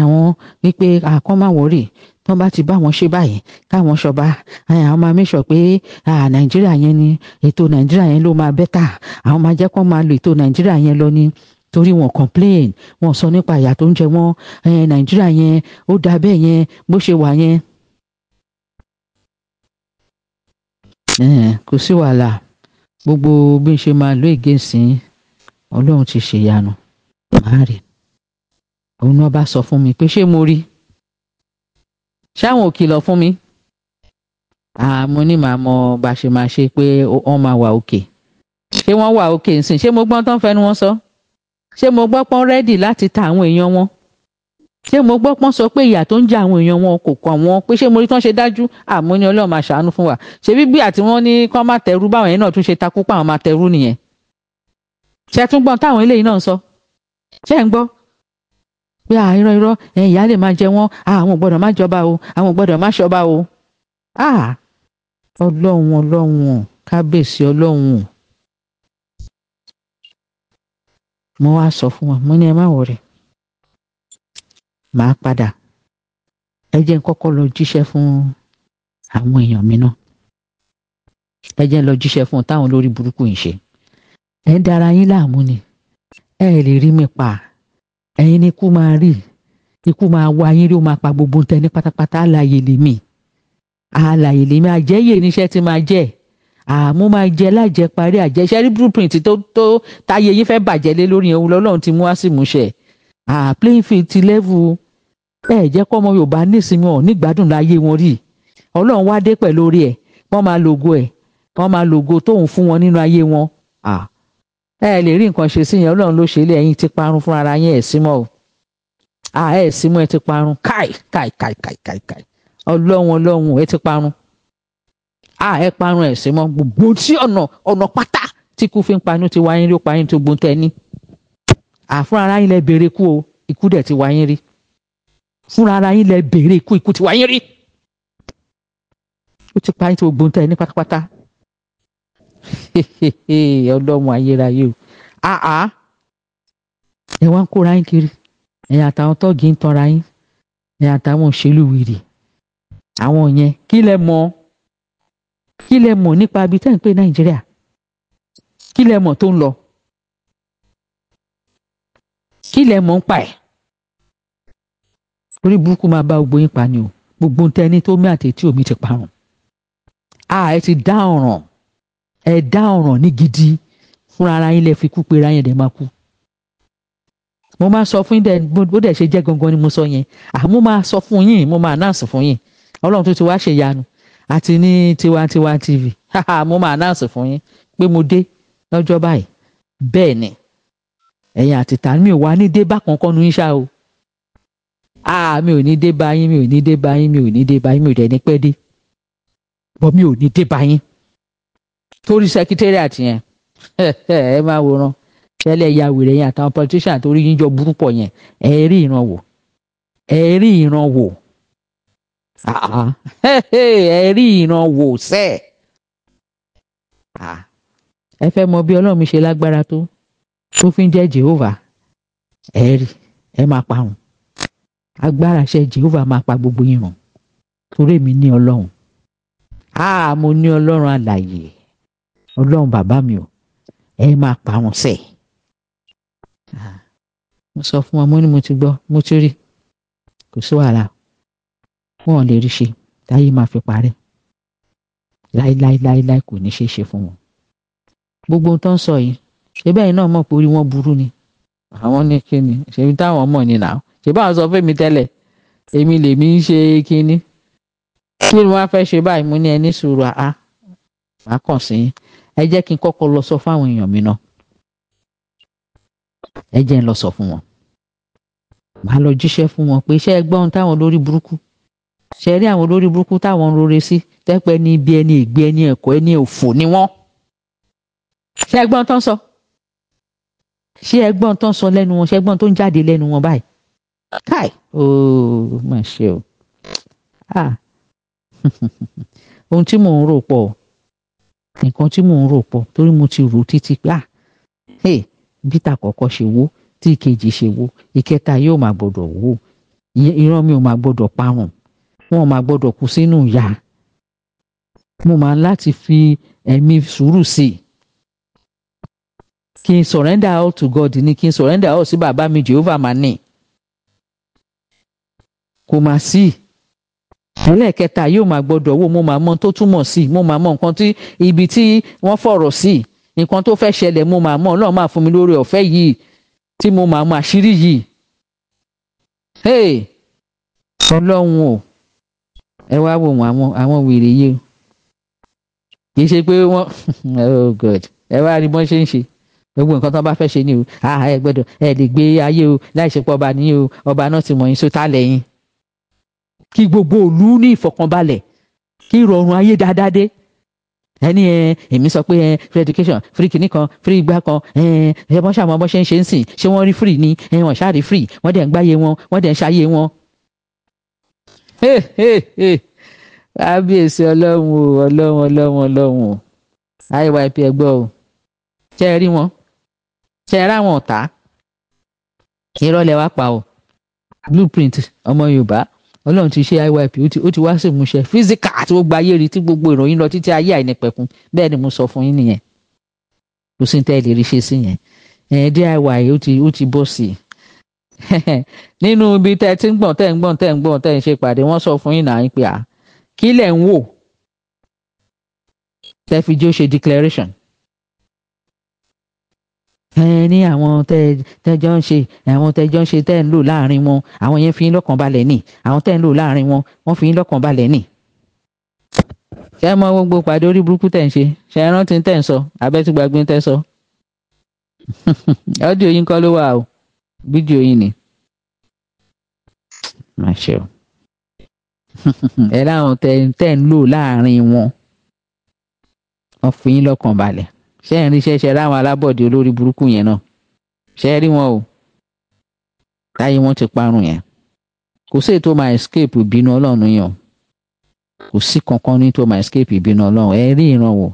àwọn wípé àkọ́ máa wọ̀rì tó bá ti bá wọn ṣe báyìí káwọn ṣọba àwọn máa mẹ́sọ̀ pé nàìjíríà yẹn ni ètò nàìjíríà yẹn ló máa bẹ́tà àwọn máa jẹ́ kó máa lo ètò nàìjíríà yẹn lọ ni torí wọn complain wọn sọ nípa ìyà tó ń jẹ wọn nàìjíríà yẹn ó dáa bẹ́ẹ̀ yẹn bó ṣe wà yẹn. kò sí wàhálà gbogbo bí n ṣe máa lo ìgéǹsìn ọlọ́run ti ṣèyanu màá rí òun náà bá sọ fún mi pé ṣé mo rí ṣáwọn ò kìlọ̀ fún mi àmọ́ ní màá mọ bá ṣe máa ṣe pé wọ́n máa wà òkè ṣé wọ́n wà òkè nsìn ṣé mo gbọ́n tán fẹnu wọn sọ. So? ṣé mo gbọ́ pọ́n rẹ́dì láti ta àwọn èèyàn wọn ṣé mo gbọ́ pọ́n sọ pé ìyà tó ń jẹ àwọn èèyàn wọn kò kàn wọ́n pé ṣé mo rí tán ṣe dájú àmọ́ ni ọlọ́run máa ṣàánú fún wa ṣé bíbí àti wọ́n ní kán má tẹrú báwọn yẹn náà tún ṣe takú pa àwọn máa tẹrú nìyẹn ṣe tún gbọ́n táwọn eléyìí náà sọ ṣé ń gbọ́ pé irọ́ irọ́ ìyá lè máa jẹ wọ́n àwọn gbọ́dọ̀ má jọba o àwọn ò gbọ́dọ̀ má ṣọba o ọlọ́run ọlọ́run kábíyèsí ọlọ́run mo wá sọ fún wọn mo ní ẹ má wọrẹ màá padà ẹ jẹ́ n kọ́kọ́ lọ jíṣẹ́ fún àwọn èèyàn mi náà ẹ jẹ́ n lọ jíṣẹ́ fún táwọn lórí burúkú yìí ṣe ẹ ń dara yín láàmú ni ẹ lè rí mi pa ẹ̀yin ni ikú máa rí ikú máa wá yín rí ó máa pa gbogbo tẹni pátápátá àlàyé lèmi àlàyé lèmi àjẹyè níṣẹ́ tí máa jẹ́ àmú máa jẹ lájẹparí àjẹṣẹ́ rí blueprint tó tó táyé yìí fẹ́ bàjẹ́ lé lórí ẹ̀hún lọ́lọ́run ti mú wá sí ìmúṣẹ playing field ti level ẹ jẹ́ kọ́ ọmọ Yorùbá nísìnyí wọn nígbádùn láyé wọn rí Ọlọ́run wá dé pẹ̀lú orí ẹ̀ wọ́n máa lògo ẹ̀ wọ́n máa lògo tóun fún wọn nínú ayé wọn ẹ lè rí nǹkan ṣe sí yẹn Ọlọ́run ló ṣe ilé ẹ̀yin ti parun fún ara yẹn ẹ̀ símọ́ o ẹ̀ símọ́ ẹ ti parun káì káì káì káì káì káì Ọlọ́run Ọlọ́run ẹ ti parun a ẹ parun ẹ̀sìn mọ́ gbogbo tí ọ̀nà ọ̀nà pátá tí kú fi ń pa inú ti wáyé rí ó pa yín tó gbóhùn tẹ́ni àfúnra ara yín lẹ béèrè kú o ikú dẹ̀ ti wáyé rí fúnra ara yín lẹ béèrè kú ikú ti wáyé rí ó ti pa yín tó gbóhùn tẹ́ni pátápátá ọlọ́mọ ayérayé o àá ẹ wá ń kóra yín kiri ẹ̀yìn àtàwọn tọ́ọ̀gì ń tanra yín ẹ̀yìn àtàwọn òṣèlú wìrì àwọn yẹn kí lẹ mọ̀ kí lẹ mọ̀ nípa ibi tẹ́ ń pè nàìjíríà kí lẹ mọ̀ tó ń lọ kí lẹ mọ̀ ń pa ẹ̀ orí burúkú máa bá gbogbo yín pa ni o gbogbo ń tẹni tó mí àti tí omi ti parun a ẹ ti dá ọ̀ràn ẹ dá ọ̀ràn ní gidi fúnra ara yín lẹ fi kú pera yẹn dẹ máa kú mo máa sọ fún yín dẹ bó dẹ ṣe jẹ́ gangan ni mo sọ yẹn àmọ́ máa sọ fún yín mo máa náà sọ fún yín Ọlọ́run tó ti wá ṣe yanu àti ní tiwantiwa tv mo máa announce fún yín pé mo dé lọ́jọ́ báyìí bẹ́ẹ̀ ni ẹ̀yin àti tàní mi ò wá ní dé bákan kọ́nu yín ṣá o ah mi ò ní dé bá yín mi ò ní dé bá yín mi ò ní dé bá yín mi ò dẹ̀ ní pẹ́ dé bọ́ mi ò ní dé bá yín torí secretariat yẹn [laughs] ẹ máa wòran tẹ́lẹ̀ ya wèrè yẹn àtàwọn politician torí yín jọ burú yẹn ẹ rí ìran wò ẹ rí ìran wò. Ah, ah. [laughs] ẹ rí ìran wò sẹ́ẹ̀ ẹ fẹ́ mọ bí ọlọ́run mi ṣe lágbára tó tó fi ń jẹ́ Jehovah ẹ rí ẹ máa pa wọn agbára ṣe Jehovah máa pa gbogbo yín run torí èmi ní ọlọ́run ah, mo ní ọlọ́run alàyè ọlọ́run bàbá mi o ẹ máa pa wọn mo sọ fún wọn ní mo ti gbọ́ mo ti rí kò sí wàhálà wọn ò lè rí ṣe táyé máa fi parẹ́ láíláíláíláí kò ní ṣeé ṣe fún wọn. gbogbo ohun tó ń sọ yìí ṣé bẹ́ẹ̀ náà mọ̀ pé orí wọn burú ni àwọn ní kíni ṣèbí táwọn mọ̀ ni nà ṣé báwọn sọ fún mi tẹ́lẹ̀ èmi lèmi ń ṣe kíni kí ni wọ́n fẹ́ ṣe báyìí mo ní ẹni sùúrù àá màá kàn sí yín ẹ jẹ́ kí n kọ́kọ́ lọ sọ fáwọn èèyàn mi náà ẹ jẹ́ n lọ sọ fún wọn màá lọ jíṣẹ́ fún wọn pé iṣẹ́ ẹgbọ́n táwọn lórí burúkú ṣẹ̀rí àwọn olórí burúkú táwọn ń rore sí tẹ́pẹ́ ní ibi ẹni ìgbé ẹni ẹ̀kọ́ ẹni òfò ni wọ́n. ṣé ẹgbọ́n tó ń sọ ṣé ẹgbọ́n tó ń sọ lẹ́nu wọn ṣé ẹgbọ́n tó ń jáde lẹ́nu wọn báyìí káì ooo mà ṣe o ah [laughs] ohun tí mò ń rò pọ̀ nǹkan tí mò ń rò pọ̀ torí mo ti rò títí pé ah hey bí tàkọ́kọ́ ṣe wó tí ìkejì ṣe wó ìkẹta yóò máa gbọ́dọ̀ wó ìran mi ò máa gbọ́dọ̀ parun wọn máa gbọ́dọ̀ kú sínú ìyà mo máa láti fi ẹ̀mí sùúrù sí i kí n surrender all to God ni kí n surrender all sí bàbá mi Jehovah máa ní kò máa sí ẹlẹ́ẹ̀kẹta yóò máa gbọ́dọ̀ wò mo máa mọ tó túmọ̀ sí mo máa mọ nǹkan tí ibi tí wọ́n fọ̀rọ̀ sí nǹkan tó fẹ́ ṣẹlẹ̀ mo máa mọ Ọlọ́run máa fún mi lórí ọ̀fẹ́ yìí tí mo máa mọ àṣírí yìí. Hey! Ọlọ́run o ẹ wá wò wọn àwọn àwọn wèrè yìí o kì í ṣe pé wọn [laughs] oh god ẹ wá rí bọ́n ṣe ń ṣe gbogbo nǹkan tó bá fẹ́ ṣe ni o ah ẹ gbọ́dọ̀ ẹ lè gbé ayé o láì ṣe pé ọba ní o ọba náà ti mọ̀ yín sótà lẹ́yìn kí gbogbo òlú ní ìfọ̀kànbalẹ̀ kí ìrọ̀rùn ayé dáadáa dé ẹni ẹ èmi sọ pé ẹ free education free kìnnì kan free igbá kan ẹ ẹ bọ́n ṣàmọ́ bọ́n ṣe ń ṣe ń sìn ṣé wọ́n rí free ni ẹ wọ́n ṣáà rí free wọ́n dẹ̀ ń gbáyé wọn wọ́n dẹ̀ ń ṣáyé wọn [laughs] kábíyèsí ọlọ́run o ọlọ́run ọlọ́run ọlọ́run o IYP ẹgbọ́ o ṣe rí wọn ṣe rá wọn ọ̀tá irọ́ lẹ pa o blueprint ọmọ yorùbá ọlọ́run ti ṣe IYP ó ti wá sí ìmúṣẹ físíkà àti gbogbo ayé rí tí gbogbo ìròyìn lọ títí ayé àìnípẹ̀kun bẹ́ẹ̀ ni mo sọ fún yín nìyẹn kò sí ní tẹ́ rí ṣe sí yẹn ẹ̀ díẹ̀ àìwáyé ó ti bọ́ sí i [laughs] nínú ibi tẹ́ ti ń gbọ̀n tẹ́ ń gbọ̀n tẹ́ ń gbọ̀n tẹ́ ń ṣe pàdé wọ́n sọ fún yín náà pé à kí lẹ̀ ń wò tẹ́ fi jó ṣe declaration ẹ ní àwọn tẹjọ ń ṣe àwọn tẹjọ ń ṣe tẹ ń lò láàrin wọn àwọn yẹn fi ń lọ́kàn balẹ̀ nì àwọn tẹ ń lò láàrin wọn wọ́n fi ń lọ́kàn balẹ̀ nì. ṣé mọ gbogbo pàdé orí burúkú tẹ̀ ń ṣe ṣe é rántí tẹ̀ ń sọ abẹ́túgbàgbé tẹ̀ ń sọ. [laughs] ọ́dìò yín kọ́ ló wà o fídíò ini ni má ṣe o ẹ láwọn tẹ ń lò láàrin wọn wọn fi yín lọ́kàn balẹ̀ ṣé ẹ rí ṣẹṣẹ láwọn alábọ̀dé olórí burúkú yẹn náà ṣé ẹ rí wọn o táyé wọn ti parun yẹn kò sí ètò máa escape ìbínú Ọlọ́run yẹn o kò sí kankan ní tó máa escape ìbínú Ọlọ́run ẹ rí ìran [laughs]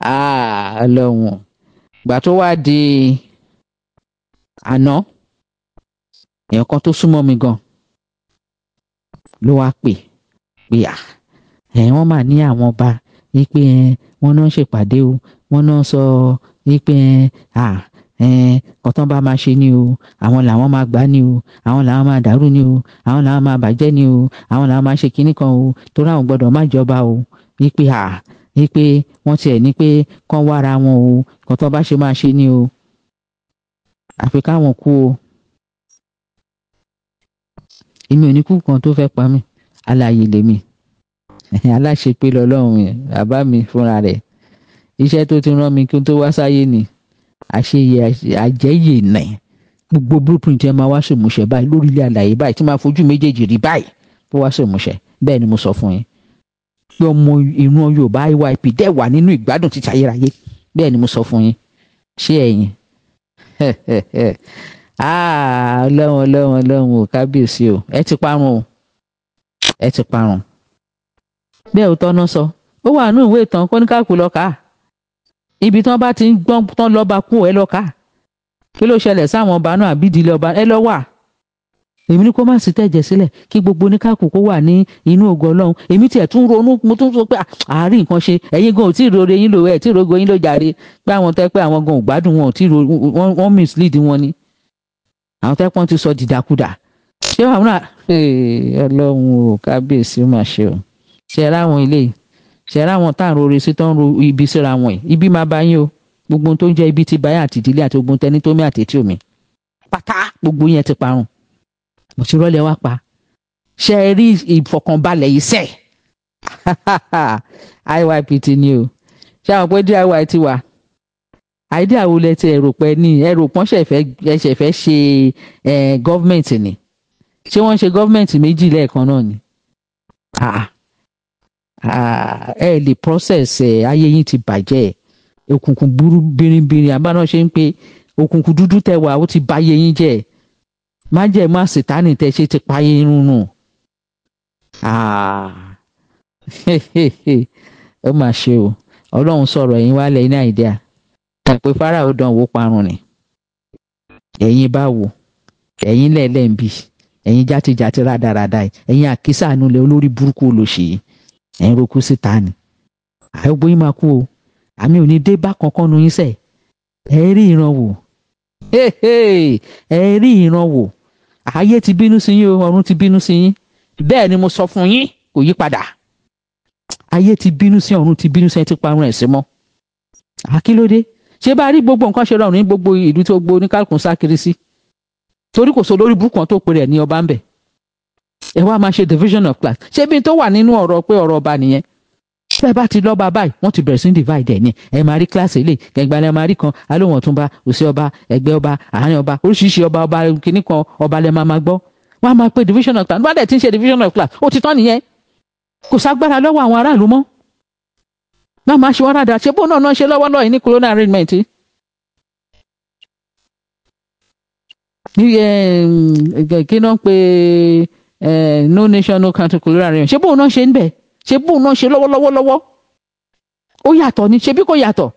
ah Ọlọ́run ìgbà tó wá di àná èèyàn kan tó súnmọ́ mi gan ló wá pè pé à ẹ̀ wọ́n mà ní àwọn ọba ní pé wọ́n náà ṣèpàdé o wọ́n náà sọ ní pé à kọ̀tán bá máa ṣe ni o àwọn làwọn máa gbá ni o àwọn làwọn máa dàrú ni o àwọn làwọn máa bàjẹ́ ni o àwọn làwọn máa ṣe kinní kan o tó ráwọn gbọ́dọ̀ má jọba o wípé à ní pé wọ́n tiẹ̀ ní pé kán wára wọn o nǹkan tó bá ṣe máa ṣe ni o àfi káwọn kú o èmi ò ní kú kan tó fẹ́ pa mí alààyè lèmi [laughs] aláṣepé lọ́lọ́run yẹn bàbá mi fúnra rẹ̀ iṣẹ́ tó ti rán mi kí n tó wá sáyé ni àṣeyẹ àjẹyè nà gbogbo blueprint ẹ máa wá ṣèmúṣẹ báyìí lórílẹ̀ àlàyé báyìí tí máa fojú méjèèjì rí báyìí tó wá ṣèmúṣẹ bẹ́ẹ̀ ni mo sọ fún yín pé ọmọ ìran Yorùbá AYP dẹ̀ wà nínú ìgbádùn títí ayérayé bẹ́ẹ̀ ni mo sọ fún yín ṣé ẹ̀yin [laughs] ah, ọlọ́run ọlọ́run ọlọ́run ò kábíyèsí o ẹ ti parun o ẹ ti parun bẹ́ẹ̀ ò tọ́ná sọ ó wà nínú ìwé ìtàn kọ́níkàkù lọ́ka ibi tí wọ́n bá ti ń gbọ́n tán lọ́ba kú ẹ lọ́ka kí ló ṣẹlẹ̀ sáwọn ọba náà àbídìí lọ́ba ẹ lọ́wà èmi ní kó má sí tẹ̀jẹ̀ sílẹ̀ kí gbogbo oníkàkù kó wà ní inú ògo ọlọ́run èmi tiẹ̀ tún ronú mo tún sọ pé àárín ah, nǹkan ṣe ẹ̀yin gan ò tí ì rore yín lò ẹ̀ tí ì rogo yín lò jàre pé àwọn tẹ́ pé àwọn gan ò gbádùn wọn ò tí ì ro wọ́n mislead wọn ni àwọn tẹ́ pọ́n ti sọ dìdàkudà ṣé wàá múra ọlọ́run ò kábíyèsí mà ṣe o ṣe ẹ láwọn ilé ṣe ẹ láwọn tá à ń rore sí tó ń ro ibi síra wọn ibi máa bá yín o gbogbo tó ń jẹ ibi ti báyà àti ìdílé àti ogun tẹni tó àti ètí òmí pátá gbogbo yẹn ti parun bùtúrọ́lẹ̀ wá pa ṣe é rí ìfọ̀kànbalẹ̀ yìí sẹ́ [laughs] IYPT ni o ṣé àwọn pé DIY ti wà àìdí àwòlẹ̀ ti ẹ̀rò pẹ́ ní ẹ̀rò pọ́n ṣẹ̀fẹ̀ fẹ́ ṣe gọ́fìmẹ̀ntì ni ṣé wọ́n ń ṣe gọ́fìmẹ̀ntì méjì lẹ́ẹ̀kan náà ni ah, ah, ẹ lè process ẹ ayé yín ti bàjẹ́ òkùnkùn burú bìrìbìrì àbáná ṣe ń pé òkùnkùn dúdú tẹwàá ó ti báyé yín jẹ́ májẹ̀mú àṣetánì tẹ́ ṣe ti payé irun nù ah. [laughs] ó mà ṣe o ọlọ́run sọ̀rọ̀ ẹ̀yin wálẹ̀ ní àìdíà pé fáráò dán wò parun ni ẹ̀yin bá wò ẹ̀yin lẹ́ẹ̀lẹ́ ń bì ẹ̀yin játijàti rádaràda yìí ẹ̀yin àkísàánú lẹ olórí burúkú olóṣè yìí ẹ̀yin roku síta ni àìgbó yín máa kú o àmì ò ní dé bá kankan nu yín sẹ̀ ẹ̀ rí ìran wò ẹ̀ rí ìran wò ayé ti bínú sí yín o ọ̀run ti bínú sí yín bẹ́ẹ̀ ni mo sọ fún yín kò yí padà ayé ti bínú sí ọ̀run ti bínú sí ẹ ti parun ẹ̀ sí mọ́ àkílódé ṣé bá rí gbogbo nǹkan ṣe rọrùn ní gbogbo ìlú tó gbó oníkàlùkùn sákiri sí torí kò so lórí burúkú tó pe rẹ̀ ní ọba ń bẹ̀ ẹ wá máa ṣe division of class ṣé bí n tó wà nínú ọ̀rọ̀ pé ọ̀rọ̀ ọba nìyẹn bẹ́ẹ̀ bá ti lọ́ba báyìí wọ́n ti bẹ̀rẹ̀ sí divide ẹ̀ ni ẹ máa rí kíláàsì ilé gbẹ̀ngbà lẹ́ẹ̀ máa rí kan alóhùn ọ̀túnba òsì ọba ẹgbẹ́ ọba àárín ọba oríṣiríṣi ọba ọba kìíní kan ọba lẹ́ẹ̀ máa máa gbọ́ wọ́n á máa pe division of class wọ́n á ti ń ṣe division of class ó ti tán nìyẹn kò ságbára lọ́wọ́ àwọn aráàlú mọ́ náà máa ṣe wọ́n rádà ṣe bóun náà náà ṣe lọ́wọ́lọ́wọ́ yìí ní corona arrangement eh, kí náà pé eh, no nation no country corona arrangement ṣe bóun náà ṣe ń bẹ̀ẹ́ ṣe bóun náà ṣe lọ́wọ́lọ́wọ́ lọ́wọ́ ó yàtọ̀ ni ṣebí kò yàtọ̀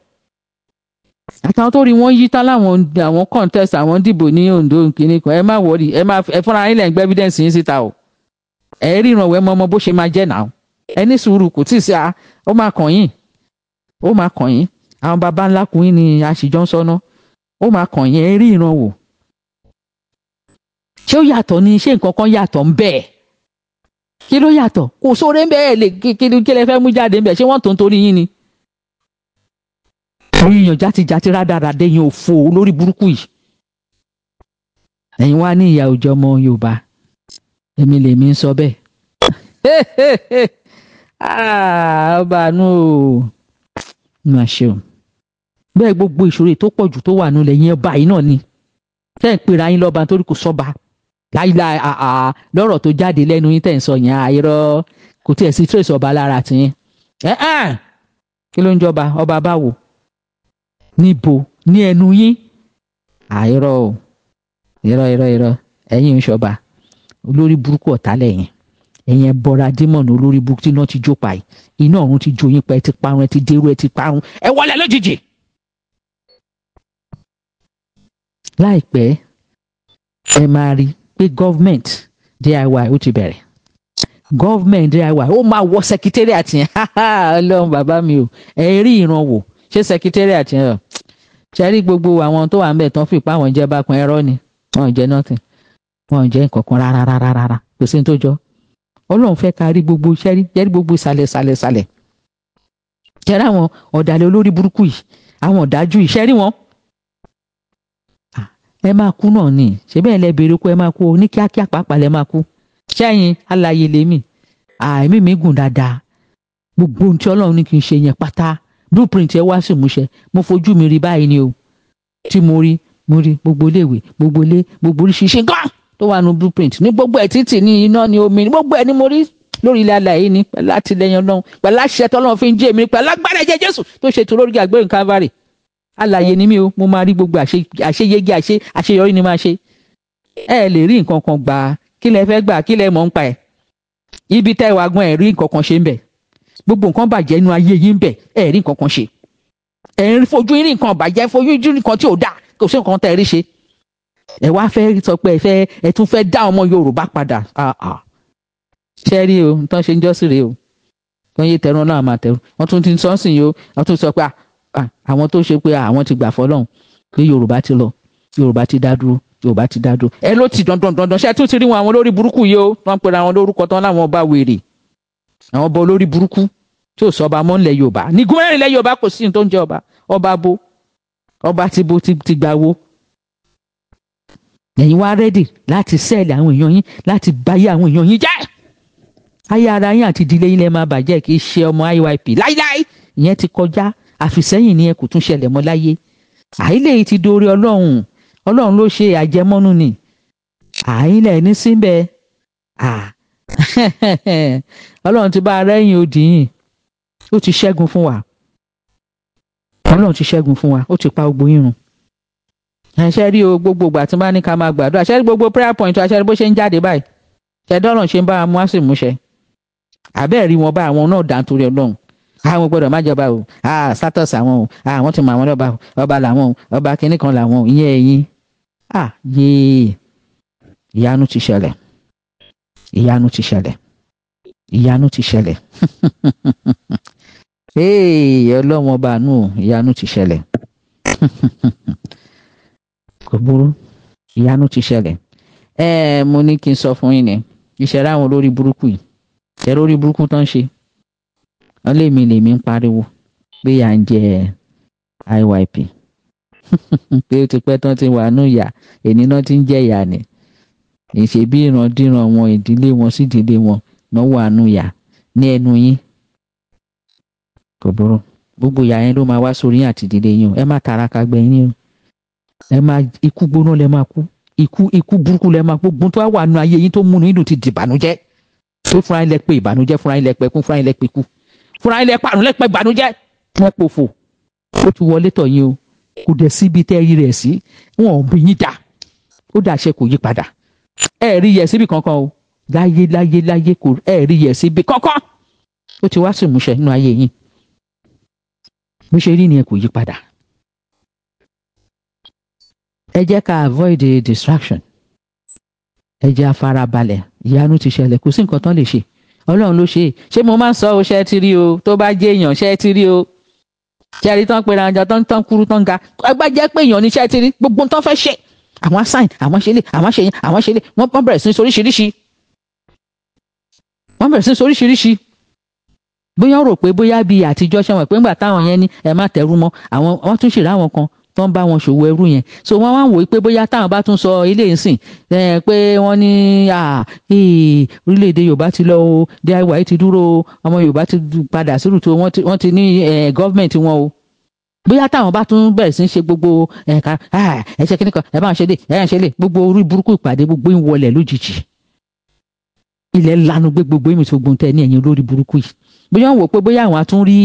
àtàwọn tó rí wọn yí tán láwọn àwọn contest àwọn dìbò ní Ondo kìíní kan ẹ má wọrí ẹ má ẹ fúnra yín lẹ ń gbé evidence yín síta o ẹ ríran wẹ mọ ọmọ bó ṣe máa jẹ náà ẹ ní sùúrù kò tí ì sí ó máa kàn yín ó máa kàn yín àwọn baba ńlá kun yín ni àṣìjọ ń sọnà ó máa kàn yín ẹ rí ìran ṣé ó yàtọ̀ ni ṣé nǹkan kan yàtọ̀ ń bẹ́ẹ̀ kí ló yàtọ̀ kò sóore ń bẹ ẹ lè kí lè fẹ́ mú jáde ń bẹ ṣé wọ́n tó ń torí yín ni. àwọn èèyàn játijàti rádaràdé yẹn òfò olórí burúkú yìí. ẹ̀yin wá ní ìyá òjò ọmọ Yorùbá èmi lèmi ń sọ bẹ́ẹ̀. [laughs] Ah, ọba àánú o mà ṣeun bẹ́ẹ̀ gbogbo ìṣòro tó pọ̀ jù tó wà nílẹ̀ yẹn báyìí náà ni tẹ́ ń pera yín lọ́ba nítorí kò sọ́ba. So láìláì àà lọ́rọ̀ tó jáde lẹ́nu yín tẹ̀ ń sọ yẹn àìrọ́ kò tiẹ̀ sí trace ọba lára tiyín ẹ̀ẹ́n kí ló ń jọba ọba báwo níbo ní ẹnu yín àìrọ́ o irọ́ irọ́ irọ́ ẹ̀yin ń ṣọba olórí burúkú ọ̀tá lẹ́yìn ẹ̀yin ẹ̀bọra dímọ̀nù olórí burúkú tí náà ti jó pàì iná ọ̀run ti jó yín pa ẹ ti parun ẹ ti dérú ẹ ti parun ẹ wọlé lójijì. láìpẹ́ ẹ máa rí pé government DIY ó ti bẹ̀rẹ̀ government DIY ó máa wọ secretariat yẹn [laughs] ọlọ́run bàbá mi o ẹ rí ìran wò ṣé secretariat yẹn ṣe rí gbogbo àwọn tó wà ń bẹ̀ tán fi ipá wọn jẹ́ bákan ẹ̀rọ ni wọn jẹ́ nothing wọn jẹ́ nǹkankan rárá rárá rárá kò sí ní tó jọ ọlọ́run fẹ́ ká rí gbogbo ṣẹ́ rí jẹ́ rí gbogbo ìsàlẹ̀ ìsàlẹ̀ ìsàlẹ̀ ṣẹ́rí àwọn ọ̀dàlẹ̀ olórí burúkú yìí àwọn ọ̀dájú yìí ṣẹ́rí wọn ẹ máa kú náà ni ṣebí ẹ lẹ béèrè kú ẹ máa kú ní kíákíá pàápàá lẹ máa kú ṣẹyìn alààyè lèmi àìmí mi gùn dáadáa gbogbo ohun tí Ọlọ́run ní kí n ṣe yẹn pátá blueprint ẹ wá sí ìmúṣẹ mo fojú mi rí báyìí ni o tí mo rí mo rí gbogbo iléèwé gbogbo ilé gbogbo oríṣiríṣi gan tó wà nù blueprint ní gbogbo ẹ títì ní iná ní omi ní gbogbo ẹ ní mo rí lórí ilẹ̀ alàyè ni pẹ̀lú àtìlẹ́yìn Ọlọ́run pẹ̀lú àṣẹ tọ́lọ́run fi ń jẹ èmi pẹ̀lú agbára ẹ̀jẹ̀ Jésù tó ṣètò lórí àgbẹ̀yìn Calvary alàyè ni mí o mo máa rí gbogbo àṣeyege àṣe àṣeyọrí ni máa ṣe ẹ lè rí nǹkan kan gbà kí lẹ fẹ́ gbà kí lẹ mọ̀ ń pa ẹ̀ ibi tẹ́ wàá gbọ́n ẹ̀ rí nǹkan kan ṣe ń bẹ̀ gbogbo nǹkan bàjẹ́ inú ayé yìí ń bẹ̀ ẹ̀ rí nǹkan kan ṣe ẹ̀ ń fojú rí nǹkan bàjẹ́ fojú rí nǹkan tí ò dáa kò sí nǹkan tẹ́ ẹ rí ṣe ẹ wá fẹ́ sọ pé ẹ fẹ́ ẹ tún fẹ́ dá ọmọ Yorùbá padà ṣe rí o nǹkan ṣe ń jọ́sìn rèé o kí wọ́n yé tẹ̀rún náà máa tẹ̀rún wọ́n tún ti sọ́ọ́sìn Ah, àwọn tó ṣe pé ah, àwọn ti gbà fọlọ́hún pé yorùbá ti lọ yorùbá ti dá dúró yorùbá ti dá dúró ẹ ló ti dandan dandan ṣé ẹ tún ti rí wọn àwọn lórí burúkú yìí o wọn pera àwọn lórúkọ tán láwọn ọba wèrè àwọn ọba olórí burúkú tí ò sọba mọ́ ńlẹ̀ yorùbá ní gómìnà ilẹ̀ yorùbá kò sí ní tó ń jẹ ọba ọba bo ọba ti bo ti, ti gbà wo ẹ̀yin wá rẹ́dì láti sẹ́ẹ̀lì àwọn èèyàn yín láti báyé àwọn èèyàn yín jẹ́ ayé ara yín àti ìdílé yín lẹ́ máa bàjẹ́ kì í ṣe ọmọ IYP láíláí ìyẹn ti kọjá àfìsẹ́yìn ni ẹ kò tún ṣẹlẹ̀ mọ́ láyé àìlè ti dorí ọlọ́run ọlọ́run ló ṣe àjẹmọ́nú ni àìlè ní síbẹ̀ [laughs] ọlọ́run ti bá rẹ́yìn odìyìn ó ti ṣẹ́gun fún wa ọlọ́run ti ṣẹ́gun fún wa ó ti pa gbogbo irun ṣe rí o gbogbo ìgbà tí wọ́n ní ká máa gbàdúrà ṣe rí gbogbo prayer point wa ṣe rí bó ṣe ń jáde báyìí ṣe dọ́rọ̀ ṣe ń bá wa mú àṣìmúṣe àbẹ́ẹ̀ wọn bá àwọn náà dá nítorí ọlọ́run àwọn ah, gbọ́dọ̀ má jọba o ah, status àwọn o àwọn ah, tún mọ àwọn lọ́ba ọba làwọn o ọba kínní kan làwọn o ìyẹn ẹ̀yin yéé ìyanu ti ṣẹlẹ̀ ìyanu ti ṣẹlẹ̀ ìyanu ti ṣẹlẹ̀ [laughs] ọlọ́wọ́n ọba àánú ìyanu ti ṣẹlẹ̀ [laughs] kò burú ìyanu ti ṣẹlẹ̀ ẹ eh, mo ní kí n sọ fún yín ni ìṣẹ̀lẹ̀ àwọn olórí burúkú yìí ìṣẹ̀lẹ̀ olórí burúkú tó ṣe wọ́n lé mi lèmi ń pariwo pé à ń jẹ IYP [laughs] pé ó ti pẹ́ tán ti wà nù yà èní náà ti ń jẹ ìyà ni ìṣe bí ìrandíran wọn ìdílé wọn sí ìdílé wọn náà wà nù yà ní ẹnu yín kò burú gbogbo ìyà yẹn ló máa wá sórí àti ìdílé yín o ẹ má taraka gbẹ̀yìn yín o ẹ má ikú gbóná lẹ máa kú ikú ikú burúkú lẹ máa gbógun tó wà nù ayé yín tó múnú yín dùn ti dìbànújẹ́ tó fúnra yín lẹ pé ìbànújẹ́ fúnra yín lẹ pé kú fúnra yín lẹ pé kú fúnra ilẹ̀ parun lẹ́pẹ́ ìbànújẹ́ wọ́n pòfò ó ti wọlé tọ̀ yín o kò dẹ̀ síbi tẹ́ rí rẹ̀ sí wọn ò bí yín dà ó dàṣẹ kò yí padà ẹ rí yẹ síbi kankan o láyé láyé láyé kò ẹ rí yẹ síbi kankan ó ti wá sí ìmúṣẹ nínú ayé yín bó ṣe rí nìyẹn kò yí padà ẹ jẹ́ ká avoid the distraction ẹ jẹ́ afárabalẹ̀ ìyanu ti ṣẹlẹ̀ kò sí nǹkan tán lè ṣe ọlọ́run ló ṣe ṣé mo máa ń sọ ọ ṣe é ti rí o tó bá jẹ́ èèyàn ṣe é ti rí o ṣẹ́ẹ̀rí tán pera ọjà tán tán kúrú tán ga ẹgbẹ́ jẹ́ pé èèyàn ní ṣe é ti rí gbogbo tán fẹ́ ṣe àwọn assign àwọn ṣẹlẹ̀ àwọn ṣẹyìn àwọn ṣẹlẹ̀ wọ́n bẹ̀rẹ̀ sí ní soríṣiríṣi wọ́n bẹ̀rẹ̀ sí ní soríṣiríṣi bóyá ó rò pé bóyá bíi àtijọ́ ṣe wọ̀n pé ńgbà táwọn yẹn ní ẹ má tẹ̀rù mọ́ àwọn wọ́n tún ṣèrè àwọn kan tó bá wọn ṣòwò ẹrú yẹn so wọn wá ń wò ó pé bóyá táwọn bá tún sọ ilé ìsìn pé wọn ní orílẹ̀-èdè yorùbá ti lọ o diy ti dúró o ọmọ yorùbá ti padà sírù tó wọn ti ní gọ́ọ̀mẹ̀ntì wọn o bóyá táwọn bá tún bẹ̀rẹ̀ sí ṣe gbogbo ẹ̀ka ẹ̀ṣẹ̀ kìnnìkọ ẹ̀ bá ń ṣe lè gbogbo orí burúkú ìpàdé gbogbo ń lójijì ilẹ̀ lanu gbé gbogbo èmi tó tẹ́ ní ẹ̀yìn olórí burúkú yìí bóyá wọn wò pé bóyá àwọn atún rí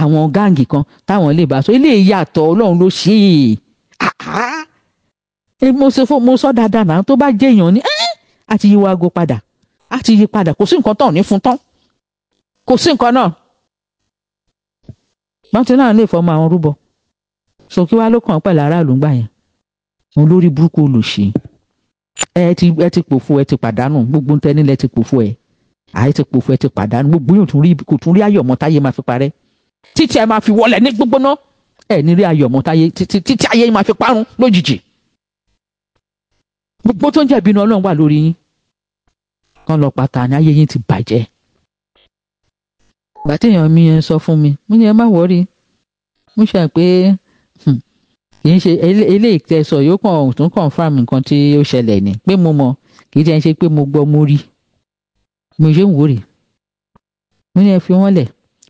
àwọn gáàngì kan táwọn lè bá sọ eléyìí yàtọ̀ Ọlọ́run ló ṣe é mo sọ fún mo sọ dáadáa náà tó bá jẹ́ èèyàn ni a ti yí wa ago padà a ti yí padà kò sí nǹkan tán ní fún tán kò sí nǹkan náà bàtí náà lè fọmọ àwọn rúbọ sọ kí wàá ló kàn pẹ̀lú aráàlú gbà yẹn òun lórí burúkú olùṣí ẹ ti ẹ ti pòfo ẹ ti pàdánù gbogbo ntẹni lẹ ti pòfo ẹ àìsí pòfo ẹ ti pàdánù gbogbo yóò tún rí kò tún rí ayọ̀ ọmọ táyé máa fi parẹ́ títí ẹ máa fi wọlé ní gbígbóná ẹ ní rí ayọ̀ ọmọ táyé títí ayé máa fi parun lójijì gbogbo tó ń jẹ́ ìbínú ọlọ́run wà lórí yín kán lọ pàtà ní ayé yín ti bàjẹ́ ìgbà tí èèyàn mi yẹn sọ fún mi mo ní ẹ má wọrí mo ṣe pé hmm, kì í ṣe eléyìí tẹ sọ yóò kàn tún confirm nǹkan tí ó ṣẹlẹ̀ ni pé mo mọ̀ kì í ṣe pé mo gbọ́ mo rí mo ṣe ń wò rè mo ní ẹ fi wọn lẹ̀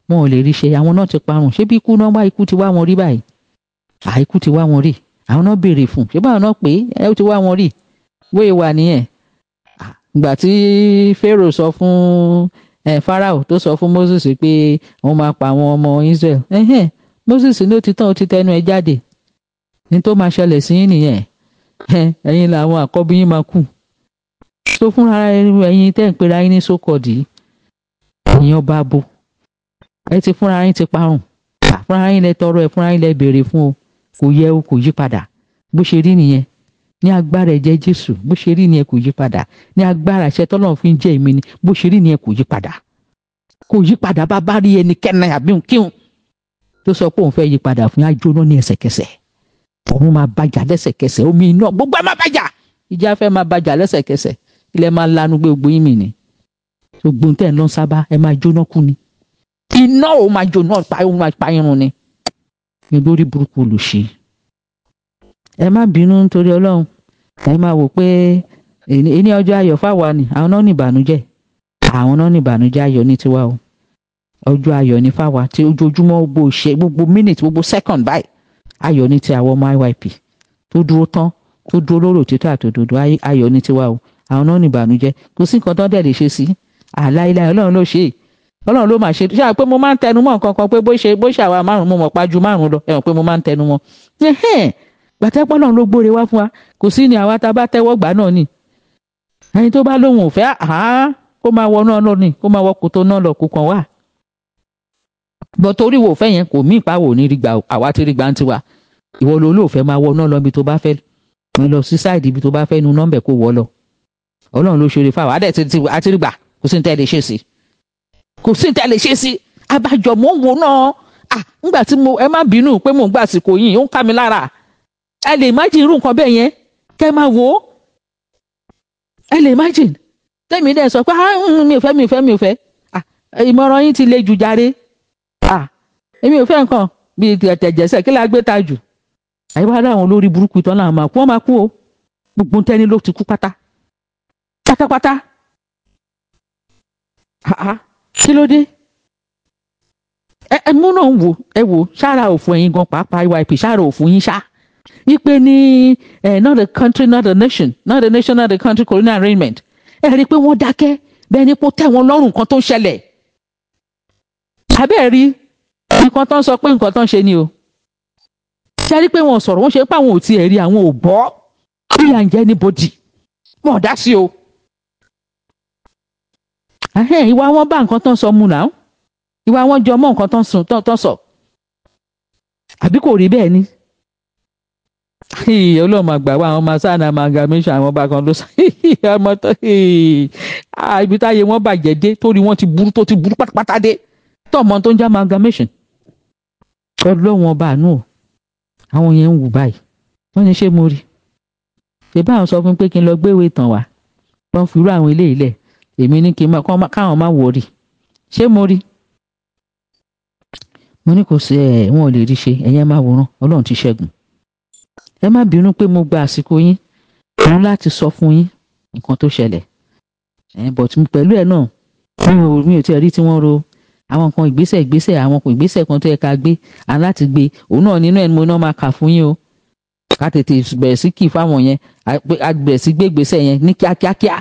wọn ò lè rí ṣe àwọn náà ti parun ṣé bí ikú náà wá ikú ti wá wọn rí báyìí à ikú ti wá wọn rí àwọn náà béèrè fún ṣé báwọn náà pé ẹ ti wá wọn rí wéè e wà nìyẹn ìgbà tí Pharaoh sọ fún ẹ Pharaoh tó sọ fún Moses pé òun máa pa àwọn ọmọ Israel ẹhẹn Moses ní ó ti tán ó ti tẹnu ẹ jáde ní tó máa ṣẹlẹ̀ sí yín nìyẹn ẹ̀yin làwọn àkọ́bí yín máa kú tó fúnra ẹ̀yin tẹ́ ń pera yín ní sókòdì èèyàn bá bo ẹ ti fúnra yín ti parun fúnra yín lẹ tọrọ ẹ fúnra yín lẹ béèrè fún o kò yẹ o kò yí padà bó ṣe rí nìyẹn ní agbára ẹ̀jẹ̀ Jésù bó ṣe rí nìyẹn kò yí padà ní agbára àṣẹ tọ́lọ́run fi ń jẹ́ èmi ni bó ṣe rí nìyẹn kò yí padà kò yí padà bá bá rí ẹnikẹ́ni àbí kíhun tó sọ pé òun fẹ́ yí padà fún ajóná ní ẹsẹ̀kẹsẹ̀ òun máa bàjá lẹ́sẹ̀kẹsẹ̀ omi iná gbogbo ẹ̀ máa bàjá ìjà fẹ́ máa bàjá lẹ́sẹ̀kẹsẹ̀ ilẹ̀ máa lanu gbé gbóyin mi ni gbogbo tẹ̀ ń lọ sábà ẹ máa jóná kú ni iná ò máa jóná pa ẹ máa pa irun ni lórí burúkú ló ṣe ẹ má bínú nítorí ọlọ́run ẹ máa wò pé ẹni ọjọ́ ayọ̀ fáwa ni àwọn náà ní ìbànújẹ́ àwọn náà ní ìbànújẹ́ ayọ̀ ní tiwa o ọjọ́ ayọ̀ ní fáwa tí ojoojúmọ́ gbogbo ṣe gbogbo minute gbogbo second báyìí ayọ̀ ní ti àwọn ọmọ iyp tó dúró tán tó dúró lórí òtítọ́ àtòdodo ayọ̀ ní tiwa o àwọn náà ní ìbànújẹ́ kò sí nǹkan tán dẹ̀ lè ṣe sí àláìláì ọlọ́run ló ṣe é ọlọ́run ló mà ṣe ṣáà pé mo máa ń tẹnu mọ́ nǹkan kan pé bó ṣe bó ṣe àwa márùn mo mọ̀ pa ju márùn lọ ẹ̀wọ̀n pé mo máa ń tẹnu mọ́ gbàtẹ́pọ̀ ọlọ́run ló gbóre wá fún wa kò sí ni àwa tá a bá tẹ́wọ́ gbà náà ni ẹni tó bá lóun ò fẹ́ àá kó máa wọ náà lọ ni kó máa wọ kòtò náà lọ kó kàn wá bọ́ torí wò fẹ́ yẹn kò mí ìpá wò ní rígbà àwa ti rígbà ń ìwọ ló lóòfẹ́ máa wọ náà lọ ibi tó bá fẹ́ lọ sí sáìdì ibi tó bá fẹ́ nu nọ́mbẹ̀ kó wọ́ lọ ọlọ́run ló ṣeré fáwọn adẹ́ ti àti rí gbà kò sí ní tẹ́lẹ̀ ṣe sí kò sí ní tẹ́lẹ̀ ṣe sí abájọ mò ń wò náà à ńgbà tí mo ẹ má bínú pé mò ń gbà ó ń mi lára ẹ lè imagine irú nǹkan bẹ́ẹ̀ yẹn kẹ́ máa wò ó ẹ lè imagine tẹ́mi sọ pé ah, mm, mi ò fẹ́ mi ò fẹ́ mi ò fẹ́ ìmọ̀ràn yín ti le jù èmi ò fẹ́ nǹkan bíi kí ta pátápátá kí ló dé ẹ mú náà wò ẹ wò ṣáàrà òfò ẹ̀yin gan pàápàá YP ṣáàrà òfò yín ṣá wípé ní not a country not a nation not a nation not a country colonial arrangement ẹ rí i pé wọ́n dákẹ́ bẹ́ẹ̀ ni kó tẹ̀ wọ́n lọ́rùn nǹkan tó ń ṣẹlẹ̀ àbẹ́ẹ̀ rí nǹkan tó ń sọ pé nǹkan tó ń ṣe ni o ṣe rí i pé wọn sọ̀rọ̀ wọ́n ṣe pé àwọn ò tiẹ̀ rí àwọn ò bọ́ bí à ń jẹ́ anybody wọn dá sí o ìwà wọn bá nǹkan tán sọ mu náà ìwà wọn jọ mọ́ nǹkan tán sùn tán sọ àbí kò rí bẹ́ẹ̀ ni ọlọ́run máa gbà wá àwọn máa sáà náà máa ga méṣà àwọn ọba kan ló sá [laughs] ọmọ tó ibi táyé wọn bàjẹ́ dé torí wọn ti burú tó ti burú pátápátá dé tọmọ tó ń já máa ga méṣà ọlọ́run ọba àánú o àwọn yẹn ń wù báyìí wọ́n ní ṣé mo rí ṣe báwọn sọ fún pé kí n lọ gbéwèé tàn wá wọ́n fi irú àwọn eléyìí lẹ̀ èmi ní kí n máa káwọn máa wọrí ṣé mo rí mo ní kò sí ẹ wọn ò lè rí ṣe ẹ̀yin máa wòran Ọlọ́run ti ṣẹ́gun ẹ má bínú pé mo gba àsìkò yín òun láti sọ fún yín nǹkan tó ṣẹlẹ̀ ẹ bọ̀ tí mo pẹ̀lú ẹ náà mi ò mi ò tiẹ̀ rí tí wọ́n ro àwọn kan ìgbésẹ̀ ìgbésẹ̀ àwọn kan ìgbésẹ̀ kan tó yẹ ká gbé aláti gbé òun náà nínú ẹ̀ ni mo náà máa kà fún yín o ká tètè bẹ̀rẹ̀ sí kì fáwọn yẹn bẹ̀rẹ̀ sí gbé yẹn ní kíákíákíá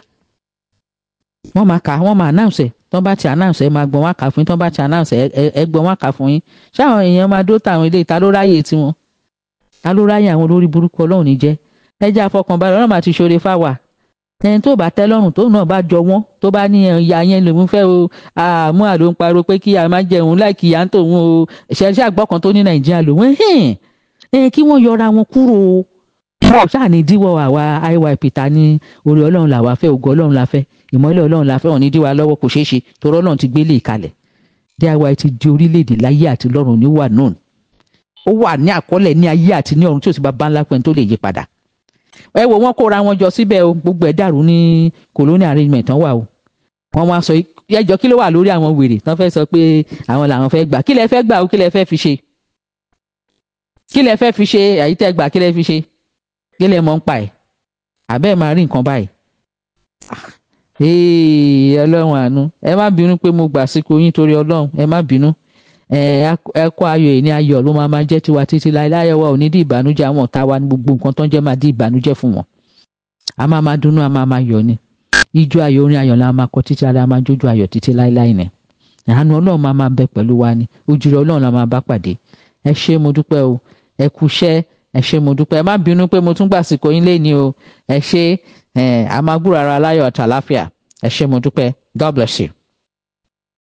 wọ́n máa kà wọ́n máa announce ẹ̀ tán bá ti announce ẹ̀ máa gbọ́n wá kà fún yín tán bá ti announce ẹ̀ ẹ̀ gbọ́n wá kà fún yín ṣáwọn èèyàn máa dó tàwọn ilé ìta ló ráyè tiwọn ta ló ráyè àwọn olórí burúkú ọlọ́run ní jẹ́ ẹ jẹ́ àfọkànbalẹ̀ ọlọ́run àti ṣoore fáwà ẹni tó bá tẹ́ lọ́rùn tó náà bá jọ wọ́n tó bá ní ìyá yẹn lòún fẹ́ o àmú àlò ń pé kí a máa jẹun láìkí ìyá ń tòun o ìṣẹ́ṣẹ́ àgbọ̀kan tó ní nàìjíríà lòún ẹ̀hìn kí wọ́n yọra wọn kúrò o wọn ṣáà ní díwọ́ àwa iyp ta ní orí ọlọ́run làwa fẹ́ ògo ọlọ́run la fẹ́ ìmọ́lẹ̀ ọlọ́run la fẹ́ òní díwọ́ alọ́wọ́ kò ṣeé ṣe torọ́ ọlọ́run ti gbélé ìkalẹ̀ diy ti di orílẹ̀-èdè láyé àti lọ́run ní wà nùn ó wà ní àkọọ́lẹ̀ ní ayé àti ní ọ̀run tí ò sì bá bá ńlá pẹ́ni tó lè yí padà ẹ wò wọ́n kóra wọn jọ síbẹ̀ o gbogbo ẹ̀ dàrú ní colonial arrangement tán wà o wọ́n wá sọ ẹjọ́ kí ló wà lórí àwọn wèrè tán fẹ́ sọ pé àwọn làwọn fẹ́ gbà kí lẹ fẹ́ gbà o kí lẹ fẹ́ fi ṣe kí lẹ fẹ́ fi ṣe àyítẹ́ gbà kí lẹ fi ṣe kí lẹ mọ̀ ń pa ẹ̀ àbẹ́ máa rí nǹkan báyìí ọlọ́run àánú ẹ má bínú pé mo gbàsíkò yín torí ọlọ́run ẹ má bínú ẹ kó ayọ̀ èyí ní ayọ̀ ló máa máa jẹ́ tiwa títí láéláyọ̀ wa ò ní di ìbànújẹ́ àwọn ọ̀tá wa ní gbogbo nǹkan tó ń jẹ́ máa di ìbànújẹ́ fún wọn a máa máa dunnú a máa máa yọ̀ ni ijó ayọ̀ orin ayọ̀ la máa kọ títí ara máa jójú ayọ̀ títí láéláé ni àánú ọlọ́run máa máa bẹ pẹ̀lú wa ni ojúrere ọlọ́run la máa bá pàdé ẹ ṣé mo dúpẹ́ o ẹ kúṣẹ́ ẹ ṣé mo dúpẹ́ ẹ má bínú pé mo tún gbàsìkò yín lé ní o ẹ ṣé ẹ a máa gbúra ara láyọ̀ ẹ ṣé mo dúpẹ́ God bless you.